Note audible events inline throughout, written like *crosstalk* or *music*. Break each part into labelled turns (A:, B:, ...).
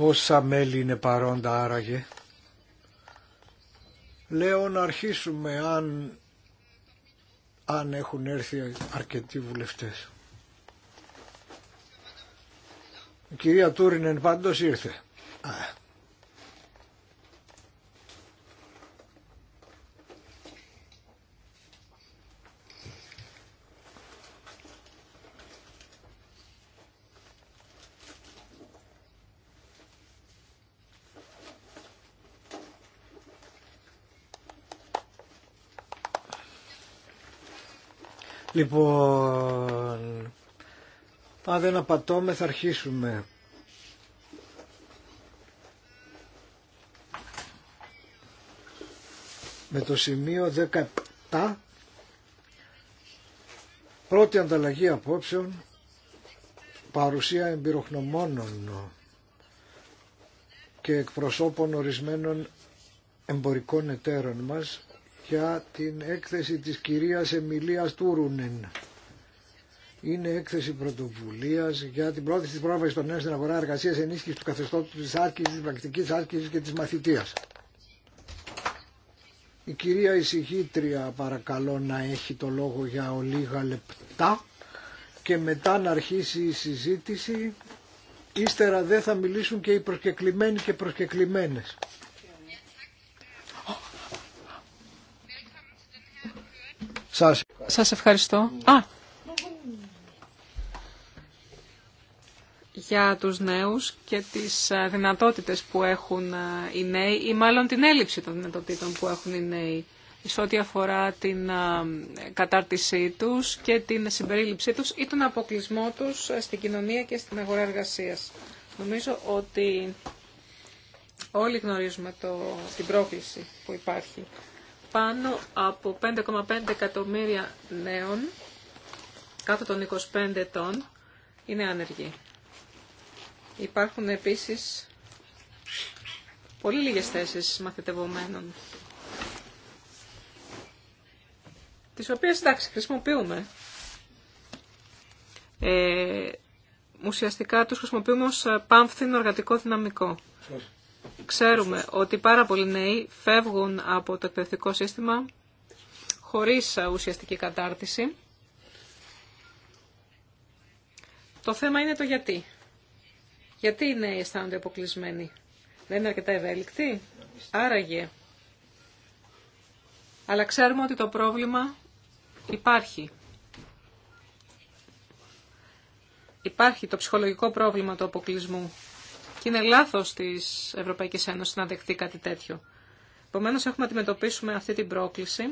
A: Πόσα μέλη είναι παρόντα άραγε. Λέω να αρχίσουμε αν, αν έχουν έρθει αρκετοί βουλευτές. Η κυρία Τούρινεν πάντως ήρθε. Λοιπόν, αν δεν απατώμε θα αρχίσουμε. Με το σημείο 17, πρώτη ανταλλαγή απόψεων, παρουσία εμπειροχνομόνων και εκπροσώπων ορισμένων εμπορικών εταίρων μας για την έκθεση της κυρίας Εμιλίας Τούρουνεν. Είναι έκθεση πρωτοβουλία για την πρόθεση τη πρόβαση των νέων στην αγορά εργασία, ενίσχυση του καθεστώτου τη άσκηση, τη πρακτική άσκηση και τη μαθητεία. Η κυρία εισηγήτρια παρακαλώ να έχει το λόγο για ολίγα λεπτά και μετά να αρχίσει η συζήτηση. Ύστερα δεν θα μιλήσουν και οι προσκεκλημένοι και προσκεκλημένες.
B: Σας, ευχαριστώ. για τους νέους και τις ε, δυνατότητες που έχουν ε, οι νέοι ή μάλλον την έλλειψη των δυνατοτήτων που έχουν οι νέοι σε ό,τι αφορά την ε, κατάρτισή τους και την συμπερίληψή τους ή τον αποκλεισμό τους στην κοινωνία και στην αγορά εργασίας. Νομίζω ότι όλοι γνωρίζουμε το, την πρόκληση που υπάρχει πάνω από 5,5 εκατομμύρια νέων κάτω των 25 ετών είναι άνεργοι. Υπάρχουν επίσης πολύ λίγες θέσεις μαθητευομένων. Τις οποίες, εντάξει, χρησιμοποιούμε. Ε, ουσιαστικά τους χρησιμοποιούμε ως ε, πάμφθινο εργατικό δυναμικό. Ξέρουμε ότι πάρα πολλοί νέοι φεύγουν από το εκπαιδευτικό σύστημα χωρίς ουσιαστική κατάρτιση. Το θέμα είναι το γιατί. Γιατί οι νέοι αισθάνονται αποκλεισμένοι. Δεν είναι αρκετά ευέλικτοι. Άραγε. Αλλά ξέρουμε ότι το πρόβλημα υπάρχει. Υπάρχει το ψυχολογικό πρόβλημα του αποκλεισμού και είναι λάθο τη Ευρωπαϊκή ένωση να δεχτεί κάτι τέτοιο. Επομένω, έχουμε να αντιμετωπίσουμε αυτή την πρόκληση.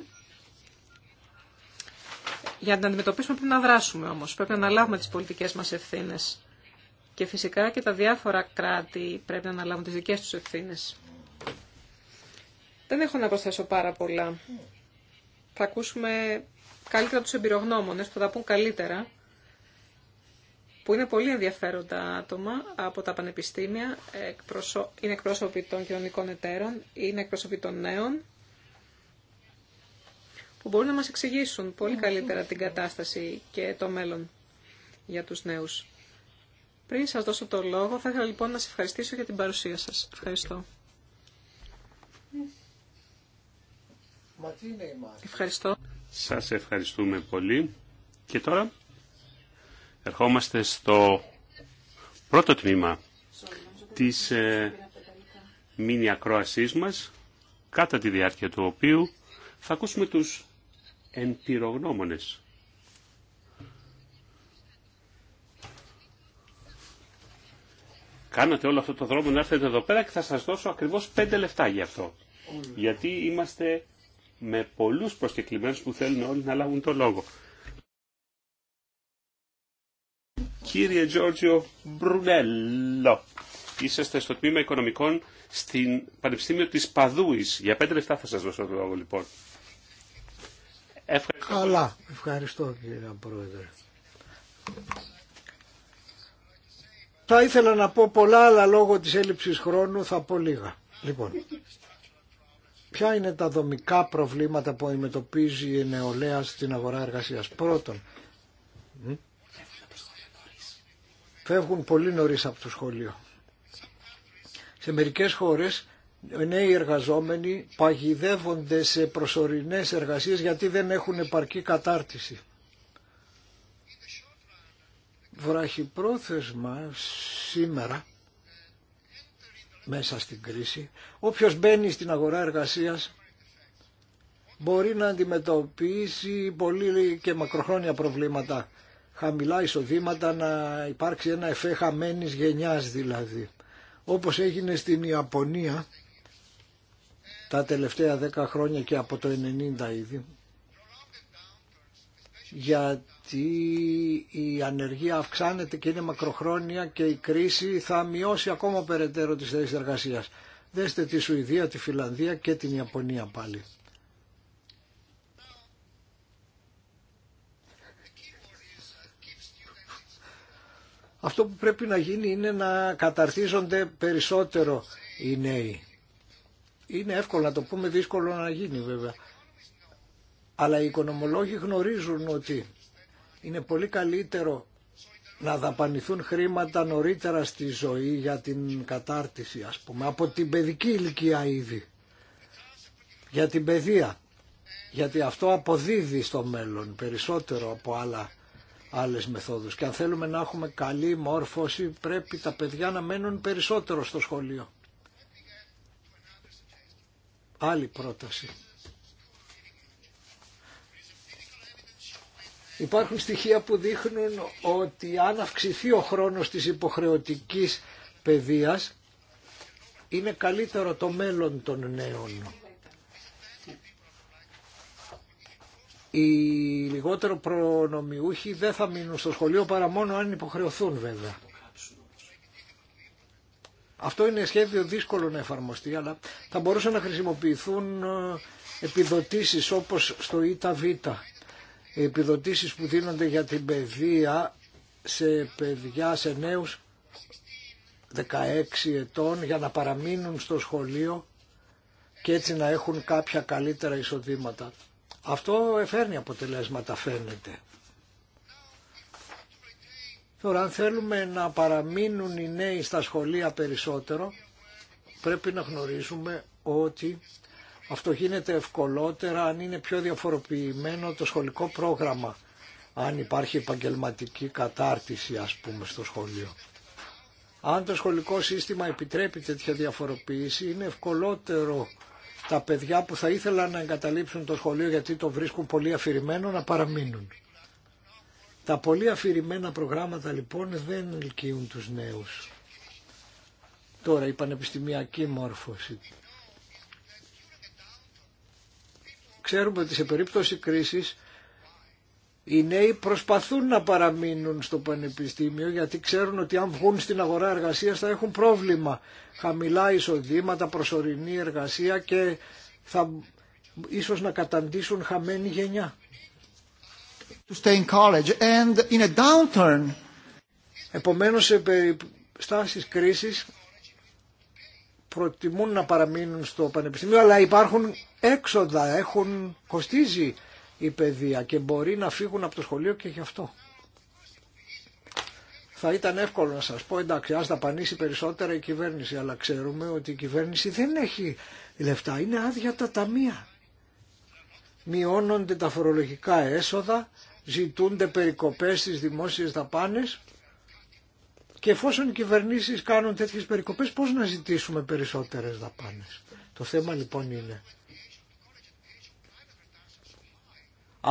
B: Για να την αντιμετωπίσουμε πρέπει να δράσουμε όμως. Πρέπει να αναλάβουμε τις πολιτικές μας ευθύνε. Και φυσικά και τα διάφορα κράτη πρέπει να αναλάβουν τις δικέ τους ευθύνε. Δεν έχω να προσθέσω πάρα πολλά. Θα ακούσουμε καλύτερα τους εμπειρογνώμονες που θα πούν καλύτερα που είναι πολύ ενδιαφέροντα άτομα από τα πανεπιστήμια, είναι εκπρόσωποι των κοινωνικών εταίρων, είναι εκπρόσωποι των νέων, που μπορούν να μας εξηγήσουν πολύ καλύτερα την κατάσταση και το μέλλον για τους νέους. Πριν σας δώσω το λόγο, θα ήθελα λοιπόν να σας ευχαριστήσω για την παρουσία σας. Ευχαριστώ.
C: Ευχαριστώ. Σας ευχαριστούμε πολύ. Και τώρα Ερχόμαστε στο πρώτο τμήμα της ε, μήνυα ακρόασής μας, κατά τη διάρκεια του οποίου θα ακούσουμε τους εμπειρογνώμονες. Κάνατε όλο αυτό το δρόμο να έρθετε εδώ πέρα και θα σας δώσω ακριβώς πέντε λεφτά γι' αυτό. Γιατί είμαστε με πολλούς προσκεκλημένους που θέλουν όλοι να λάβουν το λόγο. Κύριε Γιώργιο Μπρουνέλο, είσαστε στο τμήμα οικονομικών στην Πανεπιστήμιο της Παδούης. Για πέντε λεπτά θα σας δώσω το λόγο λοιπόν.
A: Ευχαριστώ. Καλά. Ευχαριστώ κύριε Πρόεδρε. Θα ήθελα να πω πολλά, αλλά λόγω της έλλειψης χρόνου θα πω λίγα. Λοιπόν, ποια είναι τα δομικά προβλήματα που αντιμετωπίζει η νεολαία στην αγορά εργασίας. Πρώτον, φεύγουν πολύ νωρίς από το σχολείο. Σε μερικές χώρες νέοι εργαζόμενοι παγιδεύονται σε προσωρινές εργασίες γιατί δεν έχουν επαρκή κατάρτιση. Βραχυπρόθεσμα σήμερα, μέσα στην κρίση, όποιος μπαίνει στην αγορά εργασίας μπορεί να αντιμετωπίσει πολύ και μακροχρόνια προβλήματα χαμηλά εισοδήματα να υπάρξει ένα εφέ χαμένης γενιάς δηλαδή. Όπως έγινε στην Ιαπωνία τα τελευταία δέκα χρόνια και από το 90 ήδη γιατί η ανεργία αυξάνεται και είναι μακροχρόνια και η κρίση θα μειώσει ακόμα περαιτέρω τις θέσεις εργασίας. Δέστε τη Σουηδία, τη Φιλανδία και την Ιαπωνία πάλι. Αυτό που πρέπει να γίνει είναι να καταρτίζονται περισσότερο οι νέοι. Είναι εύκολο να το πούμε, δύσκολο να γίνει βέβαια. Αλλά οι οικονομολόγοι γνωρίζουν ότι είναι πολύ καλύτερο να δαπανηθούν χρήματα νωρίτερα στη ζωή για την κατάρτιση, ας πούμε, από την παιδική ηλικία ήδη, για την παιδεία. Γιατί αυτό αποδίδει στο μέλλον περισσότερο από άλλα άλλες μεθόδους. Και αν θέλουμε να έχουμε καλή μόρφωση πρέπει τα παιδιά να μένουν περισσότερο στο σχολείο. Άλλη πρόταση. Υπάρχουν στοιχεία που δείχνουν ότι αν αυξηθεί ο χρόνος της υποχρεωτικής παιδείας είναι καλύτερο το μέλλον των νέων. οι λιγότερο προνομιούχοι δεν θα μείνουν στο σχολείο παρά μόνο αν υποχρεωθούν βέβαια. Αυτό είναι σχέδιο δύσκολο να εφαρμοστεί, αλλά θα μπορούσαν να χρησιμοποιηθούν ε, επιδοτήσεις όπως στο ΙΤΑΒ. Οι επιδοτήσεις που δίνονται για την παιδεία σε παιδιά, σε νέους 16 ετών για να παραμείνουν στο σχολείο και έτσι να έχουν κάποια καλύτερα εισοδήματα. Αυτό φέρνει αποτελέσματα φαίνεται. Τώρα αν θέλουμε να παραμείνουν οι νέοι στα σχολεία περισσότερο πρέπει να γνωρίζουμε ότι αυτό γίνεται ευκολότερα αν είναι πιο διαφοροποιημένο το σχολικό πρόγραμμα. Αν υπάρχει επαγγελματική κατάρτιση ας πούμε στο σχολείο. Αν το σχολικό σύστημα επιτρέπει τέτοια διαφοροποίηση είναι ευκολότερο τα παιδιά που θα ήθελαν να εγκαταλείψουν το σχολείο γιατί το βρίσκουν πολύ αφηρημένο να παραμείνουν. Τα πολύ αφηρημένα προγράμματα λοιπόν δεν ελκύουν τους νέους. Τώρα η πανεπιστημιακή μόρφωση. Ξέρουμε ότι σε περίπτωση κρίσης οι νέοι προσπαθούν να παραμείνουν στο πανεπιστήμιο γιατί ξέρουν ότι αν βγουν στην αγορά εργασίας θα έχουν πρόβλημα. Χαμηλά εισοδήματα, προσωρινή εργασία και θα ίσως να καταντήσουν χαμένη γενιά. Επομένω, Επομένως σε περιστάσεις κρίσης προτιμούν να παραμείνουν στο πανεπιστήμιο αλλά υπάρχουν έξοδα, έχουν κοστίζει η και μπορεί να φύγουν από το σχολείο και γι' αυτό. Θα ήταν εύκολο να σας πω εντάξει ας δαπανίσει περισσότερα η κυβέρνηση αλλά ξέρουμε ότι η κυβέρνηση δεν έχει λεφτά, είναι άδεια τα ταμεία. Μειώνονται τα φορολογικά έσοδα, ζητούνται περικοπές στις δημόσιες δαπάνες και εφόσον οι κυβερνήσεις κάνουν τέτοιες περικοπές πώς να ζητήσουμε περισσότερες δαπάνες. Το θέμα λοιπόν είναι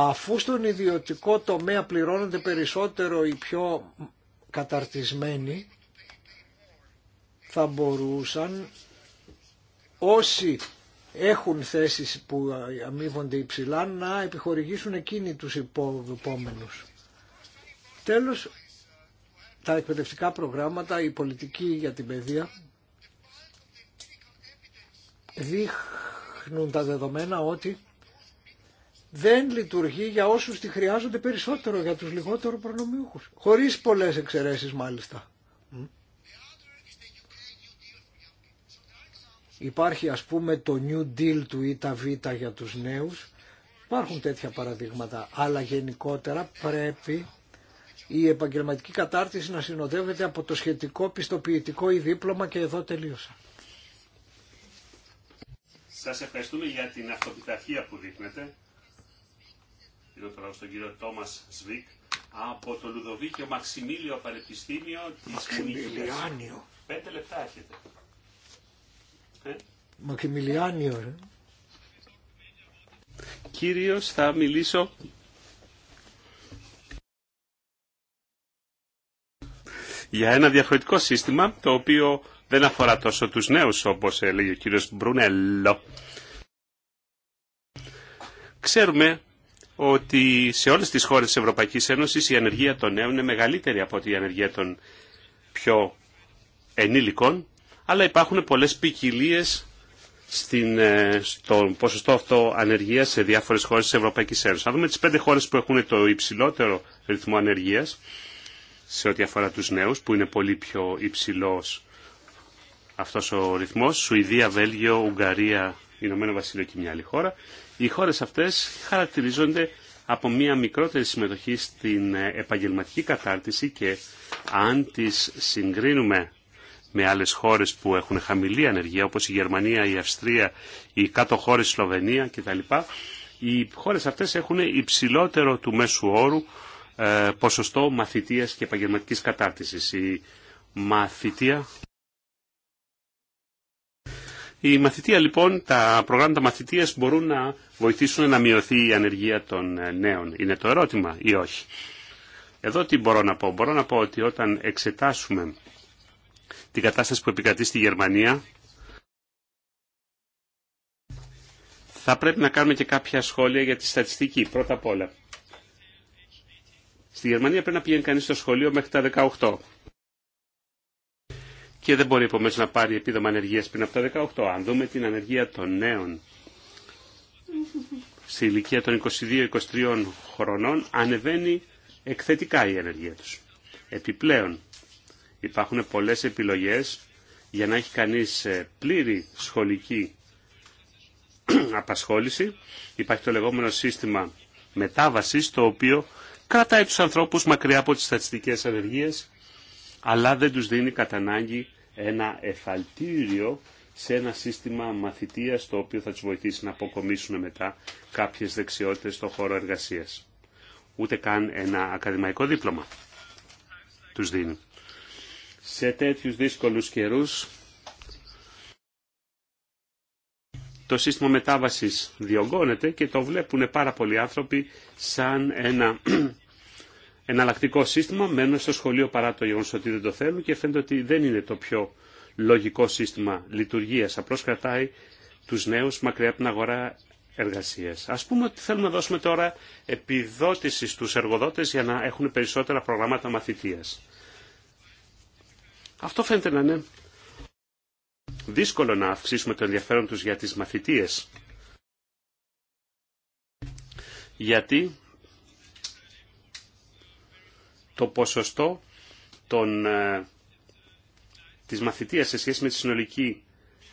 A: Αφού στον ιδιωτικό τομέα πληρώνονται περισσότερο οι πιο καταρτισμένοι, θα μπορούσαν όσοι έχουν θέσεις που αμείβονται υψηλά να επιχορηγήσουν εκείνοι τους υπόμενους. Τέλος, τα εκπαιδευτικά προγράμματα, η πολιτική για την παιδεία δείχνουν τα δεδομένα ότι δεν λειτουργεί για όσους τη χρειάζονται περισσότερο, για τους λιγότερο προνομιούχους. Χωρίς πολλές εξαιρέσεις μάλιστα. Υπάρχει ας πούμε το New Deal του ΙΤΑΒ για τους νέους. Υπάρχουν τέτοια παραδείγματα, αλλά γενικότερα πρέπει η επαγγελματική κατάρτιση να συνοδεύεται από το σχετικό πιστοποιητικό ή δίπλωμα και εδώ τελείωσα.
C: Σας ευχαριστούμε για την αυτοπιταρχία που δείχνετε δίνω στον κύριο Τόμα Σβίκ από το Λουδοβίκιο Μαξιμίλιο Πανεπιστήμιο τη Μουνιχιλιάνιο. Πέντε λεπτά έχετε. Ε?
A: Μαξιμιλιάνιο, ρε.
C: Κύριος, θα μιλήσω για ένα διαφορετικό σύστημα το οποίο δεν αφορά τόσο τους νέους όπως έλεγε ο κύριος Μπρουνέλλο Ξέρουμε ότι σε όλες τις χώρες της Ευρωπαϊκής Ένωσης η ανεργία των νέων είναι μεγαλύτερη από τη η ανεργία των πιο ενήλικων, αλλά υπάρχουν πολλές ποικιλίε στην, ε, στον ποσοστό αυτό ανεργία σε διάφορες χώρες της Ευρωπαϊκής Ένωσης. Αν δούμε τις πέντε χώρες που έχουν το υψηλότερο ρυθμό ανεργία σε ό,τι αφορά τους νέους, που είναι πολύ πιο υψηλό αυτός ο ρυθμός, Σουηδία, Βέλγιο, Ουγγαρία, Ηνωμένο Βασίλειο και μια άλλη χώρα, οι χώρες αυτές χαρακτηρίζονται από μια μικρότερη συμμετοχή στην επαγγελματική κατάρτιση και αν τις συγκρίνουμε με άλλες χώρες που έχουν χαμηλή ανεργία όπως η Γερμανία, η Αυστρία, οι κάτω χώρες, η Σλοβενία κτλ. Οι χώρες αυτές έχουν υψηλότερο του μέσου όρου ε, ποσοστό μαθητείας και επαγγελματική κατάρτισης. Η μαθητεία οι μαθητεία λοιπόν, τα προγράμματα μαθητείας μπορούν να βοηθήσουν να μειωθεί η ανεργία των ε, νέων. Είναι το ερώτημα ή όχι. Εδώ τι μπορώ να πω. Μπορώ να πω ότι όταν εξετάσουμε την κατάσταση που επικρατεί στη Γερμανία, θα πρέπει να κάνουμε και κάποια σχόλια για τη στατιστική. Πρώτα απ' όλα. Στη Γερμανία πρέπει να πηγαίνει κανείς στο σχολείο μέχρι τα 18 και δεν μπορεί επομένως να πάρει επίδομα ανεργίας πριν από τα 18. Αν δούμε την ανεργία των νέων στη ηλικία των 22-23 χρονών ανεβαίνει εκθετικά η ενέργεια τους. Επιπλέον υπάρχουν πολλές επιλογές για να έχει κανείς ε, πλήρη σχολική *clears throat* απασχόληση. Υπάρχει το λεγόμενο σύστημα μετάβασης το οποίο κρατάει τους ανθρώπους μακριά από τις στατιστικές ανεργίες αλλά δεν τους δίνει κατά ένα εφαλτήριο σε ένα σύστημα μαθητείας το οποίο θα τους βοηθήσει να αποκομίσουν μετά κάποιες δεξιότητες στον χώρο εργασίας. Ούτε καν ένα ακαδημαϊκό δίπλωμα τους δίνει. Σε τέτοιους δύσκολους καιρούς το σύστημα μετάβασης διωγγώνεται και το βλέπουν πάρα πολλοί άνθρωποι σαν ένα εναλλακτικό σύστημα, μένουν στο σχολείο παρά το γεγονό ότι δεν το θέλουν και φαίνεται ότι δεν είναι το πιο λογικό σύστημα λειτουργία. Απλώ κρατάει του νέου μακριά από την αγορά εργασία. Α πούμε ότι θέλουμε να δώσουμε τώρα επιδότηση στου εργοδότε για να έχουν περισσότερα προγράμματα μαθητεία. Αυτό φαίνεται να είναι δύσκολο να αυξήσουμε το ενδιαφέρον τους για τις μαθητείες. Γιατί το ποσοστό των, ε, της μαθητείας σε σχέση με τη συνολική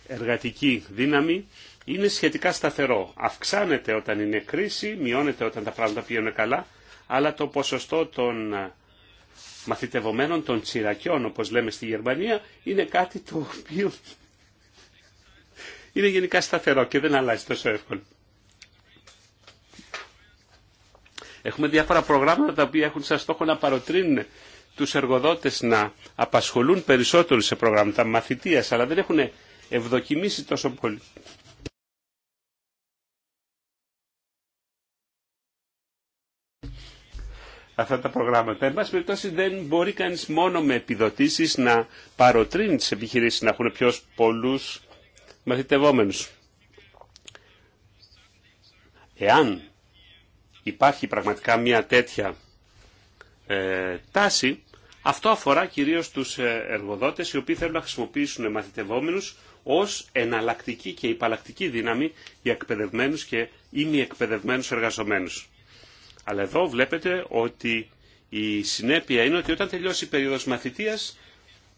C: εργατική δύναμη είναι σχετικά σταθερό. Αυξάνεται όταν είναι κρίση, μειώνεται όταν τα πράγματα πηγαίνουν καλά, αλλά το ποσοστό των ε, μαθητευομένων των τσιρακιών, όπως λέμε στη Γερμανία, είναι κάτι το οποίο είναι γενικά σταθερό και δεν αλλάζει τόσο εύκολα. Έχουμε διάφορα προγράμματα τα οποία έχουν σαν στόχο να παροτρύνουν τους εργοδότες να απασχολούν περισσότερο σε προγράμματα μαθητείας, αλλά δεν έχουν ευδοκιμήσει τόσο πολύ. αυτά τα προγράμματα. Εν πάση περιπτώσει δεν μπορεί κανείς μόνο με επιδοτήσεις να παροτρύνει τις επιχειρήσεις να έχουν πιο πολλούς μαθητευόμενους. Εάν υπάρχει πραγματικά μια τέτοια ε, τάση, αυτό αφορά κυρίως τους ε, εργοδότες οι οποίοι θέλουν να χρησιμοποιήσουν μαθητευόμενους ως εναλλακτική και υπαλλακτική δύναμη για εκπαιδευμένους και μη εκπαιδευμένους εργαζομένους. Αλλά εδώ βλέπετε ότι η συνέπεια είναι ότι όταν τελειώσει η περίοδος μαθητείας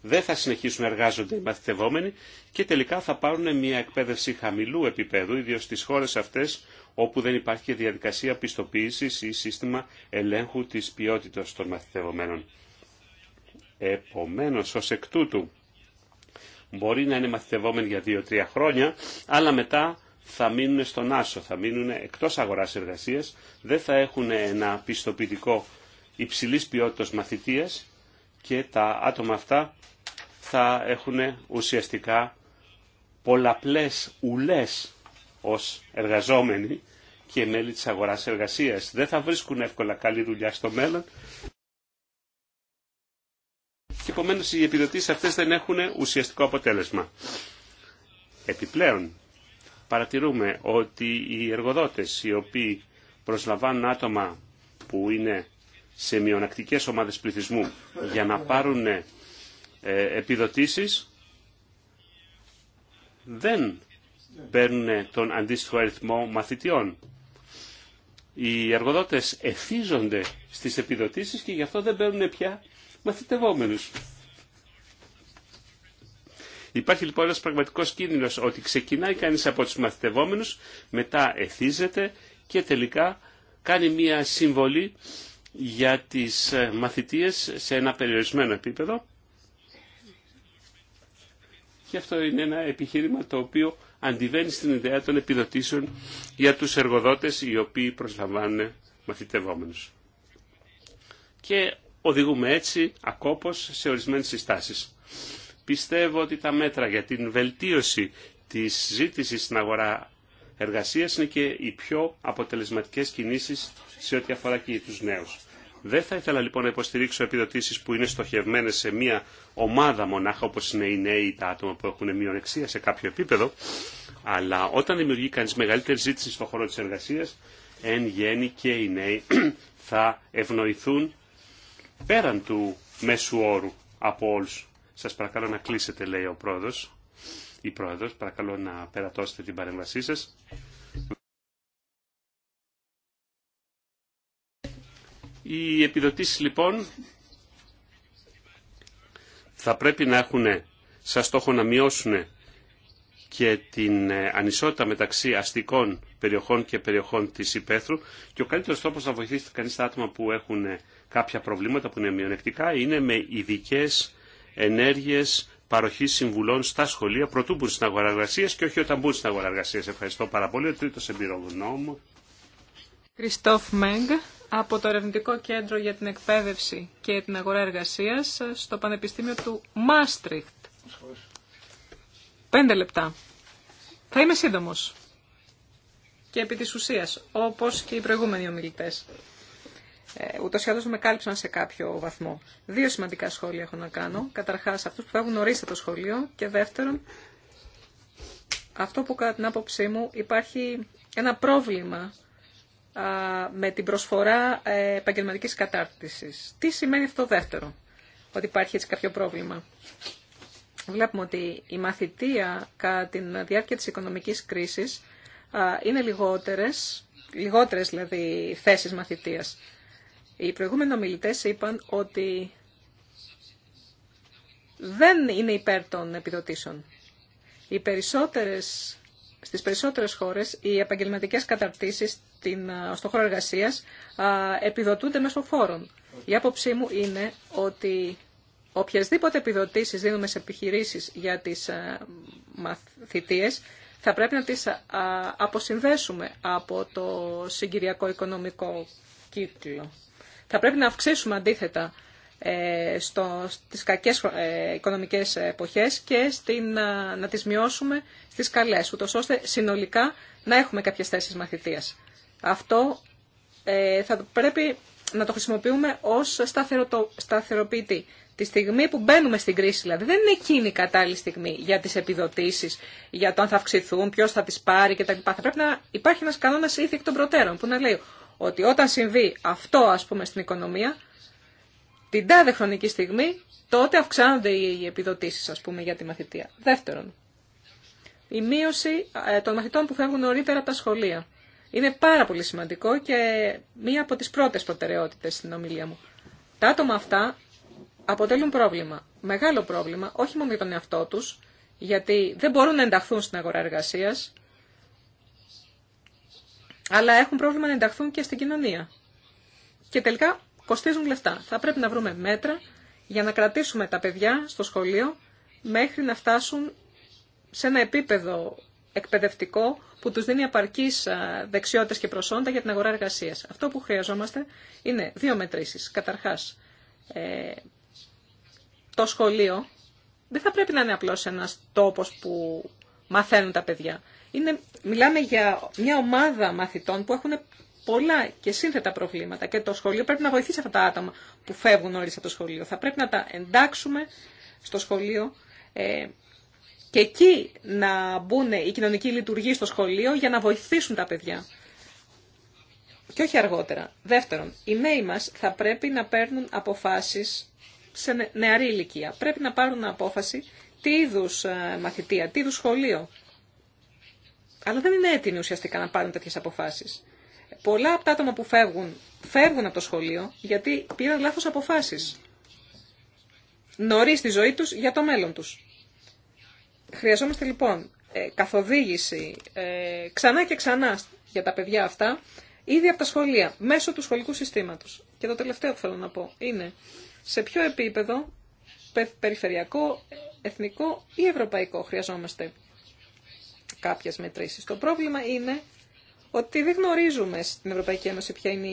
C: δεν θα συνεχίσουν να εργάζονται οι μαθητευόμενοι και τελικά θα πάρουν μια εκπαίδευση χαμηλού επίπεδου, ιδίως στις χώρες αυτές όπου δεν υπάρχει διαδικασία πιστοποίησης ή σύστημα ελέγχου της ποιότητα των μαθητευομένων. Επομένως, ως εκ τούτου, μπορεί να είναι μαθητευόμενοι για 2-3 χρόνια, αλλά μετά θα μείνουν στον άσο, θα μείνουν εκτός αγοράς εργασίας, δεν θα έχουν ένα πιστοποιητικό υψηλής ποιότητας μαθητείας και τα άτομα αυτά θα έχουν ουσιαστικά πολλαπλές ουλές ως εργαζόμενοι και μέλη της αγοράς εργασίας. Δεν θα βρίσκουν εύκολα καλή δουλειά στο μέλλον. Και επομένω οι επιδοτήσεις αυτές δεν έχουν ουσιαστικό αποτέλεσμα. Επιπλέον, παρατηρούμε ότι οι εργοδότες οι οποίοι προσλαμβάνουν άτομα που είναι σε μειονακτικές ομάδες πληθυσμού για να πάρουν ε, επιδοτήσεις δεν παίρνουν τον αντίστοιχο αριθμό μαθητιών οι εργοδότες εθίζονται στις επιδοτήσεις και γι' αυτό δεν παίρνουν πια μαθητευόμενους. Υπάρχει λοιπόν ένας πραγματικός κίνδυνος ότι ξεκινάει κανείς από τους μαθητευόμενους, μετά εθίζεται και τελικά κάνει μια συμβολή για τις ε, μαθητείες σε ένα περιορισμένο επίπεδο. Και αυτό είναι ένα επιχείρημα το οποίο αντιβαίνει στην ιδέα των επιδοτήσεων για τους εργοδότες οι οποίοι προσλαμβάνουν μαθητευόμενους. Και οδηγούμε έτσι ακόπως σε ορισμένες συστάσεις. Πιστεύω ότι τα μέτρα για την βελτίωση της ζήτηση στην αγορά εργασίας είναι και οι πιο αποτελεσματικές κινήσεις σε ό,τι αφορά και τους νέους. Δεν θα ήθελα λοιπόν να υποστηρίξω επιδοτήσει που είναι στοχευμένε σε μία ομάδα μονάχα, όπω είναι οι νέοι, τα άτομα που έχουν μειονεξία σε κάποιο επίπεδο. Αλλά όταν δημιουργεί κανεί μεγαλύτερη ζήτηση στον χώρο τη εργασία, εν γέννη και οι νέοι *clears throat* θα ευνοηθούν πέραν του μέσου όρου από όλου. Σα παρακαλώ να κλείσετε, λέει ο πρόεδρο. Η πρόεδρο, παρακαλώ να περατώσετε την παρέμβασή σα. Οι επιδοτήσεις λοιπόν θα πρέπει να έχουν σαν στόχο να μειώσουν και την ε, ανισότητα μεταξύ αστικών περιοχών και περιοχών της υπαίθρου και ο καλύτερος τρόπος να βοηθήσει κανείς τα άτομα που έχουν ε, κάποια προβλήματα που είναι μειονεκτικά είναι με ειδικέ ενέργειες παροχή συμβουλών στα σχολεία πρωτού μπουν στην αγορά και όχι όταν μπουν στην αγορά εργασία. Ευχαριστώ πάρα πολύ. Ο τρίτο εμπειρογνώμων
B: Κριστόφ μένγκ από το Ερευνητικό Κέντρο για την Εκπαίδευση και την Αγορά Εργασίας στο Πανεπιστήμιο του Μάστριχτ. Πέντε λεπτά. Θα είμαι σύντομος. Και επί της ουσίας, όπως και οι προηγούμενοι ομιλητές. Ε, ούτως ή άλλως με κάλυψαν σε κάποιο βαθμό. Δύο σημαντικά σχόλια έχω να κάνω. Καταρχάς, αυτούς που φεύγουν νωρίς το σχολείο και δεύτερον, αυτό που κατά την άποψή μου υπάρχει ένα πρόβλημα με την προσφορά ε, επαγγελματική κατάρτισης. Τι σημαίνει αυτό δεύτερο, ότι υπάρχει έτσι κάποιο πρόβλημα. Βλέπουμε ότι η μαθητεία κατά τη διάρκεια της οικονομικής κρίσης είναι λιγότερες, λιγότερες δηλαδή θέσεις μαθητείας. Οι προηγούμενοι ομιλητέ είπαν ότι δεν είναι υπέρ των επιδοτήσεων. Οι περισσότερες, στις περισσότερες χώρες οι επαγγελματικές καταρτήσεις στην, στο χώρο εργασία, επιδοτούνται μέσω φόρων. Η άποψή μου είναι ότι οποιασδήποτε επιδοτήσεις δίνουμε σε επιχειρήσεις για τις μαθητείες θα πρέπει να τις αποσυνδέσουμε από το συγκυριακό οικονομικό κύκλο. Θα πρέπει να αυξήσουμε αντίθετα ε, στο, στις κακές ε, οικονομικές εποχές και στην, να τις μειώσουμε στις καλές, ούτως ώστε συνολικά να έχουμε κάποιες θέσεις μαθητείας. Αυτό ε, θα πρέπει να το χρησιμοποιούμε ως σταθεροποιητή. Τη στιγμή που μπαίνουμε στην κρίση, δηλαδή, δεν είναι εκείνη η κατάλληλη στιγμή για τις επιδοτήσεις, για το αν θα αυξηθούν, ποιος θα τις πάρει κτλ. Θα πρέπει να υπάρχει ένας κανόνας ήθικ των προτέρων που να λέει ότι όταν συμβεί αυτό, ας πούμε, στην οικονομία, την τάδε χρονική στιγμή, τότε αυξάνονται οι επιδοτήσεις, ας πούμε, για τη μαθητεία. Δεύτερον, η μείωση ε, των μαθητών που φεύγουν νωρίτερα από τα σχολεία. Είναι πάρα πολύ σημαντικό και μία από τις πρώτες προτεραιότητες στην ομιλία μου. Τα άτομα αυτά αποτελούν πρόβλημα, μεγάλο πρόβλημα, όχι μόνο για τον εαυτό τους, γιατί δεν μπορούν να ενταχθούν στην αγορά εργασίας, αλλά έχουν πρόβλημα να ενταχθούν και στην κοινωνία. Και τελικά κοστίζουν λεφτά. Θα πρέπει να βρούμε μέτρα για να κρατήσουμε τα παιδιά στο σχολείο μέχρι να φτάσουν σε ένα επίπεδο εκπαιδευτικό που τους δίνει απαρκείς δεξιότητες και προσόντα για την αγορά εργασίας. Αυτό που χρειαζόμαστε είναι δύο μετρήσεις. Καταρχάς, ε, το σχολείο δεν θα πρέπει να είναι απλώς ένας τόπος που μαθαίνουν τα παιδιά. Είναι, μιλάμε για μια ομάδα μαθητών που έχουν πολλά και σύνθετα προβλήματα και το σχολείο πρέπει να βοηθήσει αυτά τα άτομα που φεύγουν όλοι από το σχολείο. Θα πρέπει να τα εντάξουμε στο σχολείο. Ε, και εκεί να μπουν οι κοινωνικοί λειτουργοί στο σχολείο για να βοηθήσουν τα παιδιά. Και όχι αργότερα. Δεύτερον, οι νέοι μας θα πρέπει να παίρνουν αποφάσεις σε νεαρή ηλικία. Πρέπει να πάρουν απόφαση τι είδους ε, μαθητεία, τι είδους σχολείο. Αλλά δεν είναι έτοιμοι ουσιαστικά να πάρουν τέτοιες αποφάσεις. Πολλά από τα άτομα που φεύγουν, φεύγουν από το σχολείο γιατί πήραν λάθος αποφάσεις. Νωρίς στη ζωή τους για το μέλλον τους. Χρειαζόμαστε λοιπόν ε, καθοδήγηση ε, ξανά και ξανά για τα παιδιά αυτά, ήδη από τα σχολεία, μέσω του σχολικού συστήματος. Και το τελευταίο που θέλω να πω είναι σε ποιο επίπεδο, περιφερειακό, εθνικό ή ευρωπαϊκό χρειαζόμαστε κάποιες μετρήσεις. Το πρόβλημα είναι ότι δεν γνωρίζουμε στην Ευρωπαϊκή Ένωση ποια είναι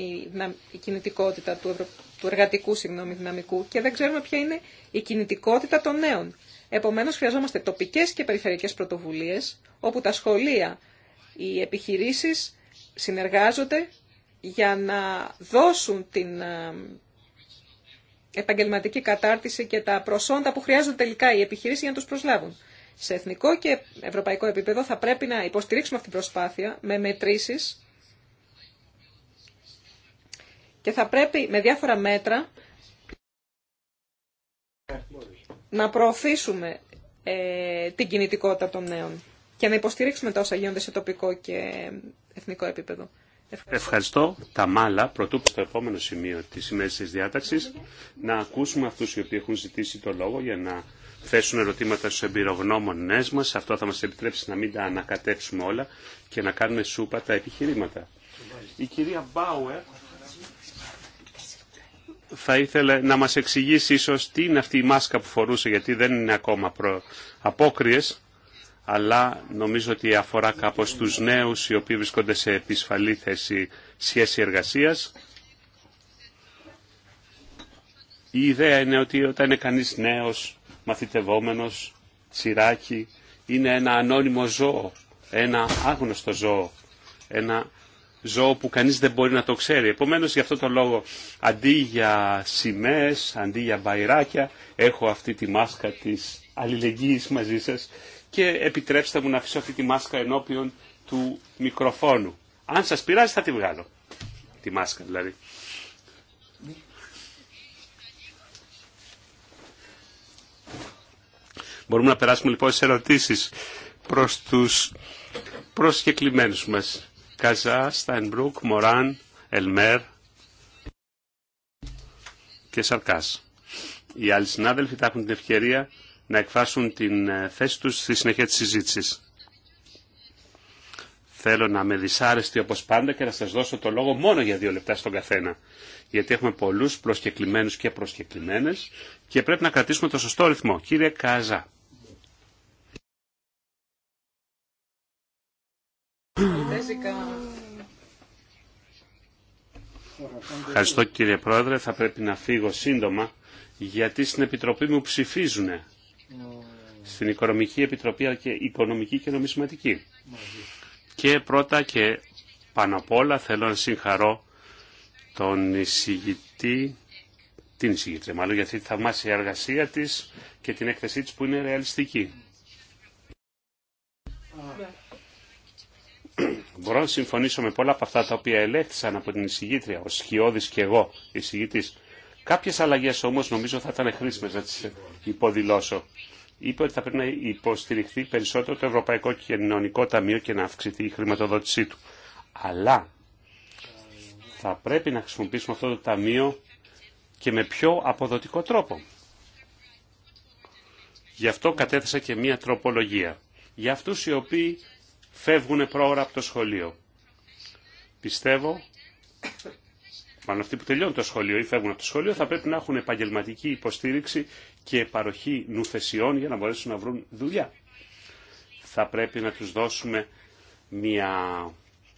B: η κινητικότητα του, εργατικού συγγνώμη, δυναμικού και δεν ξέρουμε ποια είναι η κινητικότητα των νέων. Επομένως, χρειαζόμαστε τοπικές και περιφερειακές πρωτοβουλίες, όπου τα σχολεία, οι επιχειρήσεις συνεργάζονται για να δώσουν την ε, επαγγελματική κατάρτιση και τα προσόντα που χρειάζονται τελικά οι επιχειρήσεις για να τους προσλάβουν. Σε εθνικό και ευρωπαϊκό επίπεδο θα πρέπει να υποστηρίξουμε αυτή την προσπάθεια με μετρήσει. και θα πρέπει με διάφορα μέτρα να προωθήσουμε ε, την κινητικότητα των νέων και να υποστηρίξουμε τα όσα γίνονται σε τοπικό και εθνικό επίπεδο.
C: Ευχαριστώ. Τα μάλα, πρωτού στο επόμενο σημείο τη ημέρης τη διάταξη, να ακούσουμε αυτού οι οποίοι έχουν ζητήσει το λόγο για να θέσουν ερωτήματα στου εμπειρογνώμονέ μα. Αυτό θα μα επιτρέψει να μην τα ανακατέψουμε όλα και να κάνουμε σούπα τα επιχειρήματα. Η κυρία θα ήθελε να μας εξηγήσει ίσως τι είναι αυτή η μάσκα που φορούσε, γιατί δεν είναι ακόμα προ... απόκριες, αλλά νομίζω ότι αφορά κάπως τους νέους οι οποίοι βρισκόνται σε επισφαλή θέση σχέση εργασίας. Η ιδέα είναι ότι όταν είναι κανείς νέος, μαθητευόμενος, τσιράκι, είναι ένα ανώνυμο ζώο, ένα άγνωστο ζώο, ένα ζώο που κανείς δεν μπορεί να το ξέρει. Επομένως, γι' αυτό το λόγο, αντί για σημαίες, αντί για μπαϊράκια, έχω αυτή τη μάσκα της αλληλεγγύης μαζί σας και επιτρέψτε μου να αφήσω αυτή τη μάσκα ενώπιον του μικροφόνου. Αν σας πειράζει θα τη βγάλω. Τη μάσκα δηλαδή. Μπορούμε να περάσουμε λοιπόν σε ερωτήσεις προς τους προσκεκλημένους μας. Καζά, Σταϊνμπρουκ, Μοράν, Ελμέρ και Σαρκά. Οι άλλοι συνάδελφοι θα έχουν την ευκαιρία να εκφράσουν την ε, θέση του στη συνέχεια τη συζήτηση. Θέλω να είμαι δυσάρεστη όπως πάντα και να σας δώσω το λόγο μόνο για δύο λεπτά στον καθένα. Γιατί έχουμε πολλούς προσκεκλημένους και προσκεκλημένες και πρέπει να κρατήσουμε το σωστό ρυθμό. Κύριε Κάζα. Ευχαριστώ κύριε Πρόεδρε. Θα πρέπει να φύγω σύντομα γιατί στην Επιτροπή μου ψηφίζουν. Στην Οικονομική Επιτροπή και Οικονομική και Νομισματική. Και πρώτα και πάνω απ' όλα θέλω να συγχαρώ τον εισηγητή, την εισηγητή μάλλον, γιατί τη θαυμάσια εργασία της και την έκθεσή της που είναι ρεαλιστική.
D: Ναι.
C: Μπορώ να συμφωνήσω με πολλά από αυτά τα οποία ελέγχθησαν από την εισηγήτρια, ο Σχιώδης και εγώ, εισηγητή. Κάποιε αλλαγέ όμω νομίζω θα ήταν χρήσιμε να τι υποδηλώσω. Είπε ότι θα πρέπει να υποστηριχθεί περισσότερο το Ευρωπαϊκό Κοινωνικό Ταμείο και να αυξηθεί η χρηματοδότησή του. Αλλά θα πρέπει να χρησιμοποιήσουμε αυτό το ταμείο και με πιο αποδοτικό τρόπο. Γι' αυτό κατέθεσα και μία τροπολογία. Για αυτούς οι οποίοι φεύγουν πρόωρα από το σχολείο. Πιστεύω, μάλλον αυτοί που τελειώνουν το σχολείο ή φεύγουν από το σχολείο, θα πρέπει να έχουν επαγγελματική υποστήριξη και παροχή νουθεσιών για να μπορέσουν να βρουν δουλειά. Θα πρέπει να τους δώσουμε μια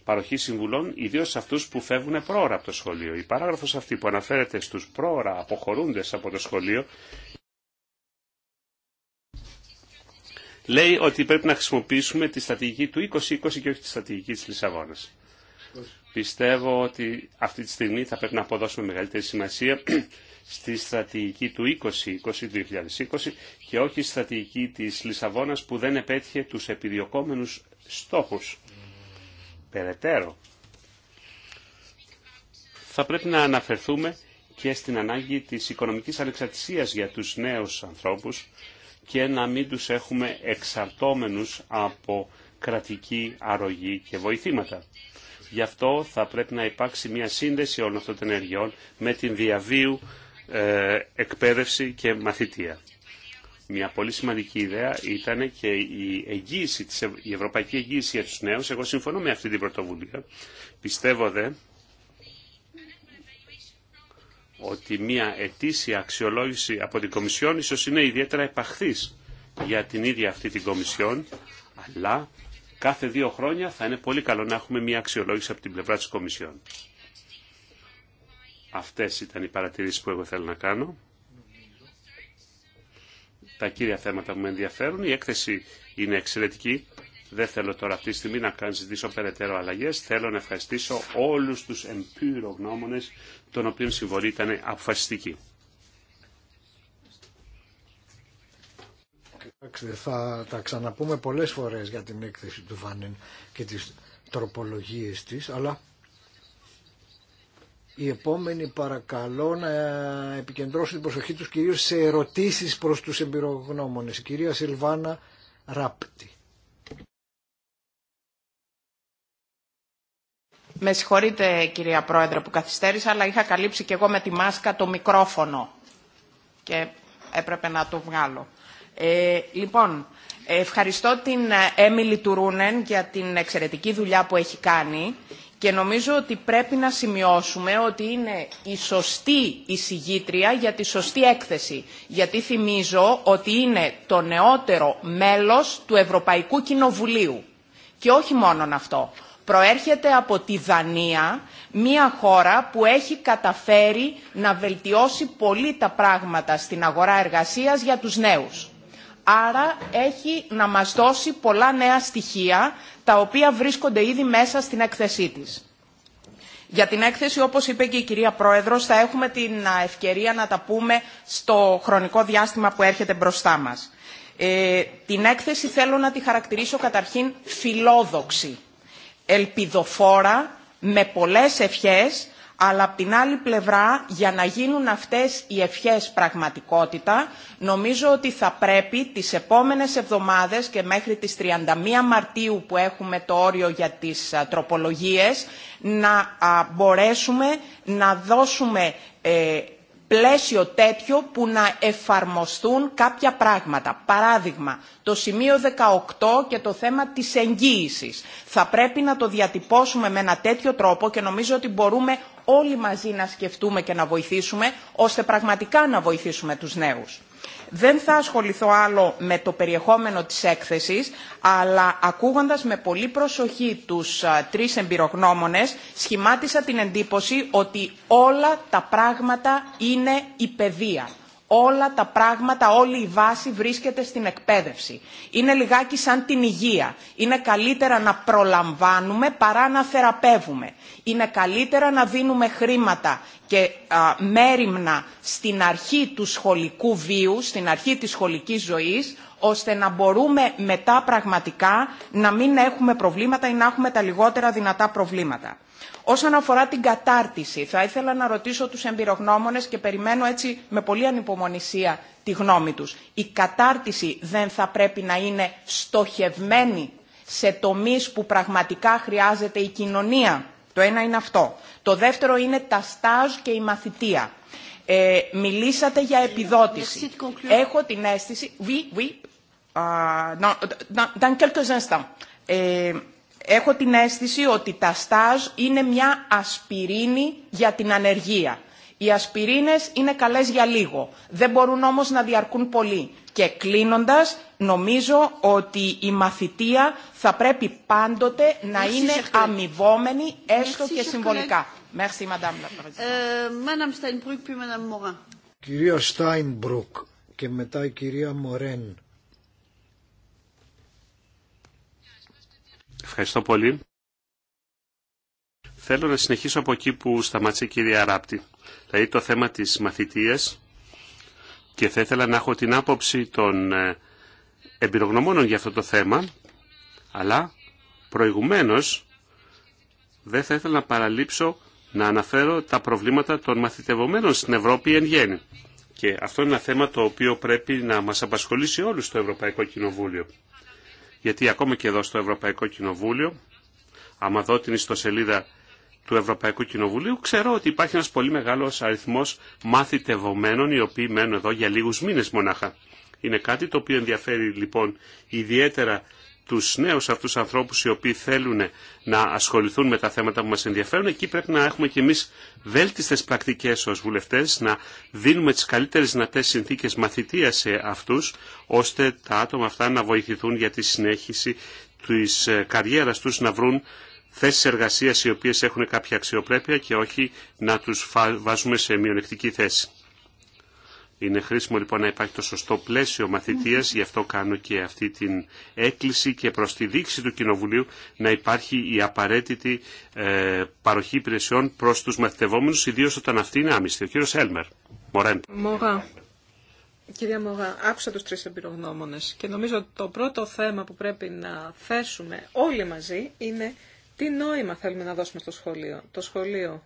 C: παροχή συμβουλών, ιδίω σε αυτού που φεύγουν πρόωρα από το σχολείο. Η παράγραφο αυτή που αναφέρεται στου πρόωρα αποχωρούντε από το σχολείο λέει ότι πρέπει να χρησιμοποιήσουμε τη στρατηγική του 2020 και όχι τη στρατηγική της Λισαβόνας. Πιστεύω ότι αυτή τη στιγμή θα πρέπει να αποδώσουμε μεγαλύτερη σημασία *clears throat* στη στρατηγική του 2020-2020 και όχι στη στρατηγική της Λισαβόνας που δεν επέτυχε τους επιδιωκόμενους στόχους. Περαιτέρω, θα πρέπει να αναφερθούμε και στην ανάγκη της οικονομικής ανεξαρτησίας για τους νέους ανθρώπους και να μην τους έχουμε εξαρτώμενους από κρατική αρρωγή και βοηθήματα. Γι' αυτό θα πρέπει να υπάρξει μια σύνδεση όλων αυτών των ενεργειών με την διαβίου ε, εκπαίδευση και μαθητεία. Μια πολύ σημαντική ιδέα ήταν και η, εγγύηση, η ευρωπαϊκή εγγύηση για τους νέους. Εγώ συμφωνώ με αυτή την πρωτοβουλία. Πιστεύω δε ότι μια ετήσια αξιολόγηση από την Κομισιόν ίσως είναι ιδιαίτερα επαχθής για την ίδια αυτή την Κομισιόν, αλλά κάθε δύο χρόνια θα είναι πολύ καλό να έχουμε μια αξιολόγηση από την πλευρά της Κομισιόν. Αυτές ήταν οι παρατηρήσεις που εγώ θέλω να κάνω. Τα κύρια θέματα που με ενδιαφέρουν. Η έκθεση είναι εξαιρετική. Δεν θέλω τώρα αυτή τη στιγμή να ζητήσω περαιτέρω αλλαγέ. Θέλω να ευχαριστήσω όλου του εμπειρογνώμονε, των οποίων συμβολή ήταν αποφασιστική.
A: θα τα ξαναπούμε πολλές φορές για την έκθεση του Βάνεν και τι τροπολογίε της, αλλά η επόμενη παρακαλώ να επικεντρώσει την προσοχή τους κυρίω σε ερωτήσεις προς του εμπειρογνώμονε, Η κυρία Σιλβάνα Ράπτη. Με
D: συγχωρείτε κυρία Πρόεδρε που καθυστέρησα, αλλά είχα καλύψει και εγώ με τη μάσκα το μικρόφωνο και έπρεπε να το βγάλω. Ε, λοιπόν, ευχαριστώ την Έμιλη Τουρούνεν για την εξαιρετική δουλειά που έχει κάνει και νομίζω ότι πρέπει να σημειώσουμε ότι είναι η σωστή εισηγήτρια για τη σωστή έκθεση. Γιατί θυμίζω ότι είναι το νεότερο μέλος του Ευρωπαϊκού Κοινοβουλίου. Και όχι μόνον αυτό προέρχεται από τη Δανία, μια χώρα που έχει καταφέρει να βελτιώσει πολύ τα πράγματα στην αγορά εργασίας για τους νέους. Άρα έχει να μας δώσει πολλά νέα στοιχεία, τα οποία βρίσκονται ήδη μέσα στην έκθεσή της. Για την έκθεση, όπως είπε και η κυρία Πρόεδρος, θα έχουμε την ευκαιρία να τα πούμε στο χρονικό διάστημα που έρχεται μπροστά μας. Ε, την έκθεση θέλω να τη χαρακτηρίσω καταρχήν φιλόδοξη ελπιδοφόρα, με πολλές ευχές, αλλά από την άλλη πλευρά για να γίνουν αυτές οι ευχές πραγματικότητα νομίζω ότι θα πρέπει τις επόμενες εβδομάδες και μέχρι τις 31 Μαρτίου που έχουμε το όριο για τις τροπολογίες να μπορέσουμε να δώσουμε ε, πλαίσιο τέτοιο που να εφαρμοστούν κάποια πράγματα. Παράδειγμα, το σημείο 18 και το θέμα της εγγύησης. Θα πρέπει να το διατυπώσουμε με ένα τέτοιο τρόπο και νομίζω ότι μπορούμε όλοι μαζί να σκεφτούμε και να βοηθήσουμε, ώστε πραγματικά να βοηθήσουμε τους νέους. Δεν θα ασχοληθώ άλλο με το περιεχόμενο της έκθεσης, αλλά ακούγοντας με πολύ προσοχή τους τρεις εμπειρογνώμονες, σχημάτισα την εντύπωση ότι όλα τα πράγματα είναι η παιδεία όλα τα πράγματα, όλη η βάση βρίσκεται στην εκπαίδευση. Είναι λιγάκι σαν την υγεία. Είναι καλύτερα να προλαμβάνουμε παρά να θεραπεύουμε. Είναι καλύτερα να δίνουμε χρήματα και α, μέρημνα στην αρχή του σχολικού βίου, στην αρχή της σχολικής ζωής, ώστε να μπορούμε μετά πραγματικά να μην έχουμε προβλήματα ή να έχουμε τα λιγότερα δυνατά προβλήματα. Όσον αφορά την κατάρτιση, θα ήθελα να ρωτήσω τους εμπειρογνώμονες και περιμένω έτσι με πολύ ανυπομονησία τη γνώμη τους. Η κατάρτιση δεν θα πρέπει να είναι στοχευμένη σε τομείς που πραγματικά χρειάζεται η κοινωνία. Το ένα είναι αυτό. Το δεύτερο είναι τα στάζ και η μαθητεία. Ε, μιλήσατε για επιδότηση. Έχω την αίσθηση... Ah, ε, Έχω την αίσθηση ότι τα στάζ είναι μια ασπιρίνη για την ανεργία. Οι ασπιρίνες είναι καλές για λίγο, δεν μπορούν όμως να διαρκούν πολύ. Και κλείνοντας, νομίζω ότι η μαθητεία θα πρέπει πάντοτε να είναι αμοιβόμενη, έστω και συμβολικά. Μέχρι
C: Madame ε,
A: Κυρία Στάινμπρουκ και μετά η κυρία Μορέν.
C: Ευχαριστώ πολύ. Θέλω να συνεχίσω από εκεί που σταμάτησε η κυρία Ράπτη, δηλαδή το θέμα της μαθητείας και θα ήθελα να έχω την άποψη των ε, εμπειρογνωμόνων για αυτό το θέμα, αλλά προηγουμένως δεν θα ήθελα να παραλείψω να αναφέρω τα προβλήματα των μαθητευομένων στην Ευρώπη εν γέννη. Και αυτό είναι ένα θέμα το οποίο πρέπει να μας απασχολήσει όλους στο Ευρωπαϊκό Κοινοβούλιο γιατί ακόμα και εδώ στο Ευρωπαϊκό Κοινοβούλιο, άμα δω την ιστοσελίδα του Ευρωπαϊκού Κοινοβουλίου, ξέρω ότι υπάρχει ένας πολύ μεγάλος αριθμός μάθητευομένων οι οποίοι μένουν εδώ για λίγους μήνες μονάχα. Είναι κάτι το οποίο ενδιαφέρει λοιπόν ιδιαίτερα τους νέους αυτούς ανθρώπους οι οποίοι θέλουν να ασχοληθούν με τα θέματα που μας ενδιαφέρουν, εκεί πρέπει να έχουμε κι εμείς βέλτιστες πρακτικές ως βουλευτές, να δίνουμε τις καλύτερες δυνατές συνθήκες μαθητείας σε αυτούς, ώστε τα άτομα αυτά να βοηθηθούν για τη συνέχιση της ε, καριέρας τους, να βρουν θέσεις εργασίας οι οποίες έχουν κάποια αξιοπρέπεια και όχι να τους βάζουμε σε μειονεκτική θέση. Είναι χρήσιμο λοιπόν να υπάρχει το σωστό πλαίσιο μαθητείας, γι' αυτό κάνω και αυτή την έκκληση και προς τη δείξη του Κοινοβουλίου να υπάρχει η απαραίτητη ε, παροχή υπηρεσιών προς τους μαθητευόμενους, ιδίως όταν αυτή είναι άμυστη. Ο κύριος Έλμερ, Μωρέν.
B: Μωγά. Κυρία Μωγά, άκουσα τους τρεις εμπειρογνώμονες και νομίζω ότι το πρώτο θέμα που πρέπει να θέσουμε όλοι μαζί είναι τι νόημα θέλουμε να δώσουμε στο σχολείο. Το σχολείο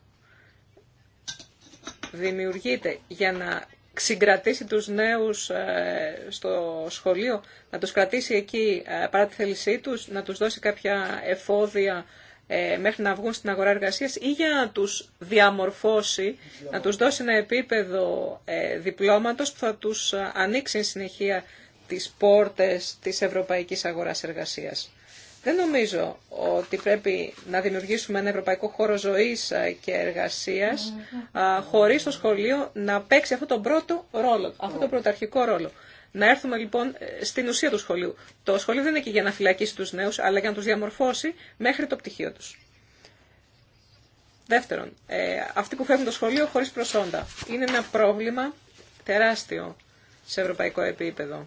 B: δημιουργείται για να συγκρατήσει τους νέους ε, στο σχολείο, να τους κρατήσει εκεί ε, παρά τη θέλησή τους, να τους δώσει κάποια εφόδια ε, μέχρι να βγουν στην αγορά εργασίας ή για να τους διαμορφώσει, να τους δώσει ένα επίπεδο διπλώματος που θα τους ανοίξει συνεχεία τις πόρτες της ευρωπαϊκής αγοράς εργασίας. Δεν νομίζω ότι πρέπει να δημιουργήσουμε ένα ευρωπαϊκό χώρο ζωής και εργασίας χωρίς το σχολείο να παίξει αυτόν τον πρώτο ρόλο, αυτόν τον πρωταρχικό ρόλο. Να έρθουμε λοιπόν στην ουσία του σχολείου. Το σχολείο δεν είναι εκεί για να φυλακίσει τους νέους, αλλά για να τους διαμορφώσει μέχρι το πτυχίο τους. Δεύτερον, ε, αυτοί που φεύγουν το σχολείο χωρίς προσόντα. Είναι ένα πρόβλημα τεράστιο σε ευρωπαϊκό επίπεδο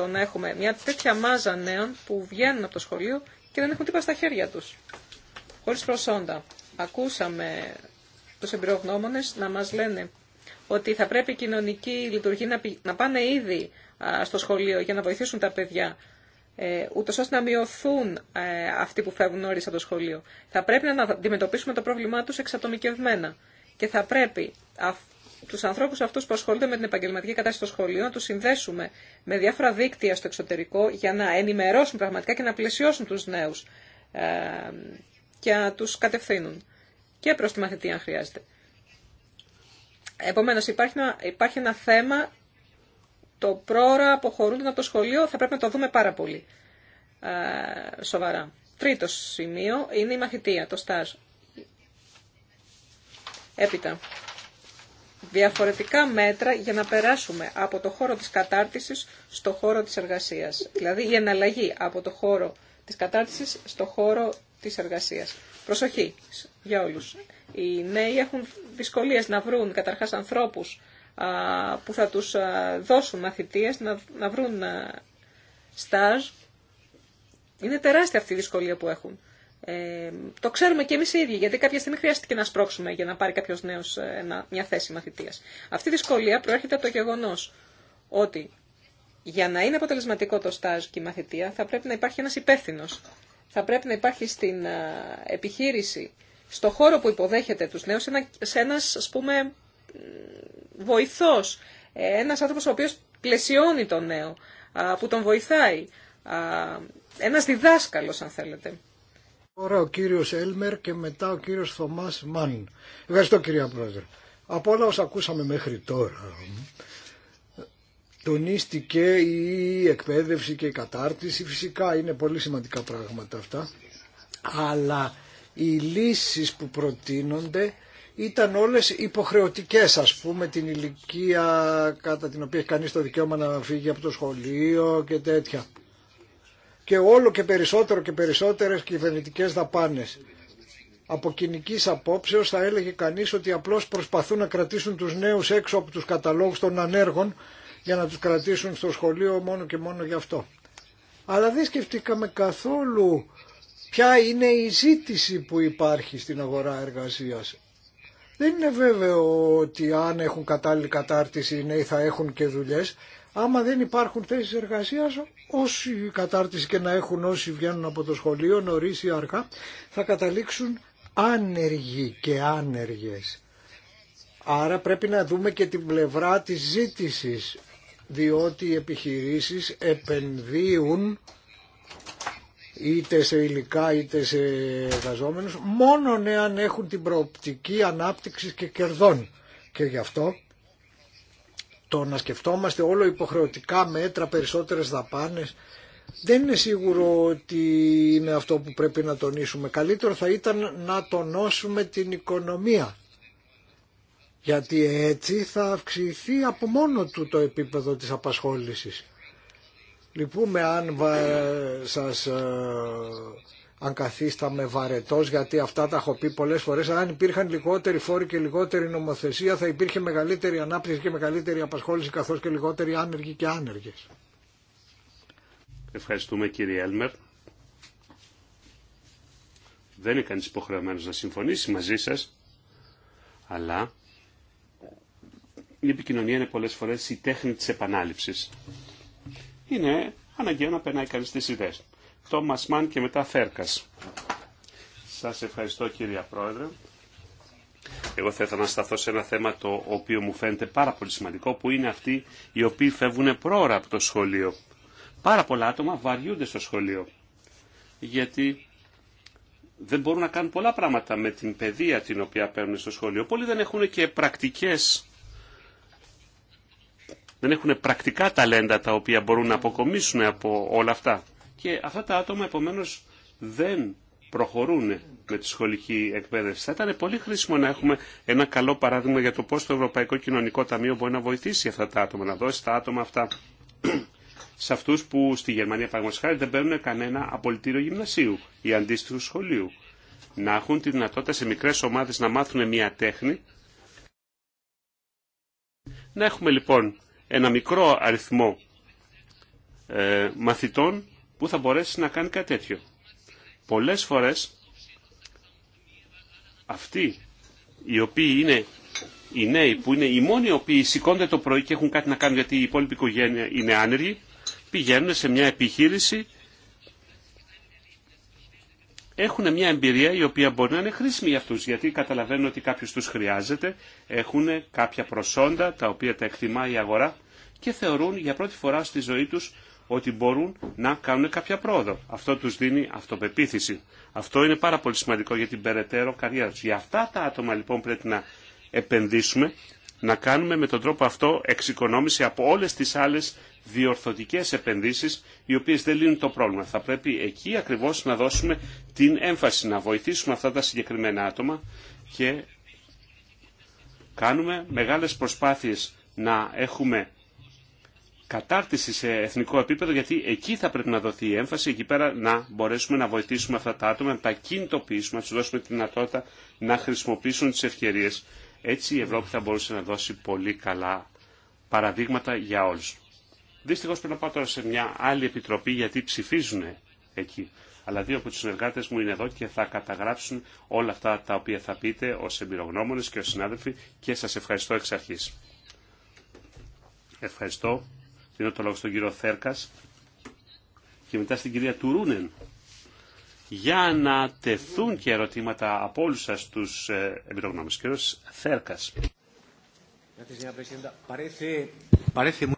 B: το να έχουμε μια τέτοια μάζα νέων που βγαίνουν από το σχολείο και δεν έχουν τίποτα στα χέρια τους, χωρίς προσόντα. Ακούσαμε τους εμπειρογνώμονες να μας λένε ότι θα πρέπει η κοινωνική λειτουργία να πάνε ήδη στο σχολείο για να βοηθήσουν τα παιδιά, ε, ούτως ώστε να μειωθούν ε, αυτοί που φεύγουν νωρίς από το σχολείο. Θα πρέπει να αντιμετωπίσουμε το πρόβλημά τους εξατομικευμένα και θα πρέπει τους ανθρώπους αυτούς που ασχολούνται με την επαγγελματική κατάσταση στο σχολείο, να τους συνδέσουμε με διάφορα δίκτυα στο εξωτερικό για να ενημερώσουν πραγματικά και να πλαισιώσουν τους νέου ε, και να τους κατευθύνουν και προ τη μαθητή αν χρειάζεται. Επομένω, υπάρχει ένα, υπάρχει ένα θέμα το πρόωρα αποχωρούνται από το σχολείο, θα πρέπει να το δούμε πάρα πολύ ε, σοβαρά. Τρίτο σημείο είναι η μαθητεία, το στάζ. Έπειτα, διαφορετικά μέτρα για να περάσουμε από το χώρο της κατάρτισης στο χώρο της εργασίας. Δηλαδή η εναλλαγή από το χώρο της κατάρτισης στο χώρο της εργασίας. Προσοχή για όλους. Οι νέοι έχουν δυσκολίες να βρουν καταρχάς ανθρώπους που θα τους δώσουν μαθητείες, να, να βρουν στάζ. Είναι τεράστια αυτή η δυσκολία που έχουν. Ε, το ξέρουμε και εμεί οι ίδιοι, γιατί κάποια στιγμή χρειάστηκε να σπρώξουμε για να πάρει κάποιο νέο ε, μια θέση μαθητεία. Αυτή η δυσκολία προέρχεται από το γεγονό ότι για να είναι αποτελεσματικό το στάζ και η μαθητεία θα πρέπει να υπάρχει ένα υπεύθυνο. Θα πρέπει να υπάρχει στην ε, επιχείρηση, στο χώρο που υποδέχεται του νέου, σε ένα ας πούμε βοηθό, ε, ένα άνθρωπο ο οποίο πλαισιώνει τον νέο, που τον βοηθάει, ένα διδάσκαλο αν θέλετε.
A: Τώρα ο κύριος Έλμερ και μετά ο κύριος Θωμάς Μαν. Ευχαριστώ κυρία Πρόεδρε. Από όλα όσα ακούσαμε μέχρι τώρα, τονίστηκε η εκπαίδευση και η κατάρτιση. Φυσικά είναι πολύ σημαντικά πράγματα αυτά. Αλλά οι λύσεις που προτείνονται ήταν όλες υποχρεωτικές ας πούμε την ηλικία κατά την οποία έχει κανείς το δικαίωμα να φύγει από το σχολείο και τέτοια και όλο και περισσότερο και περισσότερες κυβερνητικές δαπάνες. Από κοινική απόψεως θα έλεγε κανείς ότι απλώς προσπαθούν να κρατήσουν τους νέους έξω από τους καταλόγους των ανέργων για να τους κρατήσουν στο σχολείο μόνο και μόνο γι' αυτό. Αλλά δεν σκεφτήκαμε καθόλου ποια είναι η ζήτηση που υπάρχει στην αγορά εργασίας. Δεν είναι βέβαιο ότι αν έχουν κατάλληλη κατάρτιση οι νέοι θα έχουν και δουλειές, Άμα δεν υπάρχουν θέσεις εργασίας, όσοι κατάρτιση και να έχουν όσοι βγαίνουν από το σχολείο νωρί ή αργά, θα καταλήξουν άνεργοι και άνεργες. Άρα πρέπει να δούμε και την πλευρά της ζήτησης, διότι οι επιχειρήσεις επενδύουν είτε σε υλικά είτε σε εργαζόμενους, μόνο εάν έχουν την προοπτική ανάπτυξης και κερδών. Και γι' αυτό το να σκεφτόμαστε όλο υποχρεωτικά μέτρα, περισσότερες δαπάνες, δεν είναι σίγουρο ότι είναι αυτό που πρέπει να τονίσουμε. Καλύτερο θα ήταν να τονώσουμε την οικονομία. Γιατί έτσι θα αυξηθεί από μόνο του το επίπεδο της απασχόλησης. Λυπούμε αν σας ε, αν καθίσταμε βαρετός γιατί αυτά τα έχω πει πολλές φορές αν υπήρχαν λιγότεροι φόροι και λιγότερη νομοθεσία θα υπήρχε μεγαλύτερη ανάπτυξη και μεγαλύτερη απασχόληση καθώς και λιγότεροι άνεργοι και άνεργες.
C: Ευχαριστούμε κύριε Έλμερ. Δεν είναι κανείς υποχρεωμένος να συμφωνήσει μαζί σας αλλά η επικοινωνία είναι πολλές φορές η τέχνη της επανάληψης. Είναι αναγκαίο να περνάει κανείς τις ιδέες. Τόμας Μαν και μετά Φέρκας. Σας ευχαριστώ κύριε Πρόεδρε. Εγώ θα ήθελα να σταθώ σε ένα θέμα το οποίο μου φαίνεται πάρα πολύ σημαντικό που είναι αυτοί οι οποίοι φεύγουν πρόωρα από το σχολείο. Πάρα πολλά άτομα βαριούνται στο σχολείο γιατί δεν μπορούν να κάνουν πολλά πράγματα με την παιδεία την οποία παίρνουν στο σχολείο. Πολλοί δεν έχουν και πρακτικές δεν έχουν πρακτικά ταλέντα τα οποία μπορούν να αποκομίσουν από όλα αυτά και αυτά τα άτομα επομένω δεν προχωρούν με τη σχολική εκπαίδευση. Θα ήταν πολύ χρήσιμο να έχουμε ένα καλό παράδειγμα για το πώ το Ευρωπαϊκό Κοινωνικό Ταμείο μπορεί να βοηθήσει αυτά τα άτομα, να δώσει τα άτομα αυτά *clears throat* σε αυτού που στη Γερμανία παραγωγικά δεν παίρνουν κανένα απολυτήριο γυμνασίου ή αντίστοιχου σχολείου. Να έχουν τη δυνατότητα σε μικρέ ομάδε να μάθουν μια τέχνη. Να έχουμε λοιπόν ένα μικρό αριθμό ε, μαθητών που θα μπορέσει να κάνει κάτι τέτοιο. Πολλές φορές αυτοί οι οποίοι είναι οι νέοι που είναι οι μόνοι οι οποίοι σηκώνται το πρωί και έχουν κάτι να κάνουν γιατί η υπόλοιπη οικογένεια είναι άνεργη, πηγαίνουν σε μια επιχείρηση, έχουν μια εμπειρία η οποία μπορεί να είναι χρήσιμη για αυτούς γιατί καταλαβαίνουν ότι κάποιο τους χρειάζεται, έχουν κάποια προσόντα τα οποία τα εκτιμά η αγορά και θεωρούν για πρώτη φορά στη ζωή τους ότι μπορούν να κάνουν κάποια πρόοδο. Αυτό τους δίνει αυτοπεποίθηση. Αυτό είναι πάρα πολύ σημαντικό για την περαιτέρω καριέρα τους. Για αυτά τα άτομα λοιπόν πρέπει να επενδύσουμε, να κάνουμε με τον τρόπο αυτό εξοικονόμηση από όλες τις άλλες διορθωτικές επενδύσεις οι οποίες δεν λύνουν το πρόβλημα. Θα πρέπει εκεί ακριβώς να δώσουμε την έμφαση, να βοηθήσουμε αυτά τα συγκεκριμένα άτομα και κάνουμε μεγάλες προσπάθειες να έχουμε κατάρτιση σε εθνικό επίπεδο, γιατί εκεί θα πρέπει να δοθεί η έμφαση, εκεί πέρα να μπορέσουμε να βοηθήσουμε αυτά τα άτομα, να τα κινητοποιήσουμε, να του δώσουμε τη δυνατότητα να χρησιμοποιήσουν τι ευκαιρίε. Έτσι η Ευρώπη θα μπορούσε να δώσει πολύ καλά παραδείγματα για όλου. Δυστυχώ πρέπει να πάω τώρα σε μια άλλη επιτροπή, γιατί ψηφίζουν εκεί. Αλλά δύο από του συνεργάτε μου είναι εδώ και θα καταγράψουν όλα αυτά τα οποία θα πείτε ω εμπειρογνώμονε και ω συνάδελφοι και σα ευχαριστώ εξ αρχή. Ευχαριστώ. Δίνω το λόγο στον κύριο Θέρκας και μετά στην κυρία Τουρούνεν για να τεθούν και ερωτήματα από όλους σας τους ε, εμπειρογνώμους. Κύριος Θέρκας.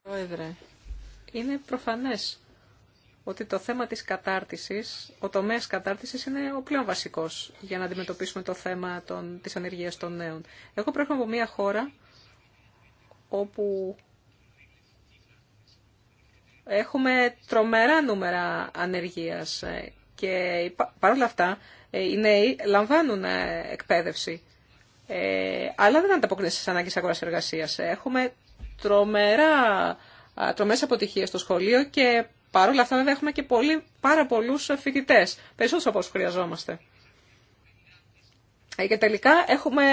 B: Πρόεδρε, είναι προφανές ότι το θέμα της κατάρτισης, ο τομέας κατάρτισης είναι ο πλέον βασικός για να αντιμετωπίσουμε το θέμα των, της ανεργίας των νέων. Εγώ προέρχομαι από μια χώρα όπου έχουμε τρομερά νούμερα ανεργίας ε, και παρόλα αυτά ε, οι νέοι λαμβάνουν ε, εκπαίδευση. αλλά δεν ανταποκρίνεται στις ανάγκες αγοράς εργασίας. Έχουμε τρομερά, τρομές αποτυχίες στο σχολείο και παρόλα αυτά βέβαια έχουμε και πολύ, πάρα πολλούς φοιτητέ, περισσότερους από όσους χρειαζόμαστε. Και τελικά έχουμε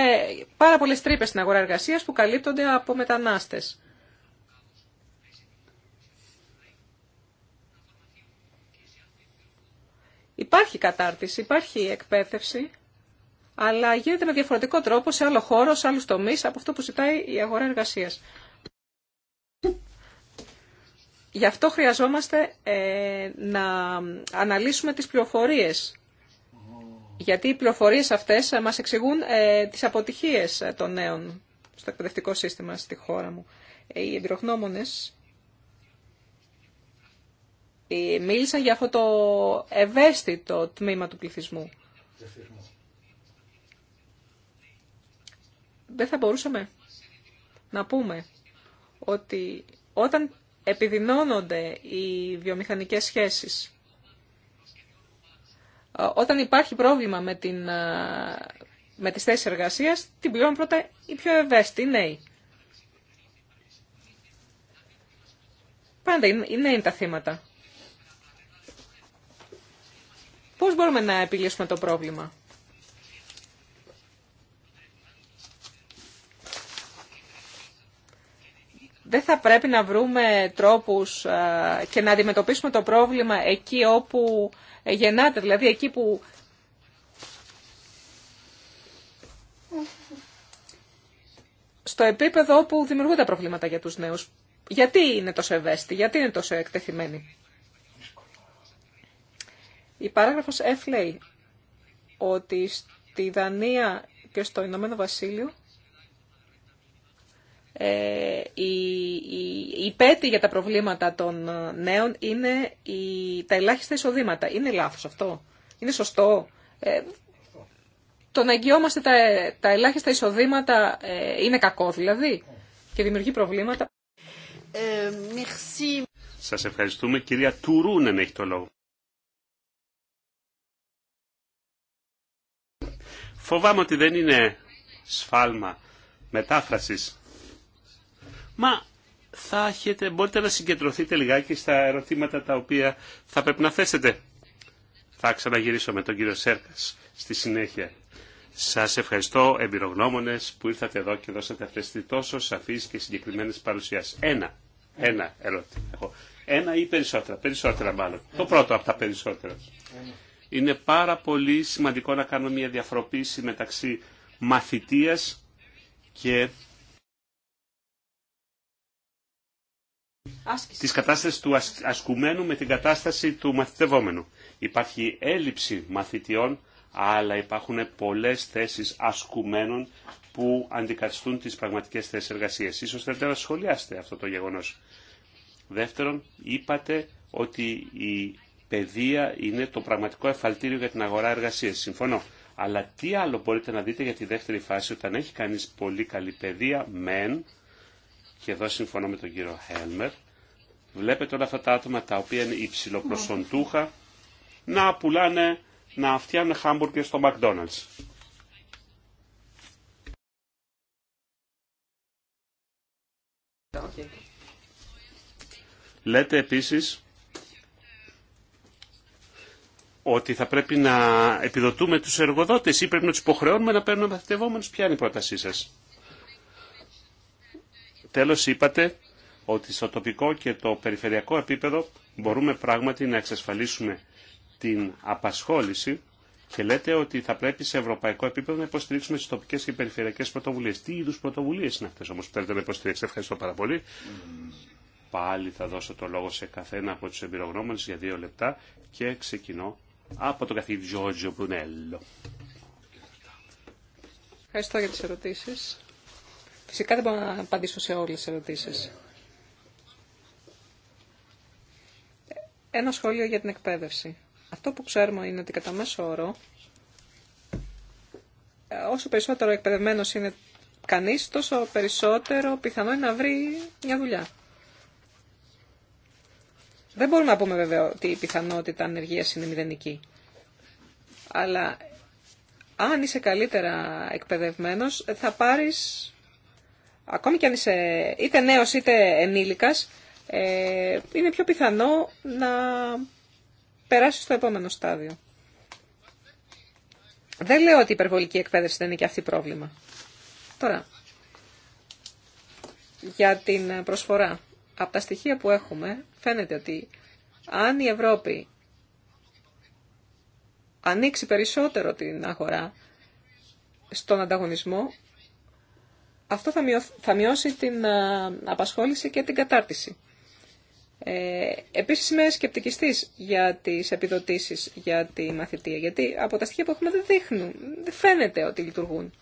B: πάρα πολλές τρύπες στην αγορά εργασίας που καλύπτονται από μετανάστες. Υπάρχει κατάρτιση, υπάρχει εκπαίδευση, αλλά γίνεται με διαφορετικό τρόπο σε άλλο χώρο, σε άλλους τομείς από αυτό που ζητάει η αγορά εργασίας. Γι' αυτό χρειαζόμαστε ε, να αναλύσουμε τις πληροφορίες. Γιατί οι πληροφορίες αυτές ε, μας εξηγούν ε, τις αποτυχίες ε, των νέων στο εκπαιδευτικό σύστημα στη χώρα μου. Ε, οι εμπειρογνώμονες μίλησαν για αυτό το ευαίσθητο τμήμα του πληθυσμού. Δεν θα μπορούσαμε να πούμε ότι όταν επιδεινώνονται οι βιομηχανικές σχέσεις, όταν υπάρχει πρόβλημα με, την, με τις θέσεις εργασίας, την πληρώνουν πρώτα οι πιο ευαίσθητοι νέοι. Πάντα είναι, οι νέοι είναι τα θύματα. Πώς μπορούμε να επιλύσουμε το πρόβλημα. Δεν θα πρέπει να βρούμε τρόπους ε, και να αντιμετωπίσουμε το πρόβλημα εκεί όπου γεννάται, δηλαδή εκεί που στο επίπεδο όπου δημιουργούνται προβλήματα για τους νέους. Γιατί είναι τόσο ευαίσθητοι, γιατί είναι τόσο εκτεθειμένοι. Η παράγραφος F λέει ότι στη Δανία και στο Ηνωμένο Βασίλειο ε, η, η, πέτη για τα προβλήματα των ε, νέων είναι η, τα ελάχιστα εισοδήματα. Είναι λάθος αυτό. Είναι σωστό. Ε, το να εγγυόμαστε τα, τα ελάχιστα εισοδήματα είναι κακό δηλαδή και δημιουργεί προβλήματα.
C: Ε, Σας ευχαριστούμε. Κυρία Τουρούνεν έχει το λόγο. Φοβάμαι ότι δεν είναι σφάλμα μετάφρασης. Μα θα έχετε, μπορείτε να συγκεντρωθείτε λιγάκι στα ερωτήματα τα οποία θα πρέπει να θέσετε. Θα ξαναγυρίσω με τον κύριο Σέρκας στη συνέχεια. Σας ευχαριστώ εμπειρογνώμονες που ήρθατε εδώ και δώσατε αυτές τις τόσο σαφείς και συγκεκριμένες παρουσιάσεις. Ένα, ένα ερώτημα. Ένα ή περισσότερα, περισσότερα μάλλον. Το πρώτο από τα περισσότερα. Είναι πάρα πολύ σημαντικό να κάνουμε μια διαφοροποίηση μεταξύ μαθητείας και Τη της του ασκουμένου με την κατάσταση του μαθητευόμενου. Υπάρχει έλλειψη μαθητιών, αλλά υπάρχουν πολλές θέσεις ασκουμένων που αντικαθιστούν τις πραγματικές θέσεις εργασίας. Ίσως θέλετε να σχολιάσετε αυτό το γεγονός. Δεύτερον, είπατε ότι η παιδεία είναι το πραγματικό εφαλτήριο για την αγορά εργασίας. Συμφωνώ. Αλλά τι άλλο μπορείτε να δείτε για τη δεύτερη φάση όταν έχει κανείς πολύ καλή παιδεία, μεν, και εδώ συμφωνώ με τον κύριο Χέλμερ, βλέπετε όλα αυτά τα άτομα τα οποία είναι υψηλοπροσοντούχα να πουλάνε, να φτιάχνουν χάμπουργκες στο McDonald's. Λέτε επίσης ότι θα πρέπει να επιδοτούμε τους εργοδότες ή πρέπει να τους υποχρεώνουμε να παίρνουν μαθητευόμενους. Ποια είναι η πρότασή σας. Τέλος είπατε ότι στο τοπικό και το περιφερειακό επίπεδο μπορούμε πράγματι να εξασφαλίσουμε την απασχόληση και λέτε ότι θα πρέπει σε ευρωπαϊκό επίπεδο να υποστηρίξουμε τι τοπικέ και περιφερειακέ πρωτοβουλίε. Τι είδου πρωτοβουλίε είναι αυτέ όμω που θέλετε να υποστηρίξετε. Ευχαριστώ πάρα πολύ. Πάλι θα δώσω το λόγο σε καθένα από του εμπειρογνώμονε για δύο λεπτά και ξεκινώ από τον καθηγητή Γιώργιο Μπουνέλο.
B: Ευχαριστώ για τι ερωτήσει. Φυσικά δεν μπορώ να απαντήσω σε όλε τι ερωτήσει. Ένα σχόλιο για την εκπαίδευση. Αυτό που ξέρουμε είναι ότι κατά μέσο όρο, όσο περισσότερο εκπαιδευμένος είναι κανεί τόσο περισσότερο πιθανό είναι να βρει μια δουλειά. Δεν μπορούμε να πούμε βέβαια ότι η πιθανότητα ανεργία είναι μηδενική. Αλλά αν είσαι καλύτερα εκπαιδευμένο, θα πάρεις, ακόμη και αν είσαι είτε νέος είτε ενήλικας, ε, είναι πιο πιθανό να περάσεις στο επόμενο στάδιο. Δεν λέω ότι η υπερβολική εκπαίδευση δεν είναι και αυτή πρόβλημα. Τώρα, για την προσφορά. Από τα στοιχεία που έχουμε, φαίνεται ότι αν η Ευρώπη ανοίξει περισσότερο την αγορά στον ανταγωνισμό, αυτό θα μειώσει την απασχόληση και την κατάρτιση. Ε, επίσης είμαι σκεπτικιστής για τις επιδοτήσεις για τη μαθητεία, γιατί από τα στοιχεία που έχουμε δεν δείχνουν, δεν φαίνεται ότι λειτουργούν.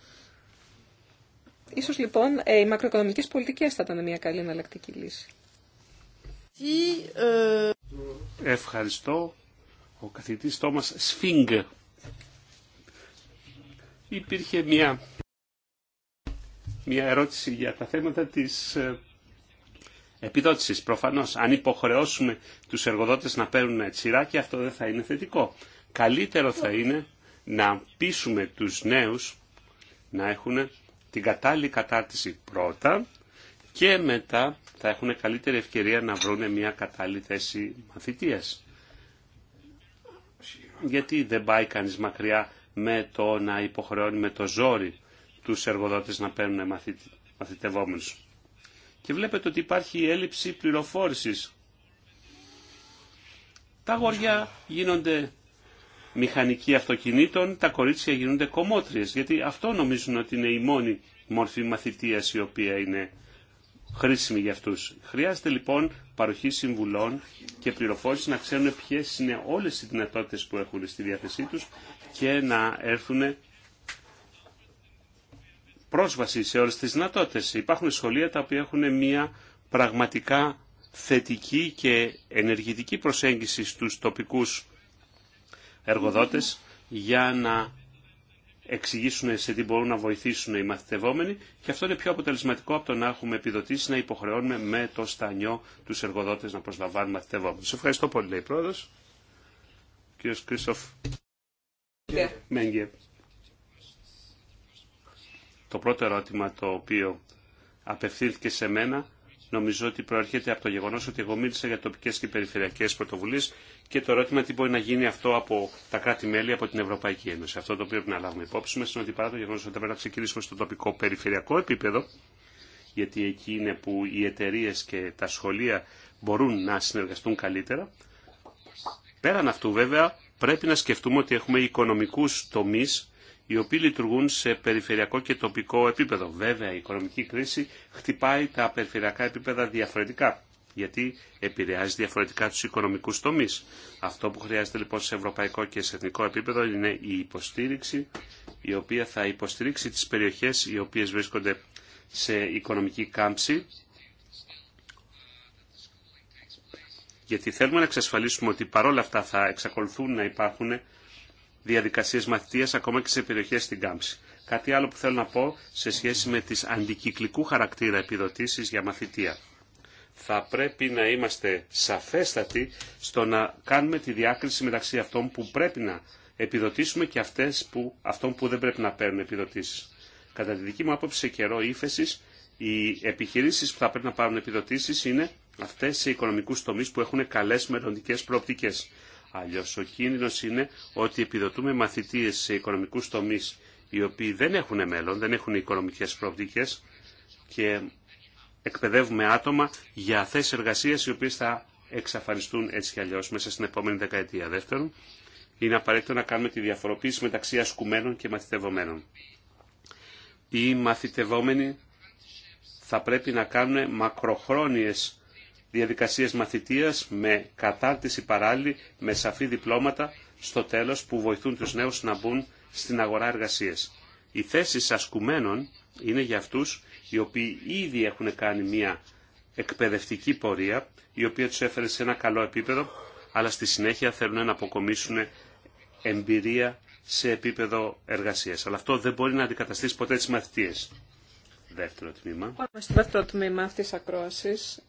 B: Ίσως λοιπόν ε, οι μακροοικονομικές πολιτικές θα ήταν μια καλή εναλλακτική λύση.
C: Ε, Ευχαριστώ. Ο καθηγητής Τόμας Σφίγγ. Υπήρχε μια, μια ερώτηση για τα θέματα της ε, επιδότησης. Προφανώς, αν υποχρεώσουμε τους εργοδότες να παίρνουν τσιράκι, αυτό δεν θα είναι θετικό. Καλύτερο θα είναι να πείσουμε τους νέους να έχουν την κατάλληλη κατάρτιση πρώτα και μετά θα έχουν καλύτερη ευκαιρία να βρουν μια κατάλληλη θέση μαθητείας. Γιατί δεν πάει κανείς μακριά με το να υποχρεώνει με το ζόρι τους εργοδότες να παίρνουν μαθητε, μαθητευόμενους. Και βλέπετε ότι υπάρχει έλλειψη πληροφόρησης. Τα γοριά γίνονται μηχανικοί αυτοκινήτων, τα κορίτσια γίνονται κομμότριες, γιατί αυτό νομίζουν ότι είναι η μόνη μορφή μαθητείας η οποία είναι χρήσιμη για αυτούς. Χρειάζεται λοιπόν παροχή συμβουλών και πληροφόρηση να ξέρουν ποιε είναι όλες οι δυνατότητες που έχουν στη διάθεσή τους και να έρθουν πρόσβαση σε όλες τις δυνατότητες. Υπάρχουν σχολεία τα οποία έχουν μια πραγματικά θετική και ενεργητική προσέγγιση στους τοπικούς εργοδότες για να εξηγήσουν σε τι μπορούν να βοηθήσουν οι μαθητευόμενοι και αυτό είναι πιο αποτελεσματικό από το να έχουμε επιδοτήσει να υποχρεώνουμε με το στανιό του εργοδότε να προσλαμβάνουν μαθητευόμενοι. Σα ευχαριστώ πολύ, λέει πρόεδρο. Κύριο ναι. Μέγγε. Το πρώτο ερώτημα το οποίο απευθύνθηκε σε μένα νομίζω ότι προέρχεται από το γεγονό ότι εγώ μίλησα για τοπικέ και περιφερειακέ πρωτοβουλίε και το ερώτημα τι μπορεί να γίνει αυτό από τα κράτη-μέλη, από την Ευρωπαϊκή Ένωση. Αυτό το οποίο πρέπει να λάβουμε υπόψη μα είναι ότι παρά το γεγονό ότι πρέπει να ξεκινήσουμε στο τοπικό περιφερειακό επίπεδο, γιατί εκεί είναι που οι εταιρείε και τα σχολεία μπορούν να συνεργαστούν καλύτερα. Πέραν αυτού βέβαια πρέπει να σκεφτούμε ότι έχουμε οικονομικού τομεί οι οποίοι λειτουργούν σε περιφερειακό και τοπικό επίπεδο. Βέβαια, η οικονομική κρίση χτυπάει τα περιφερειακά επίπεδα διαφορετικά, γιατί επηρεάζει διαφορετικά τους οικονομικούς τομείς. Αυτό που χρειάζεται λοιπόν σε ευρωπαϊκό και σε εθνικό επίπεδο είναι η υποστήριξη, η οποία θα υποστηρίξει τις περιοχές οι οποίες βρίσκονται σε οικονομική κάμψη, γιατί θέλουμε να εξασφαλίσουμε ότι παρόλα αυτά θα εξακολουθούν να υπάρχουν διαδικασίες μαθητείας ακόμα και σε περιοχές στην Κάμψη. Κάτι άλλο που θέλω να πω σε σχέση με τις αντικυκλικού χαρακτήρα επιδοτήσεις για μαθητεία. Θα πρέπει να είμαστε σαφέστατοι στο να κάνουμε τη διάκριση μεταξύ αυτών που πρέπει να επιδοτήσουμε και αυτές που, αυτών που δεν πρέπει να παίρνουν επιδοτήσεις. Κατά τη δική μου άποψη, σε καιρό ύφεση, οι επιχειρήσεις που θα πρέπει να πάρουν επιδοτήσεις είναι αυτές σε οικονομικούς τομείς που έχουν καλές μελλοντικέ προοπτικές. Αλλιώς ο κίνδυνο είναι ότι επιδοτούμε μαθητές σε οικονομικούς τομείς οι οποίοι δεν έχουν μέλλον, δεν έχουν οικονομικές προοπτικές και εκπαιδεύουμε άτομα για θέσει εργασίας οι οποίες θα εξαφανιστούν έτσι κι αλλιώς μέσα στην επόμενη δεκαετία. Δεύτερον, είναι απαραίτητο να κάνουμε τη διαφοροποίηση μεταξύ ασκουμένων και μαθητευομένων. Οι μαθητευόμενοι θα πρέπει να κάνουν μακροχρόνιες διαδικασίες μαθητείας με κατάρτιση παράλληλη, με σαφή διπλώματα στο τέλος που βοηθούν τους νέους να μπουν στην αγορά εργασίας. Οι θέσεις ασκουμένων είναι για αυτούς οι οποίοι ήδη έχουν κάνει μια εκπαιδευτική πορεία η οποία τους έφερε σε ένα καλό επίπεδο αλλά στη συνέχεια θέλουν να αποκομίσουν εμπειρία σε επίπεδο εργασίας. Αλλά αυτό δεν μπορεί να αντικαταστήσει ποτέ τις μαθητείες. Δεύτερο τμήμα. Πάμε
B: στο δεύτερο τμήμα αυτής ακρόασης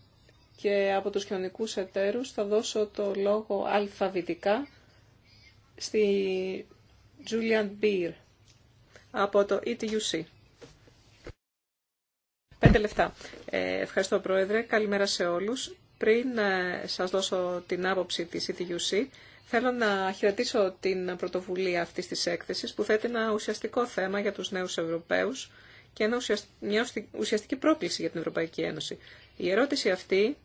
B: και από τους κοινωνικούς εταίρους θα δώσω το λόγο αλφαβητικά στη Julian Beer από το ETUC. Πέντε λεφτά. Ε, ευχαριστώ Πρόεδρε. Καλημέρα σε όλους. Πριν ε, σας δώσω την άποψη της ETUC, θέλω να χαιρετήσω την πρωτοβουλία αυτής της έκθεσης που θέτει ένα ουσιαστικό θέμα για τους νέους Ευρωπαίους και μια ουσιαστική πρόκληση για την Ευρωπαϊκή Ένωση. Η ερώτηση αυτή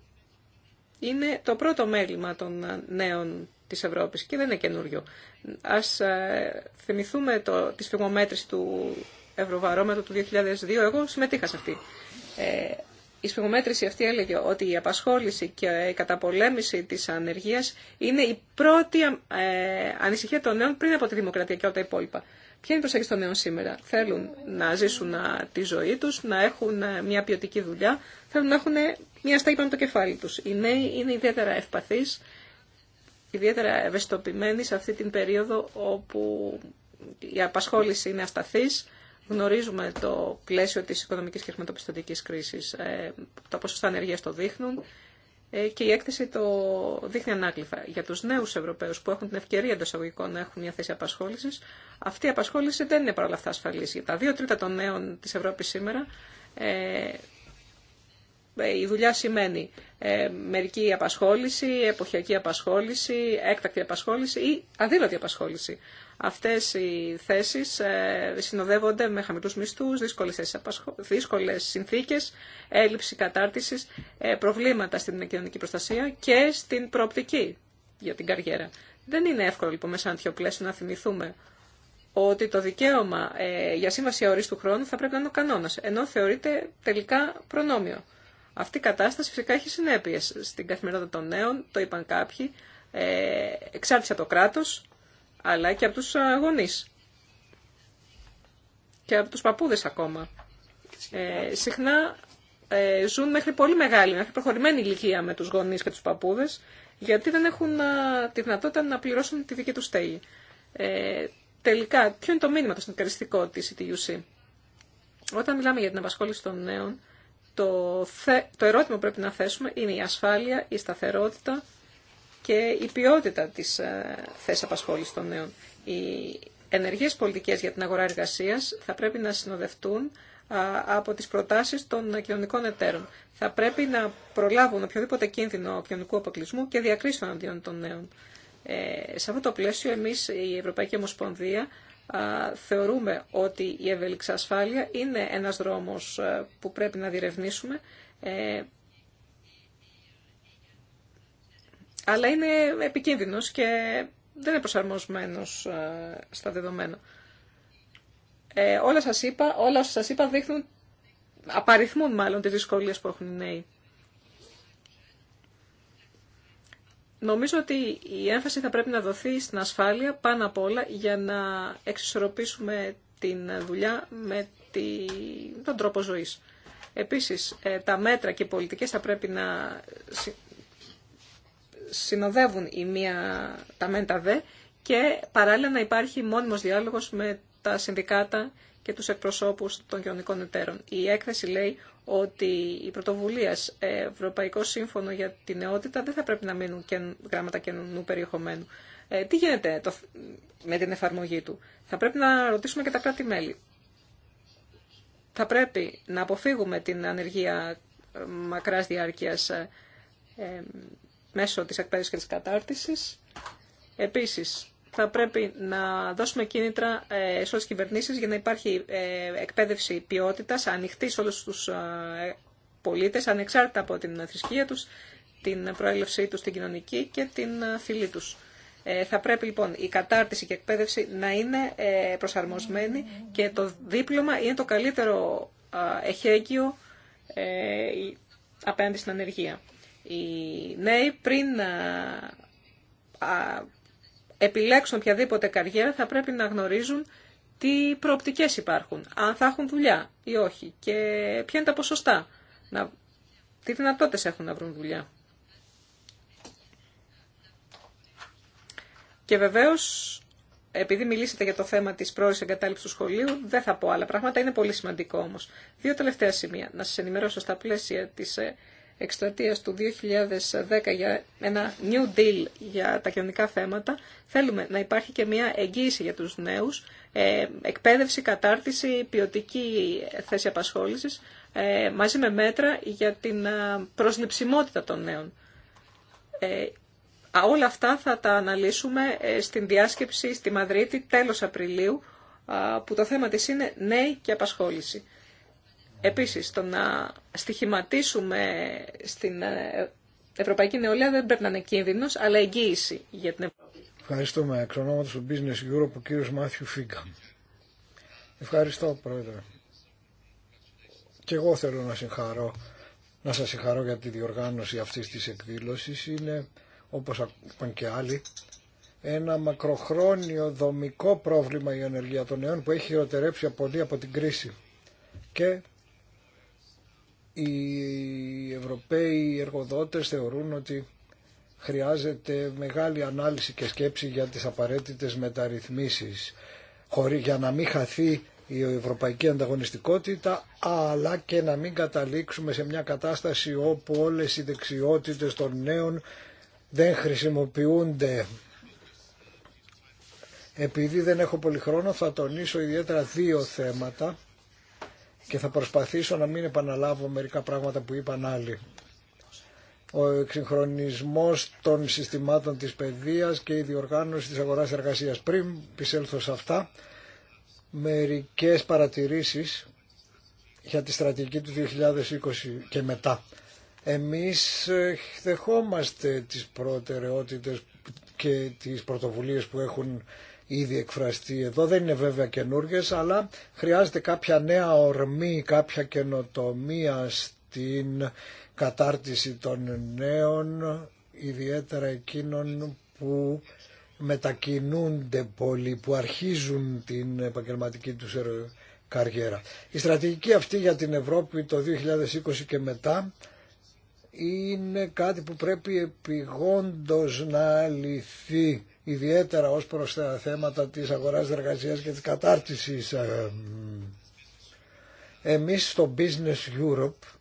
B: είναι το πρώτο μέλημα των νέων της Ευρώπης και δεν είναι καινούριο. Ας ε, θυμηθούμε το, τη σφιγμομέτρηση του Ευρωβαρόμετρου του 2002, εγώ συμμετείχα σε αυτή. Ε, η σφιγμομέτρηση αυτή έλεγε ότι η απασχόληση και η καταπολέμηση της ανεργίας είναι η πρώτη ε, ανησυχία των νέων πριν από τη δημοκρατία και όλα τα υπόλοιπα. Ποια είναι η προσέγγιση των νέων σήμερα. Θέλουν να ζήσουν ε, τη ζωή τους, να έχουν μια ποιοτική δουλειά, θέλουν να έχουν μια τα είπαμε το κεφάλι τους. Οι νέοι είναι ιδιαίτερα ευπαθείς, ιδιαίτερα ευαισθητοποιημένοι σε αυτή την περίοδο όπου η απασχόληση είναι ασταθής. Γνωρίζουμε το πλαίσιο της οικονομικής και χρηματοπιστωτικής κρίσης. Ε, τα ποσοστά ανεργίας το δείχνουν ε, και η έκθεση το δείχνει ανάκληφα. Για τους νέους Ευρωπαίους που έχουν την ευκαιρία εντό αγωγικών να έχουν μια θέση απασχόλησης, αυτή η απασχόληση δεν είναι παρόλα αυτά Για τα δύο τρίτα των νέων της Ευρώπης σήμερα ε, ε, η δουλειά σημαίνει ε, μερική απασχόληση, εποχιακή απασχόληση, έκτακτη απασχόληση ή αδήλωτη απασχόληση. Αυτές οι θέσεις ε, συνοδεύονται με χαμηλούς μισθούς, δύσκολες, συνθήκε, συνθήκες, έλλειψη κατάρτισης, προβλήματα στην κοινωνική προστασία και στην προοπτική για την καριέρα. Δεν είναι εύκολο λοιπόν μέσα σαν να θυμηθούμε ότι το δικαίωμα για σύμβαση αορίστου χρόνου θα πρέπει να είναι ο κανόνας, ενώ θεωρείται τελικά προνόμιο. Αυτή η κατάσταση φυσικά έχει συνέπειε στην καθημερινότητα των νέων, το είπαν κάποιοι, ε, εξάρτηση από το κράτο, αλλά και από του γονεί. Και από του παππούδε ακόμα. Ε, συχνά ε, ζουν μέχρι πολύ μεγάλη, μέχρι προχωρημένη ηλικία με τους γονεί και τους παππούδες, γιατί δεν έχουν ε, τη δυνατότητα να πληρώσουν τη δική του στέγη. Ε, τελικά, ποιο είναι το μήνυμα το συνεταιριστικό τη ETUC. Όταν μιλάμε για την απασχόληση των νέων, το, το ερώτημα που πρέπει να θέσουμε είναι η ασφάλεια, η σταθερότητα και η ποιότητα της ε, θέσης απασχόλησης των νέων. Οι ενεργές πολιτικές για την αγορά εργασίας θα πρέπει να συνοδευτούν από τις προτάσεις των κοινωνικών εταίρων. Θα πρέπει να προλάβουν οποιοδήποτε κίνδυνο κοινωνικού αποκλεισμού και διακρίσεων αντίον των νέων. Ε, σε αυτό το πλαίσιο εμείς η Ευρωπαϊκή Ομοσπονδία θεωρούμε ότι η ασφάλεια είναι ένας δρόμος ε, που πρέπει να διερευνήσουμε, ε, αλλά είναι επικίνδυνος και δεν είναι προσαρμοσμένος ε, στα δεδομένα. όλα σας είπα, όλα σας είπα δείχνουν, απαριθμούν μάλλον τις δυσκολίες που έχουν οι νέοι. Νομίζω ότι η έμφαση θα πρέπει να δοθεί στην ασφάλεια πάνω απ' όλα για να εξισορροπήσουμε την δουλειά με τον τρόπο ζωής. Επίσης, ε, τα μέτρα και οι πολιτικές θα πρέπει να συνοδεύουν η μία, τα μεν δε και παράλληλα να υπάρχει μόνιμος διάλογος με τα συνδικάτα και τους εκπροσώπους των κοινωνικών εταίρων. Η έκθεση λέει ότι η πρωτοβουλία ε, Ευρωπαϊκό Σύμφωνο για την Νεότητα δεν θα πρέπει να μείνουν και γράμματα καινού περιεχομένου. Ε, τι γίνεται το, με την εφαρμογή του. Θα πρέπει να ρωτήσουμε και τα κράτη-μέλη. Θα πρέπει να αποφύγουμε την ανεργία ε, μακράς διάρκειας μέσω της εκπαίδευσης και της κατάρτισης. Επίσης, θα πρέπει να δώσουμε κίνητρα ε, σε όλες τις κυβερνήσεις για να υπάρχει ε, εκπαίδευση ποιότητας, ανοιχτή σε όλους τους ε, πολίτες, ανεξάρτητα από την θρησκεία τους, την προέλευσή τους, την κοινωνική και την φυλή τους. Θα πρέπει λοιπόν η κατάρτιση και εκπαίδευση να είναι προσαρμοσμένη και το δίπλωμα είναι το καλύτερο εχέγγυο απέναντι στην ανεργία. Οι νέοι πριν επιλέξουν οποιαδήποτε καριέρα θα πρέπει να γνωρίζουν τι προοπτικές υπάρχουν, αν θα έχουν δουλειά ή όχι και ποια είναι τα ποσοστά, να, τι δυνατότητες έχουν να βρουν δουλειά. Και βεβαίως, επειδή μιλήσατε για το θέμα της πρόορης εγκατάλειψης του σχολείου, δεν θα πω άλλα πράγματα, είναι πολύ σημαντικό όμως. Δύο τελευταία σημεία. Να σας ενημερώσω στα πλαίσια της ε, εκστρατείας του 2010 για ένα New Deal για τα κοινωνικά θέματα, θέλουμε να υπάρχει και μια εγγύηση για τους νέους, ε, εκπαίδευση, κατάρτιση, ποιοτική θέση απασχόλησης, ε, μαζί με μέτρα για την ε, προσληψιμότητα των νέων. Όλα αυτά θα τα αναλύσουμε στην διάσκεψη στη Μαδρίτη τέλος Απριλίου, που το θέμα της είναι νέοι και απασχόληση. Επίσης, το να στοιχηματίσουμε στην ε, Ευρωπαϊκή Νεολαία δεν πρέπει να είναι κίνδυνο, αλλά εγγύηση για την Ευρώπη.
A: Ευχαριστούμε. Εξ ονόματο του Business Europe, ο κύριος Μάθιου Φίγκα. Ευχαριστώ, Πρόεδρε. Και εγώ θέλω να συγχαρώ, να σας συγχαρώ για τη διοργάνωση αυτής της εκδήλωσης. Είναι, όπως είπαν και άλλοι, ένα μακροχρόνιο δομικό πρόβλημα η ανεργία των νέων που έχει χειροτερέψει πολύ από την κρίση. Και οι Ευρωπαίοι εργοδότες θεωρούν ότι χρειάζεται μεγάλη ανάλυση και σκέψη για τις απαραίτητες μεταρρυθμίσεις για να μην χαθεί η ευρωπαϊκή ανταγωνιστικότητα αλλά και να μην καταλήξουμε σε μια κατάσταση όπου όλες οι δεξιότητες των νέων δεν χρησιμοποιούνται. Επειδή δεν έχω πολύ χρόνο θα τονίσω ιδιαίτερα δύο θέματα και θα προσπαθήσω να μην επαναλάβω μερικά πράγματα που είπαν άλλοι. Ο εξυγχρονισμός των συστημάτων της παιδείας και η διοργάνωση της αγοράς εργασίας. Πριν πισέλθω σε αυτά, μερικές παρατηρήσεις για τη στρατηγική του 2020 και μετά. Εμείς ε, δεχόμαστε τις προτεραιότητες και τις πρωτοβουλίες που έχουν ήδη εκφραστεί εδώ, δεν είναι βέβαια καινούργιε, αλλά χρειάζεται κάποια νέα ορμή, κάποια καινοτομία στην κατάρτιση των νέων, ιδιαίτερα εκείνων που μετακινούνται πολύ, που αρχίζουν την επαγγελματική του καριέρα. Η στρατηγική αυτή για την Ευρώπη το 2020 και μετά είναι κάτι που πρέπει επιγόντως να λυθεί ιδιαίτερα ως προς τα θέματα της αγοράς εργασίας και της κατάρτισης. Ε, εμείς στο Business Europe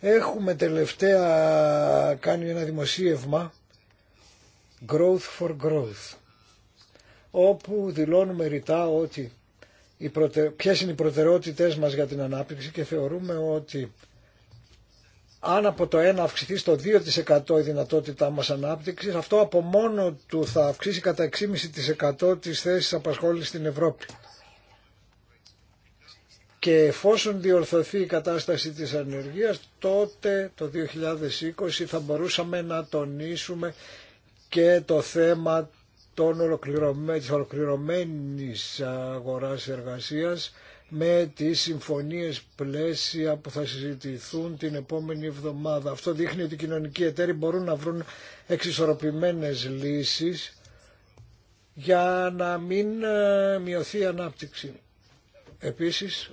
A: έχουμε τελευταία κάνει ένα δημοσίευμα Growth for Growth όπου δηλώνουμε ρητά ότι οι ποιες είναι οι προτεραιότητες μας για την ανάπτυξη και θεωρούμε ότι αν από το 1 αυξηθεί στο 2% η δυνατότητά μας ανάπτυξης, αυτό από μόνο του θα αυξήσει κατά 6,5% τις θέσεις απασχόλησης στην Ευρώπη. Και εφόσον διορθωθεί η κατάσταση της ανεργίας, τότε το 2020 θα μπορούσαμε να τονίσουμε και το θέμα των ολοκληρωμένη της ολοκληρωμένης αγοράς εργασίας με τις συμφωνίες πλαίσια που θα συζητηθούν την επόμενη εβδομάδα. Αυτό δείχνει ότι οι κοινωνικοί εταίροι μπορούν να βρουν εξισορροπημένες λύσεις για να μην ε, μειωθεί η ανάπτυξη. Επίσης,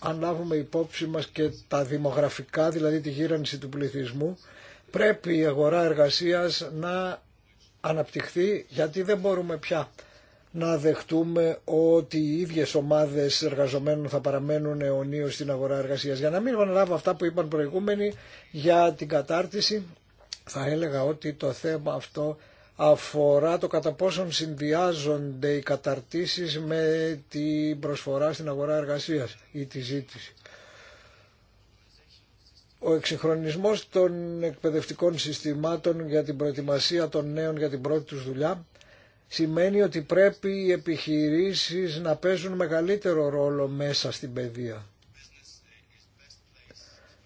A: αν λάβουμε υπόψη μας και τα δημογραφικά, δηλαδή τη γύρανση του πληθυσμού, πρέπει η αγορά εργασίας να αναπτυχθεί γιατί δεν μπορούμε πια να δεχτούμε ότι οι ίδιες ομάδες εργαζομένων θα παραμένουν αιωνίως στην αγορά εργασίας. Για να μην επαναλάβω αυτά που είπαν προηγούμενοι για την κατάρτιση, θα έλεγα ότι το θέμα αυτό αφορά το κατά πόσον συνδυάζονται οι καταρτήσεις με την προσφορά στην αγορά εργασίας ή τη ζήτηση. Ο εξυγχρονισμός των εκπαιδευτικών συστημάτων για την προετοιμασία των νέων για την πρώτη τους δουλειά σημαίνει ότι πρέπει οι επιχειρήσεις να παίζουν μεγαλύτερο ρόλο μέσα στην παιδεία.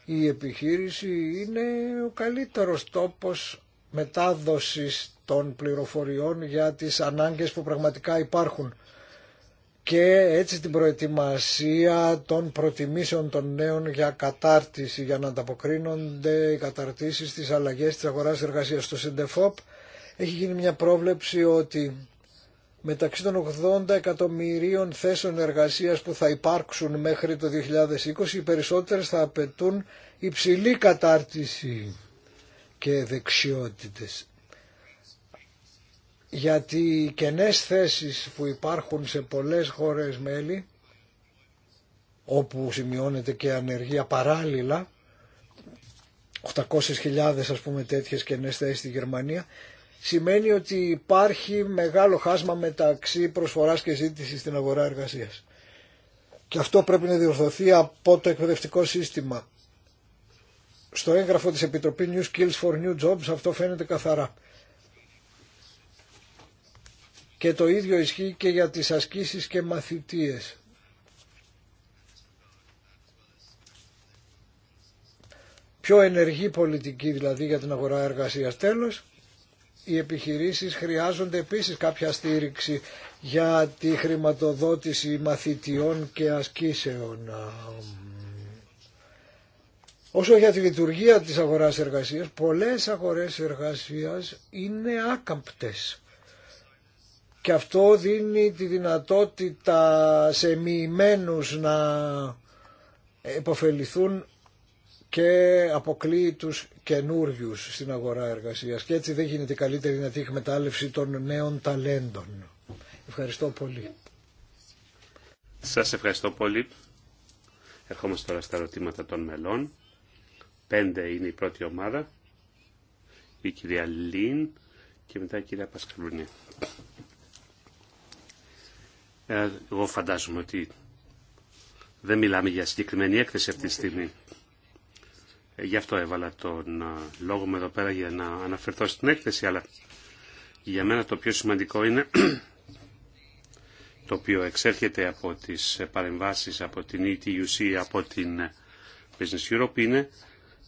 A: Η επιχείρηση είναι ο καλύτερος τόπος μετάδοσης των πληροφοριών για τις ανάγκες που πραγματικά υπάρχουν και έτσι την προετοιμασία των προτιμήσεων των νέων για κατάρτιση, για να ανταποκρίνονται οι καταρτήσεις στις αλλαγές της αγοράς εργασίας. Στο έχει γίνει μια πρόβλεψη ότι μεταξύ των 80 εκατομμυρίων θέσεων εργασίας που θα υπάρξουν μέχρι το 2020 οι περισσότερες θα απαιτούν υψηλή κατάρτιση και δεξιότητες. Γιατί οι κενές θέσεις που υπάρχουν σε πολλές χώρες μέλη όπου σημειώνεται και ανεργία παράλληλα 800.000 ας πούμε τέτοιες κενές θέσεις στη Γερμανία σημαίνει ότι υπάρχει μεγάλο χάσμα μεταξύ προσφοράς και ζήτησης στην αγορά εργασίας. Και αυτό πρέπει να διορθωθεί από το εκπαιδευτικό σύστημα. Στο έγγραφο της Επιτροπή New Skills for New Jobs αυτό φαίνεται καθαρά. Και το ίδιο ισχύει και για τις ασκήσεις και μαθητείες. Πιο ενεργή πολιτική δηλαδή για την αγορά εργασίας τέλος οι επιχειρήσεις χρειάζονται επίσης κάποια στήριξη για τη χρηματοδότηση μαθητιών και ασκήσεων. Όσο για τη λειτουργία της αγοράς εργασίας, πολλές αγορές εργασίας είναι άκαμπτες. Και αυτό δίνει τη δυνατότητα σε μοιημένους να υποφεληθούν και αποκλείει τους καινούριου στην αγορά εργασίας και έτσι δεν γίνεται καλύτερη δυνατή εκμετάλλευση των νέων ταλέντων. Ευχαριστώ πολύ.
C: Σας ευχαριστώ πολύ. Ερχόμαστε τώρα στα ερωτήματα των μελών. Πέντε είναι η πρώτη ομάδα. Η κυρία Λίν και μετά η κυρία Πασκαλούνια. Ε, εγώ φαντάζομαι ότι δεν μιλάμε για συγκεκριμένη έκθεση αυτή τη στιγμή. Γι' αυτό έβαλα τον ε, λόγο μου εδώ πέρα για να αναφερθώ στην έκθεση, αλλά για μένα το πιο σημαντικό είναι το οποίο εξέρχεται από τις παρεμβάσεις από την ETUC, από την ε, Business Europe, είναι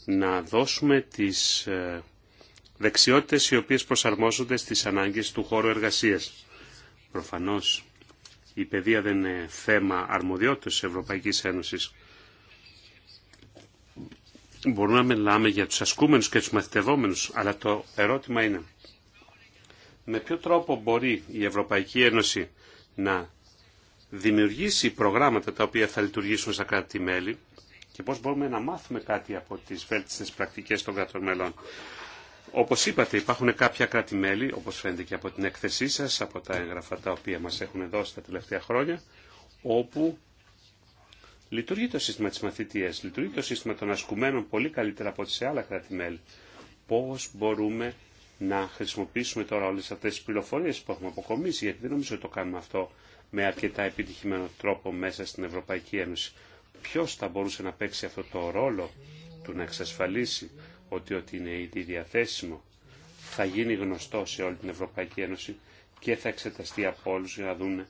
C: να δώσουμε τις ε, δεξιότητες οι οποίες προσαρμόζονται στις ανάγκες του χώρου εργασίας. Προφανώς η παιδεία δεν είναι θέμα αρμοδιότητας της Ευρωπαϊκής Ένωσης μπορούμε να μιλάμε για τους ασκούμενους και τους μαθητευόμενους, αλλά το ερώτημα είναι με ποιο τρόπο μπορεί η Ευρωπαϊκή Ένωση να δημιουργήσει προγράμματα τα οποία θα λειτουργήσουν στα κράτη-μέλη και πώς μπορούμε να μάθουμε κάτι από τις βέλτιστες πρακτικές των κρατών μελών. Όπως είπατε υπάρχουν κάποια κράτη-μέλη, όπως φαίνεται και από την έκθεσή σας, από τα έγγραφα τα οποία μας έχουν δώσει τα τελευταία χρόνια, όπου Λειτουργεί το σύστημα της μαθητείας, λειτουργεί το σύστημα των ασκουμένων πολύ καλύτερα από ό,τι σε άλλα κράτη-μέλη. Πώς μπορούμε να χρησιμοποιήσουμε τώρα όλες αυτές τις πληροφορίες που έχουμε αποκομίσει, γιατί δεν νομίζω ότι το κάνουμε αυτό με αρκετά επιτυχημένο τρόπο μέσα στην Ευρωπαϊκή Ένωση. Ποιος θα μπορούσε να παίξει αυτό το ρόλο του να εξασφαλίσει ότι ό,τι είναι ήδη διαθέσιμο θα γίνει γνωστό σε όλη την Ευρωπαϊκή Ένωση και θα εξεταστεί από όλου για να δούμε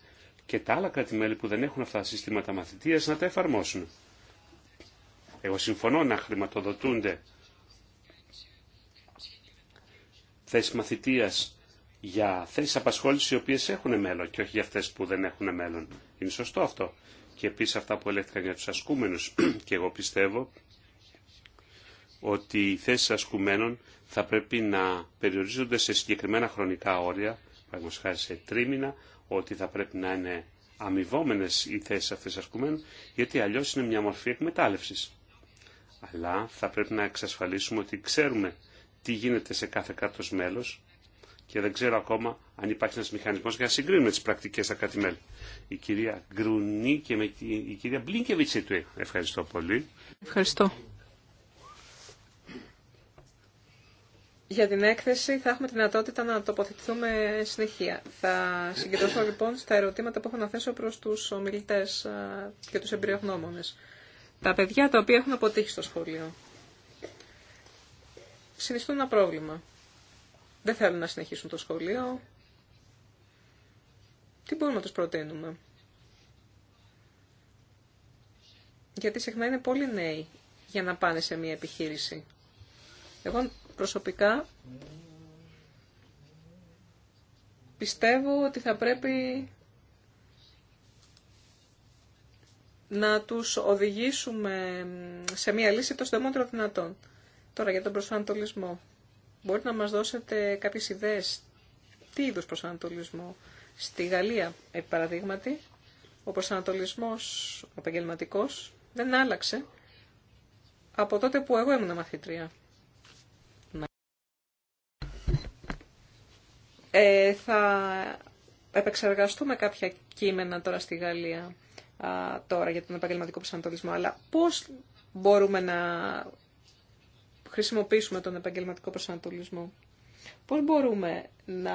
C: και τα άλλα κράτη-μέλη που δεν έχουν αυτά τα συστήματα μαθητείας να τα εφαρμόσουν. Εγώ συμφωνώ να χρηματοδοτούνται θέσεις μαθητείας για θέσεις απασχόλησης οι οποίες έχουν μέλλον και όχι για αυτές που δεν έχουν μέλλον. Είναι σωστό αυτό. Και επίσης αυτά που έλεγχαν για τους ασκούμενους *clears throat* και εγώ πιστεύω ότι οι θέσεις ασκουμένων θα πρέπει να περιορίζονται σε συγκεκριμένα χρονικά όρια, παραδείγματος σε τρίμηνα, ότι θα πρέπει να είναι αμοιβόμενε οι θέσει αυτέ ασκουμένων, γιατί αλλιώ είναι μια μορφή εκμετάλλευση. Αλλά θα πρέπει να εξασφαλίσουμε ότι ξέρουμε τι γίνεται σε κάθε κράτο μέλο και δεν ξέρω ακόμα αν υπάρχει ένα μηχανισμό για να συγκρίνουμε τι πρακτικέ στα κάτι μελη Η κυρία Γκρουνή και η κυρία Μπλίνκεβιτ του. Ευχαριστώ πολύ.
B: Ευχαριστώ. για την έκθεση θα έχουμε τη δυνατότητα να τοποθετηθούμε συνεχεία. Θα συγκεντρωθώ λοιπόν στα ερωτήματα που έχω να θέσω προς τους ομιλητές και τους εμπειρογνώμονες. Τα παιδιά τα οποία έχουν αποτύχει στο σχολείο συνιστούν ένα πρόβλημα. Δεν θέλουν να συνεχίσουν το σχολείο. Τι μπορούμε να τους προτείνουμε. Γιατί συχνά είναι πολύ νέοι για να πάνε σε μια επιχείρηση. Εγώ προσωπικά πιστεύω ότι θα πρέπει να τους οδηγήσουμε σε μία λύση το συντομότερο δυνατόν. Τώρα για τον προσανατολισμό. Μπορείτε να μας δώσετε κάποιες ιδέες τι είδους προσανατολισμό. Στη Γαλλία, επί παραδείγματι, ο προσανατολισμός ο δεν άλλαξε από τότε που εγώ ήμουν μαθητρία. Ε, θα επεξεργαστούμε κάποια κείμενα τώρα στη Γαλλία τώρα για τον επαγγελματικό προσανατολισμό, αλλά πώς μπορούμε να χρησιμοποιήσουμε τον επαγγελματικό προσανατολισμό. Πώς μπορούμε να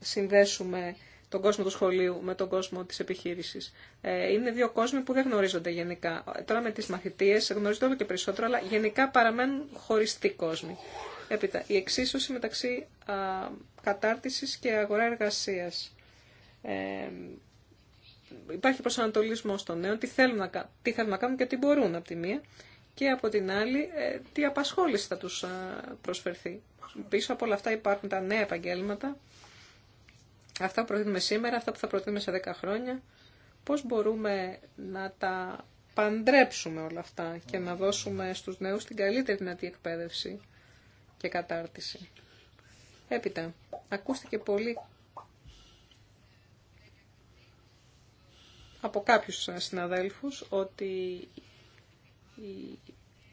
B: συνδέσουμε τον κόσμο του σχολείου με τον κόσμο της επιχείρησης. Ε, είναι δύο κόσμοι που δεν γνωρίζονται γενικά. Ε, τώρα με τις μαθητείες γνωρίζονται όλο και περισσότερο, αλλά γενικά παραμένουν χωριστοί κόσμοι. Έπειτα, η εξίσωση μεταξύ α, κατάρτισης και αγορά εργασίας. Ε, υπάρχει προσανατολισμός των νέων, τι θέλουν, να, τι θέλουν να κάνουν και τι μπορούν από τη μία και από την άλλη ε, τι απασχόληση θα τους προσφερθεί. Πίσω από όλα αυτά υπάρχουν τα νέα επαγγέλματα, αυτά που προτείνουμε σήμερα, αυτά που θα προτείνουμε σε 10 χρόνια, πώς μπορούμε να τα παντρέψουμε όλα αυτά και να δώσουμε στους νέους την καλύτερη δυνατή εκπαίδευση και κατάρτιση. Έπειτα, ακούστηκε πολύ από κάποιους συναδέλφους ότι οι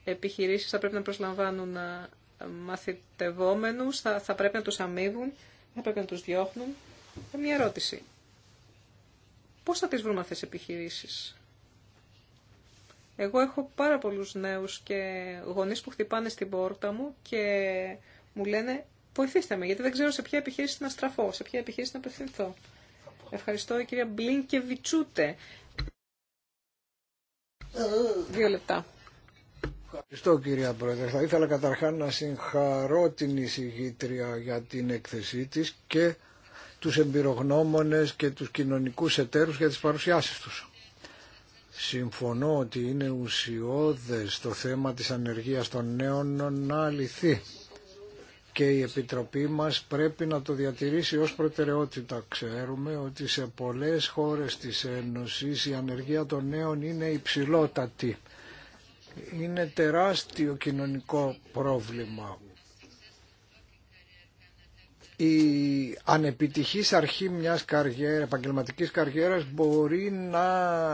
B: επιχειρήσεις θα πρέπει να προσλαμβάνουν ε, μαθητευόμενους, θα, θα πρέπει να τους αμείβουν, θα πρέπει να τους διώχνουν. Ε, μια ερώτηση. Πώς θα τις βρούμε αυτές τις επιχειρήσεις. Εγώ έχω πάρα πολλούς νέους και γονείς που χτυπάνε στην πόρτα μου και μου λένε βοηθήστε με γιατί δεν ξέρω σε ποια επιχείρηση να στραφώ, σε ποια επιχείρηση να απευθυνθώ. Ευχαριστώ η κυρία Μπλίν και Βιτσούτε. Δύο λεπτά.
A: Ευχαριστώ κυρία Πρόεδρε. Θα ήθελα καταρχά να συγχαρώ την εισηγήτρια για την έκθεσή της και τους εμπειρογνώμονες και τους κοινωνικούς εταίρους για τις παρουσιάσεις τους. Συμφωνώ ότι είναι ουσιώδες το θέμα της ανεργίας των νέων να λυθεί και η Επιτροπή μας πρέπει να το διατηρήσει ως προτεραιότητα. Ξέρουμε ότι σε πολλές χώρες της Ένωσης η ανεργία των νέων είναι υψηλότατη. Είναι τεράστιο κοινωνικό πρόβλημα η ανεπιτυχής αρχή μιας καριέρα, επαγγελματικής καριέρας μπορεί να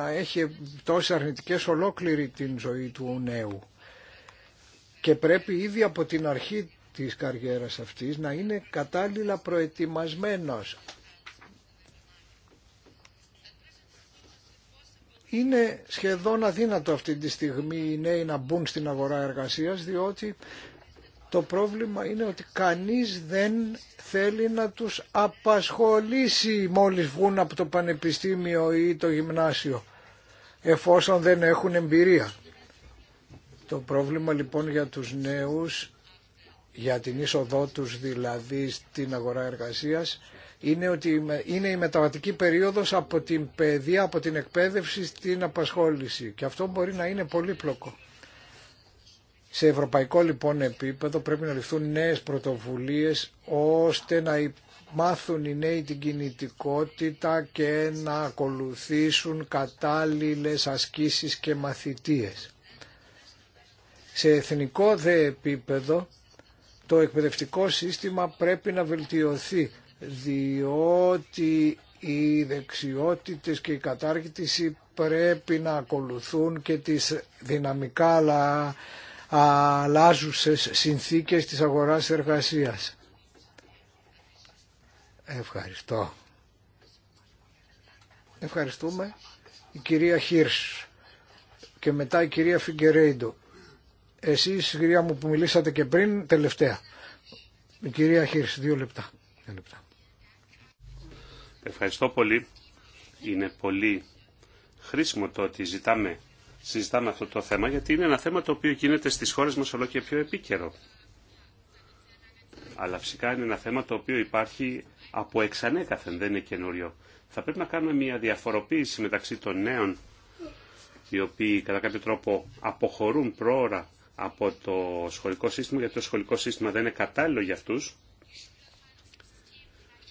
A: έχει τόσες αρνητικές ολόκληρη την ζωή του νέου και πρέπει ήδη από την αρχή της καριέρας αυτής να είναι κατάλληλα προετοιμασμένος. Είναι σχεδόν αδύνατο αυτή τη στιγμή οι νέοι να μπουν στην αγορά εργασίας διότι το πρόβλημα είναι ότι κανείς δεν θέλει να τους απασχολήσει μόλις βγουν από το πανεπιστήμιο ή το γυμνάσιο εφόσον δεν έχουν εμπειρία. Το πρόβλημα λοιπόν για τους νέους, για την είσοδό τους δηλαδή στην αγορά εργασίας, είναι ότι είναι η μεταβατική περίοδος από την παιδεία, από την εκπαίδευση στην απασχόληση και αυτό μπορεί να είναι πολύπλοκο. Σε ευρωπαϊκό λοιπόν επίπεδο πρέπει να ληφθούν νέες πρωτοβουλίες ώστε να μάθουν οι νέοι την κινητικότητα και να ακολουθήσουν κατάλληλες ασκήσεις και μαθητείες. Σε εθνικό δε επίπεδο το εκπαιδευτικό σύστημα πρέπει να βελτιωθεί διότι οι δεξιότητες και η κατάργηση πρέπει να ακολουθούν και τις δυναμικά αλλά αλλάζουσες συνθήκες της αγοράς εργασίας. Ευχαριστώ. Ευχαριστούμε η κυρία Χίρς και μετά η κυρία Φιγκερέιντο. Εσείς, κυρία μου, που μιλήσατε και πριν, τελευταία. Η κυρία Χίρς, δύο λεπτά. Δύο λεπτά.
C: Ευχαριστώ πολύ. Είναι πολύ χρήσιμο το ότι ζητάμε συζητάμε αυτό το θέμα, γιατί είναι ένα θέμα το οποίο γίνεται στις χώρες μας όλο και πιο επίκαιρο. Αλλά φυσικά είναι ένα θέμα το οποίο υπάρχει από εξανέκαθεν, δεν είναι καινούριο. Θα πρέπει να κάνουμε μια διαφοροποίηση μεταξύ των νέων, οι οποίοι κατά κάποιο τρόπο αποχωρούν πρόωρα από το σχολικό σύστημα, γιατί το σχολικό σύστημα δεν είναι κατάλληλο για αυτούς.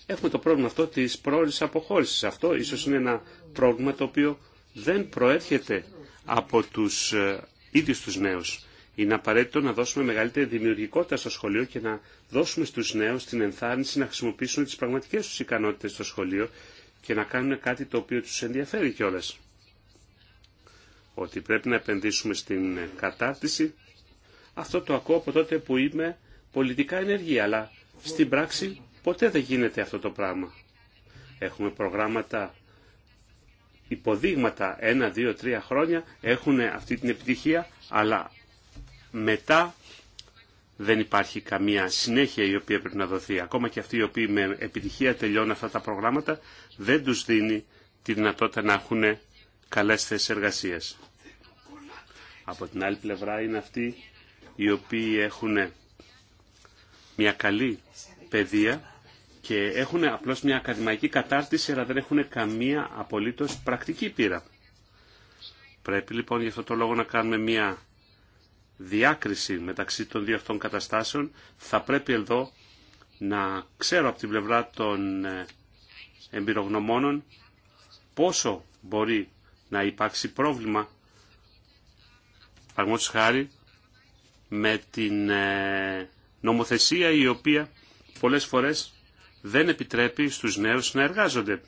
C: Έχουμε το πρόβλημα αυτό της πρόωρης αποχώρησης. Αυτό ίσως είναι ένα πρόβλημα το οποίο δεν προέρχεται από τους ε, ίδιους τους νέους. Είναι απαραίτητο να δώσουμε μεγαλύτερη δημιουργικότητα στο σχολείο και να δώσουμε στους νέους την ενθάρρυνση να χρησιμοποιήσουν τις πραγματικές τους ικανότητες στο σχολείο και να κάνουν κάτι το οποίο τους ενδιαφέρει κιόλα. Ότι πρέπει να επενδύσουμε στην κατάρτιση. Αυτό το ακούω από τότε που είμαι πολιτικά ενεργή, αλλά στην πράξη ποτέ δεν γίνεται αυτό το πράγμα. Έχουμε προγράμματα υποδείγματα ένα, δύο, τρία χρόνια έχουν αυτή την επιτυχία, αλλά μετά δεν υπάρχει καμία συνέχεια η οποία πρέπει να δοθεί. Ακόμα και αυτοί οι οποίοι με επιτυχία τελειώνουν αυτά τα προγράμματα δεν τους δίνει τη δυνατότητα να έχουν καλές θέσεις εργασίας. Από την άλλη πλευρά είναι αυτοί οι οποίοι έχουν μια καλή παιδεία και έχουν απλώς μια ακαδημαϊκή κατάρτιση αλλά δεν έχουν καμία απολύτως πρακτική πείρα. Πρέπει λοιπόν γι' αυτό το λόγο να κάνουμε μια διάκριση μεταξύ των δύο αυτών καταστάσεων. Θα πρέπει εδώ να ξέρω από την πλευρά των ε, εμπειρογνωμόνων πόσο μπορεί να υπάρξει πρόβλημα παραγωγός χάρη με την ε, νομοθεσία η οποία πολλές φορές δεν επιτρέπει στους νέους να εργάζονται.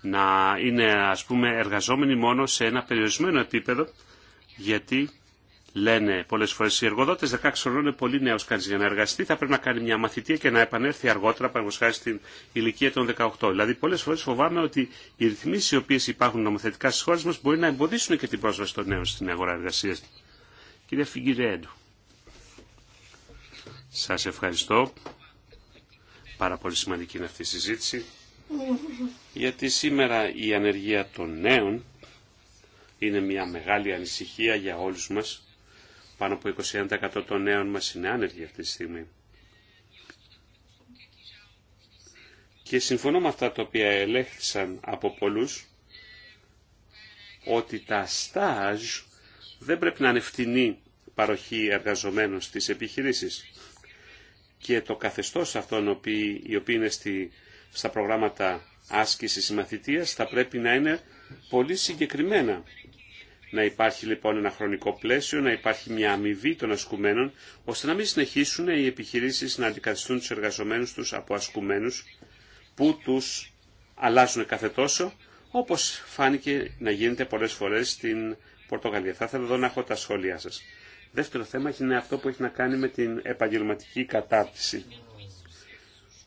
C: Να είναι ας πούμε εργαζόμενοι μόνο σε ένα περιορισμένο επίπεδο γιατί λένε πολλές φορές οι εργοδότες 16 χρονών είναι πολύ νέος κανείς για να εργαστεί θα πρέπει να κάνει μια μαθητεία και να επανέλθει αργότερα παραγωγικά στην ηλικία των 18. Δηλαδή πολλές φορές φοβάμαι ότι οι ρυθμίσεις οι οποίες υπάρχουν νομοθετικά στις χώρες μας μπορεί να εμποδίσουν και την πρόσβαση των νέων στην αγορά εργασίας. Κύριε Φιγκυρέντου. Σας ευχαριστώ. Πάρα πολύ σημαντική είναι αυτή η συζήτηση, γιατί σήμερα η ανεργία των νέων είναι μια μεγάλη ανησυχία για όλους μας. Πάνω από 21% των νέων μας είναι άνεργοι αυτή τη στιγμή. Και συμφωνώ με αυτά τα οποία ελέγχθησαν από πολλούς, ότι τα στάζ δεν πρέπει να είναι φτηνή παροχή εργαζομένων στις επιχειρήσεις και το καθεστώς αυτών οι οποίοι είναι στη, στα προγράμματα άσκησης μαθητείας θα πρέπει να είναι πολύ συγκεκριμένα. Να υπάρχει λοιπόν ένα χρονικό πλαίσιο, να υπάρχει μια αμοιβή των ασκουμένων, ώστε να μην συνεχίσουν οι επιχειρήσεις να αντικαθιστούν τους εργαζομένους τους από ασκουμένους που τους αλλάζουν κάθε τόσο, όπως φάνηκε να γίνεται πολλές φορές στην Πορτογαλία. Θα ήθελα εδώ να έχω τα σχόλιά σας. Δεύτερο θέμα είναι αυτό που έχει να κάνει με την επαγγελματική κατάρτιση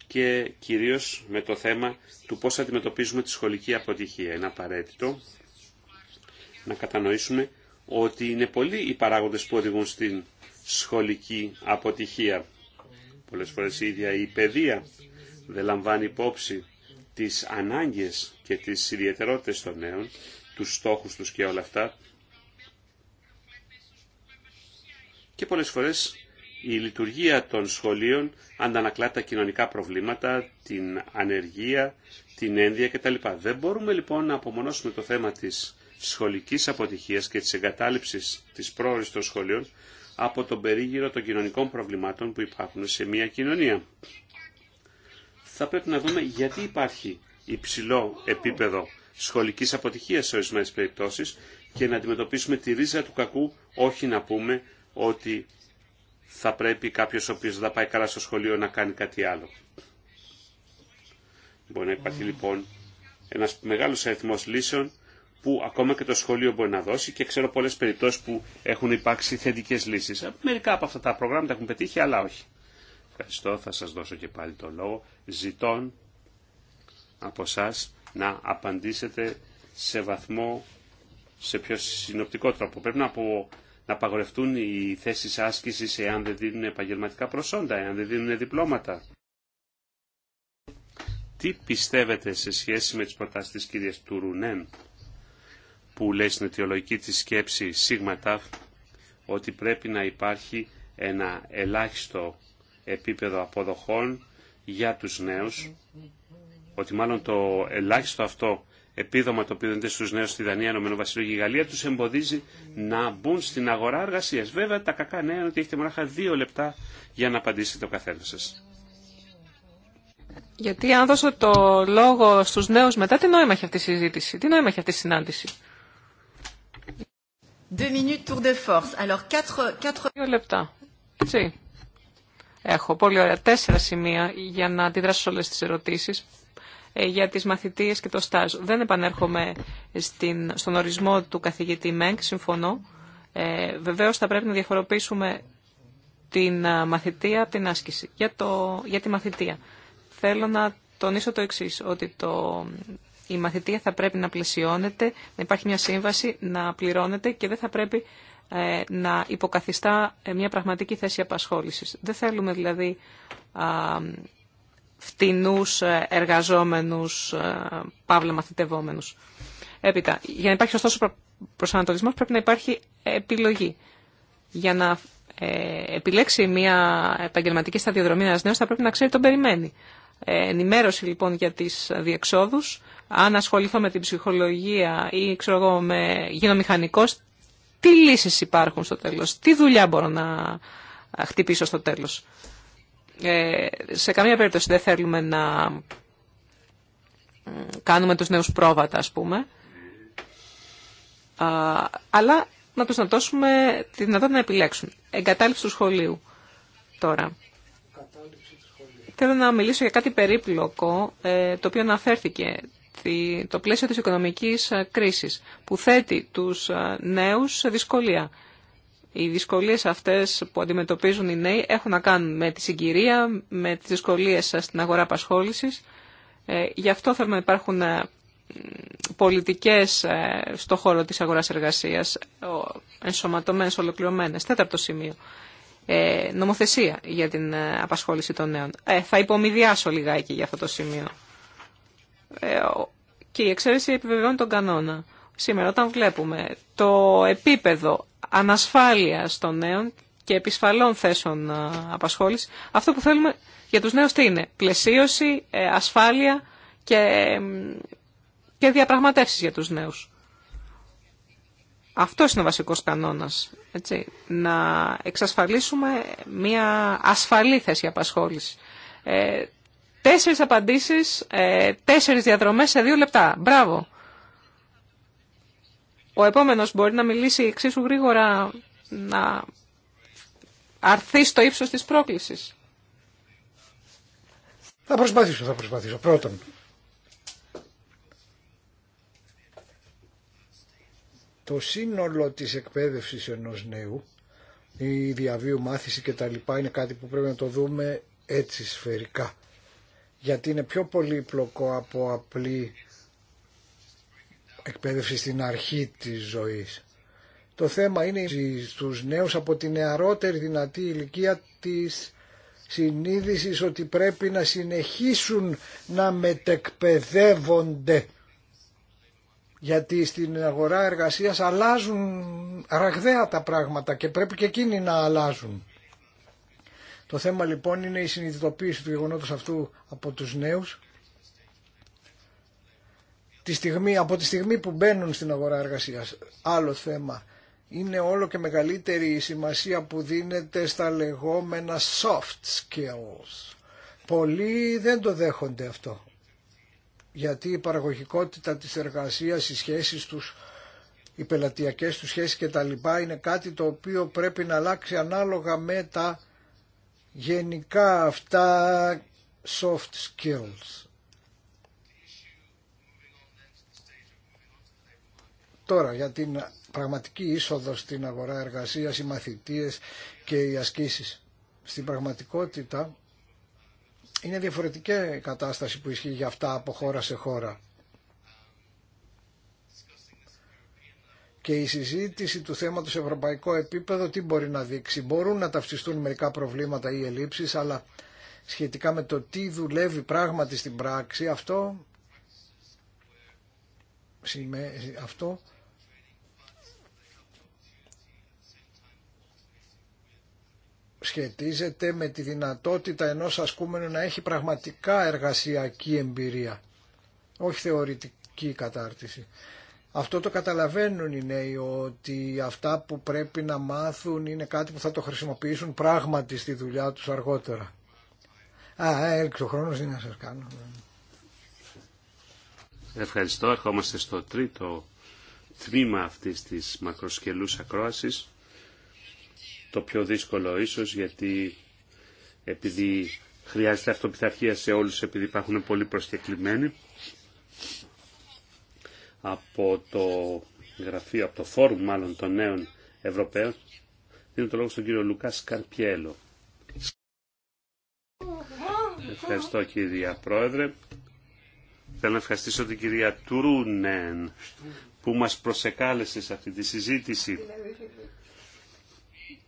C: και κυρίως με το θέμα του πώς αντιμετωπίζουμε τη σχολική αποτυχία. Είναι απαραίτητο να κατανοήσουμε ότι είναι πολλοί οι παράγοντες που οδηγούν στην σχολική αποτυχία. Πολλές φορές η ίδια η παιδεία δεν λαμβάνει υπόψη τις ανάγκες και τις ιδιαιτερότητες των νέων, τους στόχους τους και όλα αυτά. και πολλές φορές η λειτουργία των σχολείων αντανακλά τα κοινωνικά προβλήματα, την ανεργία, την ένδια κτλ. Δεν μπορούμε λοιπόν να απομονώσουμε το θέμα της σχολικής αποτυχίας και της εγκατάλειψης της πρόορης των σχολείων από τον περίγυρο των κοινωνικών προβλημάτων που υπάρχουν σε μια κοινωνία. Θα πρέπει να δούμε γιατί υπάρχει υψηλό επίπεδο σχολικής αποτυχίας σε ορισμένες περιπτώσεις και να αντιμετωπίσουμε τη ρίζα του κακού, όχι να πούμε ότι θα πρέπει κάποιος ο οποίος δεν πάει καλά στο σχολείο να κάνει κάτι άλλο. Μπορεί να υπάρχει λοιπόν ένας μεγάλος αριθμός λύσεων που ακόμα και το σχολείο μπορεί να δώσει και ξέρω πολλές περιπτώσεις που έχουν υπάρξει θετικές λύσεις. Μερικά από αυτά τα προγράμματα έχουν πετύχει, αλλά όχι. Ευχαριστώ, θα σας δώσω και πάλι το λόγο. Ζητών από εσά να απαντήσετε σε βαθμό, σε πιο συνοπτικό τρόπο. Πρέπει να πω να απαγορευτούν οι θέσεις άσκησης εάν δεν δίνουν επαγγελματικά προσόντα, εάν δεν δίνουν διπλώματα. Τι πιστεύετε σε σχέση με τις προτάσεις της κυρίας Τουρουνέν που λέει στην αιτιολογική της σκέψη ΤΑΦ, ότι πρέπει να υπάρχει ένα ελάχιστο επίπεδο αποδοχών για τους νέους, ότι μάλλον το ελάχιστο αυτό επίδομα το οποίο δίνεται στους νέους στη Δανία, Ενωμένο Βασίλειο και Γαλλία, τους εμποδίζει να μπουν στην αγορά εργασία. Βέβαια τα κακά νέα είναι ότι έχετε μονάχα δύο λεπτά για να απαντήσετε ο καθένα σας.
B: Γιατί αν δώσω το λόγο στους νέους μετά, τι νόημα έχει αυτή η συζήτηση, τι νόημα έχει αυτή η συνάντηση. Δύο λεπτά. Έχω πολύ ωραία τέσσερα σημεία για να αντιδράσω σε όλες τις ερωτήσεις. Ε, για τις μαθητείες και το στάζ. Δεν επανέρχομαι στην, στον ορισμό του καθηγητή ΜΕΝΚ, συμφωνώ. Ε, βεβαίως θα πρέπει να διαφοροποιήσουμε την ε, μαθητεία από την άσκηση. Για, το, για τη μαθητεία. Θέλω να τονίσω το εξή ότι το, η μαθητεία θα πρέπει να πλαισιώνεται, να υπάρχει μια σύμβαση, να πληρώνεται και δεν θα πρέπει ε, να υποκαθιστά ε, μια πραγματική θέση απασχόλησης. Δεν θέλουμε δηλαδή φτηνούς ε, εργαζόμενους ε, παύλα μαθητευόμενους. Έπειτα, για να υπάρχει ωστόσο προσανατολισμός πρέπει να υπάρχει επιλογή. Για να ε, επιλέξει μια επαγγελματική σταδιοδρομή ένας νέος θα πρέπει να ξέρει τον περιμένει. ενημέρωση λοιπόν για τις διεξόδους, αν ασχοληθώ με την ψυχολογία ή με, γίνω μηχανικός, τι λύσεις υπάρχουν στο τέλος, τι δουλειά μπορώ να χτυπήσω στο τέλος. Ε, σε καμία περίπτωση δεν θέλουμε να κάνουμε τους νέους πρόβατα, ας πούμε, αλλά να τους να δώσουμε τη δυνατότητα να επιλέξουν. Εγκατάλειψη του σχολείου τώρα. Θέλω να μιλήσω για κάτι περίπλοκο, ε, το οποίο αναφέρθηκε, το πλαίσιο της οικονομικής ε, κρίσης, που θέτει τους νέους σε δυσκολία. Οι δυσκολίες αυτές που αντιμετωπίζουν οι νέοι έχουν να κάνουν με τη συγκυρία, με τις δυσκολίες στην αγορά απασχόλησης. Ε, γι' αυτό θέλουμε να υπάρχουν ε, πολιτικές ε, στο χώρο της αγοράς εργασίας, ενσωματωμένες, ολοκληρωμένες. Τέταρτο σημείο. Ε, νομοθεσία για την απασχόληση των νέων. Ε, θα υπομοιδιάσω λιγάκι για αυτό το σημείο. και η εξαίρεση επιβεβαιώνει τον κανόνα. Σήμερα όταν βλέπουμε το επίπεδο ανασφάλεια των νέων και επισφαλών θέσεων ε, απασχόληση. Αυτό που θέλουμε για τους νέους τι είναι. Πλαισίωση, ε, ασφάλεια και, και διαπραγματεύσεις για τους νέους. Αυτό είναι ο βασικός κανόνας. Έτσι. Να εξασφαλίσουμε μια ασφαλή θέση απασχόλησης. Ε, τέσσερις απαντήσεις, ε, τέσσερις διαδρομές σε δύο λεπτά. Μπράβο. Ο επόμενος μπορεί να μιλήσει εξίσου γρήγορα να αρθεί στο ύψος της πρόκλησης.
A: Θα προσπαθήσω, θα προσπαθήσω. Πρώτον, το σύνολο της εκπαίδευσης ενός νέου, η διαβίου μάθηση και τα λοιπά, είναι κάτι που πρέπει να το δούμε έτσι σφαιρικά. Γιατί είναι πιο πολύπλοκο από απλή εκπαίδευση στην αρχή της ζωής. Το θέμα είναι στους νέους από την νεαρότερη δυνατή ηλικία της συνείδησης ότι πρέπει να συνεχίσουν να μετεκπαιδεύονται γιατί στην αγορά εργασίας αλλάζουν ραγδαία τα πράγματα και πρέπει και εκείνοι να αλλάζουν. Το θέμα λοιπόν είναι η συνειδητοποίηση του γεγονότος αυτού από τους νέους τη στιγμή, από τη στιγμή που μπαίνουν στην αγορά εργασίας. Άλλο θέμα. Είναι όλο και μεγαλύτερη η σημασία που δίνεται στα λεγόμενα soft skills. Πολλοί δεν το δέχονται αυτό. Γιατί η παραγωγικότητα της εργασίας, οι σχέσεις τους, οι πελατειακές τους σχέσεις και τα λοιπά είναι κάτι το οποίο πρέπει να αλλάξει ανάλογα με τα γενικά αυτά soft skills. Τώρα για την πραγματική είσοδο στην αγορά εργασίας, οι μαθητείες και οι ασκήσεις. Στην πραγματικότητα είναι διαφορετική η κατάσταση που ισχύει για αυτά από χώρα σε χώρα. Και η συζήτηση του θέματος σε ευρωπαϊκό επίπεδο τι μπορεί να δείξει. Μπορούν να ταυτιστούν μερικά προβλήματα ή ελλείψεις, αλλά σχετικά με το τι δουλεύει πράγματι στην πράξη, αυτό, αυτό σχετίζεται με τη δυνατότητα ενός ασκούμενου να έχει πραγματικά εργασιακή εμπειρία, όχι θεωρητική κατάρτιση. Αυτό το καταλαβαίνουν οι νέοι ότι αυτά που πρέπει να μάθουν είναι κάτι που θα το χρησιμοποιήσουν πράγματι στη δουλειά τους αργότερα. Α, έλξε ο χρόνος είναι να σας κάνω.
C: Ευχαριστώ. Ερχόμαστε στο τρίτο τμήμα αυτής της μακροσκελούς ακρόασης το πιο δύσκολο ίσως γιατί επειδή χρειάζεται αυτοπιθαρχία σε όλους επειδή υπάρχουν πολύ προσκεκλημένοι από το γραφείο, από το φόρουμ μάλλον των νέων Ευρωπαίων δίνω το λόγο στον κύριο Λουκά Καρπιέλο. Ευχαριστώ κύριε Πρόεδρε. Θέλω να ευχαριστήσω την κυρία Τουρούνεν που μας προσεκάλεσε σε αυτή τη συζήτηση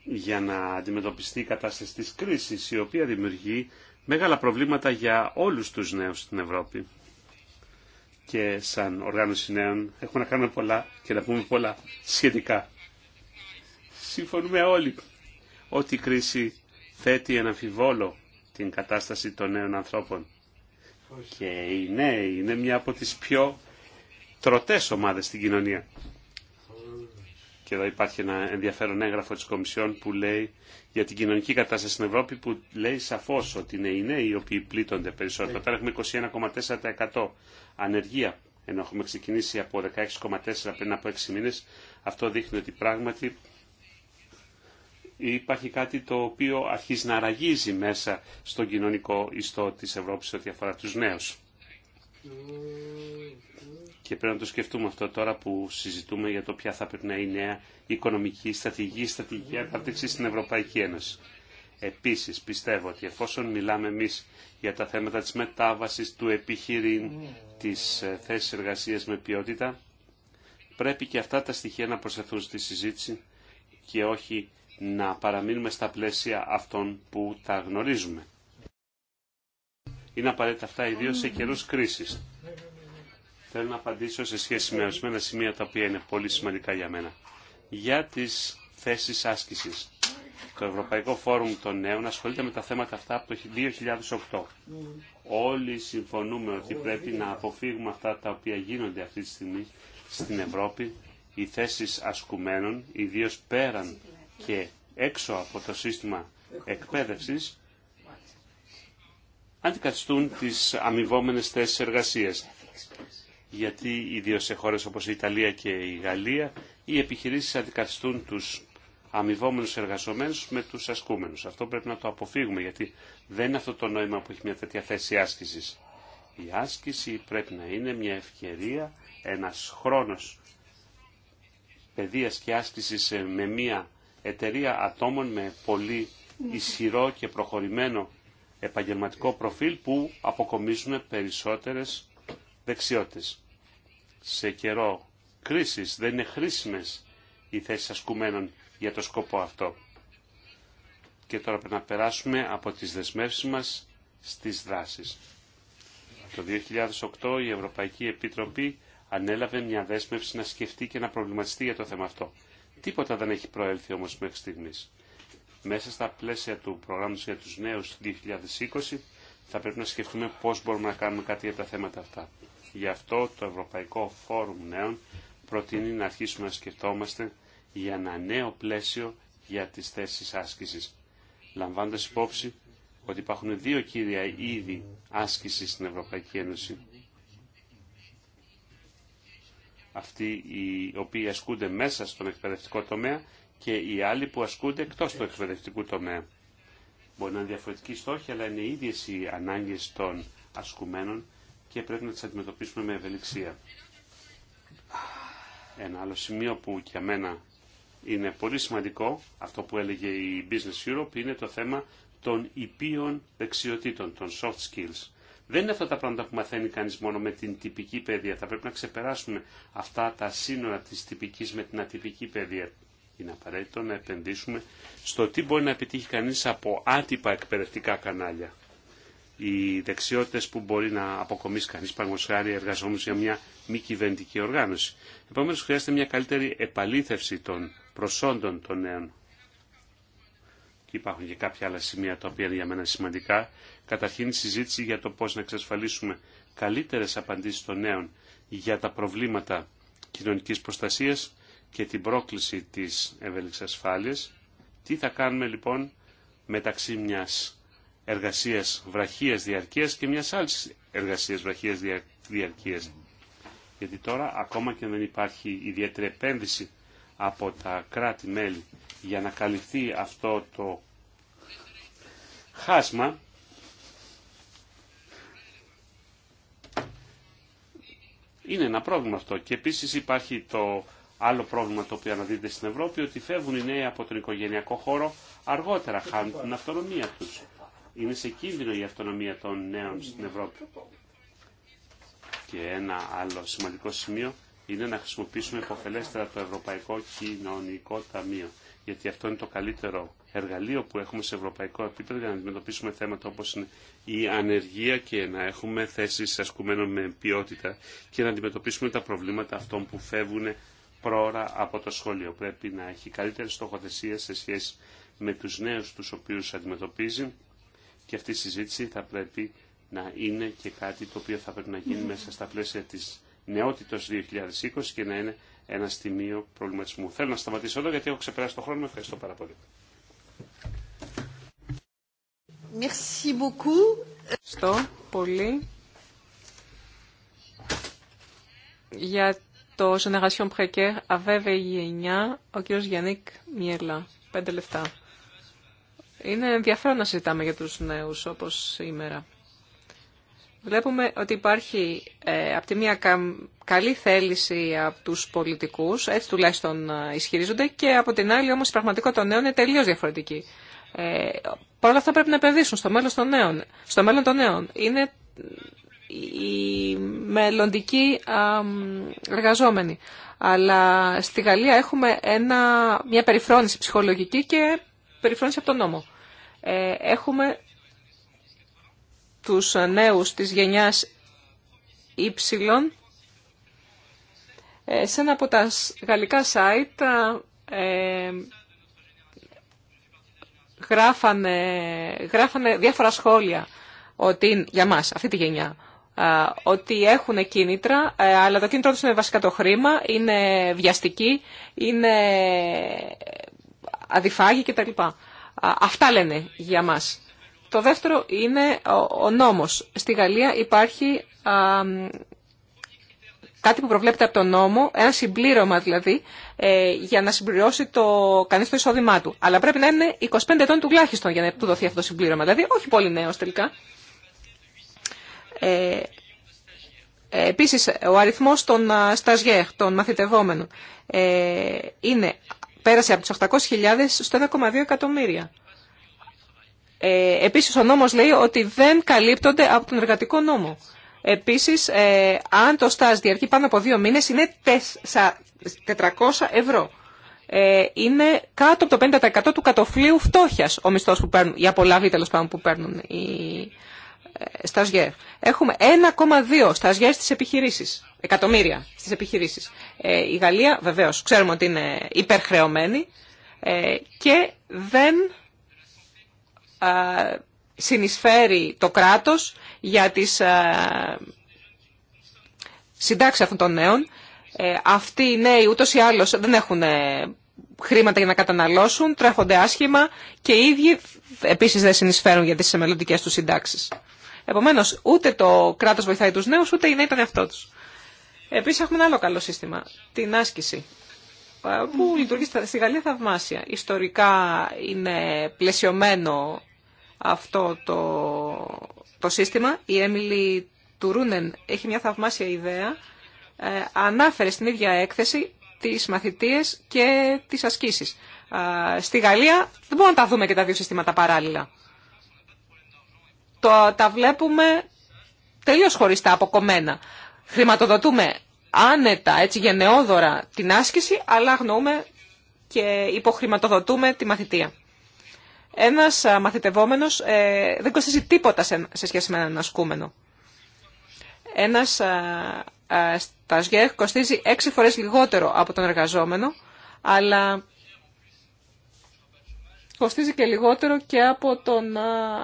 C: για να αντιμετωπιστεί η κατάσταση της κρίσης, η οποία δημιουργεί μεγάλα προβλήματα για όλους τους νέους στην Ευρώπη. Και σαν οργάνωση νέων έχουμε να κάνουμε πολλά και να πούμε πολλά σχετικά. Συμφωνούμε όλοι ότι η κρίση θέτει ένα αμφιβόλο την κατάσταση των νέων ανθρώπων. Και οι νέοι είναι μια από τις πιο τρωτές ομάδες στην κοινωνία και εδώ υπάρχει ένα ενδιαφέρον έγγραφο της Κομισιόν που λέει για την κοινωνική κατάσταση στην Ευρώπη που λέει σαφώς ότι είναι οι νέοι οι οποίοι πλήττονται περισσότερο. Τώρα έχουμε 21,4% ανεργία ενώ έχουμε ξεκινήσει από 16,4% πριν από 6 μήνες. Αυτό δείχνει ότι πράγματι υπάρχει κάτι το οποίο αρχίζει να ραγίζει μέσα στον κοινωνικό ιστό της Ευρώπης ό,τι αφορά τους νέους και πρέπει να το σκεφτούμε αυτό τώρα που συζητούμε για το ποια θα πρέπει να είναι η νέα οικονομική στρατηγική, στρατηγική ανάπτυξη στην Ευρωπαϊκή Ένωση. Επίσης πιστεύω ότι εφόσον μιλάμε εμείς για τα θέματα της μετάβασης, του επιχειρήν, της ε, θέσης εργασίας με ποιότητα, πρέπει και αυτά τα στοιχεία να προσθεθούν στη συζήτηση και όχι να παραμείνουμε στα πλαίσια αυτών που τα γνωρίζουμε. Είναι απαραίτητα αυτά ιδίως σε καιρούς κρίσης. Θέλω να απαντήσω σε σχέση με ορισμένα σημεία τα οποία είναι πολύ σημαντικά για μένα. Για τις θέσεις άσκησης. Το Ευρωπαϊκό Φόρουμ των Νέων ασχολείται με τα θέματα αυτά από το 2008. Όλοι συμφωνούμε ότι πρέπει να αποφύγουμε αυτά τα οποία γίνονται αυτή τη στιγμή στην Ευρώπη. Οι θέσεις ασκουμένων, ιδίω πέραν και έξω από το σύστημα εκπαίδευσης, αντικαθιστούν τις αμοιβόμενες θέσεις εργασίας γιατί ιδίω σε χώρε όπω η Ιταλία και η Γαλλία οι επιχειρήσει αντικαθιστούν του αμοιβόμενου εργαζόμενου με του ασκούμένου. Αυτό πρέπει να το αποφύγουμε γιατί δεν είναι αυτό το νόημα που έχει μια τέτοια θέση άσκηση. Η άσκηση πρέπει να είναι μια ευκαιρία, ένας χρόνος παιδεία και άσκηση με μια εταιρεία ατόμων με πολύ ισχυρό και προχωρημένο επαγγελματικό προφίλ που αποκομίζουν περισσότερες δεξιότητες. Σε καιρό κρίσης δεν είναι χρήσιμες οι θέσεις ασκουμένων για το σκοπό αυτό. Και τώρα πρέπει να περάσουμε από τις δεσμεύσεις μας στις δράσεις. Το 2008 η Ευρωπαϊκή Επιτροπή ανέλαβε μια δέσμευση να σκεφτεί και να προβληματιστεί για το θέμα αυτό. Τίποτα δεν έχει προέλθει όμως μέχρι στιγμής. Μέσα στα πλαίσια του προγράμματος για τους νέους 2020 θα πρέπει να σκεφτούμε πώς μπορούμε να κάνουμε κάτι για τα θέματα αυτά. Γι' αυτό το Ευρωπαϊκό Φόρουμ Νέων προτείνει να αρχίσουμε να σκεφτόμαστε για ένα νέο πλαίσιο για τις θέσεις άσκησης. Λαμβάνοντας υπόψη ότι υπάρχουν δύο κύρια είδη άσκησης στην Ευρωπαϊκή Ένωση. Αυτοί οι οποίοι ασκούνται μέσα στον εκπαιδευτικό τομέα και οι άλλοι που ασκούνται εκτός του εκπαιδευτικού τομέα. Μπορεί να είναι διαφορετικοί στόχοι, αλλά είναι ίδιες οι ανάγκες των ασκουμένων και πρέπει να τις αντιμετωπίσουμε με ευελιξία. Ένα άλλο σημείο που για μένα είναι πολύ σημαντικό, αυτό που έλεγε η Business Europe, είναι το θέμα των υπείων δεξιοτήτων, των soft skills. Δεν είναι αυτά τα πράγματα που μαθαίνει κανείς μόνο με την τυπική παιδεία. Θα πρέπει να ξεπεράσουμε αυτά τα σύνορα της τυπικής με την ατυπική παιδεία. Είναι απαραίτητο να επενδύσουμε στο τι μπορεί να επιτύχει κανείς από άτυπα εκπαιδευτικά κανάλια οι δεξιότητε που μπορεί να αποκομίσει κανεί παγκοσχάρη εργαζόμενο για μια μη κυβερνητική οργάνωση. Επομένω, χρειάζεται μια καλύτερη επαλήθευση των προσόντων των νέων. Και υπάρχουν και κάποια άλλα σημεία τα οποία είναι για μένα σημαντικά. Καταρχήν η συζήτηση για το πώ να εξασφαλίσουμε καλύτερε απαντήσει των νέων για τα προβλήματα κοινωνική προστασία και την πρόκληση τη ευέλικτη Τι θα κάνουμε λοιπόν μεταξύ μιας εργασίας βραχίας διαρκείας και μιας άλλης εργασίας βραχίας διαρκείας. Γιατί τώρα ακόμα και δεν υπάρχει ιδιαίτερη επένδυση από τα κράτη-μέλη για να καλυφθεί αυτό το χάσμα, είναι ένα πρόβλημα αυτό. Και επίσης υπάρχει το άλλο πρόβλημα το οποίο αναδείται στην Ευρώπη, ότι φεύγουν οι νέοι από τον οικογενειακό χώρο αργότερα, χάνουν την αυτονομία τους είναι σε κίνδυνο η αυτονομία των νέων στην Ευρώπη. Και ένα άλλο σημαντικό σημείο είναι να χρησιμοποιήσουμε υποφελέστερα το Ευρωπαϊκό Κοινωνικό Ταμείο. Γιατί αυτό είναι το καλύτερο εργαλείο που έχουμε σε ευρωπαϊκό επίπεδο για να αντιμετωπίσουμε θέματα όπως είναι η ανεργία και να έχουμε θέσεις ασκουμένων με ποιότητα και να αντιμετωπίσουμε τα προβλήματα αυτών που φεύγουν πρόωρα από το σχολείο. Πρέπει να έχει καλύτερη στοχοθεσία σε σχέση με τους νέους τους οποίους αντιμετωπίζει και αυτή η συζήτηση θα πρέπει να είναι και κάτι το οποίο θα πρέπει να γίνει μέσα στα πλαίσια της νεότητος 2020 και να είναι ένα στιγμίο προβληματισμού. Θέλω να σταματήσω εδώ γιατί έχω ξεπεράσει το χρόνο. Ευχαριστώ πάρα πολύ.
B: Merci beaucoup. Ευχαριστώ πολύ για το Generation Précaire αβέβαιη γενιά, ο κύριος Γιάννικ Μιέλα. Πέντε λεφτά. Είναι ενδιαφέρον να συζητάμε για τους νέους όπως σήμερα. Βλέπουμε ότι υπάρχει ε, από τη μία καλή θέληση από τους πολιτικούς, έτσι τουλάχιστον ε, ισχυρίζονται, και από την άλλη όμως η πραγματικότητα των νέων είναι τελείως διαφορετική. Ε, Παρ' όλα αυτά πρέπει να επενδύσουν στο μέλλον των νέων. Στο μέλλον των νέων. Είναι οι μελλοντικοί εργαζόμενοι. Αλλά στη Γαλλία έχουμε ένα, μια περιφρόνηση ψυχολογική και περιφρόνηση από τον νόμο. Ε, έχουμε τους νέους της γενιάς Y ε, σε ένα από τα γαλλικά site ε, γράφανε, γράφανε διάφορα σχόλια ότι, για μας, αυτή τη γενιά, ότι έχουν κίνητρα, αλλά το κίνητρο τους είναι βασικά το χρήμα, είναι βιαστική, είναι αδιφάγη κτλ. Αυτά λένε για μας. Το δεύτερο είναι ο νόμος. Στη Γαλλία υπάρχει κάτι που προβλέπεται από τον νόμο, ένα συμπλήρωμα δηλαδή, ε, για να συμπληρώσει το, κανείς το εισόδημά του. Αλλά πρέπει να είναι 25 ετών τουλάχιστον για να του δοθεί αυτό το συμπλήρωμα. Δηλαδή, όχι πολύ νέος τελικά. Ε, ε επίσης, ο αριθμός των σταζιέχ, των μαθητευόμενων, ε, είναι πέρασε από τους 800.000 στο 1,2 εκατομμύρια. Ε, επίσης ο νόμος λέει ότι δεν καλύπτονται από τον εργατικό νόμο. Επίσης, ε, αν το στάζ διαρκεί πάνω από δύο μήνες, είναι 400 ευρώ. Ε, είναι κάτω από το 50% του κατοφλίου φτώχειας ο μισθός που παίρνουν, η απολαβή τέλος πάντων που παίρνουν οι ε, σταζιέ. Έχουμε 1,2 σταζιέ στις επιχειρήσεις, εκατομμύρια στις επιχειρήσεις. Ε, η Γαλλία βεβαίως ξέρουμε ότι είναι υπερχρεωμένη ε, και δεν συνεισφέρει το κράτος για τις συντάξεις αυτών των νέων. αυτοί οι νέοι ούτως ή άλλως δεν έχουν χρήματα για να καταναλώσουν, τρέχονται άσχημα και οι ίδιοι επίσης δεν συνεισφέρουν για τις μελλοντικέ τους συντάξεις. Επομένω, ούτε το κράτος βοηθάει τους νέους, ούτε οι νέοι τον εαυτό του. Επίσης έχουμε ένα άλλο καλό σύστημα, την άσκηση, που λειτουργεί στη Γαλλία θαυμάσια. Ιστορικά είναι πλαισιωμένο αυτό το, το σύστημα. Η Έμιλη Τουρούνεν έχει μια θαυμάσια ιδέα. Ε, ανάφερε στην ίδια έκθεση τις μαθητείες και τις ασκήσεις. στη Γαλλία δεν μπορούμε να τα δούμε και τα δύο συστήματα παράλληλα το, τα βλέπουμε τελείως χωριστά, αποκομμένα. Χρηματοδοτούμε άνετα, έτσι γενναιόδωρα την άσκηση, αλλά αγνοούμε και υποχρηματοδοτούμε τη μαθητεία. Ένας μαθητευόμενος ε, δεν κοστίζει τίποτα σε, σχέση με έναν ασκούμενο. Ένας στα κοστίζει έξι φορές λιγότερο από τον εργαζόμενο, αλλά κοστίζει και λιγότερο και από τον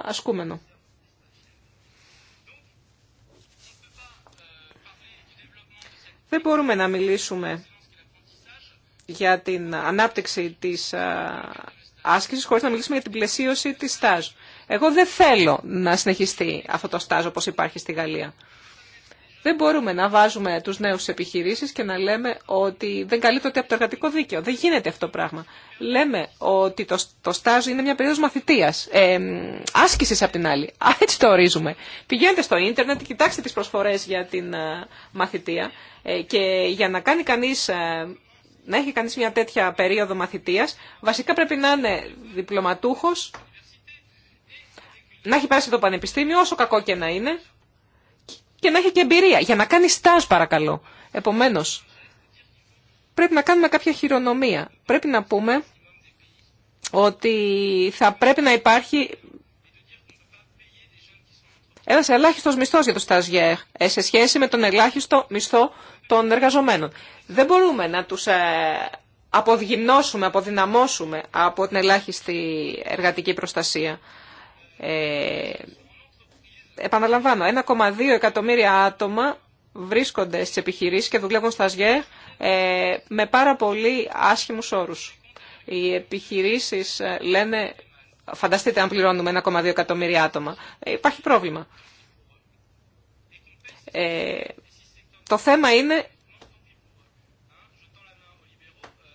B: ασκούμενο. Δεν μπορούμε να μιλήσουμε για την ανάπτυξη της άσκησης χωρίς να μιλήσουμε για την πλαισίωση της στάζ. Εγώ δεν θέλω να συνεχιστεί αυτό το στάζ όπως υπάρχει στη Γαλλία. Δεν μπορούμε να βάζουμε τους νέους σε επιχειρήσεις και να λέμε ότι δεν καλύπτωται από το εργατικό δίκαιο. Δεν γίνεται αυτό το πράγμα. Λέμε ότι το, το στάζ είναι μια περίοδος μαθητείας, ε, άσκησης απ' την άλλη. Α, έτσι το ορίζουμε. Πηγαίνετε στο ίντερνετ, κοιτάξτε τις προσφορές για την ε, μαθητεία ε, και για να κάνει κανείς... Ε, έχει κανείς μια τέτοια περίοδο μαθητείας, βασικά πρέπει να είναι διπλωματούχος, να έχει πάρει το πανεπιστήμιο, όσο κακό και να είναι, και να έχει και εμπειρία για να κάνει στάζ παρακαλώ. Επομένως, πρέπει να κάνουμε κάποια χειρονομία. Πρέπει να πούμε ότι θα πρέπει να υπάρχει ένα ελάχιστο μισθό για το σταζιέρ ε, σε σχέση με τον ελάχιστο μισθό των εργαζομένων. Δεν μπορούμε να του ε, αποδγυμνώσουμε, αποδυναμώσουμε από την ελάχιστη εργατική προστασία. Ε, επαναλαμβάνω, 1,2 εκατομμύρια άτομα βρίσκονται στις επιχειρήσεις και δουλεύουν στα ΣΓΕ ε, με πάρα πολύ άσχημους όρους. Οι επιχειρήσεις ε, λένε, φανταστείτε αν πληρώνουμε 1,2 εκατομμύρια άτομα, ε, υπάρχει πρόβλημα. το θέμα είναι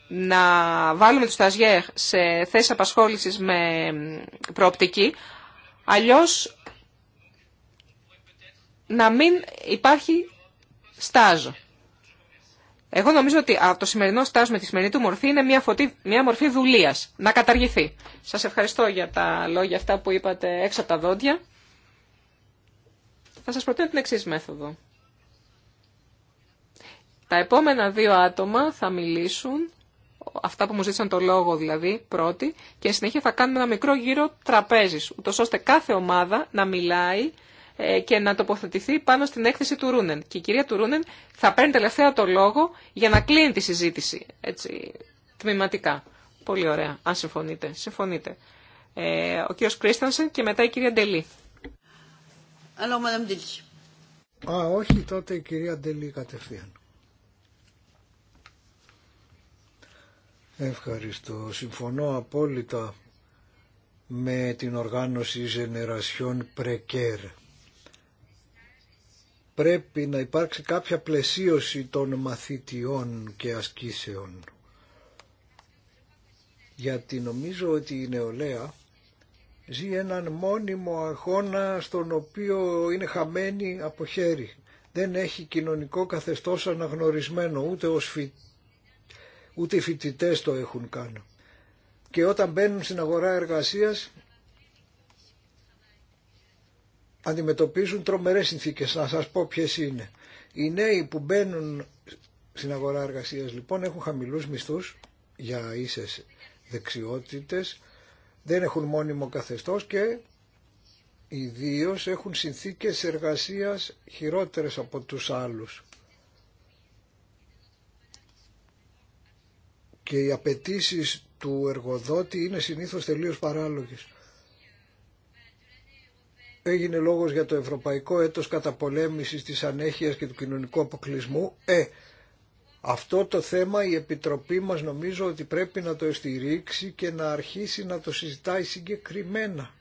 B: να βάλουμε τους σταζιέρ σε θέσεις απασχόλησης με προοπτική, αλλιώς να μην υπάρχει στάζ. Εγώ νομίζω ότι το σημερινό στάζ με τη σημερινή του μορφή είναι μια, φωτή, μια μορφή δουλειά. να καταργηθεί. Σας ευχαριστώ για τα λόγια αυτά που είπατε έξω από τα δόντια. Θα σας προτείνω την εξή μέθοδο. Τα επόμενα δύο άτομα θα μιλήσουν, αυτά που μου ζήτησαν το λόγο δηλαδή, πρώτοι, και συνέχεια θα κάνουμε ένα μικρό γύρο τραπέζις, ούτως ώστε κάθε ομάδα να μιλάει ε, και να τοποθετηθεί πάνω στην έκθεση του Ρούνεν. Και η κυρία του Ρούνεν θα παίρνει τελευταία το λόγο για να κλείνει τη συζήτηση, έτσι, τμηματικά. Πολύ ωραία, αν συμφωνείτε. Συμφωνείτε. Ε, ο κύριος Κρίστανσεν και μετά η κυρία Ντελή.
A: Α, όχι τότε η κυρία Ντελή κατευθείαν. Ευχαριστώ. Συμφωνώ απόλυτα με την οργάνωση Generation Precaire πρέπει να υπάρξει κάποια πλαισίωση των μαθητιών και ασκήσεων. Γιατί νομίζω ότι η νεολαία ζει έναν μόνιμο αγώνα στον οποίο είναι χαμένη από χέρι. Δεν έχει κοινωνικό καθεστώς αναγνωρισμένο, ούτε, ως ούτε οι φοιτητέ το έχουν κάνει. Και όταν μπαίνουν στην αγορά εργασίας αντιμετωπίζουν τρομερές συνθήκες. Να σας πω ποιες είναι. Οι νέοι που μπαίνουν στην αγορά εργασίας λοιπόν έχουν χαμηλούς μισθούς για ίσες δεξιότητες, δεν έχουν μόνιμο καθεστώς και ιδίω έχουν συνθήκες εργασίας χειρότερες από τους άλλους. Και οι απαιτήσει του εργοδότη είναι συνήθως τελείως παράλογες έγινε λόγος για το Ευρωπαϊκό Έτος Καταπολέμησης της Ανέχειας και του Κοινωνικού Αποκλεισμού. Ε, αυτό το θέμα η Επιτροπή μας νομίζω ότι πρέπει να το στηρίξει και να αρχίσει να το συζητάει συγκεκριμένα.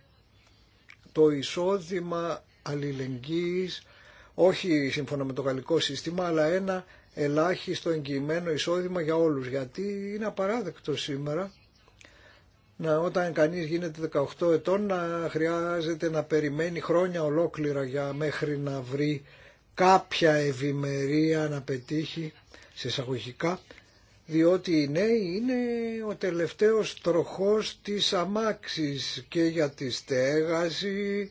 A: Το εισόδημα αλληλεγγύης, όχι σύμφωνα με το γαλλικό σύστημα, αλλά ένα ελάχιστο εγγυημένο εισόδημα για όλους, γιατί είναι απαράδεκτο σήμερα να, όταν κανείς γίνεται 18 ετών να χρειάζεται να περιμένει χρόνια ολόκληρα για μέχρι να βρει κάποια ευημερία να πετύχει σε εισαγωγικά διότι οι νέοι είναι ο τελευταίος τροχός της αμάξης και για τη στέγαση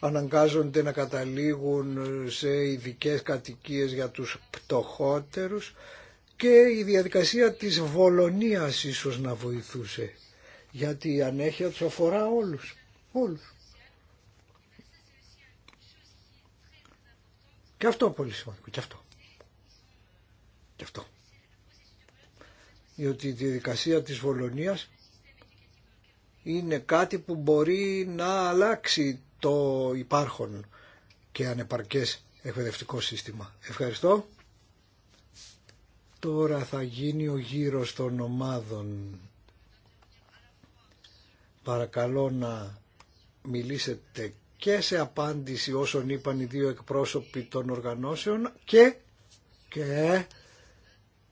A: αναγκάζονται να καταλήγουν σε ειδικέ κατοικίες για τους πτωχότερους και η διαδικασία της Βολονίας ίσως να βοηθούσε γιατί η ανέχεια τους αφορά όλους, όλους. Και αυτό πολύ σημαντικό, και αυτό. Και αυτό. Διότι η διαδικασία της Βολονίας είναι κάτι που μπορεί να αλλάξει το υπάρχον και ανεπαρκές εκπαιδευτικό σύστημα. Ευχαριστώ. Τώρα θα γίνει ο γύρος των ομάδων. Παρακαλώ να μιλήσετε και σε απάντηση όσων είπαν οι δύο εκπρόσωποι των οργανώσεων και, και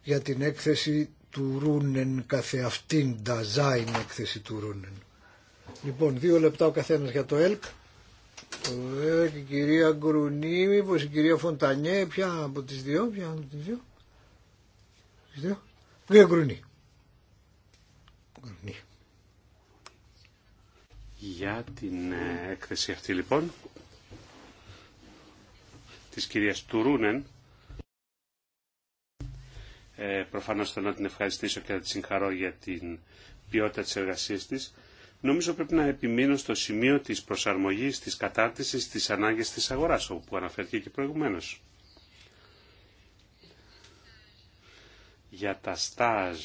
A: για την έκθεση του Ρούνεν καθεαυτήν, Νταζάιν έκθεση του Ρούνεν. Λοιπόν, δύο λεπτά ο καθένας για το ΕΛΚ. Ε, η κυρία Γκρουνή, πως η κυρία Φοντανιέ, ποια από τις δύο, ποια από τις δύο. Τις δύο
C: για την ε, έκθεση αυτή λοιπόν της κυρίας Τουρούνεν. Ε, προφανώς θέλω να την ευχαριστήσω και να τη συγχαρώ για την ποιότητα της εργασίας της. Νομίζω πρέπει να επιμείνω στο σημείο της προσαρμογής, της κατάρτισης, της ανάγκης της αγοράς, όπου αναφέρθηκε και προηγουμένως. Για τα στάζ,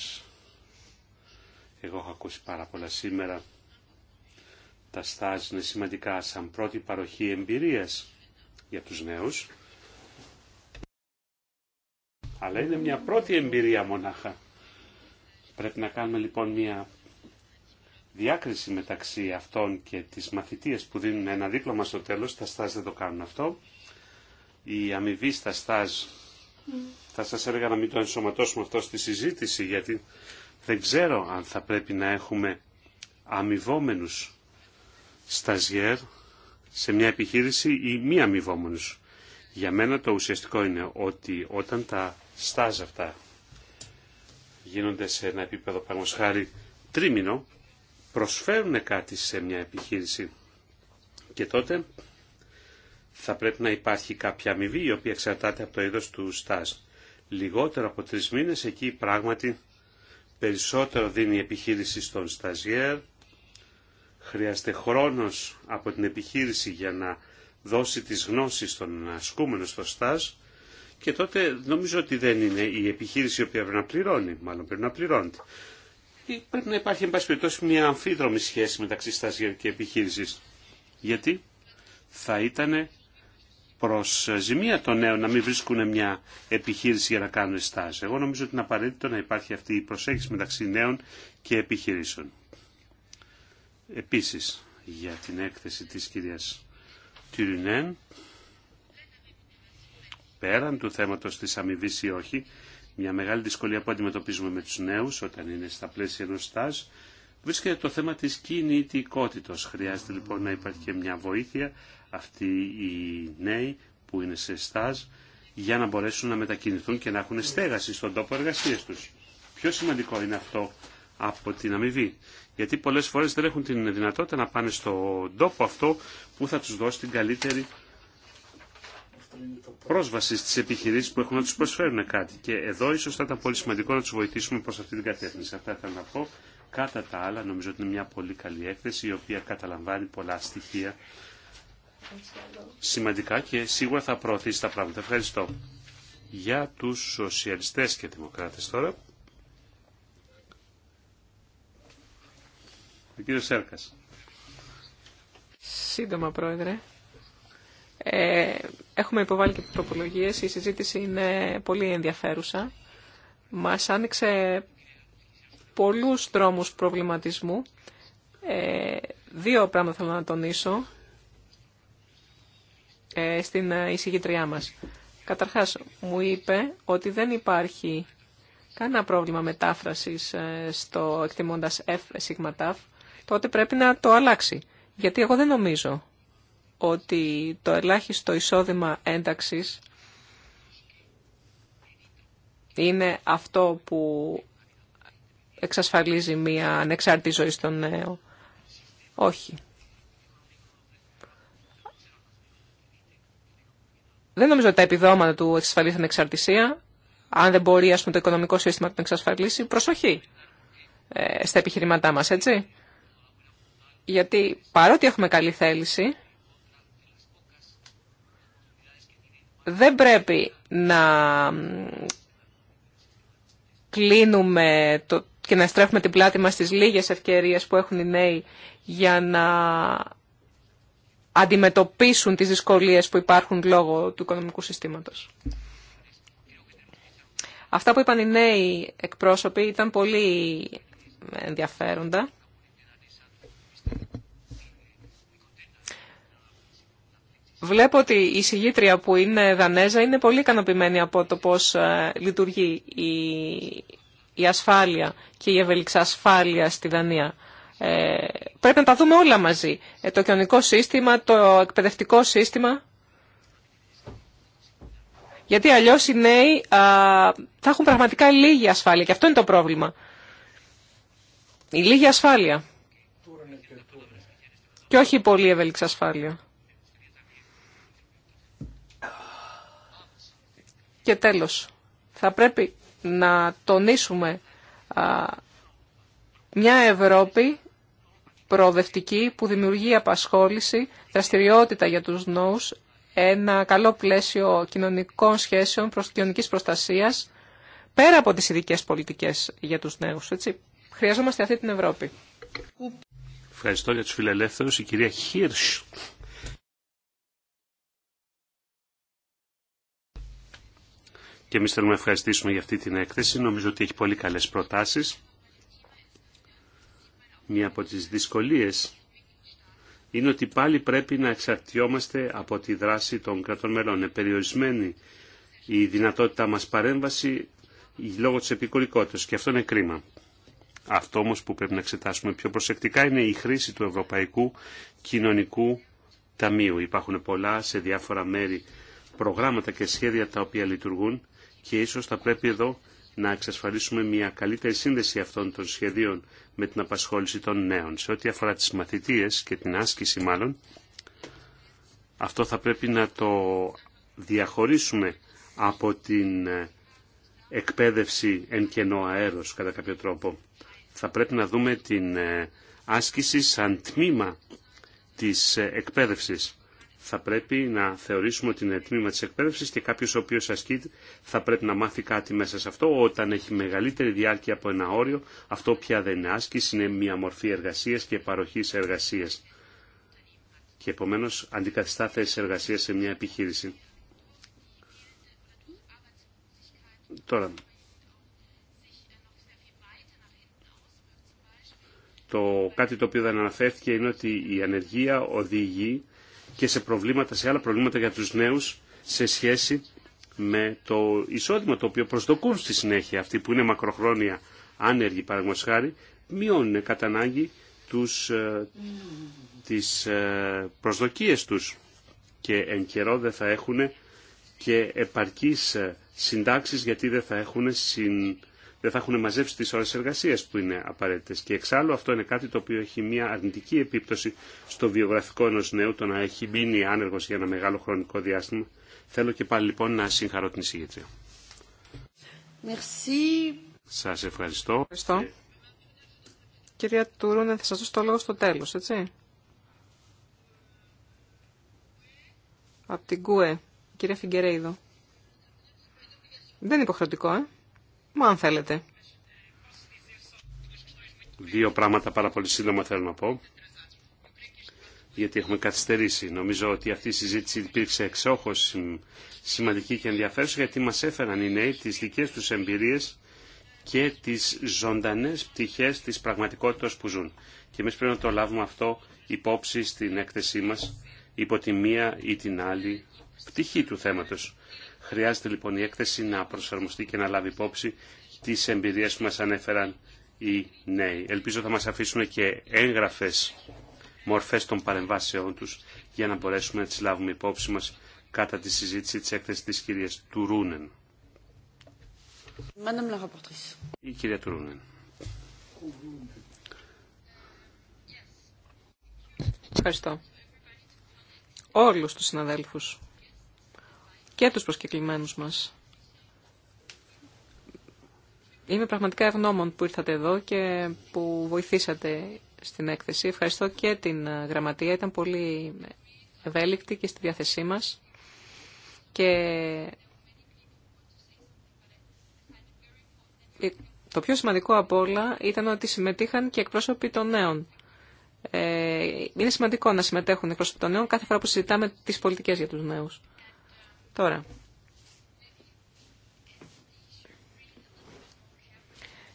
C: εγώ έχω ακούσει πάρα πολλά σήμερα τα στάζ είναι σημαντικά σαν πρώτη παροχή εμπειρίας για τους νέους, αλλά είναι μια πρώτη εμπειρία μονάχα. Πρέπει να κάνουμε λοιπόν μια διάκριση μεταξύ αυτών και της μαθητείες που δίνουν ένα δίπλωμα στο τέλος, τα στάζ δεν το κάνουν αυτό. Η αμοιβή στα στάζ, θα σας έλεγα να μην το ενσωματώσουμε αυτό στη συζήτηση, γιατί δεν ξέρω αν θα πρέπει να έχουμε αμοιβόμενους σταζιέρ σε μια επιχείρηση ή μη αμοιβόμενου. Για μένα το ουσιαστικό είναι ότι όταν τα στάζ αυτά γίνονται σε ένα επίπεδο χάρη τρίμηνο, προσφέρουν κάτι σε μια επιχείρηση και τότε θα πρέπει να υπάρχει κάποια αμοιβή η οποία εξαρτάται από το είδος του στάζ. Λιγότερο από τρεις μήνες εκεί πράγματι περισσότερο δίνει η επιχείρηση στον σταζιέρ, χρειάζεται χρόνος από την επιχείρηση για να δώσει τις γνώσεις των ασκούμενο στο στάζ και τότε νομίζω ότι δεν είναι η επιχείρηση η οποία πρέπει να πληρώνει, μάλλον πρέπει να πληρώνεται. Ε, πρέπει να υπάρχει, εν πάση περιπτώσει, μια αμφίδρομη σχέση μεταξύ ΣΤΑΖ και επιχείρησης. Γιατί θα ήταν προς ζημία των νέων να μην βρίσκουν μια επιχείρηση για να κάνουν στάζ. Εγώ νομίζω ότι είναι απαραίτητο να υπάρχει αυτή η προσέγγιση μεταξύ νέων και επιχειρήσεων. Επίσης, για την έκθεση της κυρίας Τυρινέν, πέραν του θέματος της αμοιβή ή όχι, μια μεγάλη δυσκολία που αντιμετωπίζουμε με τους νέους όταν είναι στα πλαίσια ενός στάζ, βρίσκεται το θέμα της κινητικότητα. Χρειάζεται λοιπόν να υπάρχει και μια βοήθεια αυτοί οι νέοι που είναι σε στάζ για να μπορέσουν να μετακινηθούν και να έχουν στέγαση στον τόπο εργασίας τους. Πιο σημαντικό είναι αυτό από την αμοιβή. Γιατί πολλέ φορέ δεν έχουν την δυνατότητα να πάνε στον τόπο αυτό που θα του δώσει την καλύτερη πρόσβαση στι επιχειρήσει που έχουν να του προσφέρουν κάτι. Και εδώ ίσω θα ήταν πολύ σημαντικό να του βοηθήσουμε προ αυτή την κατεύθυνση. Αυτά ήθελα να πω. Κατά τα άλλα, νομίζω ότι είναι μια πολύ καλή έκθεση η οποία καταλαμβάνει πολλά στοιχεία σημαντικά και σίγουρα θα προωθήσει τα πράγματα. Ευχαριστώ. Για τους σοσιαλιστές και δημοκράτες τώρα. Ο
B: Σύντομα, Πρόεδρε. Ε, έχουμε υποβάλει και προπολογίες. Η συζήτηση είναι πολύ ενδιαφέρουσα. Μας άνοιξε πολλούς δρόμους προβληματισμού. Ε, δύο πράγματα θέλω να τονίσω ε, στην εισηγητριά μας. Καταρχάς, μου είπε ότι δεν υπάρχει κανένα πρόβλημα μετάφρασης στο εκτιμώντας F σιγματάφ τότε πρέπει να το αλλάξει. Γιατί εγώ δεν νομίζω ότι το ελάχιστο εισόδημα ένταξης είναι αυτό που εξασφαλίζει μία ανεξάρτητη ζωή στον νέο. Όχι. Δεν νομίζω ότι τα επιδόματα του εξασφαλίζουν ανεξαρτησία, εξαρτησία. Αν δεν μπορεί ας πούμε, το οικονομικό σύστημα να τον εξασφαλίσει, προσοχή ε, στα επιχειρήματά μας, έτσι γιατί παρότι έχουμε καλή θέληση, δεν πρέπει να κλείνουμε το, και να στρέφουμε την πλάτη μας στις λίγες ευκαιρίες που έχουν οι νέοι για να αντιμετωπίσουν τις δυσκολίες που υπάρχουν λόγω του οικονομικού συστήματος. Αυτά που είπαν οι νέοι εκπρόσωποι ήταν πολύ ενδιαφέροντα. Βλέπω ότι η συγγήτρια που είναι Δανέζα είναι πολύ ικανοποιημένη από το πώς ε, λειτουργεί η, η ασφάλεια και η ευελιξά ασφάλεια στη Δανία. Ε, πρέπει να τα δούμε όλα μαζί. Ε, το κοινωνικό σύστημα, το εκπαιδευτικό σύστημα. Γιατί αλλιώς οι νέοι θα έχουν πραγματικά λίγη ασφάλεια. Και αυτό είναι το πρόβλημα. Η λίγη ασφάλεια. Και όχι πολύ ευέλικτη ασφάλεια. Και τέλος, θα πρέπει να τονίσουμε μια Ευρώπη προοδευτική που δημιουργεί απασχόληση, δραστηριότητα για τους νόους, ένα καλό πλαίσιο κοινωνικών σχέσεων, προς κοινωνικής προστασίας, πέρα από τις ειδικέ πολιτικές για τους νέους. Έτσι. Χρειαζόμαστε αυτή την Ευρώπη.
C: Ευχαριστώ για τους φιλελεύθερους. Η κυρία Χίρσ. Και εμείς θέλουμε να ευχαριστήσουμε για αυτή την έκθεση. Νομίζω ότι έχει πολύ καλές προτάσεις. Μία από τις δυσκολίες είναι ότι πάλι πρέπει να εξαρτιόμαστε από τη δράση των κρατών μελών. Είναι περιορισμένη η δυνατότητά μας παρέμβαση λόγω της επικουρικότητας και αυτό είναι κρίμα. Αυτό όμως που πρέπει να εξετάσουμε πιο προσεκτικά είναι η χρήση του Ευρωπαϊκού Κοινωνικού Ταμείου. Υπάρχουν πολλά σε διάφορα μέρη προγράμματα και σχέδια τα οποία λειτουργούν και ίσως θα πρέπει εδώ να εξασφαλίσουμε μια καλύτερη σύνδεση αυτών των σχεδίων με την απασχόληση των νέων. Σε ό,τι αφορά τις μαθητείες και την άσκηση μάλλον, αυτό θα πρέπει να το διαχωρίσουμε από την ε, εκπαίδευση εν κενό αέρος κατά κάποιο τρόπο θα πρέπει να δούμε την ε, άσκηση σαν τμήμα της ε, εκπαίδευσης. Θα πρέπει να θεωρήσουμε ότι είναι τμήμα της εκπαίδευσης και κάποιος ο οποίος ασκεί θα πρέπει να μάθει κάτι μέσα σε αυτό. Όταν έχει μεγαλύτερη διάρκεια από ένα όριο, αυτό πια δεν είναι άσκηση, είναι μια μορφή εργασίας και παροχής εργασίας. Και επομένως αντικαθιστά θέση εργασίας σε μια επιχείρηση. Τώρα, το κάτι το οποίο δεν αναφέρθηκε είναι ότι η ανεργία οδηγεί και σε προβλήματα, σε άλλα προβλήματα για τους νέους σε σχέση με το εισόδημα το οποίο προσδοκούν στη συνέχεια αυτοί που είναι μακροχρόνια άνεργοι παραγωγός χάρη, μειώνουν κατά ανάγκη τους, ε, τις ε, προσδοκίες τους και εν καιρό δεν θα έχουν και επαρκείς ε, συντάξεις γιατί δεν θα έχουν συν, δεν θα έχουν μαζέψει τις ώρε εργασία που είναι απαραίτητες. Και εξάλλου αυτό είναι κάτι το οποίο έχει μια αρνητική επίπτωση στο βιογραφικό ενό νέου, το να έχει μείνει άνεργος για ένα μεγάλο χρονικό διάστημα. Θέλω και πάλι λοιπόν να συγχαρώ την εισηγήτρια. Merci. Σας ευχαριστώ.
B: Κυρία Τουρούνε, θα σα δώσω το λόγο στο τέλος, έτσι. Από την ΚΟΕ, κυρία Φιγκερέιδο. Δεν είναι υποχρεωτικό, ε. Μου αν θέλετε.
C: Δύο πράγματα πάρα πολύ σύντομα θέλω να πω. Γιατί έχουμε καθυστερήσει. Νομίζω ότι αυτή η συζήτηση υπήρξε εξόχω σημαντική και ενδιαφέρουσα γιατί μα έφεραν οι νέοι τι δικέ του εμπειρίε και τι ζωντανέ πτυχέ τη πραγματικότητα που ζουν. Και εμεί πρέπει να το λάβουμε αυτό υπόψη στην έκθεσή μα υπό τη μία ή την άλλη πτυχή του θέματος. Χρειάζεται λοιπόν η έκθεση να προσαρμοστεί και να λάβει υπόψη τις εμπειρίες που μας ανέφεραν οι νέοι. Ελπίζω θα μας αφήσουν και έγγραφες μορφές των παρεμβάσεών τους για να μπορέσουμε να τις λάβουμε υπόψη μας κατά τη συζήτηση της έκθεσης της κυρίας Τουρούνεν. Η κυρία Τουρούνεν.
B: Ευχαριστώ. Όλους τους συναδέλφους και τους προσκεκλημένους μας. Είμαι πραγματικά ευγνώμων που ήρθατε εδώ και που βοηθήσατε στην έκθεση. Ευχαριστώ και την ε, γραμματεία. Ήταν πολύ ευέλικτη και στη διάθεσή μας. Και ε, το πιο σημαντικό από όλα ήταν ότι συμμετείχαν και εκπρόσωποι των νέων. Ε, είναι σημαντικό να συμμετέχουν εκπρόσωποι των νέων κάθε φορά που συζητάμε τις πολιτικές για τους νέους. Τώρα,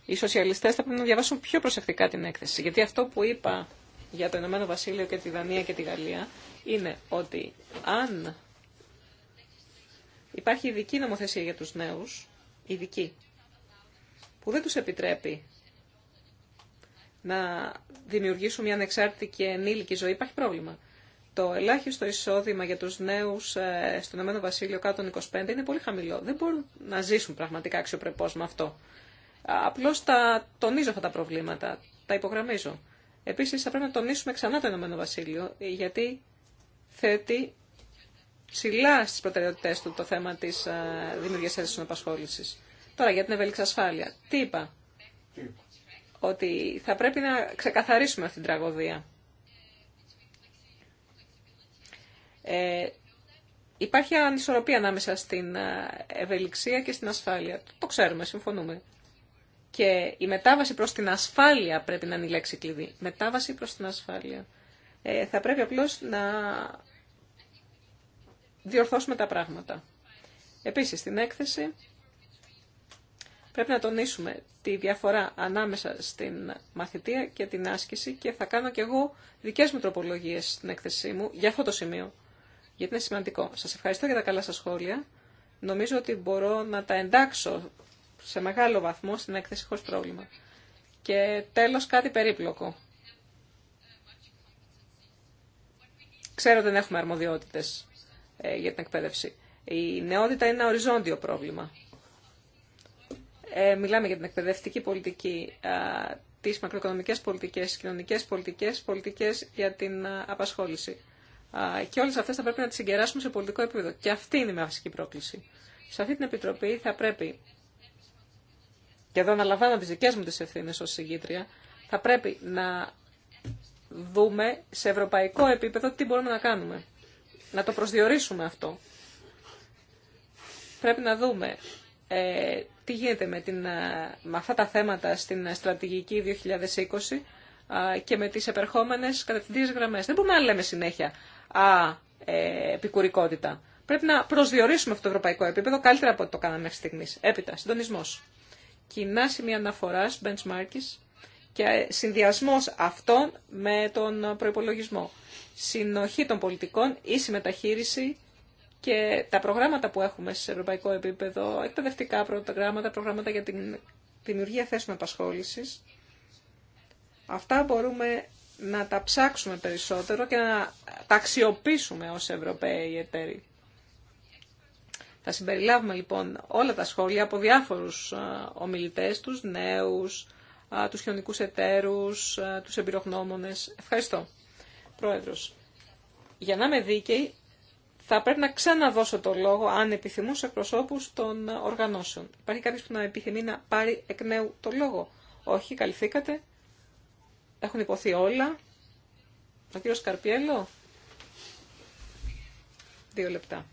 B: οι σοσιαλιστές θα πρέπει να διαβάσουν πιο προσεκτικά την έκθεση, γιατί αυτό που είπα για το Ηνωμένο Βασίλειο και τη Δανία και τη Γαλλία είναι ότι αν υπάρχει ειδική νομοθεσία για τους νέους, ειδική, που δεν τους επιτρέπει να δημιουργήσουν μια ανεξάρτητη και ενήλικη ζωή, υπάρχει πρόβλημα το ελάχιστο εισόδημα για τους νέους ε, στον Ηνωμένο Βασίλειο κάτω των 25 είναι πολύ χαμηλό. Δεν μπορούν να ζήσουν πραγματικά αξιοπρεπώς με αυτό. Απλώς τα τονίζω αυτά τα προβλήματα, τα υπογραμμίζω. Επίσης θα πρέπει να τονίσουμε ξανά το Ηνωμένο Βασίλειο, γιατί θέτει ψηλά στις προτεραιότητές του το θέμα της ε, δημιουργίας τη απασχόλησης. Τώρα για την ευέλικτη ασφάλεια. Τι είπα? Ότι θα πρέπει να ξεκαθαρίσουμε αυτή την τραγωδία Ε, υπάρχει ανισορροπία ανάμεσα στην ε, ευελιξία και στην ασφάλεια. Το ξέρουμε, συμφωνούμε. Και η μετάβαση προς την ασφάλεια πρέπει να είναι η λέξη κλειδί. Μετάβαση προς την ασφάλεια. Ε, θα πρέπει απλώς να διορθώσουμε τα πράγματα. Επίσης, στην έκθεση πρέπει να τονίσουμε τη διαφορά ανάμεσα στην μαθητεία και την άσκηση και θα κάνω και εγώ δικές μου τροπολογίες στην έκθεσή μου για αυτό το σημείο γιατί είναι σημαντικό. Σας ευχαριστώ για τα καλά σας σχόλια. Νομίζω ότι μπορώ να τα εντάξω σε μεγάλο βαθμό στην έκθεση χωρίς πρόβλημα. Και τέλος κάτι περίπλοκο. Ξέρω ότι δεν έχουμε αρμοδιότητες ε, για την εκπαίδευση. Η νεότητα είναι ένα οριζόντιο πρόβλημα. Ε, μιλάμε για την εκπαιδευτική πολιτική, α, τις μακροοικονομικές πολιτικές, κοινωνικές πολιτικές, πολιτικές για την απασχόληση και όλες αυτές θα πρέπει να τις συγκεράσουμε σε πολιτικό επίπεδο. Και αυτή είναι η βασική πρόκληση. Σε αυτή την Επιτροπή θα πρέπει, και εδώ αναλαμβάνω τις δικές μου τις ευθύνες ως συγκήτρια, θα πρέπει να δούμε σε ευρωπαϊκό επίπεδο τι μπορούμε να κάνουμε. Να το προσδιορίσουμε αυτό. Πρέπει να δούμε ε, τι γίνεται με, την, ε, με αυτά τα θέματα στην στρατηγική 2020 ε, και με τις επερχόμενες κατευθυντήριες γραμμές. Δεν μπορούμε να λέμε συνέχεια α, ε, επικουρικότητα. Πρέπει να προσδιορίσουμε αυτό το ευρωπαϊκό επίπεδο καλύτερα από ό,τι το κάναμε μέχρι στιγμή. Έπειτα, συντονισμό. Κοινά σημεία αναφορά, benchmarking και ε, συνδυασμό αυτών με τον προπολογισμό. Συνοχή των πολιτικών, ίση μεταχείριση και τα προγράμματα που έχουμε σε ευρωπαϊκό επίπεδο, εκπαιδευτικά προγράμματα, προγράμματα για την δημιουργία θέσεων απασχόληση. Αυτά μπορούμε να τα ψάξουμε περισσότερο και να τα αξιοποιήσουμε ως Ευρωπαίοι εταίροι. Θα συμπεριλάβουμε λοιπόν όλα τα σχόλια από διάφορους ομιλητές, τους νέους, τους χιονικούς εταίρους, τους εμπειρογνώμονες. Ευχαριστώ. Πρόεδρος, για να είμαι δίκαιη, θα πρέπει να ξαναδώσω το λόγο, αν επιθυμούν, σε προσώπους των οργανώσεων. Υπάρχει κάποιος που να επιθυμεί να πάρει εκ νέου το λόγο. Όχι, καλυφθήκατε. Έχουν υποθεί όλα. Ο κύριο Καρπιέλο. Δύο λεπτά.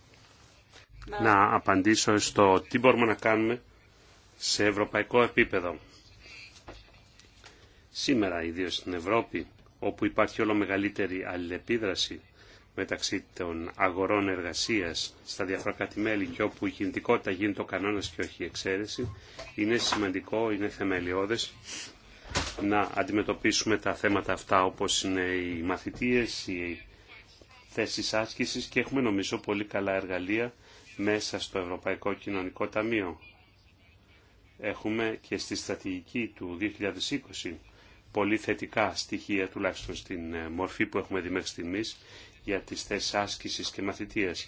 C: Να... απαντήσω στο τι μπορούμε να κάνουμε σε ευρωπαϊκό επίπεδο. Σήμερα, ιδίως στην Ευρώπη, όπου υπάρχει όλο μεγαλύτερη αλληλεπίδραση μεταξύ των αγορών εργασίας στα διάφορα κατημέλη και όπου η κινητικότητα γίνεται ο κανόνας και όχι η εξαίρεση, είναι σημαντικό, είναι θεμελιώδες να αντιμετωπίσουμε τα θέματα αυτά όπως είναι οι μαθητείες, οι θέσεις άσκησης και έχουμε νομίζω πολύ καλά εργαλεία μέσα στο Ευρωπαϊκό Κοινωνικό Ταμείο. Έχουμε και στη στρατηγική του 2020 πολύ θετικά στοιχεία τουλάχιστον στην ε, μορφή που έχουμε δει μέχρι στιγμής για τις θέσεις άσκησης και μαθητείας.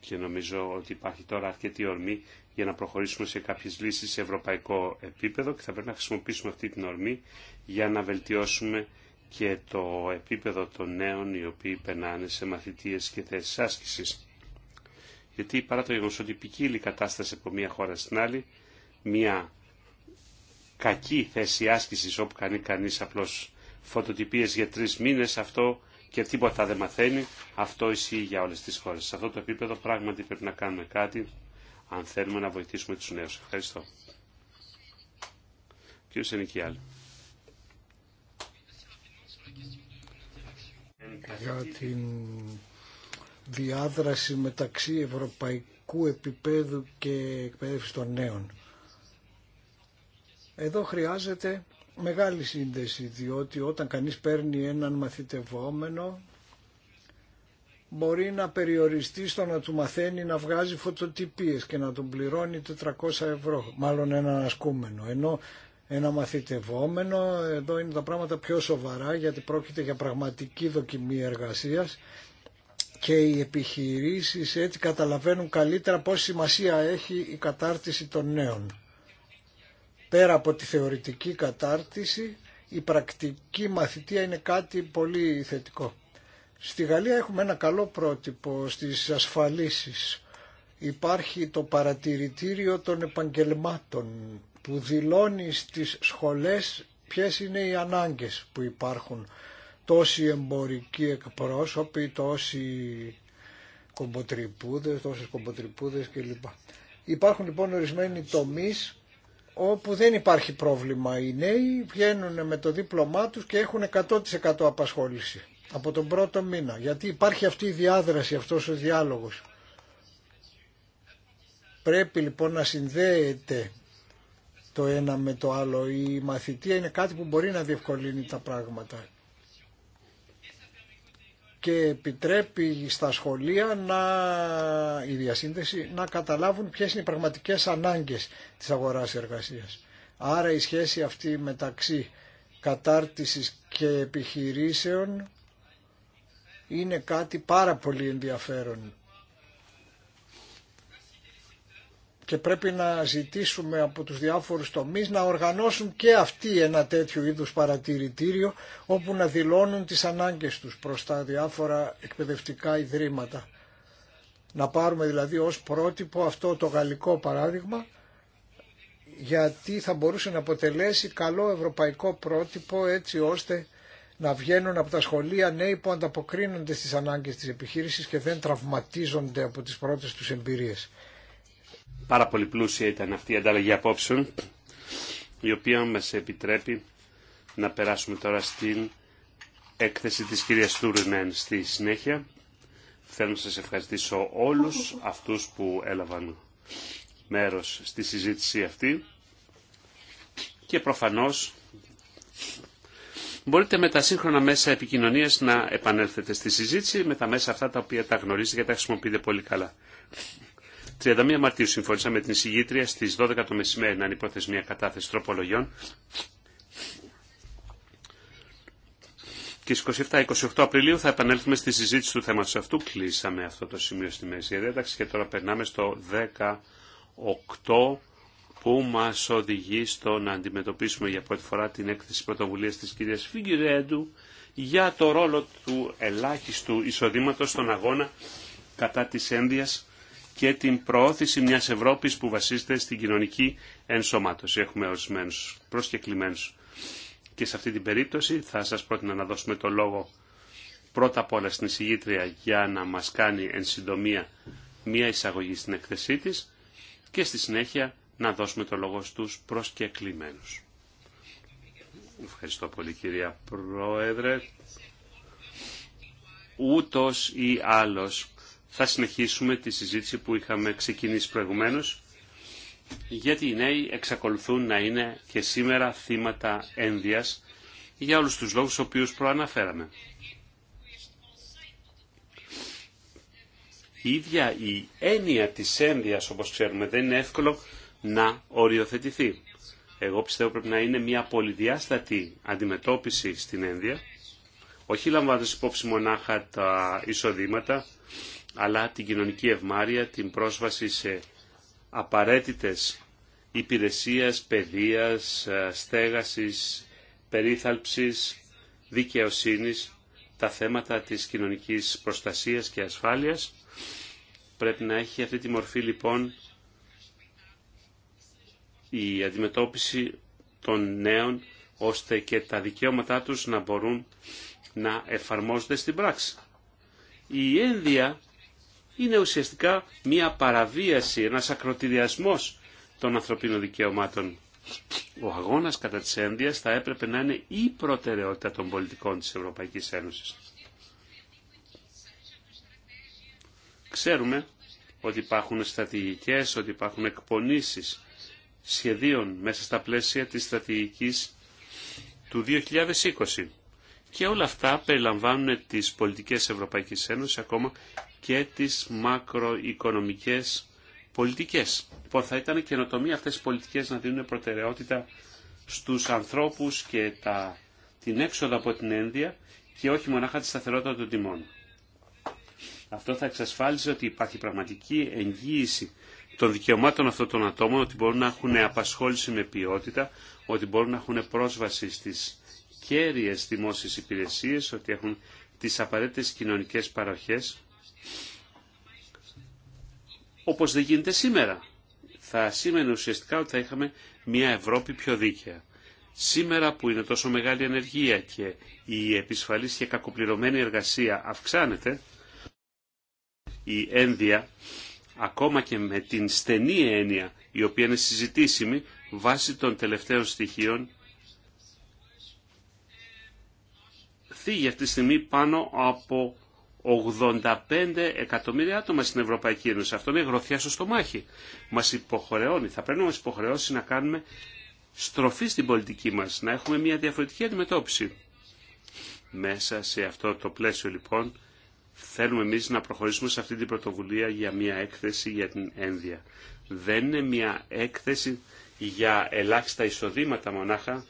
C: Και νομίζω ότι υπάρχει τώρα αρκετή ορμή για να προχωρήσουμε σε κάποιες λύσεις σε ευρωπαϊκό επίπεδο και θα πρέπει να χρησιμοποιήσουμε αυτή την ορμή για να βελτιώσουμε και το επίπεδο των νέων οι οποίοι περνάνε σε μαθητείες και θέσεις άσκησης. Γιατί παρά το γεγονός ότι ποικίλει η κατάσταση από μία χώρα στην άλλη, μία κακή θέση άσκηση όπου κάνει κανείς απλώς φωτοτυπίες για τρεις μήνες, αυτό και τίποτα δεν μαθαίνει, αυτό ισχύει για όλες τις χώρες. Σε αυτό το επίπεδο πράγματι πρέπει να κάνουμε κάτι αν θέλουμε να βοηθήσουμε τους νέους. Ευχαριστώ. Κύριε Σενικιάλ.
A: Για την διάδραση μεταξύ ευρωπαϊκού επίπεδου και εκπαίδευση των νέων. Εδώ χρειάζεται μεγάλη σύνδεση, διότι όταν κανείς παίρνει έναν μαθητευόμενο μπορεί να περιοριστεί στο να του μαθαίνει να βγάζει φωτοτυπίες και να τον πληρώνει 400 ευρώ, μάλλον έναν ασκούμενο. Ενώ ένα μαθητευόμενο, εδώ είναι τα πράγματα πιο σοβαρά γιατί πρόκειται για πραγματική δοκιμή εργασίας και οι επιχειρήσεις έτσι καταλαβαίνουν καλύτερα πόση σημασία έχει η κατάρτιση των νέων. Πέρα από τη θεωρητική κατάρτιση, η πρακτική μαθητεία είναι κάτι πολύ θετικό. Στη Γαλλία έχουμε ένα καλό πρότυπο στις ασφαλίσεις. Υπάρχει το παρατηρητήριο των επαγγελμάτων που δηλώνει στις σχολές ποιες είναι οι ανάγκες που υπάρχουν. Τόσοι εμπορικοί εκπρόσωποι, τόσοι κομποτριπούδες, τόσες κομποτριπούδες κλπ. Υπάρχουν λοιπόν ορισμένοι τομείς όπου δεν υπάρχει πρόβλημα. Οι νέοι βγαίνουν με το δίπλωμά τους και έχουν 100% απασχόληση από τον πρώτο μήνα. Γιατί υπάρχει αυτή η διάδραση, αυτός ο διάλογος. Πρέπει λοιπόν να συνδέεται το ένα με το άλλο. Η μαθητεία είναι κάτι που μπορεί να διευκολύνει τα πράγματα και επιτρέπει στα σχολεία να, η διασύνδεση να καταλάβουν ποιες είναι οι πραγματικές ανάγκες της αγοράς εργασίας. Άρα η σχέση αυτή μεταξύ κατάρτισης και επιχειρήσεων είναι κάτι πάρα πολύ ενδιαφέρον. Και πρέπει να ζητήσουμε από τους διάφορους τομείς να οργανώσουν και αυτοί ένα τέτοιο είδους παρατηρητήριο όπου να δηλώνουν τις ανάγκες τους προς τα διάφορα εκπαιδευτικά ιδρύματα. Να πάρουμε δηλαδή ως πρότυπο αυτό το γαλλικό παράδειγμα γιατί θα μπορούσε να αποτελέσει καλό ευρωπαϊκό πρότυπο έτσι ώστε να βγαίνουν από τα σχολεία νέοι που ανταποκρίνονται στις ανάγκες της επιχείρησης και δεν τραυματίζονται από τις πρώτες τους εμπειρίες.
C: Πάρα πολύ πλούσια ήταν αυτή η ανταλλαγή απόψεων, η οποία μας επιτρέπει να περάσουμε τώρα στην έκθεση της κυρίας Τούρνεν στη συνέχεια. Θέλω να σας ευχαριστήσω όλους αυτούς που έλαβαν μέρος στη συζήτηση αυτή και προφανώς Μπορείτε με τα σύγχρονα μέσα επικοινωνία να επανέλθετε στη συζήτηση με τα μέσα αυτά τα οποία τα γνωρίζετε και τα χρησιμοποιείτε πολύ καλά. 31 Μαρτίου συμφώνησα με την συγγήτρια στι 12 το μεσημέρι να είναι μια κατάθεση τροπολογιών. Και στι 27-28 Απριλίου θα επανέλθουμε στη συζήτηση του θέματο αυτού. Κλείσαμε αυτό το σημείο στη μέση διάταξη και τώρα περνάμε στο 18 που μας οδηγεί στο να αντιμετωπίσουμε για πρώτη φορά την έκθεση πρωτοβουλίας της κυρίας Φιγκυρέντου για το ρόλο του ελάχιστου εισοδήματος στον αγώνα κατά της ένδυας και την προώθηση μια Ευρώπης που βασίζεται στην κοινωνική ενσωμάτωση. Έχουμε ορισμένου προσκεκλημένους. Και σε αυτή την περίπτωση θα σας πρότεινα να δώσουμε το λόγο πρώτα απ' όλα στην εισηγήτρια για να μας κάνει εν συντομία μία εισαγωγή στην έκθεσή της και στη συνέχεια να δώσουμε το λόγο στους προσκεκλημένους. Ευχαριστώ πολύ κυρία Πρόεδρε. Ούτως ή άλλως θα συνεχίσουμε τη συζήτηση που είχαμε ξεκινήσει προηγουμένως γιατί οι νέοι εξακολουθούν να είναι και σήμερα θύματα ένδυας για όλους τους λόγους τους οποίους προαναφέραμε. Η ίδια η έννοια της ένδυας όπως ξέρουμε δεν είναι εύκολο να οριοθετηθεί. Εγώ πιστεύω πρέπει να είναι μια πολυδιάστατη αντιμετώπιση στην Ένδια, όχι λαμβάνοντας υπόψη μονάχα τα εισοδήματα, αλλά την κοινωνική ευμάρεια, την πρόσβαση σε απαραίτητες υπηρεσίες, παιδείας, ε, στέγασης, περίθαλψης, δικαιοσύνης, τα θέματα της κοινωνικής προστασίας και ασφάλειας. Πρέπει να έχει αυτή τη μορφή λοιπόν η αντιμετώπιση των νέων ώστε και τα δικαιώματά τους να μπορούν να εφαρμόζονται στην πράξη. Η ένδια είναι ουσιαστικά μία παραβίαση, ένας ακροτηριασμός των ανθρωπίνων δικαιωμάτων. Ο αγώνας κατά της ένδυας θα έπρεπε να είναι η προτεραιότητα των πολιτικών της Ευρωπαϊκής Ένωσης. Ξέρουμε ότι υπάρχουν στρατηγικές, ότι υπάρχουν εκπονήσεις σχεδίων μέσα στα πλαίσια της στρατηγικής του 2020. Και όλα αυτά περιλαμβάνουν τις πολιτικές Ευρωπαϊκής Ένωσης, ακόμα και τις μακροοικονομικές πολιτικές. Λοιπόν, θα ήταν καινοτομία αυτές οι πολιτικές να δίνουν προτεραιότητα στους ανθρώπους και τα, την έξοδο από την ένδια και όχι μονάχα τη σταθερότητα των τιμών. Αυτό θα εξασφάλιζε ότι υπάρχει πραγματική εγγύηση των δικαιωμάτων αυτών των ατόμων, ότι μπορούν να έχουν απασχόληση με ποιότητα, ότι μπορούν να έχουν πρόσβαση στις κέρυες δημόσιες υπηρεσίες, ότι έχουν τις απαραίτητες κοινωνικές παροχές, όπως δεν γίνεται σήμερα. Θα σήμαινε ουσιαστικά ότι θα είχαμε μια Ευρώπη πιο δίκαια. Σήμερα που είναι τόσο μεγάλη ανεργία και η επισφαλής και κακοπληρωμένη εργασία αυξάνεται, η ένδια ακόμα και με την στενή έννοια η οποία είναι συζητήσιμη βάσει των τελευταίων στοιχείων θίγει αυτή τη στιγμή πάνω από 85 εκατομμύρια άτομα στην Ευρωπαϊκή Ένωση. Αυτό είναι γροθιά στο στομάχι. Μας υποχρεώνει, θα πρέπει να μας υποχρεώσει να κάνουμε στροφή στην πολιτική μας, να έχουμε μια διαφορετική αντιμετώπιση. Μέσα σε αυτό το πλαίσιο λοιπόν θέλουμε εμείς να προχωρήσουμε σε αυτή την πρωτοβουλία για μια έκθεση για την ένδια. Δεν είναι μια έκθεση για ελάχιστα εισοδήματα μονάχα,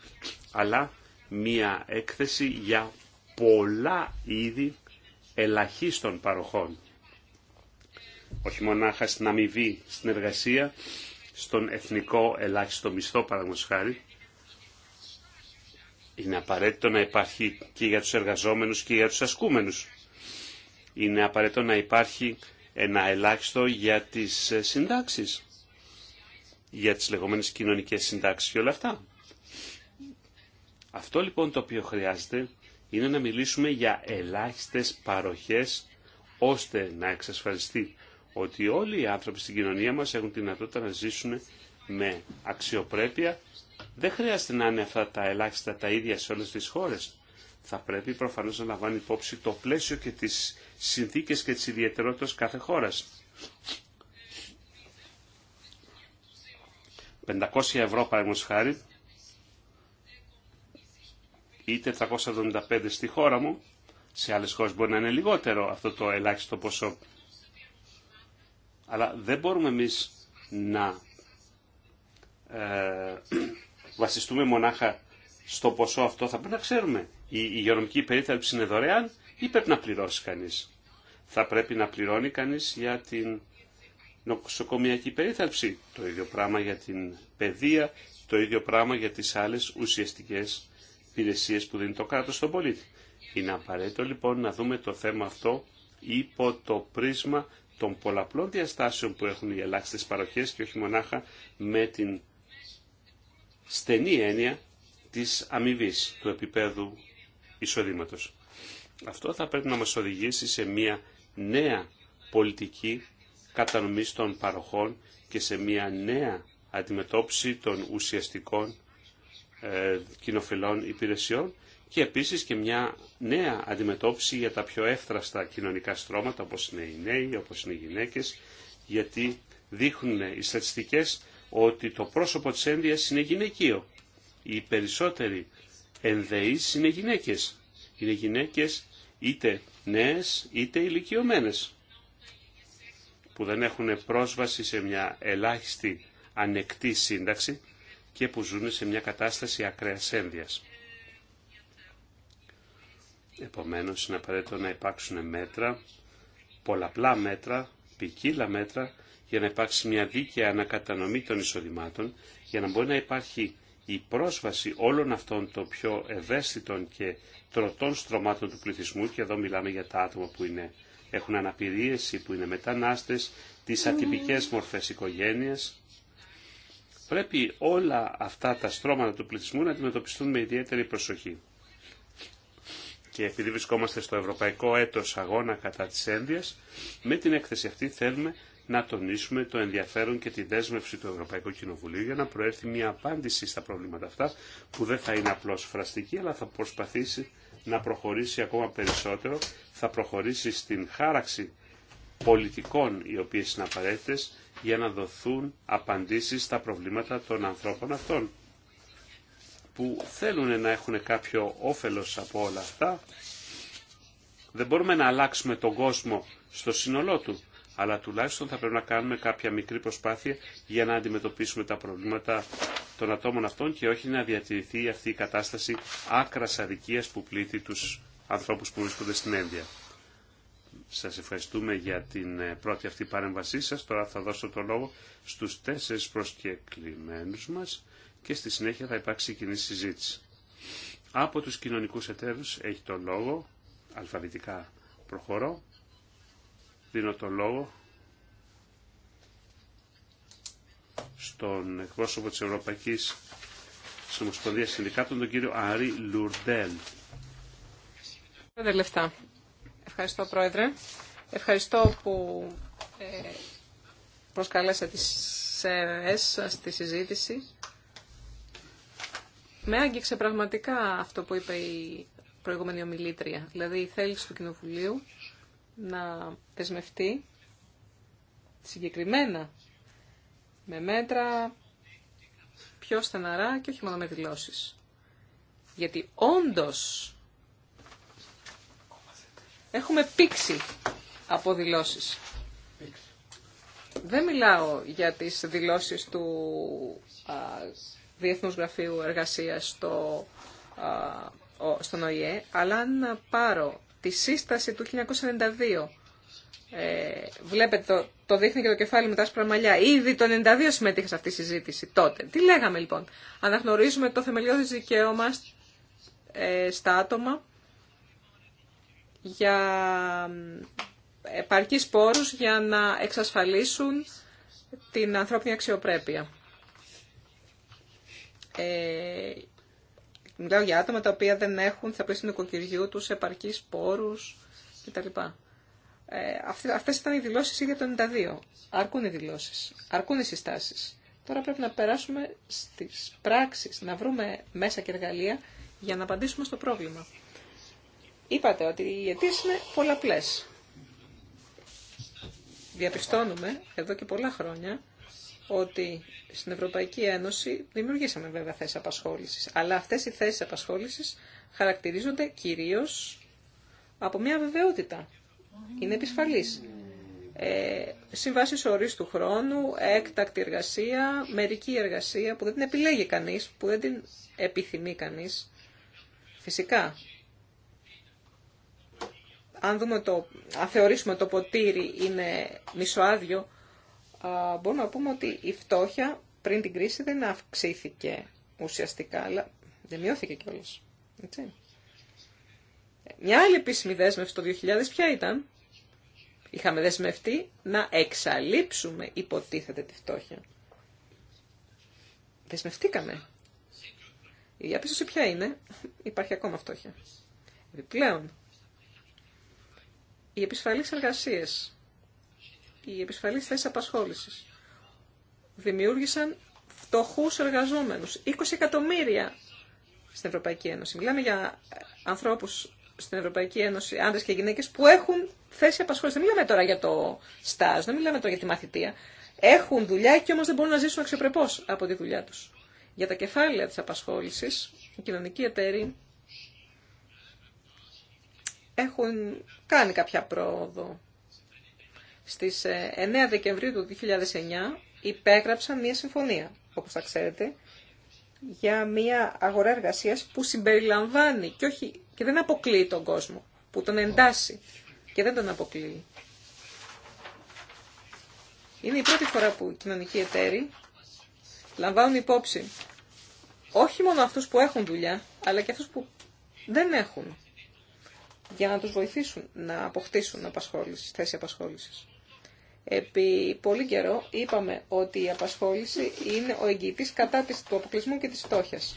C: αλλά μια έκθεση για πολλά είδη ελαχίστων παροχών. Όχι μονάχα στην αμοιβή, στην εργασία, στον εθνικό ελάχιστο μισθό παραδείγματος χάρη. Είναι απαραίτητο να υπάρχει και για τους εργαζόμενους και για τους ασκούμενους είναι απαραίτητο να υπάρχει ένα ελάχιστο για τις συντάξεις, για τις λεγόμενες κοινωνικές συντάξεις και όλα αυτά. Αυτό λοιπόν το οποίο χρειάζεται είναι να μιλήσουμε για ελάχιστες παροχές ώστε να εξασφαλιστεί ότι όλοι οι άνθρωποι στην κοινωνία μας έχουν τη δυνατότητα να ζήσουν με αξιοπρέπεια. Δεν χρειάζεται να είναι αυτά τα ελάχιστα τα ίδια σε όλες τις χώρες θα πρέπει προφανώς να λαμβάνει υπόψη το πλαίσιο και τις συνθήκες και τις ιδιαιτερότητες κάθε χώρας. 500 ευρώ παραδείγματος χάρη ή 475 στη χώρα μου. Σε άλλες χώρες μπορεί να είναι λιγότερο αυτό το ελάχιστο ποσό. Αλλά δεν μπορούμε εμείς να ε, *clears throat* βασιστούμε μονάχα στο ποσό αυτό. Θα πρέπει να ξέρουμε η υγειονομική περίθαλψη είναι δωρεάν ή πρέπει να πληρώσει κανείς. Θα πρέπει να πληρώνει κανείς για την νοσοκομιακή περίθαλψη. Το ίδιο πράγμα για την παιδεία, το ίδιο πράγμα για τις άλλες ουσιαστικές υπηρεσίε που δίνει το κράτος στον πολίτη. Είναι απαραίτητο λοιπόν να δούμε το θέμα αυτό υπό το πρίσμα των πολλαπλών διαστάσεων που έχουν οι ελάχιστες παροχές και όχι μονάχα με την στενή έννοια της αμοιβή του επίπεδου εισοδήματος. Αυτό θα πρέπει να μας οδηγήσει σε μια νέα πολιτική κατανομής των παροχών και σε μια νέα αντιμετώπιση των ουσιαστικών ε, υπηρεσιών και επίσης και μια νέα αντιμετώπιση για τα πιο εύθραστα κοινωνικά στρώματα όπως είναι οι νέοι, όπως είναι οι γυναίκες γιατί δείχνουν οι στατιστικές ότι το πρόσωπο της ένδυας είναι γυναικείο. Οι περισσότεροι ενδεείς είναι γυναίκες. Είναι γυναίκες είτε νέες είτε ηλικιωμένες που δεν έχουν πρόσβαση σε μια ελάχιστη ανεκτή σύνταξη και που ζουν σε μια κατάσταση ακραίας ένδειας. Επομένως, είναι απαραίτητο να υπάρξουν μέτρα, πολλαπλά μέτρα, ποικίλα μέτρα, για να υπάρξει μια δίκαια ανακατανομή των εισοδημάτων, για να μπορεί να υπάρχει η πρόσβαση όλων αυτών των πιο ευαίσθητων και τροτών στρωμάτων του πληθυσμού, και εδώ μιλάμε για τα άτομα που έχουν αναπηρίες που είναι μετανάστες, τις ατυπικές μορφές οικογένειας. Πρέπει όλα αυτά τα στρώματα του πληθυσμού να αντιμετωπιστούν με ιδιαίτερη προσοχή. Και επειδή βρισκόμαστε στο Ευρωπαϊκό Έτος Αγώνα κατά της Ένδυας, με την έκθεση αυτή θέλουμε να τονίσουμε το ενδιαφέρον και τη δέσμευση του Ευρωπαϊκού Κοινοβουλίου για να προέρθει μια απάντηση στα προβλήματα αυτά που δεν θα είναι απλώς φραστική αλλά θα προσπαθήσει να προχωρήσει ακόμα περισσότερο, θα προχωρήσει στην χάραξη πολιτικών οι οποίες είναι απαραίτητε για να δοθούν απαντήσεις στα προβλήματα των ανθρώπων αυτών που θέλουν να έχουν κάποιο όφελος από όλα αυτά. Δεν μπορούμε να αλλάξουμε τον κόσμο στο σύνολό του αλλά τουλάχιστον θα πρέπει να κάνουμε κάποια μικρή προσπάθεια για να αντιμετωπίσουμε τα προβλήματα των ατόμων αυτών και όχι να διατηρηθεί αυτή η κατάσταση άκρα αδικίας που πλήττει τους ανθρώπους που βρίσκονται στην Ένδια. Σας ευχαριστούμε για την ε, πρώτη αυτή παρέμβασή σας. Τώρα θα δώσω το λόγο στους τέσσερις προσκεκλημένους μας και στη συνέχεια θα υπάρξει κοινή συζήτηση. Από τους κοινωνικούς εταίρους έχει το λόγο, αλφαβητικά προχωρώ, δίνω το λόγο στον εκπρόσωπο της Ευρωπαϊκής Συνομοσπονδίας Συνδικάτων, τον κύριο Άρη Λουρντέλ.
B: Ευχαριστώ, Πρόεδρε. Ευχαριστώ που ε, προσκαλέσατε τις ΣΕΡΕΣ στη συζήτηση. Με άγγιξε πραγματικά αυτό που είπε η προηγούμενη ομιλήτρια, δηλαδή η θέληση του Κοινοβουλίου να δεσμευτεί συγκεκριμένα με μέτρα πιο στεναρά και όχι μόνο με δηλώσει. Γιατί όντως έχουμε πήξει από δηλώσει. Δεν μιλάω για τις δηλώσεις του α, Διεθνούς Γραφείου Εργασίας στο, α, στον ΟΗΕ, αλλά αν πάρω τη σύσταση του 1992. Ε, βλέπετε, το, το δείχνει και το κεφάλι με τα άσπρα μαλλιά. Ήδη το 1992 συμμετείχε σε αυτή τη συζήτηση τότε. Τι λέγαμε λοιπόν. Αναγνωρίζουμε το θεμελιώδης δικαίωμα ε, στα άτομα για επαρκείς πόρους για να εξασφαλίσουν την ανθρώπινη αξιοπρέπεια. Ε, Μιλάω για άτομα τα οποία δεν έχουν θα πέσει του νοικοκυριού τους επαρκείς πόρους κτλ. Ε, αυτές ήταν οι δηλώσεις για το 92. Αρκούν οι δηλώσει. αρκούν οι συστάσεις. Τώρα πρέπει να περάσουμε στις πράξεις, να βρούμε μέσα και εργαλεία για να απαντήσουμε στο πρόβλημα. Είπατε ότι οι αιτίε είναι πολλαπλέ. Διαπιστώνουμε εδώ και πολλά χρόνια ότι στην Ευρωπαϊκή Ένωση δημιουργήσαμε βέβαια θέσεις απασχόλησης, αλλά αυτές οι θέσεις απασχόλησης χαρακτηρίζονται κυρίως από μια βεβαιότητα. Είναι επισφαλής. Ε, ορίστου χρόνου, έκτακτη εργασία, μερική εργασία που δεν την επιλέγει κανείς, που δεν την επιθυμεί κανείς. Φυσικά, αν, δούμε το, αν θεωρήσουμε το ποτήρι είναι μισοάδιο, μπορούμε να πούμε ότι η φτώχεια πριν την κρίση δεν αυξήθηκε ουσιαστικά, αλλά δεν μειώθηκε κιόλας. Μια άλλη επίσημη δέσμευση το 2000 ποια ήταν. Είχαμε δεσμευτεί να εξαλείψουμε υποτίθεται τη φτώχεια. Δεσμευτήκαμε. Η διαπίστωση ποια είναι. Υπάρχει ακόμα φτώχεια. Επιπλέον, οι επισφαλείς εργασίες οι επισφαλείς θέσεις απασχόλησης. Δημιούργησαν φτωχούς εργαζόμενους. 20 εκατομμύρια στην Ευρωπαϊκή Ένωση. Μιλάμε για ανθρώπους στην Ευρωπαϊκή Ένωση, άντρε και γυναίκε, που έχουν θέση απασχόληση. Δεν μιλάμε τώρα για το στάζ, δεν μιλάμε τώρα για τη μαθητεία. Έχουν δουλειά και όμω δεν μπορούν να ζήσουν αξιοπρεπώ από τη δουλειά του. Για τα κεφάλαια τη απασχόληση, οι κοινωνικοί εταίροι έχουν κάνει κάποια πρόοδο στις 9 ε, Δεκεμβρίου του 2009 υπέγραψαν μια συμφωνία, όπως θα ξέρετε, για μια αγορά εργασίας που συμπεριλαμβάνει και, όχι, και δεν αποκλείει τον κόσμο, που τον εντάσσει και δεν τον αποκλείει. Είναι η πρώτη φορά που οι κοινωνικοί εταίροι λαμβάνουν υπόψη όχι μόνο αυτούς που έχουν δουλειά, αλλά και αυτούς που δεν έχουν, για να τους βοηθήσουν να αποκτήσουν θέση απασχόλησης. Επί πολύ καιρό είπαμε ότι η απασχόληση είναι ο εγγυητής κατά της του αποκλεισμού και της φτώχειας.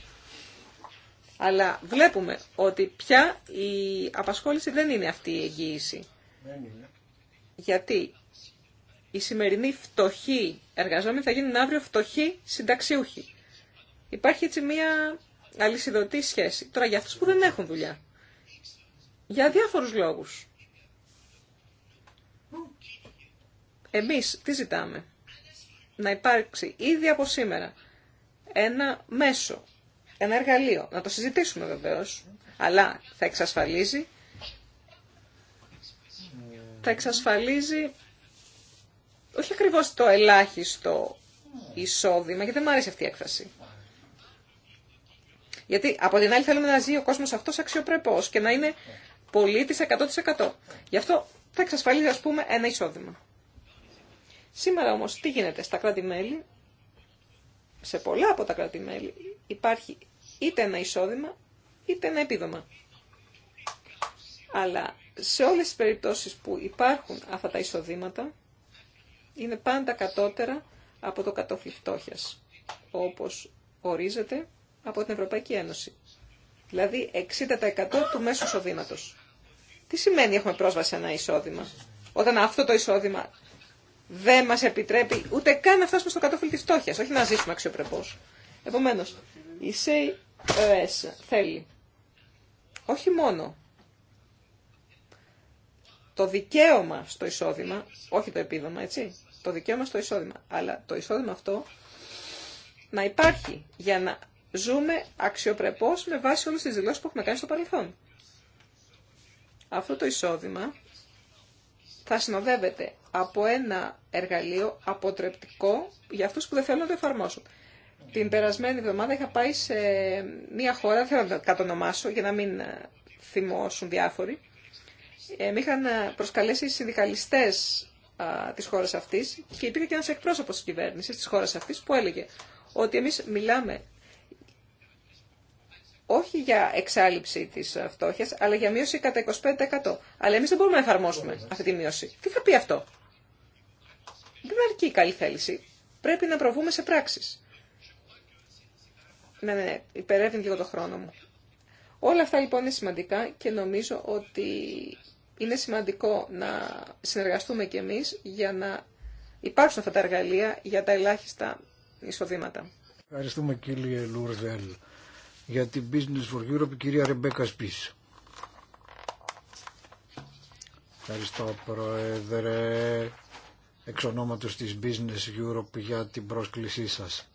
B: Αλλά βλέπουμε ότι πια η απασχόληση δεν είναι αυτή η εγγύηση. Γιατί η σημερινοί φτωχοί εργαζόμενοι θα γίνουν αύριο φτωχοί συνταξιούχοι. Υπάρχει έτσι μία αλυσιδωτή σχέση. Τώρα για αυτούς που δεν έχουν δουλειά. Για διάφορους λόγους. Εμείς τι ζητάμε. Να υπάρξει ήδη από σήμερα ένα μέσο, ένα εργαλείο. Να το συζητήσουμε βεβαίως, αλλά θα εξασφαλίζει θα εξασφαλίζει όχι ακριβώς το ελάχιστο εισόδημα, γιατί δεν μου αρέσει αυτή η έκφραση. Γιατί από την άλλη θέλουμε να ζει ο κόσμος αυτός αξιοπρεπώς και να είναι πολίτης 100%. Γι' αυτό θα εξασφαλίζει ας πούμε ένα εισόδημα. Σήμερα όμως τι γίνεται στα κράτη-μέλη, σε πολλά από τα κράτη-μέλη υπάρχει είτε ένα εισόδημα είτε ένα επίδομα. Αλλά σε όλες τις περιπτώσεις που υπάρχουν αυτά τα εισοδήματα είναι πάντα κατώτερα από το κατόφλι φτώχειας, όπως ορίζεται από την Ευρωπαϊκή Ένωση. Δηλαδή 60% του μέσου εισοδήματος. Τι σημαίνει έχουμε πρόσβαση σε ένα εισόδημα, όταν αυτό το εισόδημα δεν μας επιτρέπει ούτε καν να φτάσουμε στο κατόφυλλο τη φτώχεια. όχι να ζήσουμε αξιοπρεπώς. Επομένως, η ΣΕΙΕΣ θέλει όχι μόνο το δικαίωμα στο εισόδημα, όχι το επίδομα, έτσι, το δικαίωμα στο εισόδημα, αλλά το εισόδημα αυτό να υπάρχει για να ζούμε αξιοπρεπώς με βάση όλες τις δηλώσεις που έχουμε κάνει στο παρελθόν. Αυτό το εισόδημα θα συνοδεύεται από ένα εργαλείο αποτρεπτικό για αυτούς που δεν θέλουν να το εφαρμόσουν. Την περασμένη εβδομάδα είχα πάει σε μια χώρα, δεν θέλω να το κατονομάσω για να μην ε, θυμώσουν διάφοροι. Ε, με είχαν ε, προσκαλέσει συνδικαλιστές α, της χώρας αυτής και υπήρχε και ένας εκπρόσωπος της κυβέρνησης της χώρας αυτής που έλεγε ότι εμείς μιλάμε όχι για εξάλληψη τη φτώχεια, αλλά για μείωση κατά 25%. Αλλά εμείς δεν μπορούμε να εφαρμόσουμε αυτή τη μείωση. Τι θα πει αυτό. Δεν αρκεί η καλή θέληση. Πρέπει να προβούμε σε πράξεις. Ναι, ναι, ναι υπερεύει λίγο το χρόνο μου. Όλα αυτά λοιπόν είναι σημαντικά και νομίζω ότι είναι σημαντικό να συνεργαστούμε κι εμείς για να υπάρξουν αυτά τα εργαλεία για τα ελάχιστα εισοδήματα.
A: Ευχαριστούμε κύριε Λουρδέλ για την Business for Europe, κυρία Ρεμπέκα Σπίς. Ευχαριστώ Πρόεδρε εξ ονόματος της Business Europe για την πρόσκλησή σας.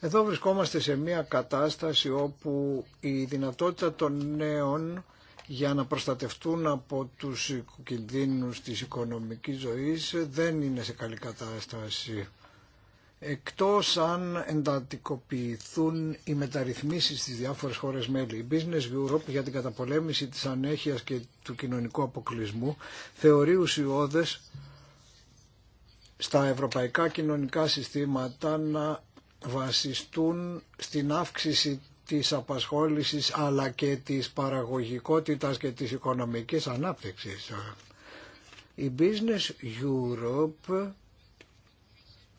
A: Εδώ βρισκόμαστε σε μια κατάσταση όπου η δυνατότητα των νέων για να προστατευτούν από τους κινδύνους της οικονομικής ζωής δεν είναι σε καλή κατάσταση εκτός αν εντατικοποιηθούν οι μεταρρυθμίσεις στις διάφορες χώρες μέλη. Η Business Europe για την καταπολέμηση της ανέχειας και του κοινωνικού αποκλεισμού θεωρεί ουσιώδες στα ευρωπαϊκά κοινωνικά συστήματα να βασιστούν στην αύξηση της απασχόλησης αλλά και της παραγωγικότητας και της οικονομικής ανάπτυξης. Η Business Europe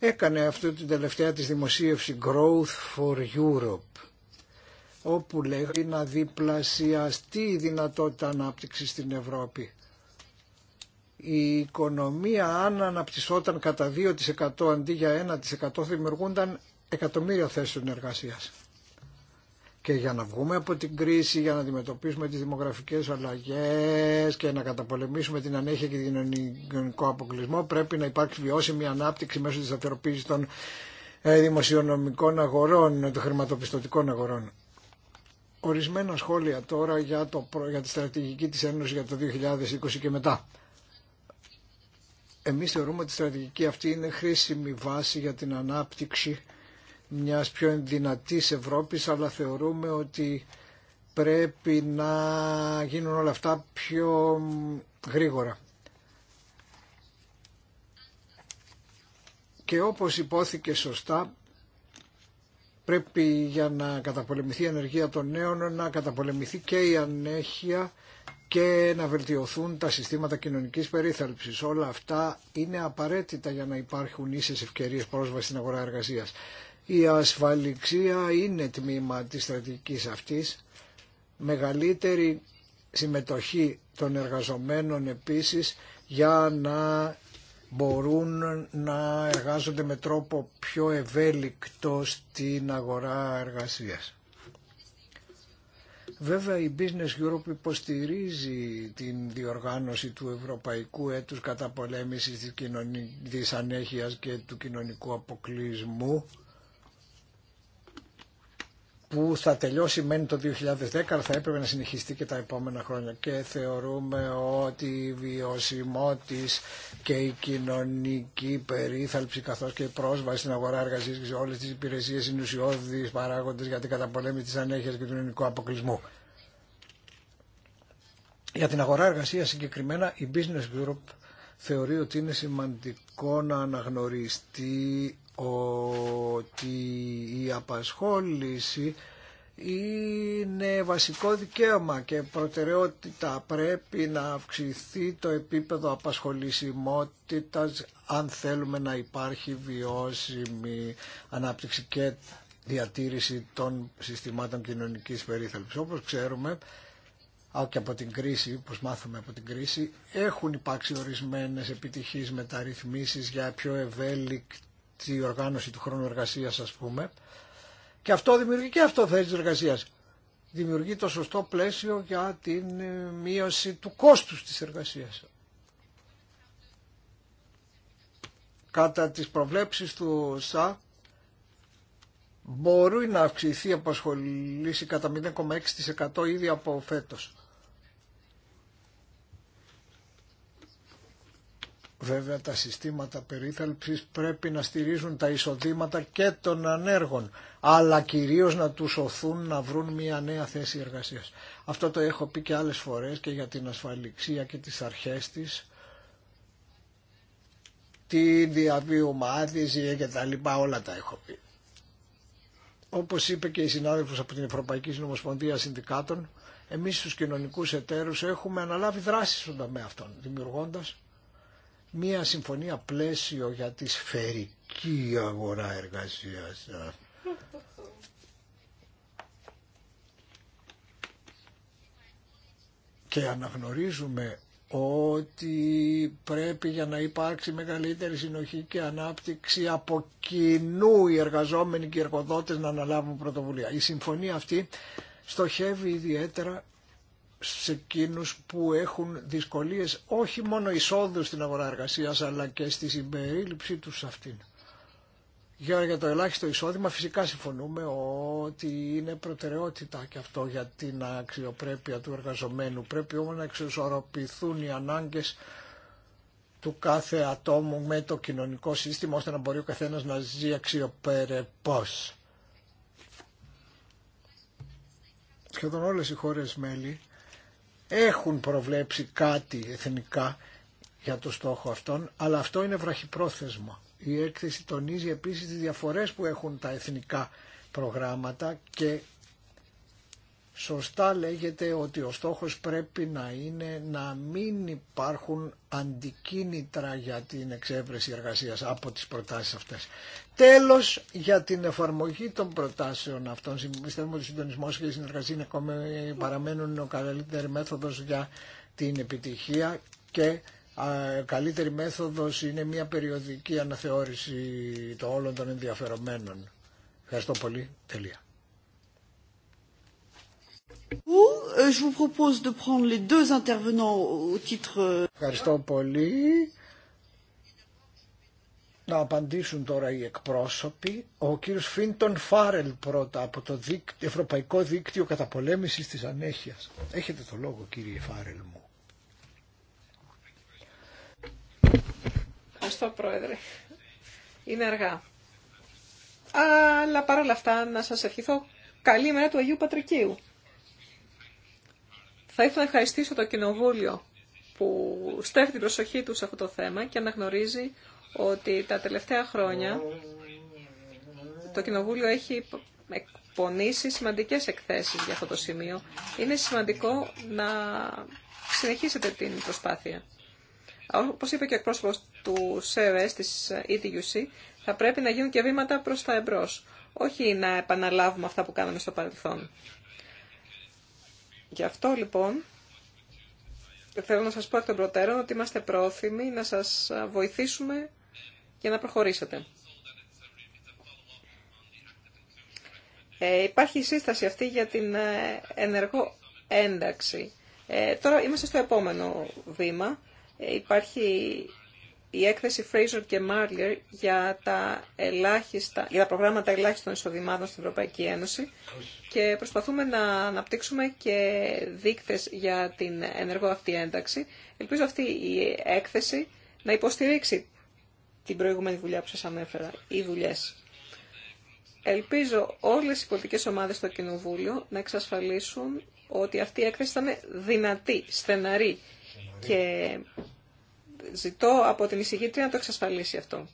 A: έκανε αυτό την τελευταία της δημοσίευση Growth for Europe όπου λέγει να διπλασιαστεί η δυνατότητα ανάπτυξης στην Ευρώπη. Η οικονομία αν αναπτυσσόταν κατά 2% αντί για 1% δημιουργούνταν εκατομμύρια θέσεων εργασίας. Και για να βγούμε από την κρίση, για να αντιμετωπίσουμε τις δημογραφικές αλλαγές και να καταπολεμήσουμε την ανέχεια και την κοινωνικό αποκλεισμό πρέπει να υπάρξει βιώσιμη ανάπτυξη μέσω της σταθεροποίησης των ε, δημοσιονομικών αγορών, των χρηματοπιστωτικών αγορών. Ορισμένα σχόλια τώρα για, το, για τη στρατηγική της Ένωσης για το 2020 και μετά. Εμείς θεωρούμε ότι η στρατηγική αυτή είναι χρήσιμη βάση για την ανάπτυξη μιας πιο δυνατής Ευρώπης, αλλά θεωρούμε ότι πρέπει να γίνουν όλα αυτά πιο γρήγορα. Και όπως υπόθηκε σωστά, πρέπει για να καταπολεμηθεί η ενεργεία των νέων να καταπολεμηθεί και η ανέχεια και να βελτιωθούν τα συστήματα κοινωνικής περίθαλψης. Όλα αυτά είναι απαραίτητα για να υπάρχουν ίσες ευκαιρίες πρόσβαση στην αγορά εργασίας. Η ασφαλιξία είναι τμήμα της στρατηγικής αυτής. Μεγαλύτερη συμμετοχή των εργαζομένων επίσης για να μπορούν να εργάζονται με τρόπο πιο ευέλικτο στην αγορά εργασίας. Βέβαια η Business Europe υποστηρίζει την διοργάνωση του Ευρωπαϊκού Έτους Καταπολέμησης της, της Ανέχειας και του Κοινωνικού Αποκλεισμού που θα τελειώσει μένει το 2010 αλλά θα έπρεπε να συνεχιστεί και τα επόμενα χρόνια και θεωρούμε ότι η βιωσιμότης και η κοινωνική περίθαλψη καθώς και η πρόσβαση στην αγορά εργασίας και σε όλες τις υπηρεσίες είναι ουσιώδης παράγοντες για την καταπολέμηση της ανέχειας και του ελληνικού αποκλεισμού. Για την αγορά εργασίας συγκεκριμένα η Business Group θεωρεί ότι είναι σημαντικό να αναγνωριστεί ότι η απασχόληση είναι βασικό δικαίωμα και προτεραιότητα πρέπει να αυξηθεί το επίπεδο απασχολησιμότητας αν θέλουμε να υπάρχει βιώσιμη ανάπτυξη και διατήρηση των συστημάτων κοινωνικής περίθαλψης. Όπως ξέρουμε και από την κρίση, όπως μάθαμε από την κρίση, έχουν υπάρξει ορισμένες επιτυχείς μεταρρυθμίσεις για πιο ευέλικτη τη οργάνωση του χρόνου εργασίας α πούμε και αυτό δημιουργεί και αυτό θέσει εργασίας. Δημιουργεί το σωστό πλαίσιο για την ε, μείωση του κόστου της εργασίας. Κατά τις προβλέψεις του ΣΑ μπορεί να αυξηθεί η απασχολήση κατά 0,6% ήδη από φέτος. Βέβαια τα συστήματα περίθαλψης πρέπει να στηρίζουν τα εισοδήματα και των ανέργων, αλλά κυρίως να τους σωθούν να βρουν μια νέα θέση εργασίας. Αυτό το έχω πει και άλλες φορές και για την ασφαλιξία και τις αρχές της, τη διαβίωμα μάθηση και τα λοιπά, όλα τα έχω πει. Όπως είπε και η συνάδελφος από την Ευρωπαϊκή Συνομοσπονδία Συνδικάτων, εμείς στους κοινωνικούς εταίρους έχουμε αναλάβει δράσεις στον τομέα αυτών, δημιουργώντας μία συμφωνία πλαίσιο για τη σφαιρική αγορά εργασίας. Και αναγνωρίζουμε ότι πρέπει για να υπάρξει μεγαλύτερη συνοχή και ανάπτυξη από κοινού οι εργαζόμενοι και οι εργοδότες να αναλάβουν πρωτοβουλία. Η συμφωνία αυτή στοχεύει ιδιαίτερα σε εκείνου που έχουν δυσκολίες όχι μόνο εισόδου στην αγορά εργασίας αλλά και στη συμπερίληψή τους σε αυτήν. Για το ελάχιστο εισόδημα φυσικά συμφωνούμε ότι είναι προτεραιότητα και αυτό για την αξιοπρέπεια του εργαζομένου. Πρέπει όμως να εξισορροπηθούν οι ανάγκες του κάθε ατόμου με το κοινωνικό σύστημα ώστε να μπορεί ο καθένας να ζει αξιοπερεπώς. Σχεδόν όλες οι χώρες μέλη έχουν προβλέψει κάτι εθνικά για το στόχο αυτόν, αλλά αυτό είναι βραχυπρόθεσμο. Η έκθεση τονίζει επίσης τις διαφορές που έχουν τα εθνικά προγράμματα και Σωστά λέγεται ότι ο στόχος πρέπει να είναι να μην υπάρχουν αντικίνητρα για την εξέβρεση εργασίας από τις προτάσεις αυτές. Τέλος, για την εφαρμογή των προτάσεων αυτών, πιστεύουμε ότι ο συντονισμός και η συνεργασία είναι παραμένουν ο καλύτερη μέθοδος για την επιτυχία και καλύτερη μέθοδος είναι μια περιοδική αναθεώρηση των όλων των ενδιαφερομένων. Ευχαριστώ πολύ. Τελεία. Ευχαριστώ πολύ. Να απαντήσουν τώρα οι εκπρόσωποι. Ο κύριος Φίντον Φάρελ πρώτα από το Ευρωπαϊκό Δίκτυο Καταπολέμησης της Ανέχειας. Έχετε το λόγο κύριε Φάρελ μου.
B: Ευχαριστώ πρόεδρε. Είναι αργά. Αλλά παρόλα αυτά να σας ευχηθώ καλή μέρα του Αγίου Πατρικίου. Θα ήθελα να ευχαριστήσω το Κοινοβούλιο που στέφει την προσοχή του σε αυτό το θέμα και αναγνωρίζει ότι τα τελευταία χρόνια το Κοινοβούλιο έχει εκπονήσει σημαντικές εκθέσεις για αυτό το σημείο. Είναι σημαντικό να συνεχίσετε την προσπάθεια. Όπως είπε και ο εκπρόσωπος του ΣΕΡΕΣ της ETUC, θα πρέπει να γίνουν και βήματα προς τα εμπρός. Όχι να επαναλάβουμε αυτά που κάναμε στο παρελθόν. Γι' αυτό λοιπόν θέλω να σας πω από των προτέρων ότι είμαστε πρόθυμοι να σας βοηθήσουμε για να προχωρήσετε. Ε, υπάρχει η σύσταση αυτή για την ε, ενεργό ένταξη. Ε, τώρα είμαστε στο επόμενο βήμα. Ε, υπάρχει η έκθεση Fraser και Marlier για τα, ελάχιστα, για τα προγράμματα ελάχιστων εισοδημάτων στην Ευρωπαϊκή Ένωση και προσπαθούμε να αναπτύξουμε και δείκτες για την ενεργό αυτή ένταξη. Ελπίζω αυτή η έκθεση να υποστηρίξει την προηγούμενη δουλειά που σας ανέφερα, οι δουλειές. Ελπίζω όλες οι πολιτικές ομάδες στο Κοινοβούλιο να εξασφαλίσουν ότι αυτή η έκθεση θα δυνατή, στεναρή και ζητώ από την εισηγήτρια να το εξασφαλίσει αυτό.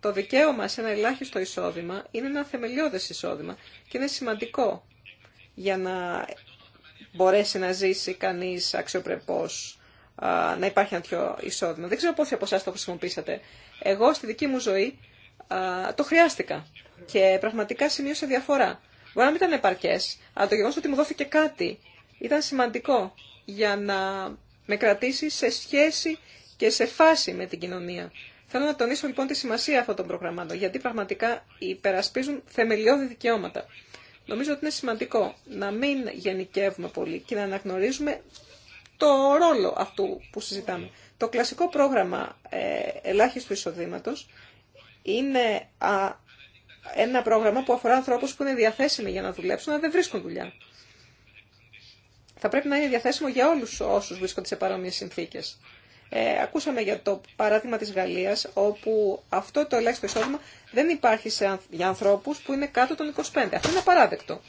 B: Το δικαίωμα σε ένα ελάχιστο εισόδημα είναι ένα θεμελιώδες εισόδημα και είναι σημαντικό για να μπορέσει να ζήσει κανείς αξιοπρεπώς, να υπάρχει ένα τέτοιο εισόδημα. Δεν ξέρω πόσοι από εσά το χρησιμοποίησατε. Εγώ στη δική μου ζωή το χρειάστηκα και πραγματικά σημείωσε διαφορά. Μπορεί να μην ήταν επαρκές, αλλά το γεγονός ότι μου δόθηκε κάτι ήταν σημαντικό για να με κρατήσει σε σχέση και σε φάση με την κοινωνία. Θέλω να τονίσω λοιπόν τη σημασία αυτών των προγραμμάτων, γιατί πραγματικά υπερασπίζουν θεμελιώδη δικαιώματα. Νομίζω ότι είναι σημαντικό να μην γενικεύουμε πολύ και να αναγνωρίζουμε το ρόλο αυτού που συζητάμε. Το κλασικό πρόγραμμα ε, ελάχιστου εισοδήματο είναι ένα πρόγραμμα που αφορά ανθρώπου που είναι διαθέσιμοι για να δουλέψουν, αλλά δεν βρίσκουν δουλειά. Θα πρέπει να είναι διαθέσιμο για όλους όσους βρίσκονται σε παρόμοιε συνθήκες. Ε, ακούσαμε για το παράδειγμα της Γαλλίας, όπου αυτό το ελάχιστο εισόδημα δεν υπάρχει σε, για ανθρώπους που είναι κάτω των 25. Αυτό είναι απαράδεκτο.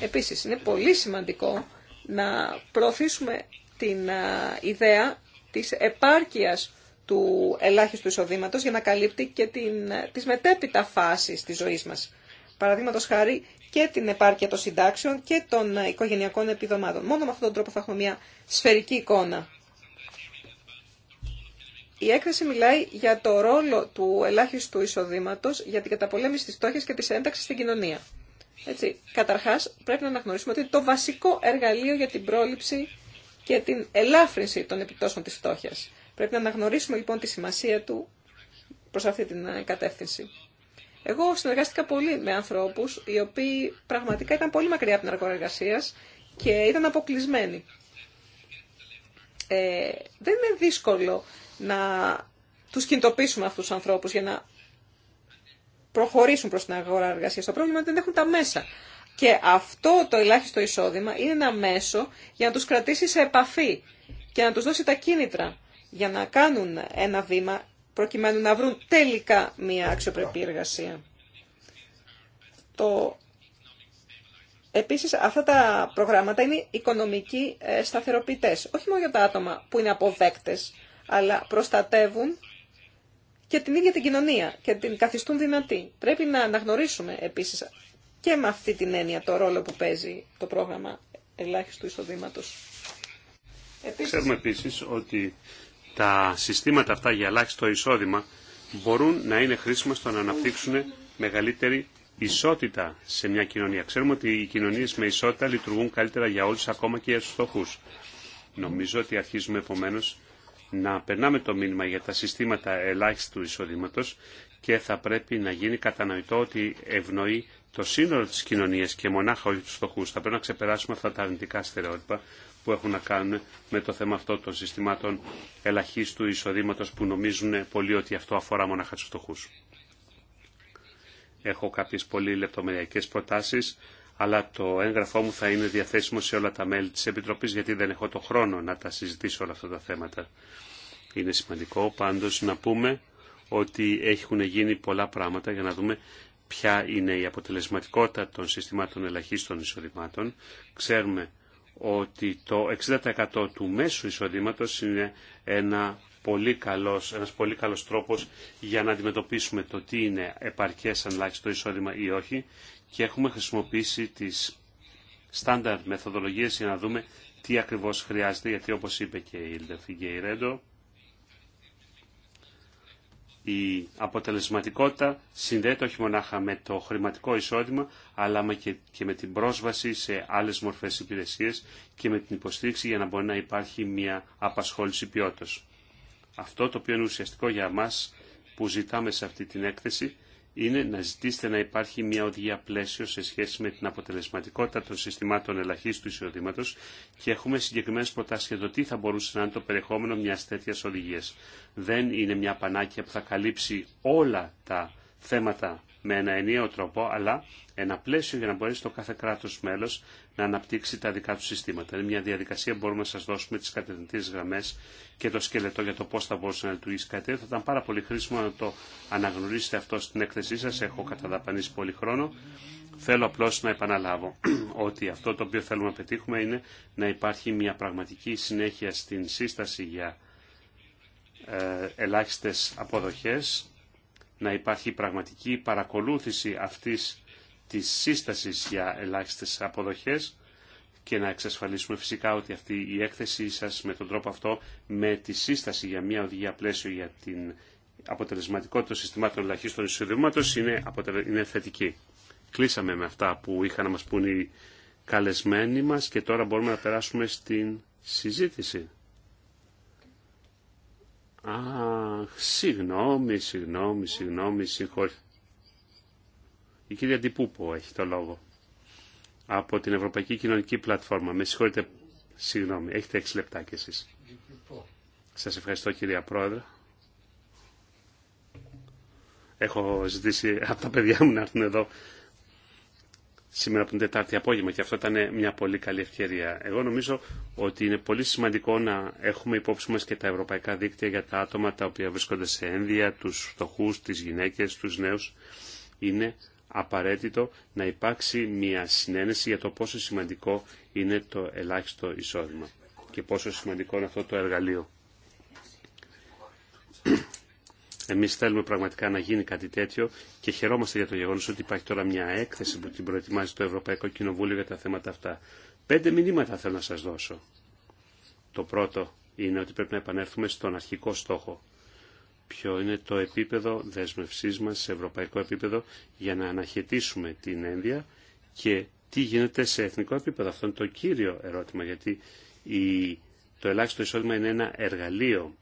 B: Επίσης, είναι πολύ σημαντικό να προωθήσουμε την ιδέα της επάρκειας του ελάχιστου εισοδήματος για να καλύπτει και την, τις μετέπειτα φάσεις της ζωής μας. Παραδείγματος χάρη και την επάρκεια των συντάξεων και των οικογενειακών επιδομάτων. Μόνο με αυτόν τον τρόπο θα έχουμε μια σφαιρική εικόνα η έκθεση μιλάει για το ρόλο του ελάχιστου εισοδήματο για την καταπολέμηση τη φτώχεια και τη ένταξη στην κοινωνία. Έτσι, καταρχάς, πρέπει να αναγνωρίσουμε ότι είναι το βασικό εργαλείο για την πρόληψη και την ελάφρυνση των επιπτώσεων της φτώχειας. Πρέπει να αναγνωρίσουμε λοιπόν τη σημασία του προς αυτή την ε, κατεύθυνση. Εγώ συνεργάστηκα πολύ με ανθρώπους οι οποίοι πραγματικά ήταν πολύ μακριά από την εργασία και ήταν αποκλεισμένοι. Ε, δεν είναι δύσκολο να τους κινητοποιήσουμε αυτούς τους ανθρώπους για να προχωρήσουν προς την αγορά εργασίας. Το πρόβλημα είναι ότι δεν έχουν τα μέσα. Και αυτό το ελάχιστο εισόδημα είναι ένα μέσο για να τους κρατήσει σε επαφή και να τους δώσει τα κίνητρα για να κάνουν ένα βήμα προκειμένου να βρουν τελικά μια αξιοπρεπή εργασία. Το... Επίσης, αυτά τα προγράμματα είναι οικονομικοί ε, σταθεροποιητές, όχι μόνο για τα άτομα που είναι αποδέκτες αλλά προστατεύουν και την ίδια την κοινωνία και την καθιστούν δυνατή. Πρέπει να αναγνωρίσουμε επίσης και με αυτή την έννοια το ρόλο που παίζει το πρόγραμμα ελάχιστου εισοδήματος.
C: Επίσης... Ξέρουμε επίσης ότι τα συστήματα αυτά για ελάχιστο εισόδημα μπορούν να είναι χρήσιμα στο να αναπτύξουν μεγαλύτερη ισότητα σε μια κοινωνία. Ξέρουμε ότι οι κοινωνίες με ισότητα λειτουργούν καλύτερα για όλους ακόμα και για τους φτωχούς. Νομίζω ότι αρχίζουμε επομένως να περνάμε το μήνυμα για τα συστήματα ελάχιστου εισοδήματος και θα πρέπει να γίνει κατανοητό ότι ευνοεί το σύνολο της κοινωνίας και μονάχα όχι τους φτωχούς. Θα πρέπει να ξεπεράσουμε αυτά τα αρνητικά στερεότυπα που έχουν να κάνουν με το θέμα αυτό των συστημάτων ελαχίστου εισοδήματος που νομίζουν πολύ ότι αυτό αφορά μονάχα τους φτωχούς. Έχω κάποιες πολύ λεπτομεριακές προτάσεις αλλά το έγγραφό μου θα είναι διαθέσιμο σε όλα τα μέλη της Επιτροπής γιατί δεν έχω το χρόνο να τα συζητήσω όλα αυτά τα θέματα. Είναι σημαντικό πάντως να πούμε ότι έχουν γίνει πολλά πράγματα για να δούμε ποια είναι η αποτελεσματικότητα των συστημάτων ελαχίστων εισοδημάτων. Ξέρουμε ότι το 60% του μέσου εισοδήματος είναι ένα πολύ καλός, ένας πολύ καλός τρόπος για να αντιμετωπίσουμε το τι είναι επαρκές αν το εισόδημα ή όχι και έχουμε χρησιμοποιήσει τις στάνταρτ μεθοδολογίες για να δούμε τι ακριβώς χρειάζεται, γιατί όπως είπε και η η Ρέντο, η αποτελεσματικότητα συνδέεται όχι μονάχα με το χρηματικό εισόδημα, αλλά και με την πρόσβαση σε άλλες μορφές υπηρεσίες και με την υποστήριξη για να μπορεί να υπάρχει μια απασχόληση ποιότητας. Αυτό το οποίο είναι ουσιαστικό για μας που ζητάμε σε αυτή την έκθεση είναι να ζητήσετε να υπάρχει μια οδηγία πλαίσιο σε σχέση με την αποτελεσματικότητα των συστημάτων ελαχίστου εισοδήματο και έχουμε συγκεκριμένε προτάσει για το τι θα μπορούσε να είναι το περιεχόμενο μια τέτοια οδηγία. Δεν είναι μια πανάκια που θα καλύψει όλα τα θέματα με ένα ενιαίο τρόπο, αλλά ένα πλαίσιο για να μπορέσει το κάθε κράτος μέλος να αναπτύξει τα δικά του συστήματα. Είναι μια διαδικασία που μπορούμε να σας δώσουμε τις κατευθυντήρες γραμμές και το σκελετό για το πώς θα μπορούσε να λειτουργήσει κάτι. Θα ήταν πάρα πολύ χρήσιμο να το αναγνωρίσετε αυτό στην έκθεσή σας. Έχω καταδαπανίσει πολύ χρόνο. Θέλω απλώς να επαναλάβω *clears throat* ότι αυτό το οποίο θέλουμε να πετύχουμε είναι να υπάρχει μια πραγματική συνέχεια στην σύσταση για ε, ελάχιστες αποδοχές να υπάρχει πραγματική παρακολούθηση αυτής της σύστασης για ελάχιστες αποδοχές και να εξασφαλίσουμε φυσικά ότι αυτή η έκθεσή σας με τον τρόπο αυτό, με τη σύσταση για μια οδηγία πλαίσιο για την αποτελεσματικότητα των συστημάτων ελαχίστων εισοδημάτων είναι, είναι θετική. Κλείσαμε με αυτά που είχαν να μας πούν οι καλεσμένοι μας και τώρα μπορούμε να περάσουμε στην συζήτηση. Α συγγνώμη, συγγνώμη, συγγνώμη, συγχωρείτε. Η κυρία Ντιπούπο έχει το λόγο. Από την Ευρωπαϊκή Κοινωνική Πλατφόρμα. Με συγχωρείτε, συγγνώμη, έχετε έξι λεπτά κι εσείς. Σας ευχαριστώ κυρία Πρόεδρε. Έχω ζητήσει από τα παιδιά μου να έρθουν εδώ σήμερα από την Τετάρτη απόγευμα και αυτό ήταν μια πολύ καλή ευκαιρία. Εγώ νομίζω ότι είναι πολύ σημαντικό να έχουμε υπόψη μας και τα ευρωπαϊκά δίκτυα για τα άτομα τα οποία βρίσκονται σε ένδια, τους φτωχού, τις γυναίκες, τους νέους. Είναι απαραίτητο να υπάρξει μια συνένεση για το πόσο σημαντικό είναι το ελάχιστο εισόδημα και πόσο σημαντικό είναι αυτό το εργαλείο. Εμείς θέλουμε πραγματικά να γίνει κάτι τέτοιο και χαιρόμαστε για το γεγονός ότι υπάρχει τώρα μια έκθεση που την προετοιμάζει το Ευρωπαϊκό Κοινοβούλιο για τα θέματα αυτά. Πέντε μηνύματα θέλω να σας δώσω. Το πρώτο είναι ότι πρέπει να επανέλθουμε στον αρχικό στόχο. Ποιο είναι το επίπεδο δεσμευσή μας σε ευρωπαϊκό επίπεδο για να αναχαιτήσουμε την ένδια και τι γίνεται σε εθνικό επίπεδο. Αυτό είναι το κύριο ερώτημα γιατί η, το ελάχιστο εισόδημα είναι ένα εργαλείο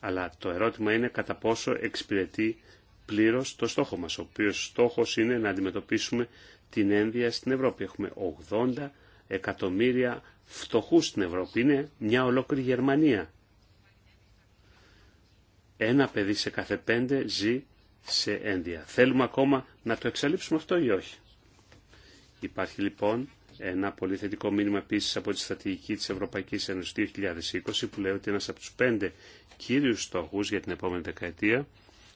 C: αλλά το ερώτημα είναι κατά πόσο εξυπηρετεί πλήρως το στόχο μας, ο οποίος στόχος είναι να αντιμετωπίσουμε την ένδυα στην Ευρώπη. Έχουμε 80 εκατομμύρια φτωχούς στην Ευρώπη. Είναι μια ολόκληρη Γερμανία. Ένα παιδί σε κάθε πέντε ζει σε ένδυα. Θέλουμε ακόμα να το εξαλείψουμε αυτό ή όχι. Υπάρχει λοιπόν ένα πολύ θετικό μήνυμα επίση από τη στρατηγική τη Ευρωπαϊκή Ένωση 2020 που λέει ότι ένα από του πέντε κύριου στόχου για την επόμενη δεκαετία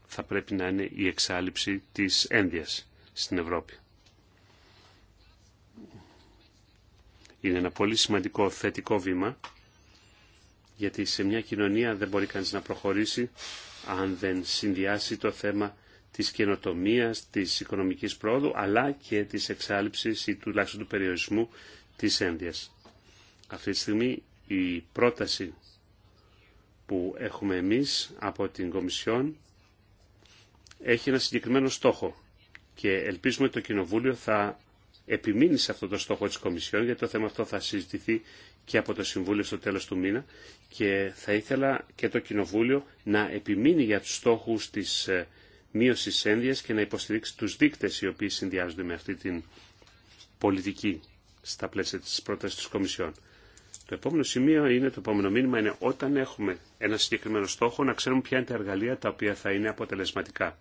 C: θα πρέπει να είναι η εξάλληψη τη ένδυα στην Ευρώπη. Είναι ένα πολύ σημαντικό θετικό βήμα γιατί σε μια κοινωνία δεν μπορεί κανείς να προχωρήσει αν δεν συνδυάσει το θέμα της καινοτομία, της οικονομικής πρόοδου, αλλά και της εξάλληψης ή τουλάχιστον του περιορισμού της ένδυας. Αυτή τη στιγμή η πρόταση που έχουμε εμείς από την Κομισιόν έχει ένα συγκεκριμένο στόχο και ελπίζουμε ότι το Κοινοβούλιο θα επιμείνει σε αυτό το στόχο της Κομισιόν γιατί το θέμα αυτό θα συζητηθεί και από το Συμβούλιο στο τέλος του μήνα και θα ήθελα και το Κοινοβούλιο να επιμείνει για τους στόχους της ε, μείωσης ένδυα και να υποστηρίξει του δείκτε οι οποίοι συνδυάζονται με αυτή την πολιτική στα πλαίσια τη πρότασης τη Κομισιόν. Το επόμενο σημείο είναι, το επόμενο μήνυμα είναι όταν έχουμε ένα συγκεκριμένο στόχο να ξέρουμε ποια είναι τα εργαλεία τα οποία θα είναι αποτελεσματικά.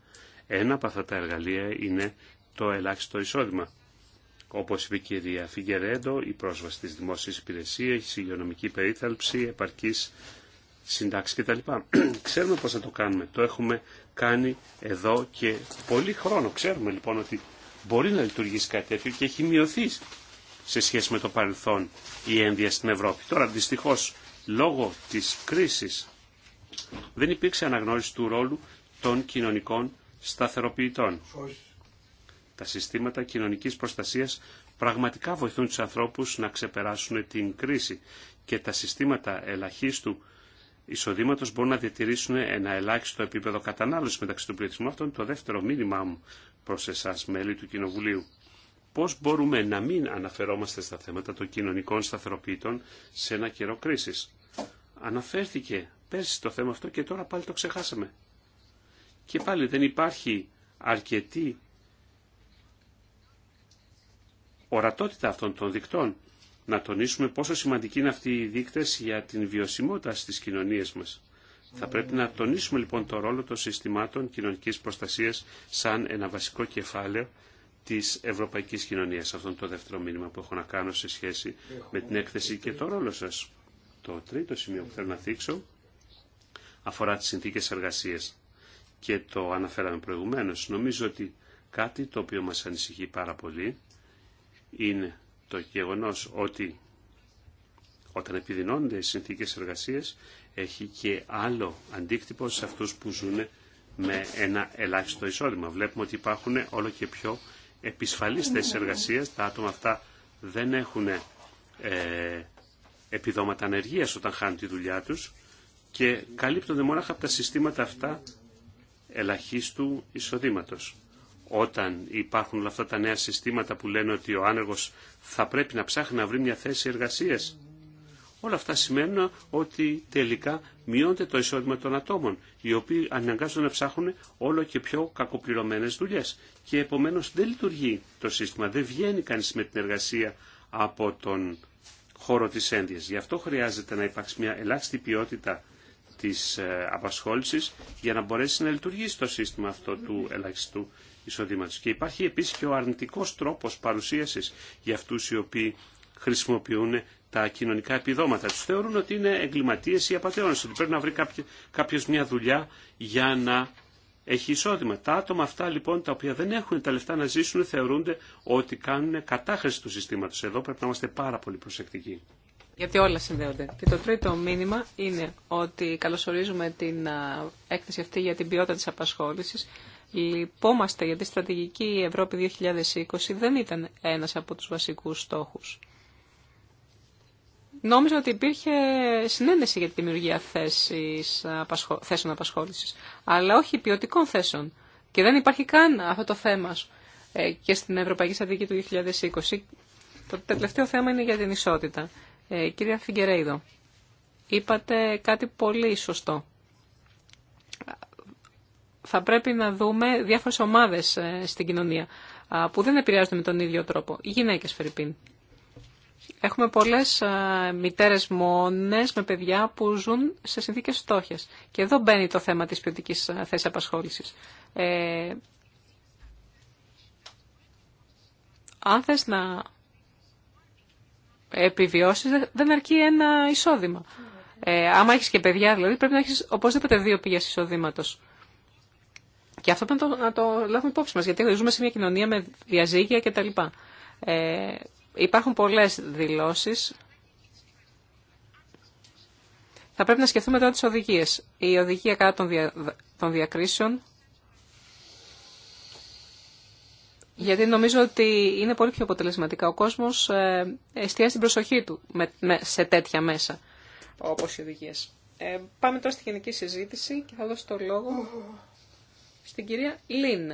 C: Ένα από αυτά τα εργαλεία είναι το ελάχιστο εισόδημα. Όπω είπε η κυρία Φιγκερέντο, η πρόσβαση στι δημόσιε υπηρεσίε, η υγειονομική περίθαλψη, επαρκή συντάξει κτλ. *clears throat* Ξέρουμε πώς να το κάνουμε. Το έχουμε κάνει εδώ και πολύ χρόνο. Ξέρουμε λοιπόν ότι μπορεί να λειτουργήσει κάτι τέτοιο και έχει μειωθεί σε σχέση με το παρελθόν η ένδυα στην Ευρώπη. Τώρα δυστυχώ λόγω της κρίσης δεν υπήρξε αναγνώριση του ρόλου των κοινωνικών σταθεροποιητών. Τα συστήματα κοινωνικής προστασίας πραγματικά βοηθούν τους ανθρώπους να ξεπεράσουν την κρίση και τα συστήματα ελαχίστου εισοδήματο μπορούν να διατηρήσουν ένα ελάχιστο επίπεδο κατανάλωση μεταξύ του πληθυσμού. Αυτό είναι το δεύτερο μήνυμά μου προ εσά, μέλη του Κοινοβουλίου. Πώ μπορούμε να μην αναφερόμαστε στα θέματα των κοινωνικών σταθεροποιητών σε ένα καιρό κρίση. Αναφέρθηκε πέρσι το θέμα αυτό και τώρα πάλι το ξεχάσαμε. Και πάλι δεν υπάρχει αρκετή ορατότητα αυτών των δικτών να τονίσουμε πόσο σημαντικοί είναι αυτοί οι δείκτες για την βιωσιμότητα στις κοινωνίες μας. Θα πρέπει να τονίσουμε λοιπόν το ρόλο των συστημάτων κοινωνικής προστασίας σαν ένα βασικό κεφάλαιο της ευρωπαϊκής κοινωνίας. Αυτό είναι το δεύτερο μήνυμα που έχω να κάνω σε σχέση με την έκθεση και το ρόλο σας. Το τρίτο σημείο που θέλω να θίξω αφορά τις συνθήκες εργασίας και το αναφέραμε προηγουμένως. Νομίζω ότι κάτι το οποίο μας ανησυχεί πάρα πολύ είναι το γεγονός ότι όταν επιδεινώνται οι συνθήκες εργασίας έχει και άλλο αντίκτυπο σε αυτούς που ζουν με ένα ελάχιστο εισόδημα. Βλέπουμε ότι υπάρχουν όλο και πιο επισφαλείς θέσεις Τα άτομα αυτά δεν έχουν ε, επιδόματα ανεργίας όταν χάνουν τη δουλειά τους και καλύπτονται μόνο από τα συστήματα αυτά ελαχίστου εισοδήματος όταν υπάρχουν όλα αυτά τα νέα συστήματα που λένε ότι ο άνεργος θα πρέπει να ψάχνει να βρει μια θέση εργασίας. Όλα αυτά σημαίνουν ότι τελικά μειώνεται το εισόδημα των ατόμων, οι οποίοι αναγκάζονται να ψάχνουν όλο και πιο κακοπληρωμένες δουλειές. Και επομένως δεν λειτουργεί το σύστημα, δεν βγαίνει κανείς με την εργασία από τον χώρο της ένδυας. Γι' αυτό χρειάζεται να υπάρξει μια ελάχιστη ποιότητα της ε, απασχόλησης για να μπορέσει να λειτουργήσει το σύστημα αυτό του ελαχιστού και υπάρχει επίση και ο αρνητικό τρόπο παρουσίαση για αυτού οι οποίοι χρησιμοποιούν τα κοινωνικά επιδόματα. Του θεωρούν ότι είναι εγκληματίες ή απαταιώνε, ότι πρέπει να βρει κάποιο μια δουλειά για να έχει εισόδημα. Τα άτομα αυτά λοιπόν τα οποία δεν έχουν τα λεφτά να ζήσουν θεωρούνται ότι κάνουν κατάχρηση του συστήματο. Εδώ πρέπει να είμαστε πάρα πολύ προσεκτικοί.
B: Γιατί όλα συνδέονται. Και το τρίτο μήνυμα είναι ότι καλωσορίζουμε την έκθεση αυτή για την ποιότητα της απασχόλησης. Λυπόμαστε γιατί η στρατηγική Ευρώπη 2020 δεν ήταν ένας από τους βασικούς στόχους. Νόμιζα ότι υπήρχε συνένεση για τη δημιουργία θέσεων απασχόλησης, αλλά όχι ποιοτικών θέσεων. Και δεν υπάρχει καν αυτό το θέμα ε, και στην Ευρωπαϊκή Στρατηγική του 2020. Το τελευταίο θέμα είναι για την ισότητα. Ε, κυρία Φιγκερέιδο, είπατε κάτι πολύ σωστό θα πρέπει να δούμε διάφορες ομάδες ε, στην κοινωνία που δεν επηρεάζονται με τον ίδιο τρόπο. Οι γυναίκες, Φερρυπίν. Έχουμε πολλέ μητέρες μόνες με παιδιά που ζουν σε συνθήκε φτώχεια. Και εδώ μπαίνει το θέμα της ποιοτική θέση απασχόλησης. Ε, αν θες να επιβιώσεις, δεν αρκεί ένα εισόδημα. Ε, άμα έχεις και παιδιά, δηλαδή, πρέπει να έχεις οπωσδήποτε δύο πηγές εισοδήματος. Και αυτό πρέπει να το, λάβουμε υπόψη μα, γιατί ζούμε σε μια κοινωνία με διαζύγια κτλ. Ε, υπάρχουν πολλέ δηλώσει. Θα πρέπει να σκεφτούμε τώρα τι οδηγίε. Η οδηγία κατά των, διακρίσεων, γιατί νομίζω ότι είναι πολύ πιο αποτελεσματικά. Ο κόσμο ε, εστιάζει την προσοχή του με, σε τέτοια μέσα, όπω οι οδηγίες. Ε, πάμε τώρα στη γενική συζήτηση και θα δώσω το λόγο στην κυρία Λίν.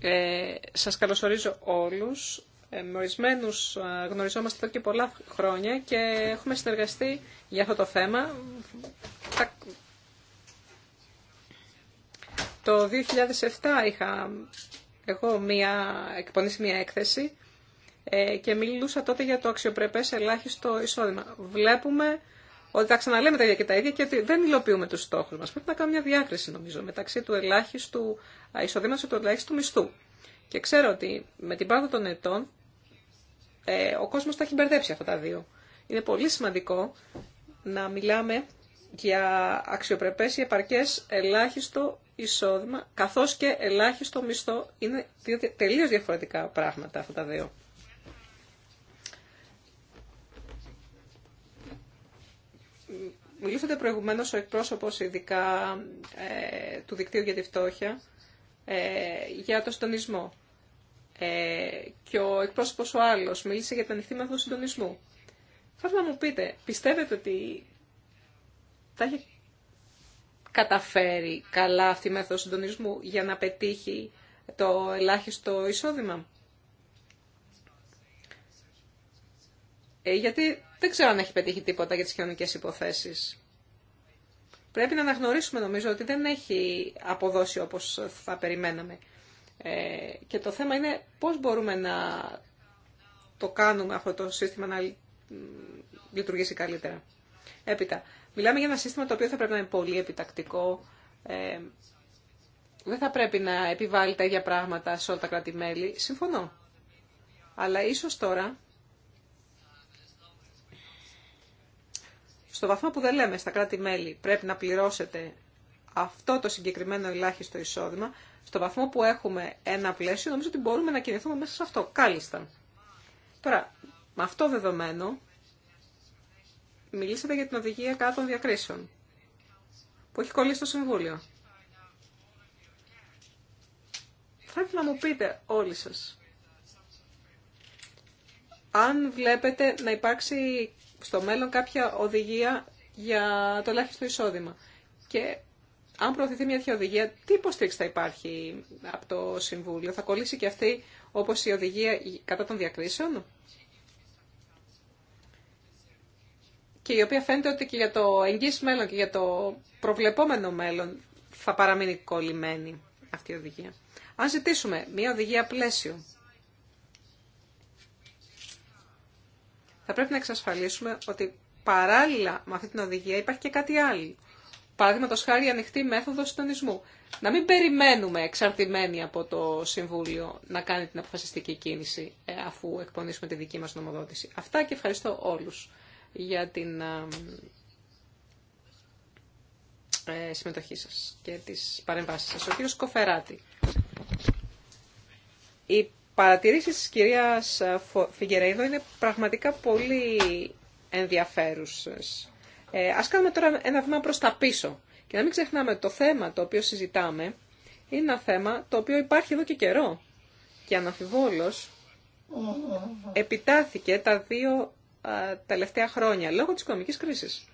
B: Ε, σας καλωσορίζω όλους. Ε, με ε, γνωριζόμαστε εδώ και πολλά χρόνια και έχουμε συνεργαστεί για αυτό το θέμα. Το 2007 είχα εγώ μία, εκπονήσει μία έκθεση ε, και μιλούσα τότε για το αξιοπρεπές ελάχιστο εισόδημα. Βλέπουμε ότι τα ξαναλέμε τα ίδια και τα ίδια και ότι δεν υλοποιούμε του στόχου μα. Πρέπει να κάνουμε μια διάκριση, νομίζω, μεταξύ του ελάχιστου εισοδήματο και του ελάχιστου μισθού. Και ξέρω ότι με την πάροδο των ετών ε, ο κόσμο τα έχει μπερδέψει αυτά τα δύο. Είναι πολύ σημαντικό να μιλάμε για αξιοπρεπές ή επαρκές ελάχιστο εισόδημα, καθώ και ελάχιστο μισθό. Είναι τελείω διαφορετικά πράγματα αυτά τα δύο. μιλήσατε προηγουμένως ο εκπρόσωπος ειδικά ε, του δικτύου για τη φτώχεια ε, για το συντονισμό. Ε, και ο εκπρόσωπος ο άλλος μίλησε για την ανοιχτή μέθοδο συντονισμού. Θα ήθελα να μου πείτε, πιστεύετε ότι θα έχει καταφέρει καλά αυτή η μέθοδο συντονισμού για να πετύχει το ελάχιστο εισόδημα. Ε, γιατί δεν ξέρω αν έχει πετύχει τίποτα για τις κοινωνικές υποθέσεις. Πρέπει να αναγνωρίσουμε νομίζω ότι δεν έχει αποδώσει όπως θα περιμέναμε. Ε, και το θέμα είναι πώς μπορούμε να το κάνουμε αυτό το σύστημα να λειτουργήσει καλύτερα. Έπειτα, μιλάμε για ένα σύστημα το οποίο θα πρέπει να είναι πολύ επιτακτικό. Ε, δεν θα πρέπει να επιβάλλει τα ίδια πράγματα σε όλα τα κράτη-μέλη. Συμφωνώ. Αλλά ίσως τώρα στο βαθμό που δεν λέμε στα κράτη-μέλη πρέπει να πληρώσετε αυτό το συγκεκριμένο ελάχιστο εισόδημα, στο βαθμό που έχουμε ένα πλαίσιο, νομίζω ότι μπορούμε να κινηθούμε μέσα σε αυτό, Κάλιστα. Τώρα, με αυτό δεδομένο, μιλήσατε για την οδηγία κάτω των διακρίσεων, που έχει κολλήσει στο Συμβούλιο. Θα ήθελα να μου πείτε όλοι σας, αν βλέπετε να υπάρξει στο μέλλον κάποια οδηγία για το ελάχιστο εισόδημα. Και αν προωθηθεί μια τέτοια οδηγία, τι υποστήριξη θα υπάρχει από το Συμβούλιο, θα κολλήσει και αυτή όπως η οδηγία κατά των διακρίσεων. Και η οποία φαίνεται ότι και για το εγγύς μέλλον και για το προβλεπόμενο μέλλον θα παραμείνει κολλημένη αυτή η οδηγία. Αν ζητήσουμε μια οδηγία πλαίσιο θα πρέπει να εξασφαλίσουμε ότι παράλληλα με αυτή την οδηγία υπάρχει και κάτι άλλο. Παραδείγματο χάρη η ανοιχτή μέθοδο συντονισμού. Να μην περιμένουμε εξαρτημένοι από το Συμβούλιο να κάνει την αποφασιστική κίνηση ε, αφού εκπονήσουμε τη δική μας νομοδότηση. Αυτά και ευχαριστώ όλους για την ε, ε, συμμετοχή σα και τι παρεμβάσει σα. Ο κύριος Κοφεράτη παρατηρήσεις της κυρίας Φιγκερέιδο είναι πραγματικά πολύ ενδιαφέρουσες. Ε, ας κάνουμε τώρα ένα βήμα προς τα πίσω και να μην ξεχνάμε το θέμα το οποίο συζητάμε είναι ένα θέμα το οποίο υπάρχει εδώ και καιρό και αναφιβόλως επιτάθηκε τα δύο τελευταία χρόνια λόγω της οικονομικής κρίσης.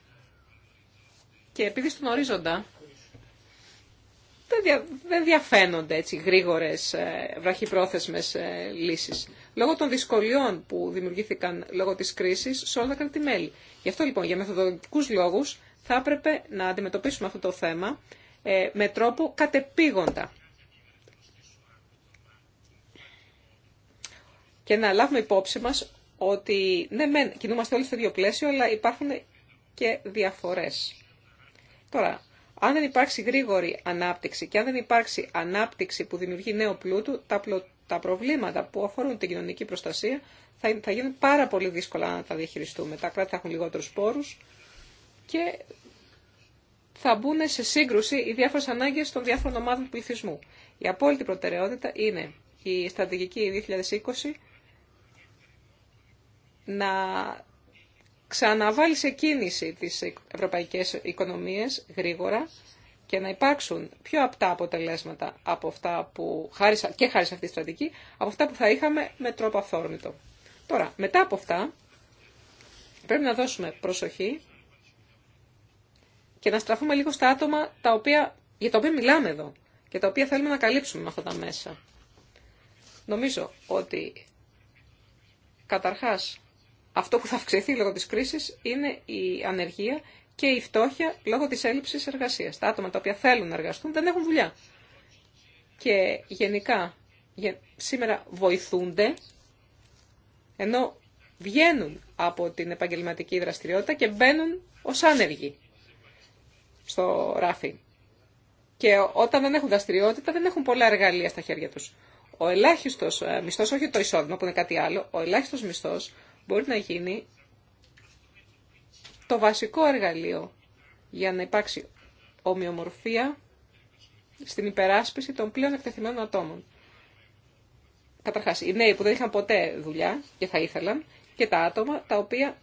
B: Και επειδή στον ορίζοντα δεν διαφαίνονται έτσι γρήγορες ε, βραχυπρόθεσμες ε, λύσεις. Λόγω των δυσκολιών που δημιουργήθηκαν λόγω της κρίσης σε όλα τα κρατημέλη. Γι' αυτό λοιπόν για μεθοδοτικούς λόγους θα έπρεπε να αντιμετωπίσουμε αυτό το θέμα ε, με τρόπο κατεπήγοντα. Και να λάβουμε υπόψη μας ότι ναι μεν κινούμαστε όλοι στο ίδιο πλαίσιο αλλά υπάρχουν και διαφορές. Τώρα, αν δεν υπάρξει γρήγορη ανάπτυξη και αν δεν υπάρξει ανάπτυξη που δημιουργεί νέο πλούτο, τα προβλήματα που αφορούν την κοινωνική προστασία θα γίνουν πάρα πολύ δύσκολα να τα διαχειριστούμε. Τα κράτη θα έχουν λιγότερους πόρους και θα μπουν σε σύγκρουση οι διάφορε ανάγκε των διάφορων ομάδων πληθυσμού. Η απόλυτη προτεραιότητα είναι η στρατηγική 2020 να ξαναβάλει σε κίνηση τις ευρωπαϊκές οικονομίες γρήγορα και να υπάρξουν πιο απτά αποτελέσματα από αυτά που, χάρη, και χάρη σε αυτή τη στρατική από αυτά που θα είχαμε με τρόπο αυθόρμητο. Τώρα, μετά από αυτά, πρέπει να δώσουμε προσοχή και να στραφούμε λίγο στα άτομα τα οποία, για τα οποία μιλάμε εδώ και τα οποία θέλουμε να καλύψουμε με αυτά τα μέσα. Νομίζω ότι καταρχάς αυτό που θα αυξηθεί λόγω της κρίσης είναι η ανεργία και η φτώχεια λόγω της έλλειψης εργασίας. Τα άτομα τα οποία θέλουν να εργαστούν δεν έχουν δουλειά. Και γενικά σήμερα βοηθούνται ενώ βγαίνουν από την επαγγελματική δραστηριότητα και μπαίνουν ως άνεργοι στο ράφι. Και όταν δεν έχουν δραστηριότητα δεν έχουν πολλά εργαλεία στα χέρια τους. Ο ελάχιστος ε, μισθός, όχι το εισόδημα που είναι κάτι άλλο, ο ελάχιστος μισθός μπορεί να γίνει το βασικό εργαλείο για να υπάρξει ομοιομορφία στην υπεράσπιση των πλέον εκτεθειμένων ατόμων. Καταρχά, οι νέοι που δεν είχαν ποτέ δουλειά και θα ήθελαν και τα άτομα τα οποία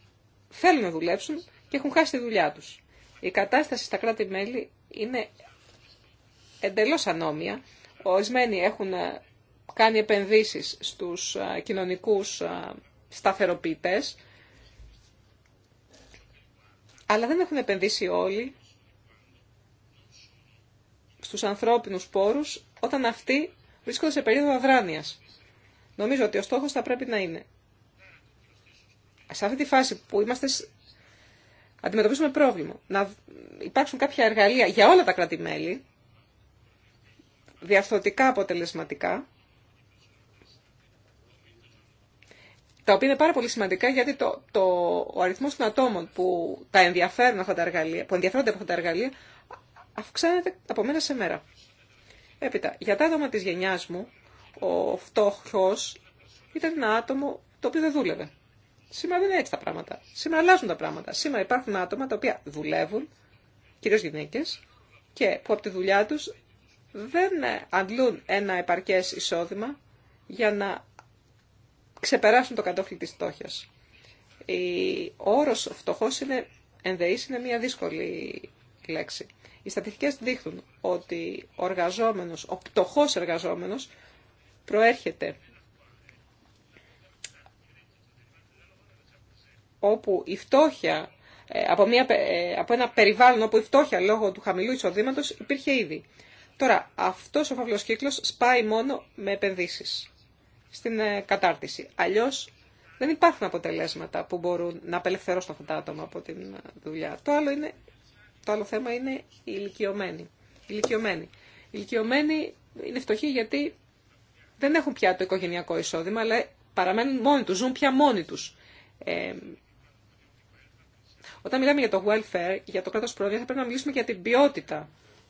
B: θέλουν να δουλέψουν και έχουν χάσει τη δουλειά του. Η κατάσταση στα κράτη-μέλη είναι εντελώ ανώμια. Ορισμένοι έχουν κάνει επενδύσεις στους ε, κοινωνικούς ε, σταθεροποιητές, αλλά δεν έχουν επενδύσει όλοι στους ανθρώπινους πόρους όταν αυτοί βρίσκονται σε περίοδο αδράνειας. Νομίζω ότι ο στόχος θα πρέπει να είναι. Σε αυτή τη φάση που είμαστε, αντιμετωπίζουμε πρόβλημα. Να υπάρξουν κάποια εργαλεία για όλα τα κράτη-μέλη, διαφθορτικά αποτελεσματικά, τα οποία είναι πάρα πολύ σημαντικά γιατί το, το, ο αριθμό των ατόμων που, τα ενδιαφέρουν αυτά τα εργαλεία, που ενδιαφέρονται από αυτά τα εργαλεία αυξάνεται από μέρα σε μέρα. Έπειτα, για τα άτομα τη γενιά μου, ο φτωχό ήταν ένα άτομο το οποίο δεν δούλευε. Σήμερα δεν είναι έτσι τα πράγματα. Σήμερα αλλάζουν τα πράγματα. Σήμερα υπάρχουν άτομα τα οποία δουλεύουν, κυρίω γυναίκε, και που από τη δουλειά του δεν αντλούν ένα επαρκέ εισόδημα για να ξεπεράσουν το κατόφλι της φτώχειας. Ο όρος φτωχός είναι, ενδεής είναι μια δύσκολη λέξη. Οι στατιστικές δείχνουν ότι ο εργαζόμενος, ο εργαζόμενος προέρχεται όπου η φτώχεια, ε, από, μια, ε, από ένα περιβάλλον όπου η φτώχεια λόγω του χαμηλού εισοδήματος υπήρχε ήδη. Τώρα, αυτός ο φαύλος κύκλος σπάει μόνο με επενδύσεις στην ε, κατάρτιση. Αλλιώ δεν υπάρχουν αποτελέσματα που μπορούν να απελευθερώσουν αυτά τα άτομα από την ε, δουλειά. Το άλλο, είναι, το άλλο θέμα είναι οι ηλικιωμένοι. Οι ηλικιωμένοι. Οι ηλικιωμένοι είναι φτωχοί γιατί δεν έχουν πια το οικογενειακό εισόδημα, αλλά παραμένουν μόνοι του, ζουν πια μόνοι του. Ε, όταν μιλάμε για το welfare, για το κράτο πρόνοια, θα πρέπει να μιλήσουμε για την ποιότητα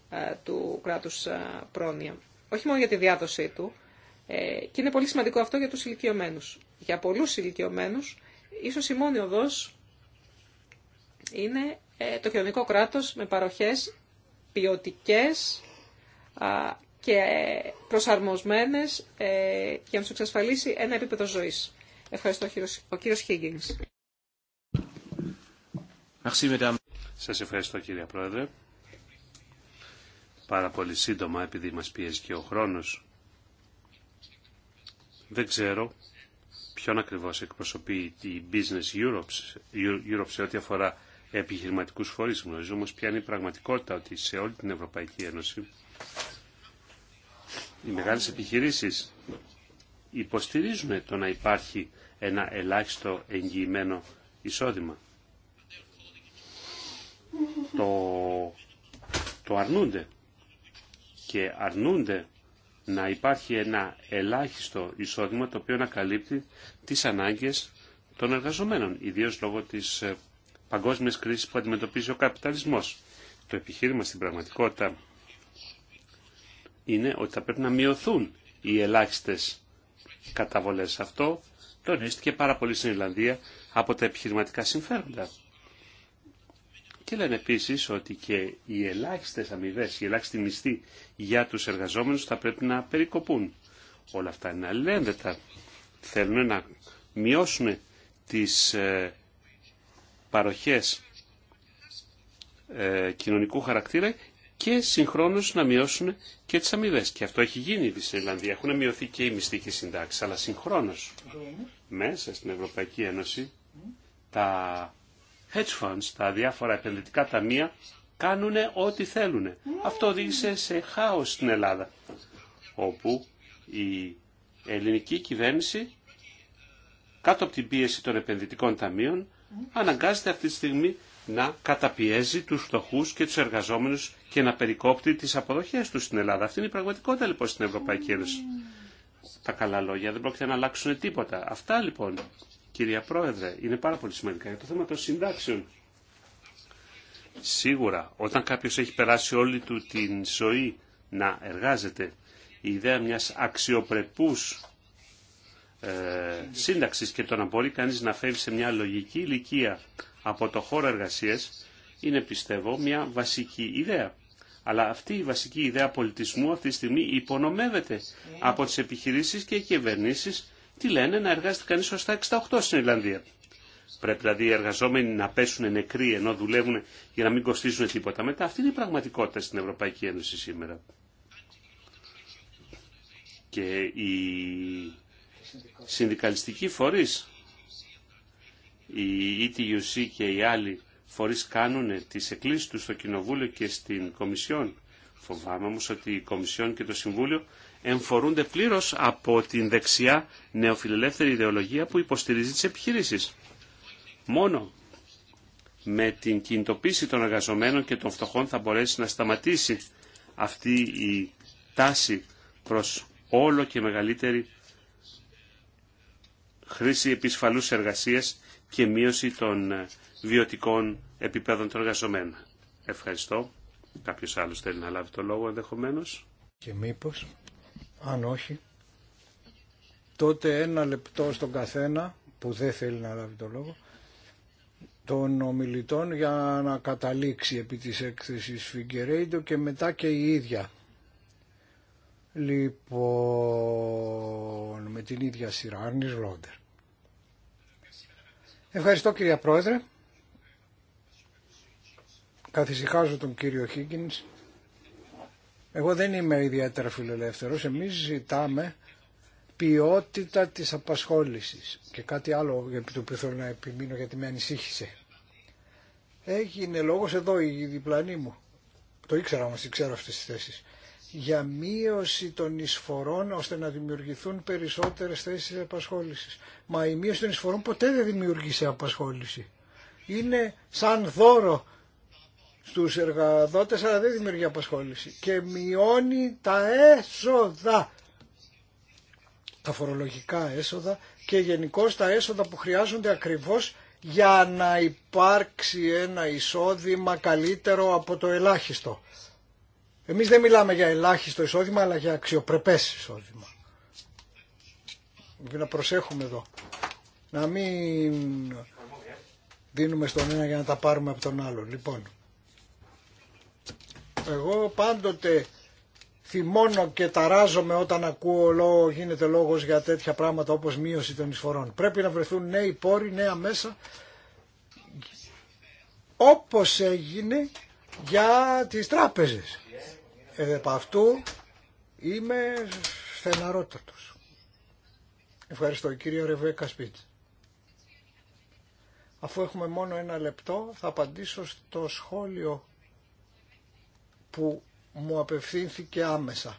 B: ε, του κράτου ε, πρόνοια. Όχι μόνο για τη διάδοσή του, ε, και είναι πολύ σημαντικό αυτό για τους ηλικιωμένους. Για πολλούς ηλικιωμένους, ίσως η μόνη οδός είναι ε, το κοινωνικό κράτος με παροχές ποιοτικέ και ε, προσαρμοσμένες για να σου εξασφαλίσει ένα επίπεδο ζωής. Ευχαριστώ ο κύριος Χίγγινς.
C: Σας ευχαριστώ κύριε Πρόεδρε. Πάρα πολύ σύντομα επειδή μας πιέζει και ο χρόνος δεν ξέρω ποιον ακριβώς εκπροσωπεί η Business Europe, Europe σε ό,τι αφορά επιχειρηματικούς φορείς. Γνωρίζω όμως ποια είναι η πραγματικότητα ότι σε όλη την Ευρωπαϊκή Ένωση οι μεγάλες επιχειρήσεις υποστηρίζουν το να υπάρχει ένα ελάχιστο εγγυημένο εισόδημα. Το, το αρνούνται και αρνούνται να υπάρχει ένα ελάχιστο εισόδημα το οποίο να καλύπτει τις ανάγκες των εργαζομένων, ιδίως λόγω της ε, παγκόσμιας κρίσης που αντιμετωπίζει ο καπιταλισμός. Το επιχείρημα στην πραγματικότητα είναι ότι θα πρέπει να μειωθούν οι ελάχιστες καταβολές. Αυτό τονίστηκε πάρα πολύ στην Ιρλανδία από τα επιχειρηματικά συμφέροντα. Και λένε επίσης ότι και οι ελάχιστες αμοιβέ, οι ελάχιστοι μισθοί για τους εργαζόμενους θα πρέπει να περικοπούν. Όλα αυτά είναι αλληλένδετα. Θέλουν να μειώσουν τις ε, παροχές ε, κοινωνικού χαρακτήρα και συγχρόνω να μειώσουν και τις αμοιβέ. Και αυτό έχει γίνει στην Ιρλανδία. Έχουν μειωθεί και οι μισθοί και οι συντάξει. αλλά συγχρόνω μέσα στην Ευρωπαϊκή Ένωση τα hedge funds, τα διάφορα επενδυτικά ταμεία, κάνουν ό,τι θέλουν. Αυτό οδήγησε σε χάος στην Ελλάδα, όπου η ελληνική κυβέρνηση, κάτω από την πίεση των επενδυτικών ταμείων, αναγκάζεται αυτή τη στιγμή να καταπιέζει τους φτωχούς και τους εργαζόμενους και να περικόπτει τις αποδοχές τους στην Ελλάδα. Αυτή είναι η πραγματικότητα λοιπόν στην Ευρωπαϊκή Ένωση. Τα καλά λόγια δεν πρόκειται να αλλάξουν τίποτα. Αυτά λοιπόν κυρία Πρόεδρε, είναι πάρα πολύ σημαντικά για το θέμα των συντάξεων. Σίγουρα, όταν κάποιος έχει περάσει όλη του την ζωή να εργάζεται, η ιδέα μιας αξιοπρεπούς ε, σύνταξης και το να μπορεί κανείς να φεύγει σε μια λογική ηλικία από το χώρο εργασίας, είναι πιστεύω μια βασική ιδέα. Αλλά αυτή η βασική ιδέα πολιτισμού αυτή τη στιγμή υπονομεύεται ε. από τις επιχειρήσεις και οι κυβερνήσεις τι λένε να εργάζεται κανείς ως τα 68 στην Ιρλανδία. Πρέπει δηλαδή οι εργαζόμενοι να πέσουν νεκροί ενώ δουλεύουν για να μην κοστίζουν τίποτα. Μετά αυτή είναι η πραγματικότητα στην Ευρωπαϊκή Ένωση σήμερα. Και οι συνδικαλιστικοί φορείς, η ETUC και οι άλλοι φορείς κάνουν τις εκκλήσεις τους στο Κοινοβούλιο και στην Κομισιόν. Φοβάμαι όμως ότι η Κομισιόν και το Συμβούλιο εμφορούνται πλήρω από την δεξιά νεοφιλελεύθερη ιδεολογία που υποστηρίζει τι επιχείρησει. Μόνο με την κινητοποίηση των εργαζομένων και των φτωχών θα μπορέσει να σταματήσει αυτή η τάση προς όλο και μεγαλύτερη χρήση επισφαλούς εργασίας και μείωση των ε, βιωτικών επιπέδων των εργαζομένων. Ευχαριστώ. Κάποιος άλλος θέλει να λάβει το λόγο ενδεχομένως.
A: Και μήπως αν όχι, τότε ένα λεπτό στον καθένα, που δεν θέλει να λάβει το λόγο, των ομιλητών για να καταλήξει επί της έκθεσης Φιγκερέιντο και μετά και η ίδια. Λοιπόν, με την ίδια σειρά, Άρνης Ρόντερ. Ευχαριστώ κυρία Πρόεδρε. Καθησυχάζω τον κύριο Χίγκινς εγώ δεν είμαι ιδιαίτερα φιλελεύθερος. Εμείς ζητάμε ποιότητα της απασχόλησης. Και κάτι άλλο για το οποίο θέλω να επιμείνω γιατί με ανησύχησε. Έγινε λόγος εδώ η διπλανή μου. Το ήξερα όμως, ξέρω αυτές τις θέσεις. Για μείωση των εισφορών ώστε να δημιουργηθούν περισσότερες θέσεις απασχόλησης. Μα η μείωση των εισφορών ποτέ δεν δημιουργήσε απασχόληση. Είναι σαν δώρο στους εργαδότες αλλά δεν δημιουργεί απασχόληση και μειώνει τα έσοδα τα φορολογικά έσοδα και γενικώ τα έσοδα που χρειάζονται ακριβώς για να υπάρξει ένα εισόδημα καλύτερο από το ελάχιστο. Εμείς δεν μιλάμε για ελάχιστο εισόδημα αλλά για αξιοπρεπές εισόδημα. Για να προσέχουμε εδώ. Να μην δίνουμε στον ένα για να τα πάρουμε από τον άλλο. Λοιπόν. Εγώ πάντοτε θυμώνω και ταράζομαι όταν ακούω λόγο, γίνεται λόγος για τέτοια πράγματα όπως μείωση των εισφορών. Πρέπει να βρεθούν νέοι πόροι, νέα μέσα, όπως έγινε για τις τράπεζες. Ε, επ' αυτού είμαι στεναρότατος. Ευχαριστώ κύριε Ρεβέκα Σπίτ. Αφού έχουμε μόνο ένα λεπτό θα απαντήσω στο σχόλιο που μου απευθύνθηκε άμεσα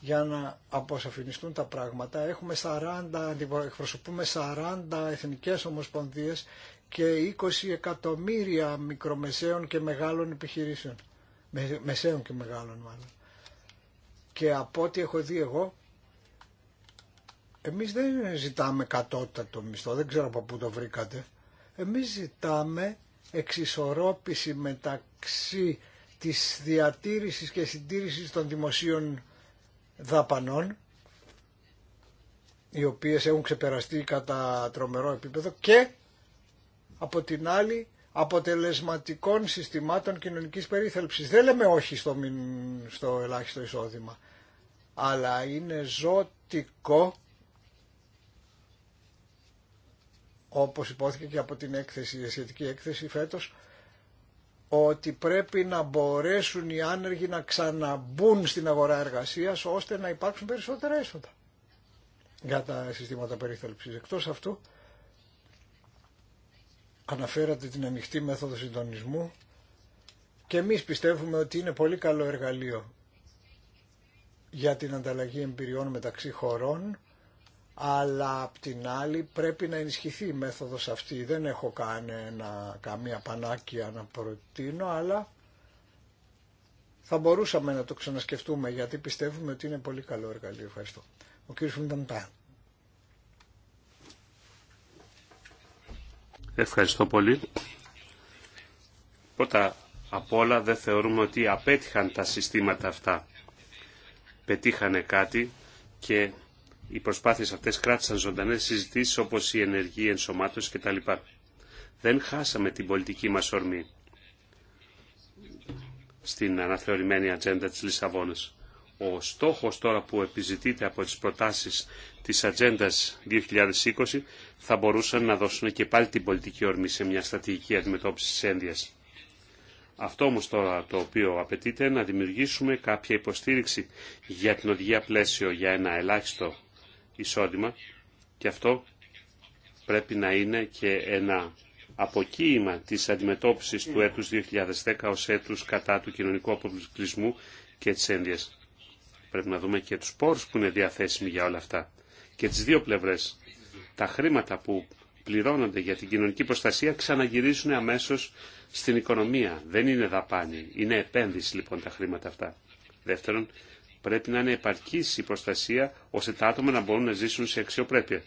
A: για να αποσαφινιστούν τα πράγματα. Έχουμε 40, εκπροσωπούμε 40 εθνικές ομοσπονδίες και 20 εκατομμύρια μικρομεσαίων και μεγάλων επιχειρήσεων. μεσαίων και μεγάλων μάλλον. Και από ό,τι έχω δει εγώ, εμείς δεν ζητάμε κατώτατο μισθό, δεν ξέρω από πού το βρήκατε. Εμείς ζητάμε εξισορρόπηση μεταξύ της διατήρησης και συντήρησης των δημοσίων δαπανών οι οποίες έχουν ξεπεραστεί κατά τρομερό επίπεδο και από την άλλη αποτελεσματικών συστημάτων κοινωνικής περίθαλψης. Δεν λέμε όχι στο, στο ελάχιστο εισόδημα, αλλά είναι ζωτικό όπως υπόθηκε και από την έκθεση, η έκθεση φέτος, ότι πρέπει να μπορέσουν οι άνεργοι να ξαναμπούν στην αγορά εργασίας ώστε να υπάρξουν περισσότερα έσοδα για τα συστήματα περίθαλψης. Εκτός αυτού αναφέρατε την ανοιχτή μέθοδο συντονισμού και εμείς πιστεύουμε ότι είναι πολύ καλό εργαλείο για την ανταλλαγή εμπειριών μεταξύ χωρών αλλά απ' την άλλη πρέπει να ενισχυθεί η μέθοδος αυτή. Δεν έχω κάνει καμία πανάκια να προτείνω, αλλά θα μπορούσαμε να το ξανασκεφτούμε γιατί πιστεύουμε ότι είναι πολύ καλό εργαλείο. Ευχαριστώ. Ο κύριος Φουνταμπά.
C: Ευχαριστώ πολύ. Πρώτα απ' όλα δεν θεωρούμε ότι απέτυχαν τα συστήματα αυτά. Πετύχανε κάτι και οι προσπάθειε αυτέ κράτησαν ζωντανέ συζητήσει όπω η ενεργή ενσωμάτωση κτλ. Δεν χάσαμε την πολιτική μα ορμή στην αναθεωρημένη ατζέντα τη Λισαβόνα. Ο στόχο τώρα που επιζητείται από τι προτάσει τη Ατζέντα 2020 θα μπορούσαν να δώσουν και πάλι την πολιτική ορμή σε μια στρατηγική αντιμετώπιση τη ένδυα. Αυτό όμως τώρα το οποίο απαιτείται να δημιουργήσουμε κάποια υποστήριξη για την οδηγία πλαίσιο για ένα ελάχιστο εισόδημα και αυτό πρέπει να είναι και ένα αποκοίημα της αντιμετώπισης του έτους 2010 ως έτους κατά του κοινωνικού αποκλεισμού και της ένδυας. Πρέπει να δούμε και τους πόρους που είναι διαθέσιμοι για όλα αυτά. Και τις δύο πλευρές. Τα χρήματα που πληρώνονται για την κοινωνική προστασία ξαναγυρίζουν αμέσως στην οικονομία. Δεν είναι δαπάνη. Είναι επένδυση λοιπόν τα χρήματα αυτά. Δεύτερον, Πρέπει να είναι επαρκή η προστασία ώστε τα άτομα να μπορούν να ζήσουν σε αξιοπρέπεια.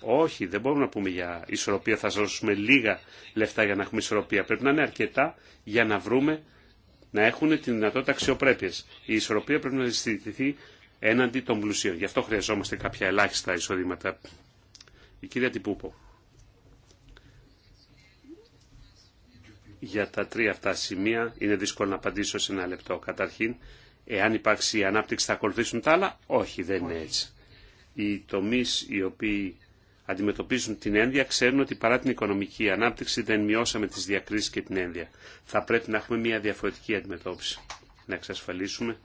C: Όχι, δεν μπορούμε να πούμε για ισορροπία, θα δώσουμε λίγα λεφτά για να έχουμε ισορροπία. Πρέπει να είναι αρκετά για να βρούμε να έχουν τη δυνατότητα αξιοπρέπεια. Η ισορροπία πρέπει να ζητηθεί έναντι των πλουσίων. Γι' αυτό χρειαζόμαστε κάποια ελάχιστα εισοδήματα. Η κυρία Τιπούπο. Για τα τρία αυτά σημεία είναι δύσκολο να απαντήσω σε ένα λεπτό. Καταρχήν, εάν υπάρξει η ανάπτυξη θα ακολουθήσουν τα άλλα. Όχι, δεν είναι έτσι. Οι τομεί οι οποίοι αντιμετωπίζουν την ένδια ξέρουν ότι παρά την οικονομική ανάπτυξη δεν μειώσαμε τι διακρίσει και την ένδια. Θα πρέπει να έχουμε μια διαφορετική αντιμετώπιση. Να εξασφαλίσουμε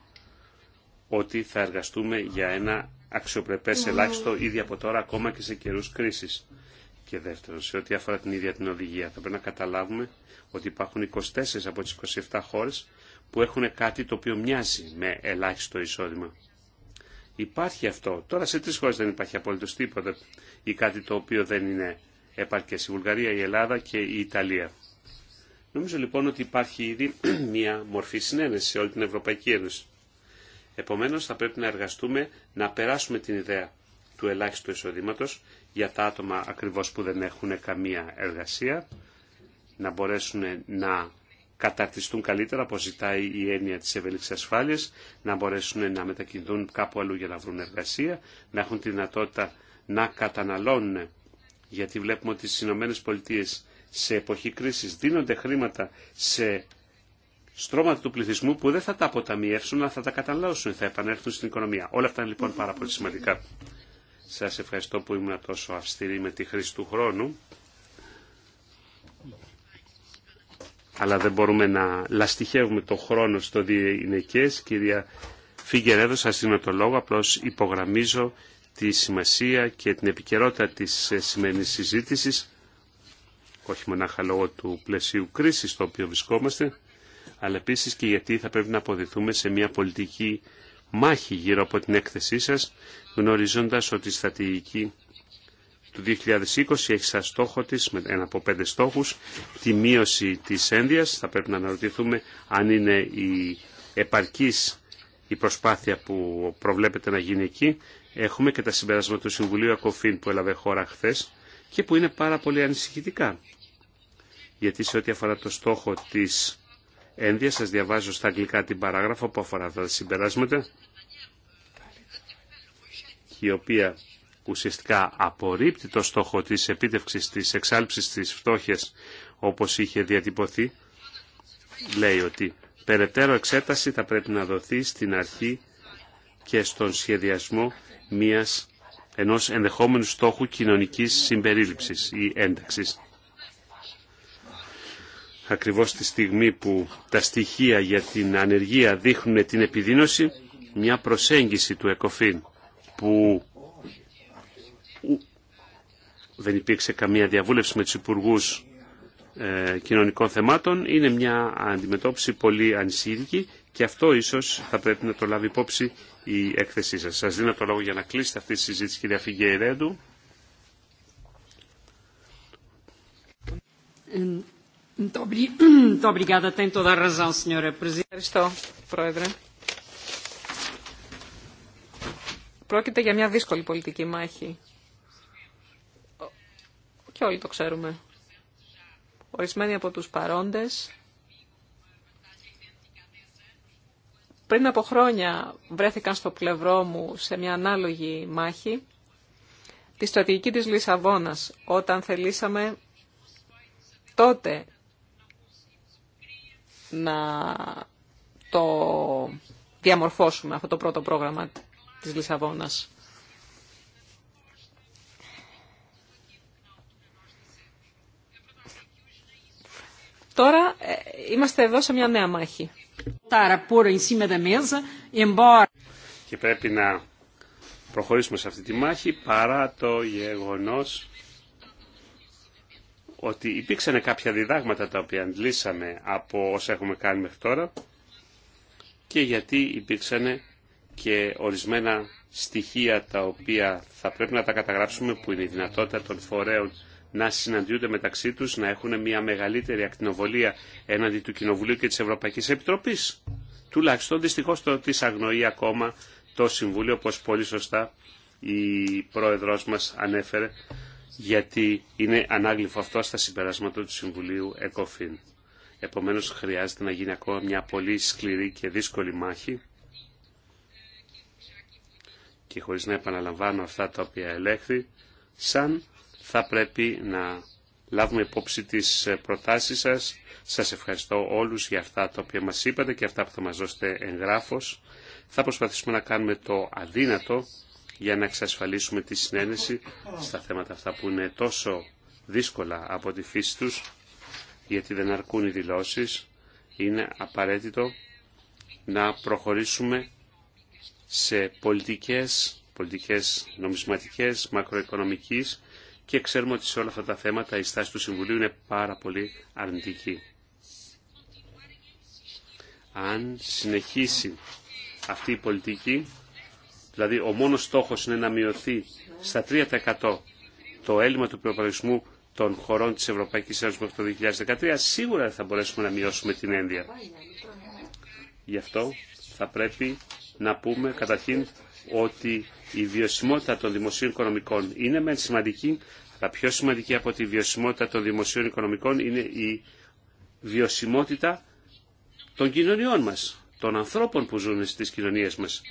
C: ότι θα εργαστούμε για ένα αξιοπρεπέ ελάχιστο ήδη από τώρα ακόμα και σε καιρού κρίση. Και δεύτερον, σε ό,τι αφορά την ίδια την οδηγία, θα πρέπει να καταλάβουμε ότι υπάρχουν 24 από τι 27 χώρε που έχουν κάτι το οποίο μοιάζει με ελάχιστο εισόδημα. Υπάρχει αυτό. Τώρα σε τρεις χώρες δεν υπάρχει απολύτως τίποτα ή κάτι το οποίο δεν είναι επαρκές. Η κατι το οποιο δεν ειναι επαρκε η Ελλάδα και η Ιταλία. Νομίζω λοιπόν ότι υπάρχει ήδη *clears throat* μια μορφή συνένεση σε όλη την Ευρωπαϊκή Ένωση. Επομένως θα πρέπει να εργαστούμε να περάσουμε την ιδέα του ελάχιστου εισοδήματος για τα άτομα ακριβώς που δεν έχουν καμία εργασία, να μπορέσουν να καταρτιστούν καλύτερα, όπω ζητάει η έννοια τη ευέλικτη ασφάλεια, να μπορέσουν να μετακινηθούν κάπου αλλού για να βρουν εργασία, να έχουν τη δυνατότητα να καταναλώνουν, γιατί βλέπουμε ότι στι ΗΠΑ σε εποχή κρίση δίνονται χρήματα σε στρώματα του πληθυσμού που δεν θα τα αποταμιεύσουν, αλλά θα τα καταναλώσουν, θα επανέλθουν στην οικονομία. Όλα αυτά είναι λοιπόν πάρα πολύ σημαντικά. Σας ευχαριστώ που ήμουν τόσο αυστηρή με τη χρήση του χρόνου. αλλά δεν μπορούμε να λαστιχεύουμε το χρόνο στο διενεκές. Κυρία Φίγκερέδο, σας δίνω το λόγο, απλώς υπογραμμίζω τη σημασία και την επικαιρότητα της ε, σημερινής συζήτησης, όχι μονάχα λόγω του πλαισίου κρίσης στο οποίο βρισκόμαστε, αλλά επίσης και γιατί θα πρέπει να αποδεθούμε σε μια πολιτική μάχη γύρω από την έκθεσή σας, γνωρίζοντας ότι η στρατηγική του 2020 έχει σαν στόχο της, με ένα από πέντε στόχους, τη μείωση της ένδυας. Θα πρέπει να αναρωτηθούμε αν είναι η επαρκής η προσπάθεια που προβλέπεται να γίνει εκεί. Έχουμε και τα συμπεράσματα του Συμβουλίου Ακοφίν που έλαβε χώρα χθε και που είναι πάρα πολύ ανησυχητικά. Γιατί σε ό,τι αφορά το στόχο της ένδυας, σας διαβάζω στα αγγλικά την παράγραφο που αφορά τα συμπεράσματα, η οποία ουσιαστικά απορρίπτει το στόχο της επίτευξης της εξάλληψη της φτώχειας όπως είχε διατυπωθεί, λέει ότι περαιτέρω εξέταση θα πρέπει να δοθεί στην αρχή και στον σχεδιασμό μιας ενός ενδεχόμενου στόχου κοινωνικής συμπερίληψης ή ένταξης. Ακριβώς τη στιγμή που τα στοιχεία για την ανεργία δείχνουν την επιδείνωση, μια προσέγγιση του ΕΚΟΦΗΝ που δεν υπήρξε καμία διαβούλευση με τους υπουργού ε, κοινωνικών θεμάτων είναι μια αντιμετώπιση πολύ ανησυχητική και αυτό ίσως θα πρέπει να το λάβει υπόψη η έκθεσή σας. Σας δίνω το λόγο για να κλείσετε αυτή τη συζήτηση κυρία Φιγεϊρέντου.
B: Ευχαριστώ, Πρόεδρε. Πρόκειται για μια δύσκολη πολιτική μάχη και όλοι το ξέρουμε. Ορισμένοι από τους παρόντες πριν από χρόνια βρέθηκαν στο πλευρό μου σε μια ανάλογη μάχη τη στρατηγική της Λισαβόνας όταν θελήσαμε τότε να το διαμορφώσουμε αυτό το πρώτο πρόγραμμα της Λισαβόνας. Τώρα ε, είμαστε εδώ σε μια νέα μάχη.
C: Και πρέπει να προχωρήσουμε σε αυτή τη μάχη παρά το γεγονός ότι υπήρξαν κάποια διδάγματα τα οποία αντλήσαμε από όσα έχουμε κάνει μέχρι τώρα και γιατί υπήρξαν και ορισμένα στοιχεία τα οποία θα πρέπει να τα καταγράψουμε που είναι η δυνατότητα των φορέων να συναντιούνται μεταξύ τους, να έχουν μια μεγαλύτερη ακτινοβολία έναντι του Κοινοβουλίου και της Ευρωπαϊκής Επιτροπής. Τουλάχιστον δυστυχώς το της αγνοεί ακόμα το Συμβούλιο, όπως πολύ σωστά η πρόεδρος μας ανέφερε, γιατί είναι ανάγλυφο αυτό στα συμπεράσματα του Συμβουλίου ΕΚΟΦΗΝ. Επομένως χρειάζεται να γίνει ακόμα μια πολύ σκληρή και δύσκολη μάχη και χωρίς να επαναλαμβάνω αυτά τα οποία ελέγχθη, σαν θα πρέπει να λάβουμε υπόψη τις ε, προτάσεις σας. Σας ευχαριστώ όλους για αυτά τα οποία μας είπατε και αυτά που θα μας δώσετε εγγράφος. Θα προσπαθήσουμε να κάνουμε το αδύνατο για να εξασφαλίσουμε τη συνένεση στα θέματα αυτά που είναι τόσο δύσκολα από τη φύση τους, γιατί δεν αρκούν οι δηλώσεις. Είναι απαραίτητο να προχωρήσουμε σε πολιτικές, πολιτικές νομισματικές, μακροοικονομικής, και ξέρουμε ότι σε όλα αυτά τα θέματα η στάση του Συμβουλίου είναι πάρα πολύ αρνητική. Αν συνεχίσει αυτή η πολιτική, δηλαδή ο μόνος στόχος είναι να μειωθεί στα 3% το έλλειμμα του προπολογισμού των χωρών της Ευρωπαϊκής Ένωσης μέχρι το 2013, σίγουρα θα μπορέσουμε να μειώσουμε την ένδια. Γι' αυτό θα πρέπει να πούμε καταρχήν ότι η βιωσιμότητα των δημοσίων οικονομικών είναι μεν σημαντική, αλλά πιο σημαντική από τη βιωσιμότητα των δημοσίων οικονομικών είναι η βιωσιμότητα των κοινωνιών μας, των ανθρώπων που ζουν στις κοινωνίες μας.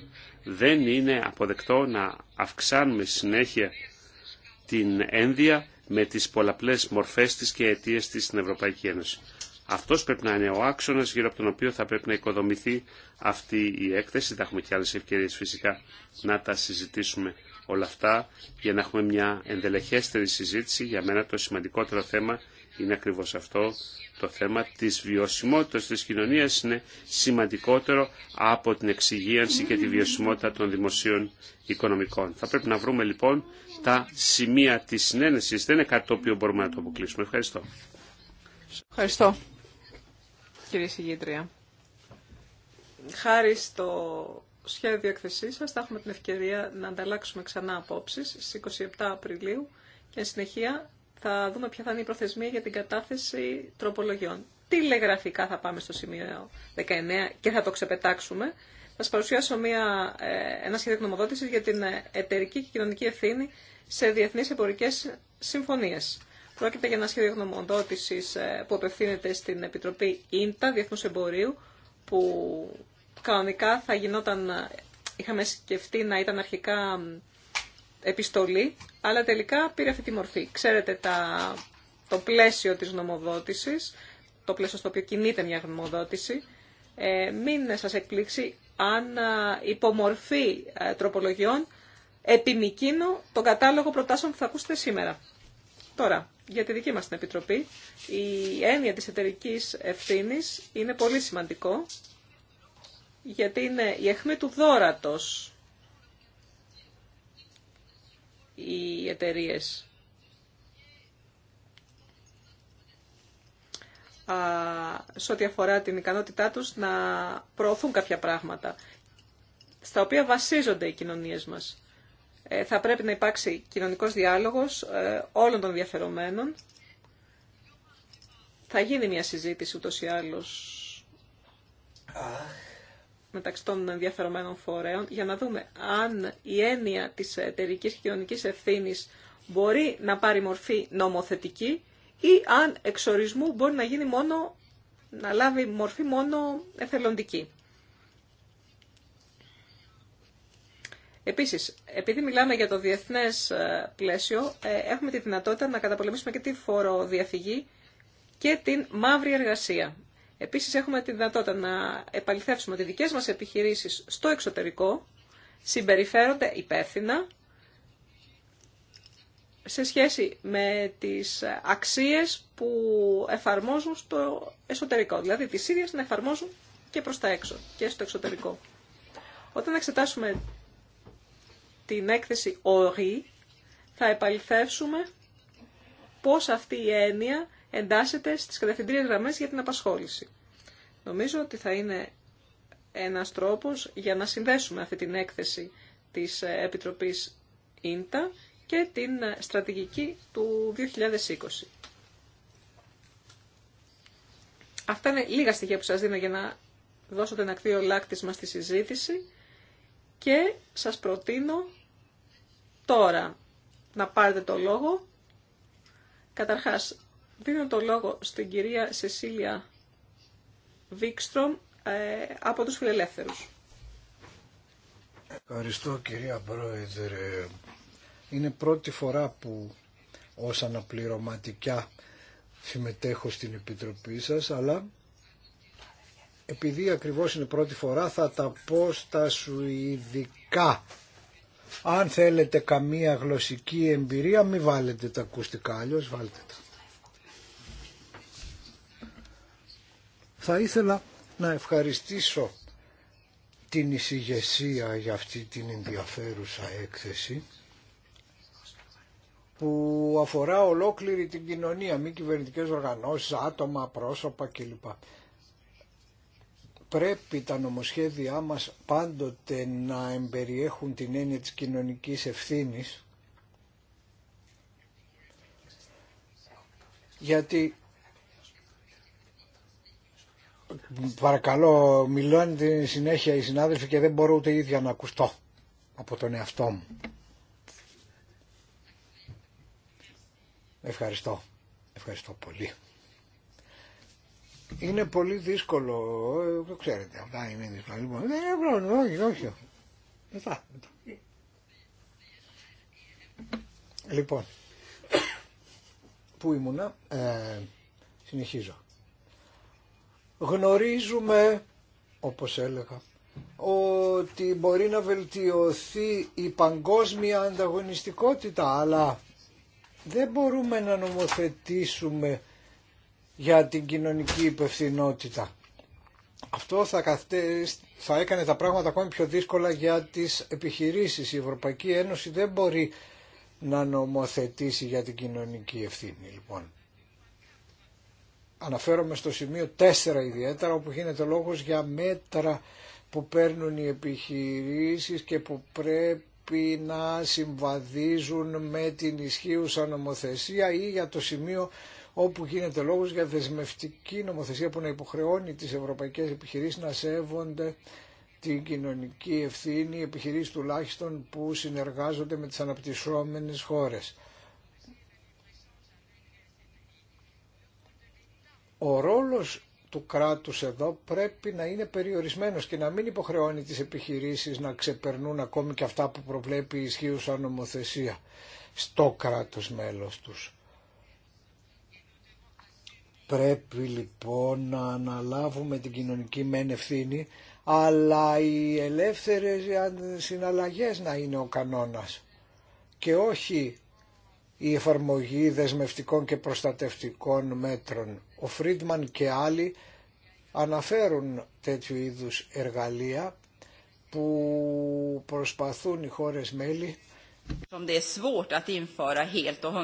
C: Δεν είναι αποδεκτό να αυξάνουμε συνέχεια την ένδυα με τις πολλαπλές μορφές της και αιτίες της στην Ευρωπαϊκή Ένωση. Αυτός πρέπει να είναι ο άξονας γύρω από τον οποίο θα πρέπει να οικοδομηθεί αυτή η έκθεση. Θα έχουμε και άλλες ευκαιρίες φυσικά να τα συζητήσουμε όλα αυτά για να έχουμε μια ενδελεχέστερη συζήτηση. Για μένα το σημαντικότερο θέμα είναι ακριβώς αυτό το θέμα της βιωσιμότητας της κοινωνίας είναι σημαντικότερο από την εξυγίανση και τη βιωσιμότητα των δημοσίων οικονομικών. Θα πρέπει να βρούμε λοιπόν τα σημεία της συνένεσης. Δεν είναι κάτι το οποίο μπορούμε να το αποκλείσουμε. Ευχαριστώ.
B: Ευχαριστώ κύριε Συγγήτρια. Χάρη στο σχέδιο εκθεσή σα. θα έχουμε την ευκαιρία να ανταλλάξουμε ξανά απόψει στι 27 Απριλίου και εν συνεχεία θα δούμε ποια θα είναι η προθεσμία για την κατάθεση τροπολογιών. Τηλεγραφικά θα πάμε στο σημείο 19 και θα το ξεπετάξουμε. Θα σα παρουσιάσω μια, ε, ένα σχέδιο εκνομοδότηση για την εταιρική και κοινωνική ευθύνη σε διεθνεί εμπορικέ συμφωνίε. Πρόκειται για ένα σχέδιο γνωμοδότηση ε, που απευθύνεται στην Επιτροπή ΙΝΤΑ Διεθνού Εμπορίου, που κανονικά θα γινόταν, ε, είχαμε σκεφτεί να ήταν αρχικά επιστολή, αλλά τελικά πήρε αυτή τη μορφή. Ξέρετε τα, το πλαίσιο της γνωμοδότησης, το πλαίσιο στο οποίο κινείται μια γνωμοδότηση. Ε, μην σας εκπλήξει αν ε, υπομορφή τροπολογιών επιμικίνω τον κατάλογο προτάσεων που θα ακούσετε σήμερα. Τώρα, για τη δική μας την Επιτροπή. Η έννοια της εταιρική ευθύνη είναι πολύ σημαντικό, γιατί είναι η αιχμή του δόρατος οι εταιρείε. σε ό,τι αφορά την ικανότητά τους να προωθούν κάποια πράγματα στα οποία βασίζονται οι κοινωνίες μας. Ε, θα πρέπει να υπάρξει κοινωνικός διάλογος ε, όλων των διαφερομένων. Θα γίνει μια συζήτηση ούτως ή άλλως μεταξύ των ενδιαφερομένων φορέων για να δούμε αν η έννοια της εταιρική και κοινωνικής ευθύνης μπορεί να πάρει μορφή νομοθετική ή αν εξορισμού μπορεί να γίνει μόνο να λάβει μορφή μόνο εθελοντική. Επίσης, επειδή μιλάμε για το διεθνές ε, πλαίσιο, ε, έχουμε τη δυνατότητα να καταπολεμήσουμε και τη φοροδιαφυγή και την μαύρη εργασία. Επίσης, έχουμε τη δυνατότητα να επαληθεύσουμε ότι δικές μας επιχειρήσεις στο εξωτερικό συμπεριφέρονται υπεύθυνα σε σχέση με τις αξίες που εφαρμόζουν στο εσωτερικό. Δηλαδή, τις ίδιες να εφαρμόζουν και προς τα έξω και στο εξωτερικό. Όταν εξετάσουμε την έκθεση Ορί θα επαληθεύσουμε πώς αυτή η έννοια εντάσσεται στις κατευθυντήριες γραμμές για την απασχόληση. Νομίζω ότι θα είναι ένας τρόπος για να συνδέσουμε αυτή την έκθεση της Επιτροπής ΙΝΤΑ και την στρατηγική του 2020. Αυτά είναι λίγα στοιχεία που σας δίνω για να δώσω την ακτή μας στη συζήτηση και σας προτείνω τώρα να πάρετε το λόγο. Καταρχάς, δίνω το λόγο στην κυρία Σεσίλια Βίκστρομ ε, από τους Φιλελεύθερους.
A: Ευχαριστώ κυρία Πρόεδρε. Είναι πρώτη φορά που ως αναπληρωματικά συμμετέχω στην Επιτροπή σας, αλλά επειδή ακριβώς είναι πρώτη φορά θα τα πω στα σουηδικά. Αν θέλετε καμία γλωσσική εμπειρία μη βάλετε τα ακουστικά, αλλιώς βάλτε τα. Θα ήθελα να ευχαριστήσω την εισηγεσία για αυτή την ενδιαφέρουσα έκθεση που αφορά ολόκληρη την κοινωνία, μη κυβερνητικές οργανώσεις, άτομα, πρόσωπα κλπ πρέπει τα νομοσχέδιά μας πάντοτε να εμπεριέχουν την έννοια της κοινωνικής ευθύνης γιατί παρακαλώ μιλώνει την συνέχεια οι συνάδελφοι και δεν μπορώ ούτε ίδια να ακουστώ από τον εαυτό μου. Ευχαριστώ. Ευχαριστώ πολύ. Είναι πολύ δύσκολο, το ξέρετε, αυτά είναι δύσκολα. Λοιπόν, δεν είναι πρόβλημα, όχι, όχι. Μετά, Λοιπόν, πού ήμουνα, ε, συνεχίζω. Γνωρίζουμε, όπως έλεγα, ότι μπορεί να βελτιωθεί η παγκόσμια ανταγωνιστικότητα, αλλά δεν μπορούμε να νομοθετήσουμε για την κοινωνική υπευθυνότητα. Αυτό θα, θα έκανε τα πράγματα ακόμη πιο δύσκολα για τις επιχειρήσεις. Η Ευρωπαϊκή Ένωση δεν μπορεί να νομοθετήσει για την κοινωνική ευθύνη λοιπόν. Αναφέρομαι στο σημείο 4 ιδιαίτερα όπου γίνεται λόγος για μέτρα που παίρνουν οι επιχειρήσεις και που πρέπει να συμβαδίζουν με την ισχύουσα νομοθεσία ή για το σημείο όπου γίνεται λόγος για δεσμευτική νομοθεσία που να υποχρεώνει τις ευρωπαϊκές επιχειρήσεις να σέβονται την κοινωνική ευθύνη επιχειρήσει τουλάχιστον που συνεργάζονται με τις αναπτυσσόμενες χώρες. Ο ρόλος του κράτους εδώ πρέπει να είναι περιορισμένος και να μην υποχρεώνει τις επιχειρήσεις να ξεπερνούν ακόμη και αυτά που προβλέπει η ισχύουσα νομοθεσία στο κράτος μέλος τους. Πρέπει λοιπόν να αναλάβουμε την κοινωνική μεν ευθύνη, αλλά οι ελεύθερες συναλλαγές να είναι ο κανόνας και όχι η εφαρμογή δεσμευτικών και προστατευτικών μέτρων. Ο Φρίντμαν και άλλοι αναφέρουν τέτοιου είδους εργαλεία που προσπαθούν οι χώρες μέλη
D: som det är svårt att införa helt och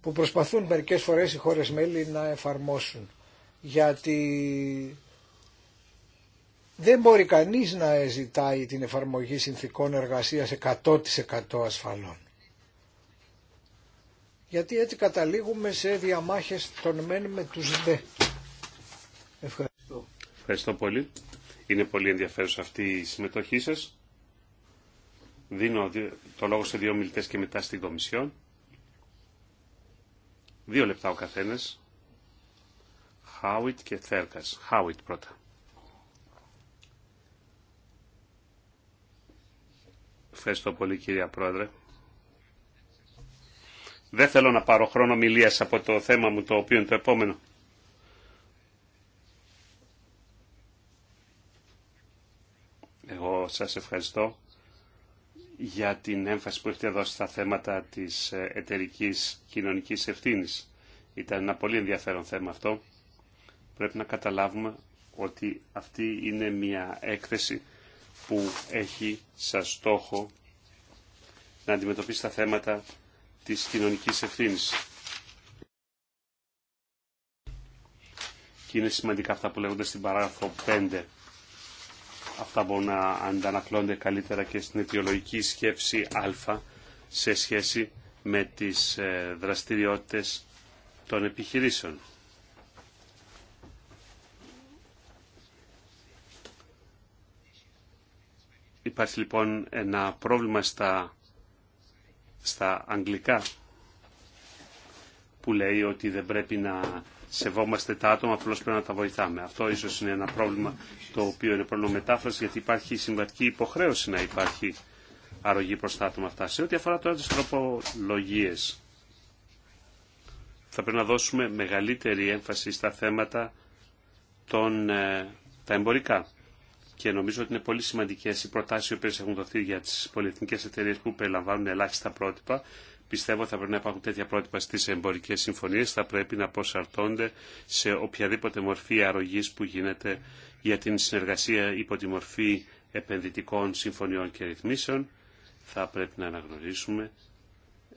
A: που προσπαθούν μερικές φορές οι χώρες μέλη να εφαρμόσουν. Γιατί δεν μπορεί κανείς να ζητάει την εφαρμογή συνθήκων εργασίας 100% ασφαλών. Γιατί έτσι καταλήγουμε σε διαμάχες των μεν με τους δε. Ευχαριστώ.
C: Ευχαριστώ πολύ. Είναι πολύ ενδιαφέρουσα αυτή η συμμετοχή σας. Δίνω το λόγο σε δύο μιλητές και μετά στην Κομισιόν. Δύο λεπτά ο καθένας. Χάουιτ και Θέρκας. Χάουιτ πρώτα. Ευχαριστώ πολύ κυρία Πρόεδρε. Δεν θέλω να πάρω χρόνο μιλίας από το θέμα μου το οποίο είναι το επόμενο. Εγώ σας ευχαριστώ για την έμφαση που έχετε δώσει στα θέματα της εταιρική κοινωνικής ευθύνης. Ήταν ένα πολύ ενδιαφέρον θέμα αυτό. Πρέπει να καταλάβουμε ότι αυτή είναι μια έκθεση που έχει σαν στόχο να αντιμετωπίσει τα θέματα της κοινωνικής ευθύνης. Και είναι σημαντικά αυτά που λέγονται στην παράγραφο 5 αυτά μπορούν να αντανακλώνται καλύτερα και στην αιτιολογική σκέψη α σε σχέση με τις ε, δραστηριότητες των επιχειρήσεων. Υπάρχει λοιπόν ένα πρόβλημα στα, στα αγγλικά που λέει ότι δεν πρέπει να σεβόμαστε τα άτομα, απλώ πρέπει να τα βοηθάμε. Αυτό ίσω είναι ένα πρόβλημα το οποίο είναι πρόβλημα μετάφραση, γιατί υπάρχει συμβατική υποχρέωση να υπάρχει αρρωγή προ τα άτομα αυτά. Σε ό,τι αφορά τώρα τι τροπολογίε, θα πρέπει να δώσουμε μεγαλύτερη έμφαση στα θέματα των, ε, τα εμπορικά. Και νομίζω ότι είναι πολύ σημαντικέ οι προτάσει οι οποίε έχουν δοθεί για τι πολυεθνικέ εταιρείε που περιλαμβάνουν ελάχιστα πρότυπα. Πιστεύω θα πρέπει να υπάρχουν τέτοια πρότυπα στι εμπορικέ συμφωνίε. θα πρέπει να προσαρτώνται σε οποιαδήποτε μορφή αρρωγή που γίνεται για την συνεργασία υπό τη μορφή επενδυτικών συμφωνιών και ρυθμίσεων. Θα πρέπει να αναγνωρίσουμε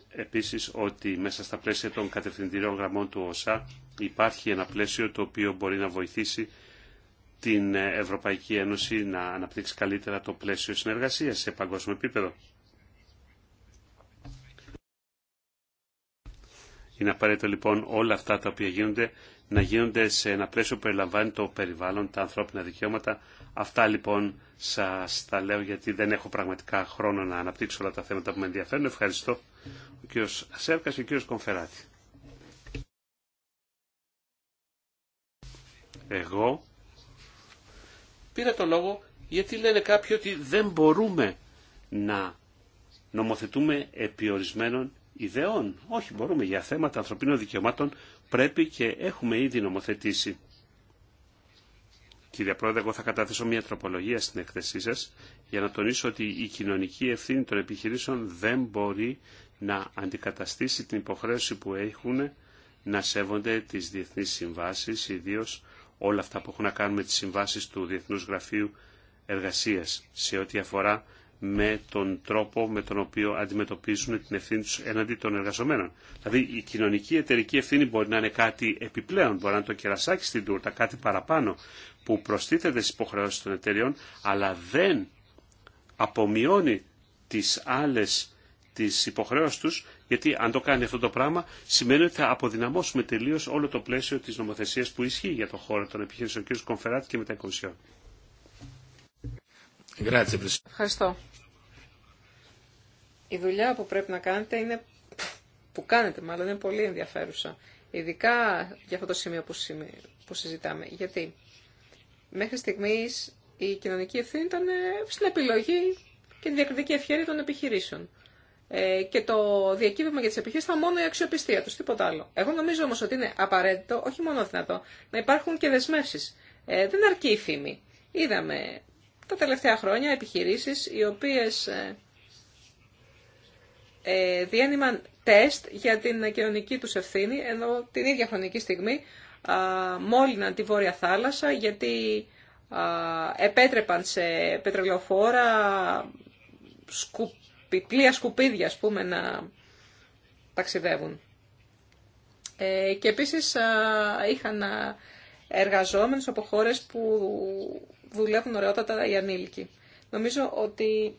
C: επίση ότι μέσα στα πλαίσια των κατευθυντηριών γραμμών του ΟΣΑ υπάρχει ένα πλαίσιο το οποίο μπορεί να βοηθήσει την Ευρωπαϊκή Ένωση να αναπτύξει καλύτερα το πλαίσιο συνεργασίας σε παγκόσμιο επίπεδο. Είναι απαραίτητο λοιπόν όλα αυτά τα οποία γίνονται να γίνονται σε ένα πλαίσιο που περιλαμβάνει το περιβάλλον, τα ανθρώπινα δικαιώματα. Αυτά λοιπόν σα τα λέω γιατί δεν έχω πραγματικά χρόνο να αναπτύξω όλα τα θέματα που με ενδιαφέρουν. Ευχαριστώ ο κ. Σέρκα και ο κ. Κομφεράτη. Εγώ πήρα το λόγο γιατί λένε κάποιοι ότι δεν μπορούμε να νομοθετούμε επιορισμένων ιδεών. Όχι, μπορούμε για θέματα ανθρωπίνων δικαιωμάτων πρέπει και έχουμε ήδη νομοθετήσει. Κύριε Πρόεδρε, εγώ θα καταθέσω μια τροπολογία στην εκθεσή σα για να τονίσω ότι η κοινωνική ευθύνη των επιχειρήσεων δεν μπορεί να αντικαταστήσει την υποχρέωση που έχουν να σέβονται τις διεθνείς συμβάσεις, ιδίως όλα αυτά που έχουν να κάνουν με τις συμβάσεις του Διεθνούς Γραφείου Εργασίας σε ό,τι αφορά με τον τρόπο με τον οποίο αντιμετωπίζουν την ευθύνη τους έναντι των εργαζομένων. Δηλαδή η κοινωνική εταιρική ευθύνη μπορεί να είναι κάτι επιπλέον, μπορεί να είναι το κερασάκι στην τούρτα, κάτι παραπάνω που προστίθεται στις υποχρεώσεις των εταιριών, αλλά δεν απομειώνει τις άλλες τις υποχρεώσεις τους, γιατί αν το κάνει αυτό το πράγμα σημαίνει ότι θα αποδυναμώσουμε τελείως όλο το πλαίσιο της νομοθεσίας που ισχύει για τον χώρο των επιχειρήσεων. κ. Κομφεράτη και μετά η
B: Ευχαριστώ. Η δουλειά που πρέπει να κάνετε είναι, που κάνετε μάλλον, είναι πολύ ενδιαφέρουσα. Ειδικά για αυτό το σημείο που, που συζητάμε. Γιατί μέχρι στιγμής η κοινωνική ευθύνη ήταν ε, στην επιλογή και τη διακριτική ευχαίρεια των επιχειρήσεων. Ε, και το διακύβευμα για τι επιχειρήσει ήταν μόνο η αξιοπιστία του, τίποτα άλλο. Εγώ νομίζω όμω ότι είναι απαραίτητο, όχι μόνο δυνατό, να υπάρχουν και δεσμεύσει. Ε, δεν αρκεί η φήμη. Είδαμε τα τελευταία χρόνια επιχειρήσει οι οποίε ε, ε, διένυμαν τεστ για την κοινωνική τους ευθύνη, ενώ την ίδια χρονική στιγμή μόλυναν τη Βόρεια Θάλασσα γιατί επέτρεπαν σε πετρελοφόρα σκουπι, πλοία σκουπίδια να ταξιδεύουν. Ε, και επίσης είχαν εργαζόμενους από χώρες που δουλεύουν ωραιότατα οι ανήλικοι. Νομίζω ότι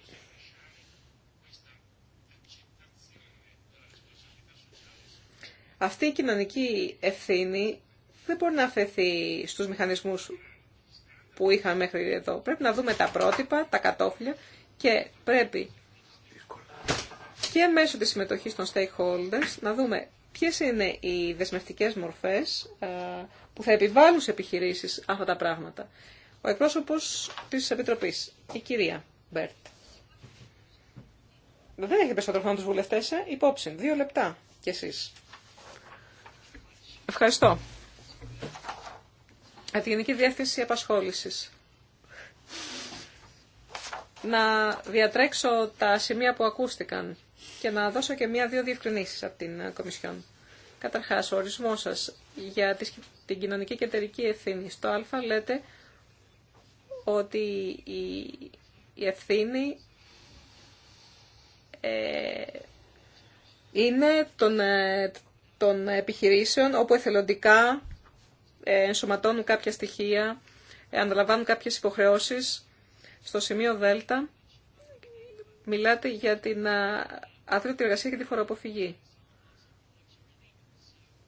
B: Αυτή η κοινωνική ευθύνη δεν μπορεί να αφαιθεί στους μηχανισμούς που είχαμε μέχρι εδώ. Πρέπει να δούμε τα πρότυπα, τα κατόφλια και πρέπει και μέσω της συμμετοχής των stakeholders να δούμε ποιες είναι οι δεσμευτικές μορφές ε, που θα επιβάλλουν σε επιχειρήσεις αυτά τα πράγματα. Ο εκπρόσωπος της Επιτροπής, η κυρία Μπέρτ. Δεν έχετε περισσότερο χρόνο τους βουλευτές, ε. υπόψη, δύο λεπτά κι εσείς. Ευχαριστώ. Από τη Γενική Διεύθυνση Απασχόλησης. Να διατρέξω τα σημεία που ακούστηκαν και να δώσω και μία-δύο διευκρινήσει από την ε, Κομισιόν. Καταρχάς, ο ορισμό σα. για την κοινωνική και εταιρική ευθύνη. Στο Α λέτε ότι η ευθύνη ε, είναι τον. Ε, των επιχειρήσεων όπου εθελοντικά ε, ενσωματώνουν κάποια στοιχεία, ε, αναλαμβάνουν κάποιες υποχρεώσεις. Στο σημείο Δέλτα μιλάτε για την αθλητή εργασία και τη φοροαποφυγή.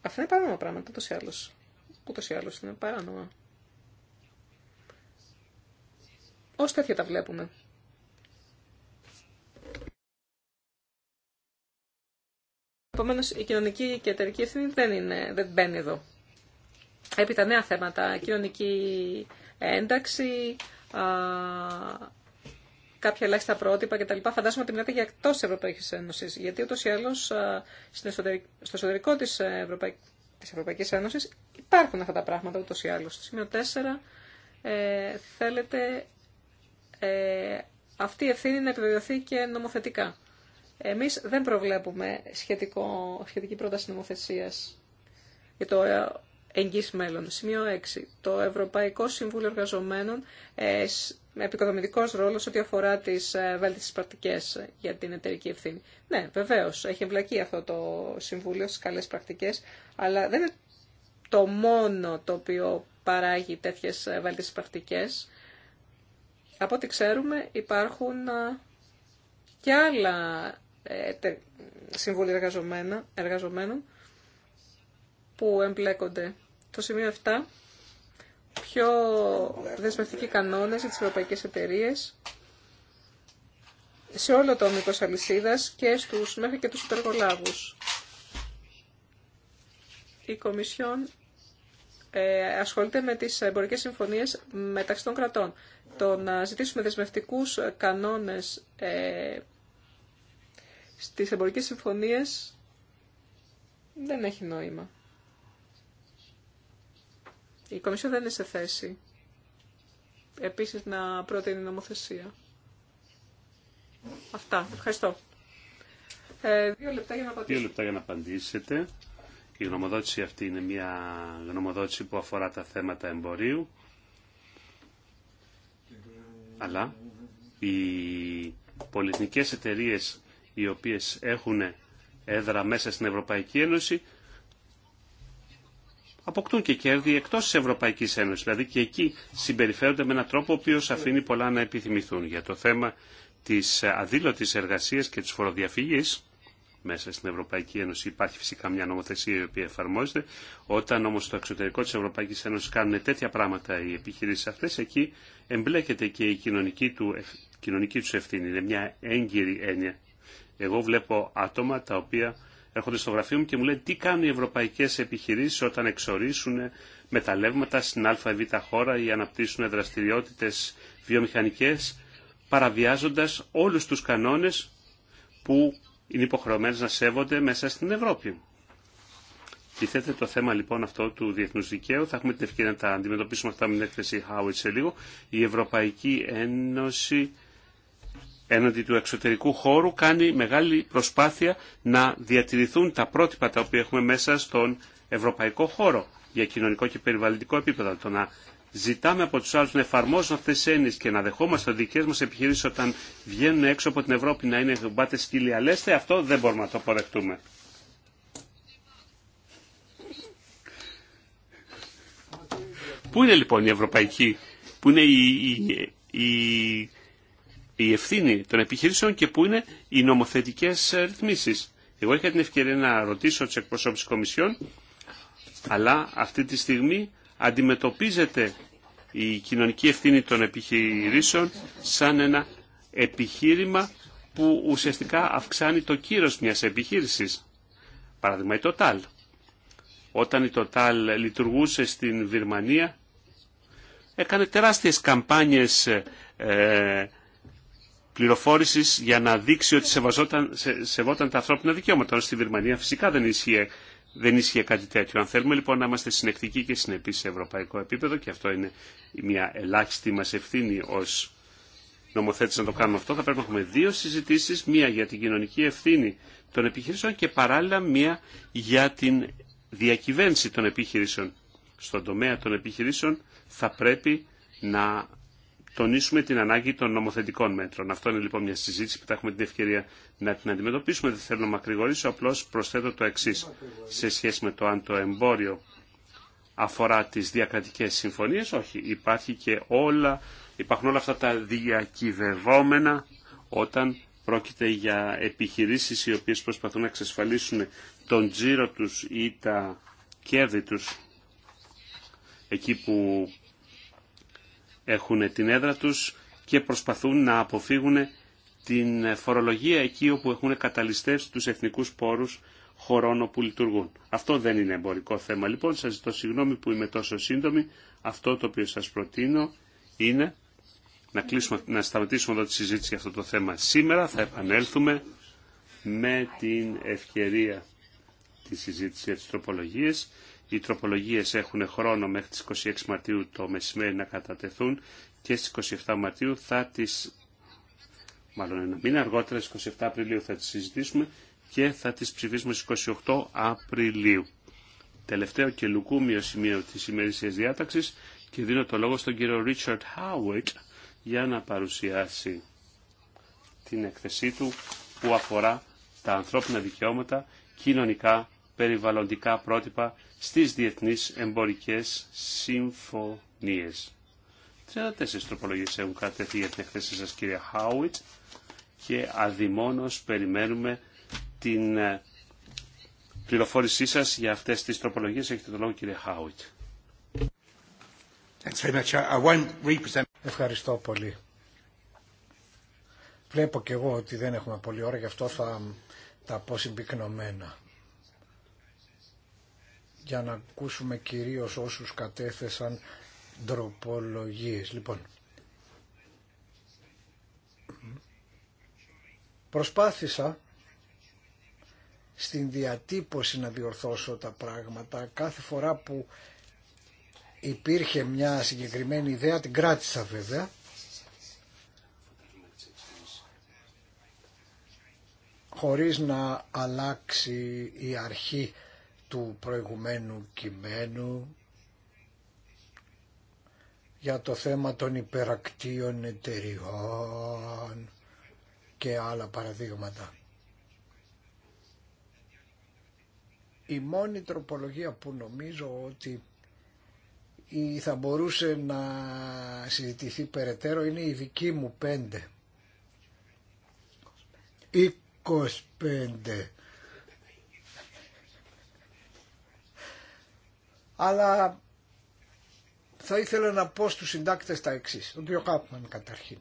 B: Αυτά είναι παράνομα πράγματα, ούτως ή άλλως. Ούτως ή άλλως είναι παράνομα. Ως τέτοια τα βλέπουμε. Επομένω, η κοινωνική και εταιρική ευθύνη δεν, είναι, δεν μπαίνει εδώ. Έπειτα νέα θέματα, κοινωνική ένταξη, α, κάποια ελάχιστα πρότυπα κτλ. Φαντάζομαι ότι μιλάτε για εκτό τη Ευρωπαϊκή Ένωση. Γιατί ούτω ή άλλω στο εσωτερικό τη ε, Ευρωπαϊ... Ευρωπαϊκή Ένωση υπάρχουν αυτά τα πράγματα ούτω ή άλλω. Στο σημείο 4 ε, θέλετε ε, αυτή η ευθύνη να επιβεβαιωθεί και νομοθετικά. Εμείς δεν προβλέπουμε σχετικό, σχετική πρόταση νομοθεσίας για το εγγύς μέλλον. Σημείο 6. Το Ευρωπαϊκό Συμβούλιο Εργαζομένων ε, με επικοδομητικός ρόλος ό,τι αφορά τις ε, βέλτιστες για την εταιρική ευθύνη. Ναι, βεβαίως, έχει εμπλακεί αυτό το Συμβούλιο στις καλές πρακτικές, αλλά δεν είναι το μόνο το οποίο παράγει τέτοιες ε, βέλτιστες πρακτικές. Από ό,τι ξέρουμε υπάρχουν ε, και άλλα ε, Συμβούλοι Εργαζομένων που εμπλέκονται. Το σημείο 7, πιο δεσμευτικοί κανόνες για τις ευρωπαϊκές εταιρείες σε όλο το μήκος αλυσίδας και στους, μέχρι και τους υπεργολάβους. Η Κομισιόν ε, ασχολείται με τις εμπορικές συμφωνίες μεταξύ των κρατών. Το να ζητήσουμε δεσμευτικούς κανόνες ε, στις εμπορικές συμφωνίες δεν έχει νόημα. Η Κομισιόν δεν είναι σε θέση επίσης να προτείνει νομοθεσία. Αυτά. Ευχαριστώ. Ε, δύο, λεπτά για να δύο
C: λεπτά για να απαντήσετε. Η γνωμοδότηση αυτή είναι μια γνωμοδότηση που αφορά τα θέματα εμπορίου. Αλλά οι πολυεθνικές εταιρείες οι οποίες έχουν έδρα μέσα στην Ευρωπαϊκή Ένωση αποκτούν και κέρδη εκτός της Ευρωπαϊκής Ένωσης. Δηλαδή και εκεί συμπεριφέρονται με έναν τρόπο ο οποίος αφήνει πολλά να επιθυμηθούν. Για το θέμα της αδίλωτης εργασίας και της φοροδιαφυγής μέσα στην Ευρωπαϊκή Ένωση υπάρχει φυσικά μια νομοθεσία η οποία εφαρμόζεται. Όταν όμως στο εξωτερικό της Ευρωπαϊκής Ένωσης κάνουν τέτοια πράγματα οι επιχειρήσεις αυτές, εκεί εμπλέκεται και η κοινωνική, του, κοινωνική τους ευθύνη. Είναι μια έγκυρη έννοια εγώ βλέπω άτομα τα οποία έρχονται στο γραφείο μου και μου λένε τι κάνουν οι ευρωπαϊκές επιχειρήσεις όταν εξορίσουν μεταλλεύματα στην ΑΒ χώρα ή αναπτύσσουν δραστηριότητες βιομηχανικές παραβιάζοντας όλους τους κανόνες που είναι υποχρεωμένες να σέβονται μέσα στην Ευρώπη. θέτε το θέμα λοιπόν αυτό του διεθνού δικαίου. Θα έχουμε την ευκαιρία να τα αντιμετωπίσουμε αυτά με την έκθεση Howard σε λίγο. Η Ευρωπαϊκή Ένωση έναντι του εξωτερικού χώρου κάνει μεγάλη προσπάθεια να διατηρηθούν τα πρότυπα τα οποία έχουμε μέσα στον ευρωπαϊκό χώρο για κοινωνικό και περιβαλλοντικό επίπεδο. Το να ζητάμε από τους άλλους να εφαρμόζουν αυτές τις έννοιες και να δεχόμαστε δικές μας επιχειρήσεις όταν βγαίνουν έξω από την Ευρώπη να είναι σκύλοι αλέστε αυτό δεν μπορούμε να το απορρεχτούμε. Πού είναι λοιπόν οι ευρωπαϊκοί, Πού είναι λοιπόν η ευρωπαϊκή, πού είναι η, η, η η ευθύνη των επιχειρήσεων και πού είναι οι νομοθετικές ε, ρυθμίσεις. Εγώ είχα την ευκαιρία να ρωτήσω τους εκπροσώπους της Κομισιόν, αλλά αυτή τη στιγμή αντιμετωπίζεται η κοινωνική ευθύνη των επιχειρήσεων σαν ένα επιχείρημα που ουσιαστικά αυξάνει το κύρος μιας επιχείρησης. Παράδειγμα η Total. Όταν η Total λειτουργούσε στην Βυρμανία, έκανε τεράστιες καμπάνιες ε, ε, πληροφόρηση για να δείξει ότι σε, σεβόταν τα ανθρώπινα δικαιώματα. Ενώ στη Βερμανία φυσικά δεν ισχύει δεν ίσχυε κάτι τέτοιο. Αν θέλουμε λοιπόν να είμαστε συνεκτικοί και συνεπεί σε ευρωπαϊκό επίπεδο, και αυτό είναι μια ελάχιστη μα ευθύνη ω νομοθέτη να το κάνουμε αυτό, θα πρέπει να έχουμε δύο συζητήσει: μία για την κοινωνική ευθύνη των επιχειρήσεων και παράλληλα μία για την διακυβέρνηση των επιχειρήσεων. Στον τομέα των επιχειρήσεων θα πρέπει να τονίσουμε την ανάγκη των νομοθετικών μέτρων. Αυτό είναι λοιπόν μια συζήτηση που θα έχουμε την ευκαιρία να την αντιμετωπίσουμε. Δεν θέλω να μακρηγορήσω, απλώ προσθέτω το εξή σε σχέση με το αν το εμπόριο αφορά τι διακρατικέ συμφωνίε. Όχι, υπάρχει και όλα, υπάρχουν όλα αυτά τα διακυβευόμενα όταν πρόκειται για επιχειρήσεις οι οποίες προσπαθούν να εξασφαλίσουν τον τζίρο τους ή τα κέρδη τους εκεί που έχουν την έδρα τους και προσπαθούν να αποφύγουν την φορολογία εκεί όπου έχουν καταλυστεύσει τους εθνικούς πόρους χωρών όπου λειτουργούν. Αυτό δεν είναι εμπορικό θέμα. Λοιπόν, σας ζητώ συγγνώμη που είμαι τόσο σύντομη. Αυτό το οποίο σας προτείνω είναι να, κλείσουμε, να σταματήσουμε εδώ τη συζήτηση για αυτό το θέμα σήμερα. Θα επανέλθουμε με την ευκαιρία τη συζήτηση για τις τροπολογίες οι τροπολογίες έχουν χρόνο μέχρι τις 26 Μαρτίου το μεσημέρι να κατατεθούν και στις 27 Μαρτίου θα τις, μάλλον ένα μήνα αργότερα, στις 27 Απριλίου θα τις συζητήσουμε και θα τις ψηφίσουμε στις 28 Απριλίου. Τελευταίο και λουκούμιο σημείο της ημερήσιας διάταξης και δίνω το λόγο στον κύριο Ρίτσαρτ Χάουιτ για να παρουσιάσει την εκθεσή του που αφορά τα ανθρώπινα δικαιώματα κοινωνικά περιβαλλοντικά πρότυπα στις διεθνείς εμπορικές συμφωνίες. 34 τροπολογίες έχουν κατέθει για την εκθέση σας κύριε Χάουιτ και αδειμόνως περιμένουμε την ε, πληροφόρησή σας για αυτές τις τροπολογίες. Έχετε το λόγο κύριε Χάουιτ.
A: Ευχαριστώ πολύ. Βλέπω και εγώ ότι δεν έχουμε πολύ ώρα, γι' αυτό θα τα πω συμπυκνωμένα για να ακούσουμε κυρίως όσους κατέθεσαν ντροπολογίες. Λοιπόν, προσπάθησα στην διατύπωση να διορθώσω τα πράγματα. Κάθε φορά που υπήρχε μια συγκεκριμένη ιδέα, την κράτησα βέβαια. χωρίς να αλλάξει η αρχή του προηγουμένου κειμένου για το θέμα των υπερακτίων εταιριών και άλλα παραδείγματα. Η μόνη τροπολογία που νομίζω ότι θα μπορούσε να συζητηθεί περαιτέρω είναι η δική μου πέντε. 25 Αλλά θα ήθελα να πω στους συντάκτες τα εξής. Ο κύριο Κάπμαν καταρχήν.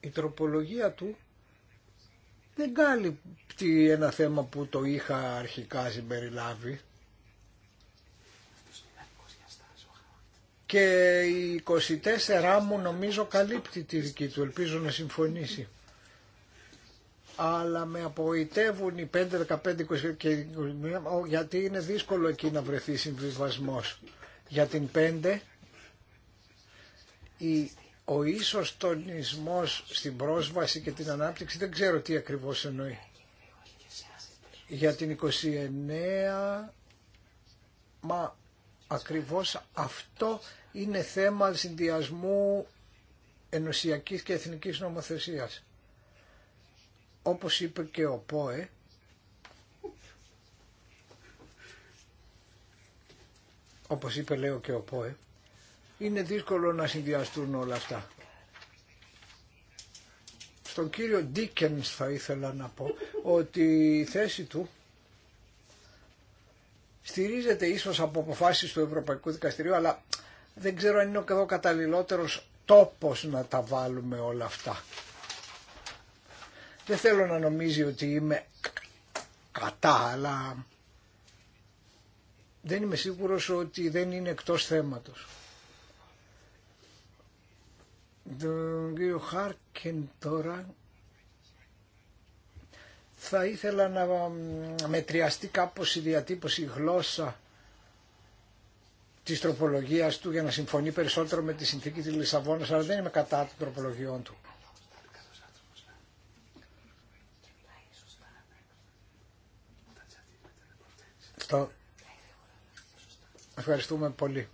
A: Η τροπολογία του δεν κάλυπτει ένα θέμα που το είχα αρχικά συμπεριλάβει. Και η 24 μου νομίζω καλύπτει τη δική του, ελπίζω να συμφωνήσει αλλά με απογοητεύουν οι 5, 15, 20 και γιατί είναι δύσκολο εκεί να βρεθεί συμβιβασμό. Για την 5 η, ο ίσος τονισμό στην πρόσβαση και την ανάπτυξη δεν ξέρω τι ακριβώς εννοεί. Για την 29 μα ακριβώς αυτό είναι θέμα συνδυασμού ενωσιακής και εθνικής νομοθεσίας όπως είπε και ο ΠΟΕ, όπως είπε λέω και ο ΠΟΕ, είναι δύσκολο να συνδυαστούν όλα αυτά. Στον κύριο Ντίκενς θα ήθελα να πω ότι η θέση του στηρίζεται ίσως από αποφάσεις του Ευρωπαϊκού Δικαστηρίου, αλλά δεν ξέρω αν είναι ο καταλληλότερος τόπος να τα βάλουμε όλα αυτά. Δεν θέλω να νομίζει ότι είμαι κατά, αλλά δεν είμαι σίγουρος ότι δεν είναι εκτός θέματος. Τον κύριο Χάρκεν τώρα θα ήθελα να μετριαστεί κάπως η διατύπωση, η γλώσσα της τροπολογίας του για να συμφωνεί περισσότερο με τη συνθήκη της Λισαβόνας, αλλά δεν είμαι κατά των τροπολογιών του. Ευχαριστούμε πολύ.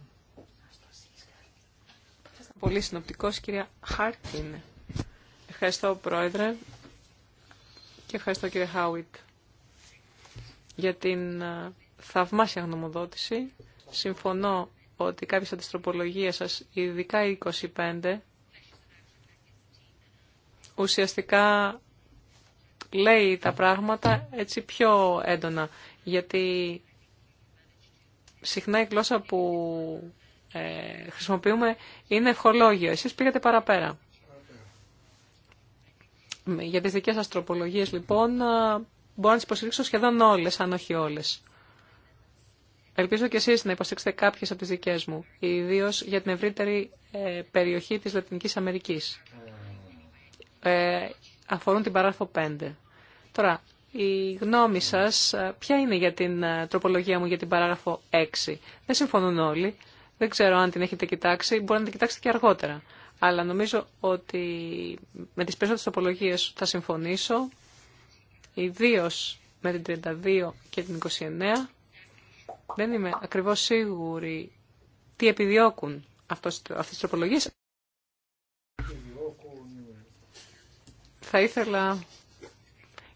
B: Πολύ συνοπτικό, κυρία Χάρκιν. Ευχαριστώ, Πρόεδρε, και ευχαριστώ, κύριε Χάουιτ, για την ε, θαυμάσια γνωμοδότηση. Συμφωνώ ότι κάποιες αντιστροπολογίε σα, ειδικά οι 25, ουσιαστικά λέει τα πράγματα έτσι πιο έντονα, γιατί συχνά η γλώσσα που ε, χρησιμοποιούμε είναι ευχολόγιο. Εσείς πήγατε παραπέρα. Για τις δικές σας τροπολογίες, λοιπόν, μπορώ να τις υποστηρίξω σχεδόν όλες, αν όχι όλες. Ελπίζω και εσείς να υποστηρίξετε κάποιες από τις δικές μου, ιδίω για την ευρύτερη ε, περιοχή της Λατινικής Αμερικής. Ε, αφορούν την παράγραφο 5. Τώρα, η γνώμη σας ε, ποια είναι για την ε, τροπολογία μου για την παράγραφο 6. Δεν συμφωνούν όλοι. Δεν ξέρω αν την έχετε κοιτάξει. Μπορεί να την κοιτάξετε και αργότερα. Αλλά νομίζω ότι με τις περισσότερες τροπολογίες θα συμφωνήσω. ιδίω με την 32 και την 29. Δεν είμαι ακριβώς σίγουρη τι επιδιώκουν αυτές τις τροπολογίες. Θα ήθελα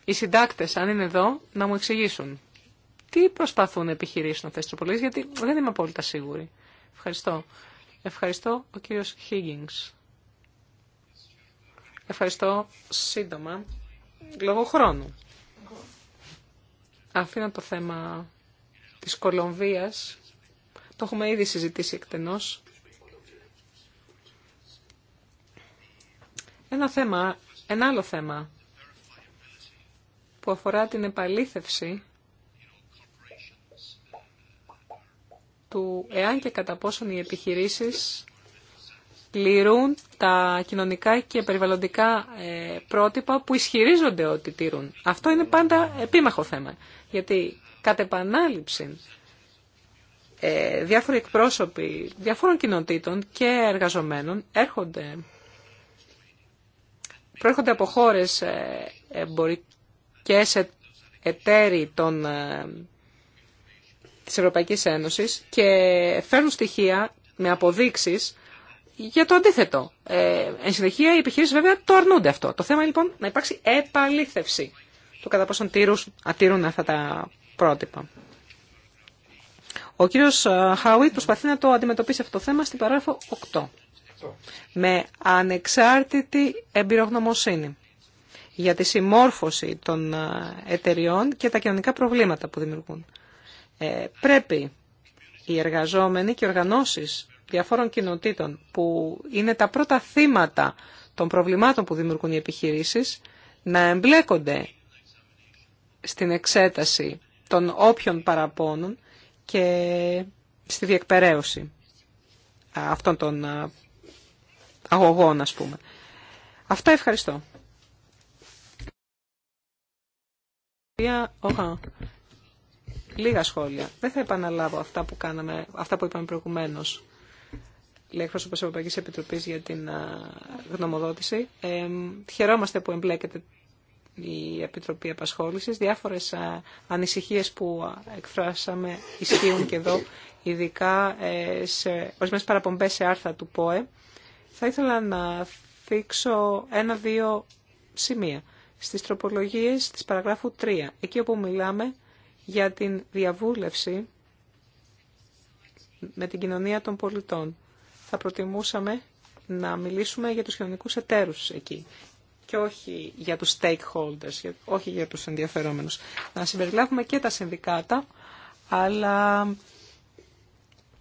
B: οι συντάκτε αν είναι εδώ, να μου εξηγήσουν τι προσπαθούν να επιχειρήσουν αυτέ τι τροπολογίε, γιατί δεν είμαι απόλυτα σίγουρη. Ευχαριστώ. Ευχαριστώ ο κύριος Higgins. Ευχαριστώ σύντομα, λόγω χρόνου. Αφήνω το θέμα της Κολομβίας. Το έχουμε ήδη συζητήσει εκτενώς. Ένα θέμα, ένα άλλο θέμα που αφορά την επαλήθευση του εάν και κατά πόσον οι επιχειρήσεις πληρούν τα κοινωνικά και περιβαλλοντικά ε, πρότυπα που ισχυρίζονται ότι τηρούν. Αυτό είναι πάντα επίμαχο θέμα, γιατί κατ' επανάληψη ε, διάφοροι εκπρόσωποι διαφόρων κοινοτήτων και εργαζομένων έρχονται, προέρχονται από χώρες ε, και σε εταίροι των, ε, της Ευρωπαϊκής Ένωσης και φέρνουν στοιχεία με αποδείξεις για το αντίθετο. Ε, εν συνεχεία οι επιχειρήσεις βέβαια το αρνούνται αυτό. Το θέμα λοιπόν να υπάρξει επαλήθευση του κατά πόσον ατύρουν αυτά τα πρότυπα. Ο κύριος ε, Χάουιτ προσπαθεί να το αντιμετωπίσει αυτό το θέμα στην παράγραφο 8 με ανεξάρτητη εμπειρογνωμοσύνη για τη συμμόρφωση των ε, εταιριών και τα κοινωνικά προβλήματα που δημιουργούν. Ε, πρέπει οι εργαζόμενοι και οι οργανώσεις διαφόρων κοινοτήτων που είναι τα πρώτα θύματα των προβλημάτων που δημιουργούν οι επιχειρήσεις να εμπλέκονται στην εξέταση των όποιων παραπώνων και στη διεκπαιρέωση αυτών των ε, αγωγών, ας πούμε. Αυτά ευχαριστώ. Λίγα σχόλια. Δεν θα επαναλάβω αυτά που, κάναμε, αυτά που είπαμε προηγουμένω. Λέει εκπρόσωπο Ευρωπαϊκή Επιτροπή για την γνωμοδότηση. Ε, χαιρόμαστε που εμπλέκεται η Επιτροπή Απασχόληση. Διάφορε ανησυχίε που εκφράσαμε ισχύουν και εδώ, ειδικά ε, σε ορισμένε παραπομπέ σε άρθρα του ΠΟΕ. Θα ήθελα να θίξω ένα-δύο σημεία στις τροπολογίες της παραγράφου 3, εκεί όπου μιλάμε για την διαβούλευση με την κοινωνία των πολιτών. Θα προτιμούσαμε να μιλήσουμε για τους κοινωνικούς εταίρους εκεί και όχι για τους stakeholders, όχι για τους ενδιαφερόμενους. Να συμπεριλάβουμε και τα συνδικάτα, αλλά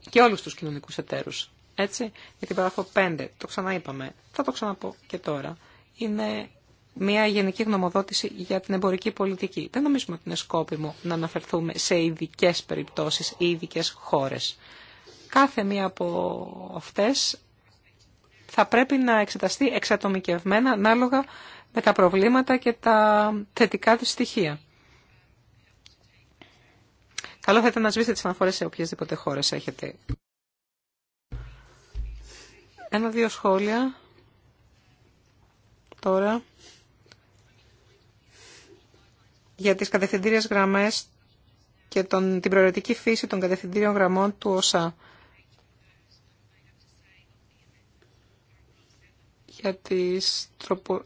B: και όλους τους κοινωνικούς εταίρους. Έτσι, για την 5, το ξαναείπαμε, θα το ξαναπώ και τώρα. Είναι μια γενική γνωμοδότηση για την εμπορική πολιτική. Δεν νομίζουμε ότι είναι σκόπιμο να αναφερθούμε σε ειδικέ περιπτώσεις ή ειδικέ χώρες. Κάθε μία από αυτές θα πρέπει να εξεταστεί εξατομικευμένα ανάλογα με τα προβλήματα και τα θετικά του στοιχεία. Καλό θα ήταν να σβήσετε τις αναφορές σε οποιασδήποτε χώρες έχετε. Ένα-δύο σχόλια τώρα. για τις κατευθυντήριες γραμμές και τον, την προαιρετική φύση των κατευθυντήριων γραμμών του ΩΣΑ. Για τις τροπο...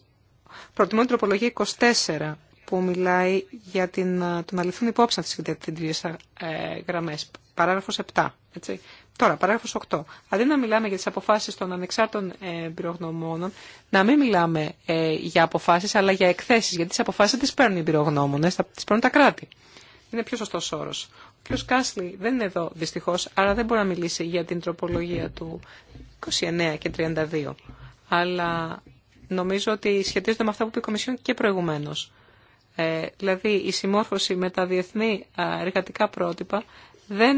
B: Προτιμώ την τροπολογία 24 που μιλάει για την, ε, το να υπόψη της τι ε, γραμμές. Παράγραφος 7. Έτσι. Τώρα, παράγραφος 8. Αντί να μιλάμε για τις αποφάσεις των ανεξάρτων ε, πυρογνωμόνων, να μην μιλάμε ε, για αποφάσεις, αλλά για εκθέσεις, γιατί τις αποφάσεις δεν τις παίρνουν οι πυρογνώμονε, τις παίρνουν τα κράτη. Είναι πιο σωστό όρο. Ο κ. Κάσλι δεν είναι εδώ δυστυχώ, άρα δεν μπορεί να μιλήσει για την τροπολογία του 29 και 32. Αλλά νομίζω ότι σχετίζονται με αυτά που είπε η Κομισιόν και προηγουμένω. Ε, δηλαδή η συμμόρφωση με τα διεθνή εργατικά πρότυπα δεν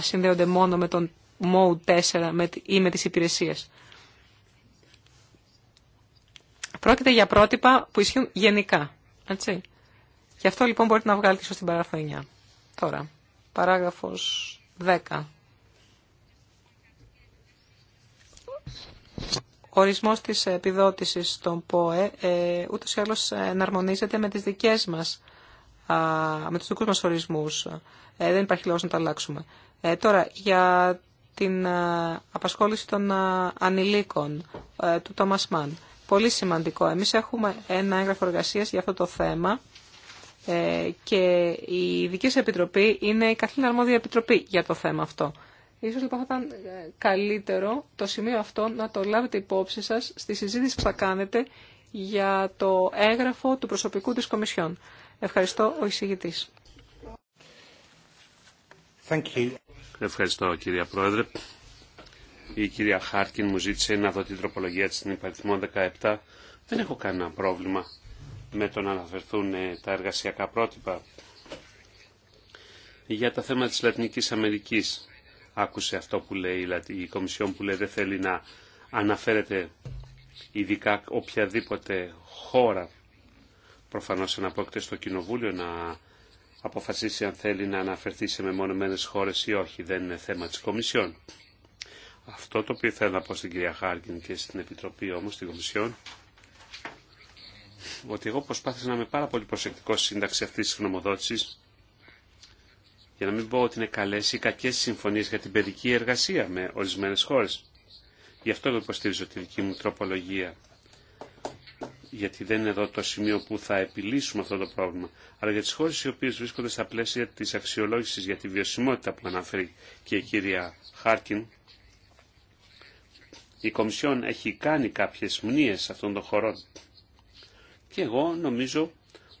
B: συνδέονται μόνο με τον Mode 4 ή με τις υπηρεσίες. Πρόκειται για πρότυπα που ισχύουν γενικά. Έτσι. Γι' αυτό λοιπόν μπορείτε να βγάλετε ίσως την παράγραφο 9. Τώρα, παράγραφος 10 ορισμός της επιδότησης των ΠΟΕ ε, ούτως ή άλλως εναρμονίζεται με τις δικές μας, με τους δικούς μας ορισμούς. Ε, δεν υπάρχει λόγος να τα αλλάξουμε. Ε, τώρα, για την απασχόληση των ανηλίκων ε, του Τόμας Μαν. Πολύ σημαντικό. Εμείς έχουμε ένα έγγραφο εργασίας για αυτό το θέμα ε, και η σας Επιτροπή είναι η καθήλυνα αρμόδια επιτροπή για το θέμα αυτό. Ίσως λοιπόν θα ήταν ε, καλύτερο το σημείο αυτό να το λάβετε υπόψη σας στη συζήτηση που θα κάνετε για το έγγραφο του προσωπικού της Κομισιόν. Ευχαριστώ ο εισηγητής.
C: Thank you. Ευχαριστώ κυρία Πρόεδρε. Η κυρία Χάρκιν μου ζήτησε να δω την τροπολογία της στην υπαριθμό 17. Δεν έχω κανένα πρόβλημα με το να αναφερθούν ε, τα εργασιακά πρότυπα. Για τα θέματα της Λατινικής Αμερικής άκουσε αυτό που λέει δηλαδή η Κομισιόν που λέει δεν θέλει να αναφέρεται ειδικά οποιαδήποτε χώρα. Προφανώς αναπόκειται στο Κοινοβούλιο να αποφασίσει αν θέλει να αναφερθεί σε μεμονωμένες χώρες ή όχι. Δεν είναι θέμα της Κομισιόν. Αυτό το οποίο θέλω να πω στην κυρία Χάρκιν και στην Επιτροπή όμως, στην Κομισιόν, ότι εγώ προσπάθησα να είμαι πάρα πολύ προσεκτικό στη σύνταξη αυτής της γνωμοδότησης για να μην πω ότι είναι καλές ή κακές συμφωνίες για την παιδική εργασία με ορισμένες χώρες. Γι' αυτό εγώ υποστήριζω τη δική μου τροπολογία. Γιατί δεν είναι εδώ το σημείο που θα επιλύσουμε αυτό το πρόβλημα. Αλλά για τις χώρες οι οποίες βρίσκονται στα πλαίσια της αξιολόγησης για τη βιωσιμότητα που αναφέρει και η κυρία Χάρκιν, η Κομισιόν έχει κάνει κάποιες μνήες αυτών των χωρών. Και εγώ νομίζω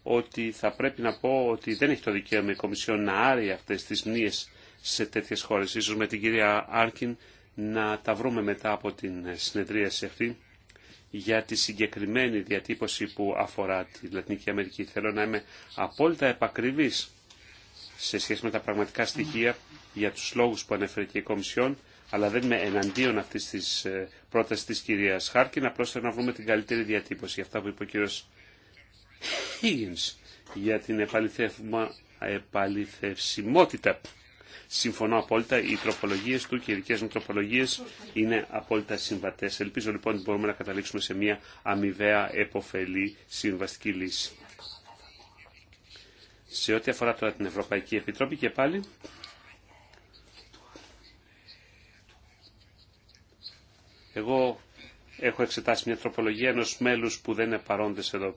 C: ότι θα πρέπει να πω ότι δεν έχει το δικαίωμα η Κομισιόν να άρει αυτές τις μνήες σε τέτοιες χώρες. Ίσως με την κυρία Άρκιν να τα βρούμε μετά από την συνεδρίαση αυτή για τη συγκεκριμένη διατύπωση που αφορά τη Λατινική Αμερική. Θέλω να είμαι απόλυτα επακριβής σε σχέση με τα πραγματικά στοιχεία για τους λόγους που ανέφερε και η Κομισιόν, αλλά δεν είμαι εναντίον αυτής της ε, πρότασης της κυρίας Χάρκιν, απλώς θέλω να βρούμε την καλύτερη διατύπωση για αυτά που είπε ο κύριος Higgins για την επαληθευσιμότητα. Συμφωνώ απόλυτα, οι τροπολογίε του και οι δικέ μου τροπολογίε είναι απόλυτα συμβατέ. Ελπίζω λοιπόν ότι μπορούμε να καταλήξουμε σε μια αμοιβαία εποφελή συμβαστική λύση. Σε ό,τι αφορά τώρα την Ευρωπαϊκή Επιτροπή και πάλι. Εγώ έχω εξετάσει μια τροπολογία ενός μέλους που δεν είναι παρόντες εδώ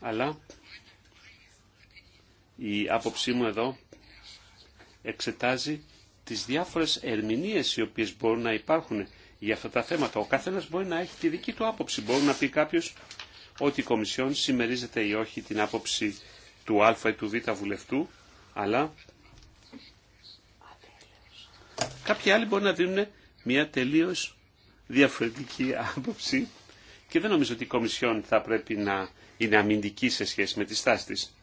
C: αλλά η άποψή μου εδώ εξετάζει τις διάφορες ερμηνείες οι οποίες μπορούν να υπάρχουν για αυτά τα θέματα. Ο καθένας μπορεί να έχει τη δική του άποψη. Μπορεί να πει κάποιος ότι η Κομισιόν συμμερίζεται ή όχι την άποψη του Α ή του Β βουλευτού, αλλά κάποιοι άλλοι μπορεί να δίνουν μια τελείως διαφορετική άποψη και δεν νομίζω ότι η Κομισιόν θα πρέπει να είναι αμυντική σε σχέση με τη στάση της.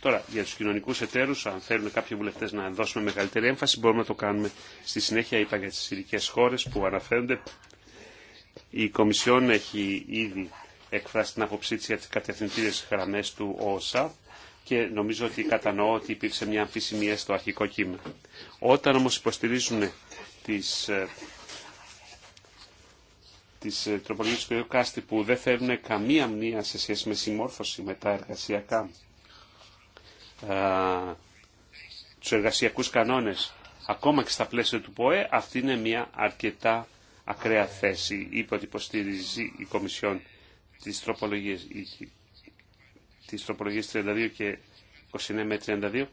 C: Τώρα, για τους κοινωνικούς εταίρους, αν θέλουν κάποιοι βουλευτές να δώσουμε μεγαλύτερη έμφαση, μπορούμε να το κάνουμε. Στη συνέχεια είπα για τις ειδικές χώρες που αναφέρονται. Η Κομισιόν έχει ήδη εκφράσει την άποψή της για τις κατευθυντήρες γραμμές του ΩΣΑ και νομίζω ότι κατανοώ ότι υπήρξε μια αμφισημία στο αρχικό κείμενο. Όταν όμως υποστηρίζουν τις ε, τη ε, τροπολογίες του κ. που δεν θέλουν καμία μνήμα σε σχέση με συμμόρφωση με τα εργασιακά ε, του εργασιακού κανόνε ακόμα και στα πλαίσια του ΠΟΕ αυτή είναι μια αρκετά ακραία θέση είπε ότι υποστηρίζει η Κομισιόν τη Τροπολογία 32 και 29 με 32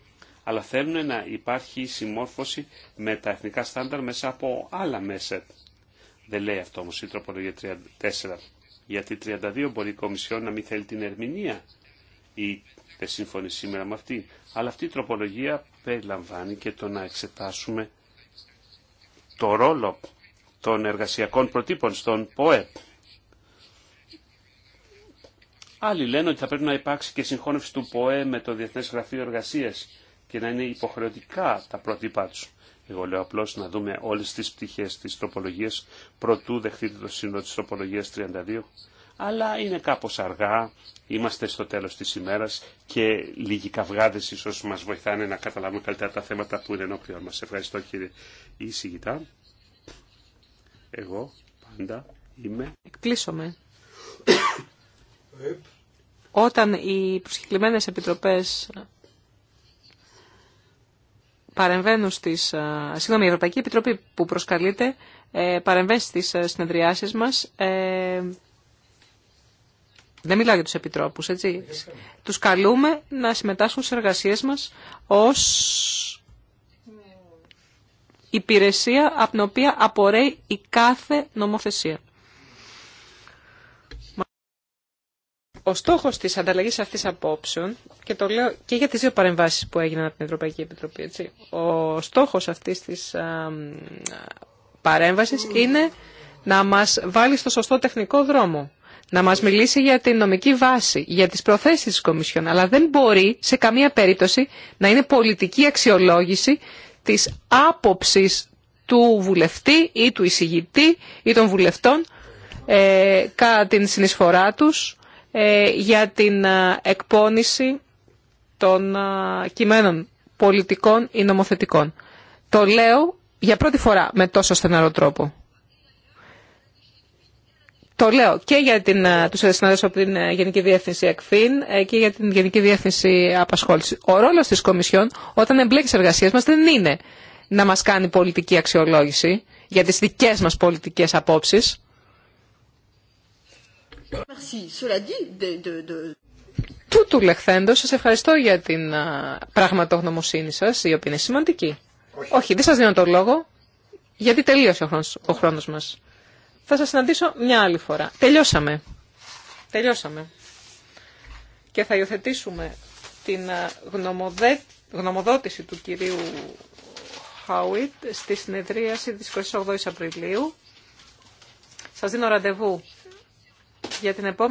C: αλλά θέλουν να υπάρχει συμμόρφωση με τα εθνικά στάνταρ μέσα από άλλα μέσα δεν λέει αυτό όμως η τροπολογία 34. Γιατί 32 μπορεί η Κομισιόν να μην θέλει την ερμηνεία ή δεν συμφωνεί σήμερα με αυτή. Αλλά αυτή η τροπολογία περιλαμβάνει και το να εξετάσουμε το ρόλο των εργασιακών προτύπων στον ΠΟΕΠ. Άλλοι λένε ότι θα πρέπει να υπάρξει και συγχώνευση του ΠΟΕ με το Διεθνές Γραφείο Εργασίας και να είναι υποχρεωτικά τα πρότυπά του. Εγώ λέω απλώ να δούμε όλε τι πτυχέ τη τροπολογία προτού δεχτείτε το σύνολο τη τροπολογία 32. Αλλά είναι κάπω αργά, είμαστε στο τέλο τη ημέρα και λίγοι καυγάδε ίσω μα βοηθάνε να καταλάβουμε καλύτερα τα θέματα που είναι ενώπιον μα. Ευχαριστώ κύριε Ισηγητά. Εγώ πάντα είμαι. με. *coughs*
B: Όταν οι προσκεκλημένες επιτροπές παρεμβαίνουν στις, ε, συγγνώμη, η Ευρωπαϊκή Επιτροπή που προσκαλείται ε, παρεμβαίνει στις ε, συνεδριάσεις μας. δεν μιλάω για τους επιτρόπους, έτσι. Τους καλούμε να συμμετάσχουν στις εργασίες μας ως υπηρεσία από την οποία απορρέει η κάθε νομοθεσία. Ο στόχος της ανταλλαγής αυτής απόψεων, και το λέω και για τις δύο παρεμβάσεις που έγιναν από την Ευρωπαϊκή Επιτροπή, έτσι, ο στόχος αυτής της α, παρέμβασης είναι να μας βάλει στο σωστό τεχνικό δρόμο. Να μας μιλήσει για την νομική βάση, για τις προθέσεις της Κομισιόν. Αλλά δεν μπορεί σε καμία περίπτωση να είναι πολιτική αξιολόγηση της άποψης του βουλευτή ή του εισηγητή ή των βουλευτών ε, κατά την συνεισφορά τους ε, για την ε, εκπόνηση των ε, κειμένων πολιτικών ή νομοθετικών. Το λέω για πρώτη φορά με τόσο στεναρό τρόπο. Το λέω και για την, τους συναδέλφους από την Γενική Διεύθυνση ΕΚΦΗΝ και για την Γενική Διεύθυνση Απασχόληση. Ο ρόλος της Κομισιόν όταν εμπλέκει εργασίες μας δεν είναι να μας κάνει πολιτική αξιολόγηση για τις δικές μας πολιτικές απόψεις. Τούτου λεχθεντο σας ευχαριστώ για την πραγματογνωμοσύνη σας, η οποία είναι σημαντική. Όχι, δεν σας δίνω τον λόγο, γιατί τελείωσε ο χρόνος, μας. Θα σας συναντήσω μια άλλη φορά. Τελειώσαμε. Τελειώσαμε. Και θα υιοθετήσουμε την γνωμοδότηση του κυρίου Χάουιτ στη συνεδρίαση της 28 Απριλίου. Σας δίνω ραντεβού για την επόμενη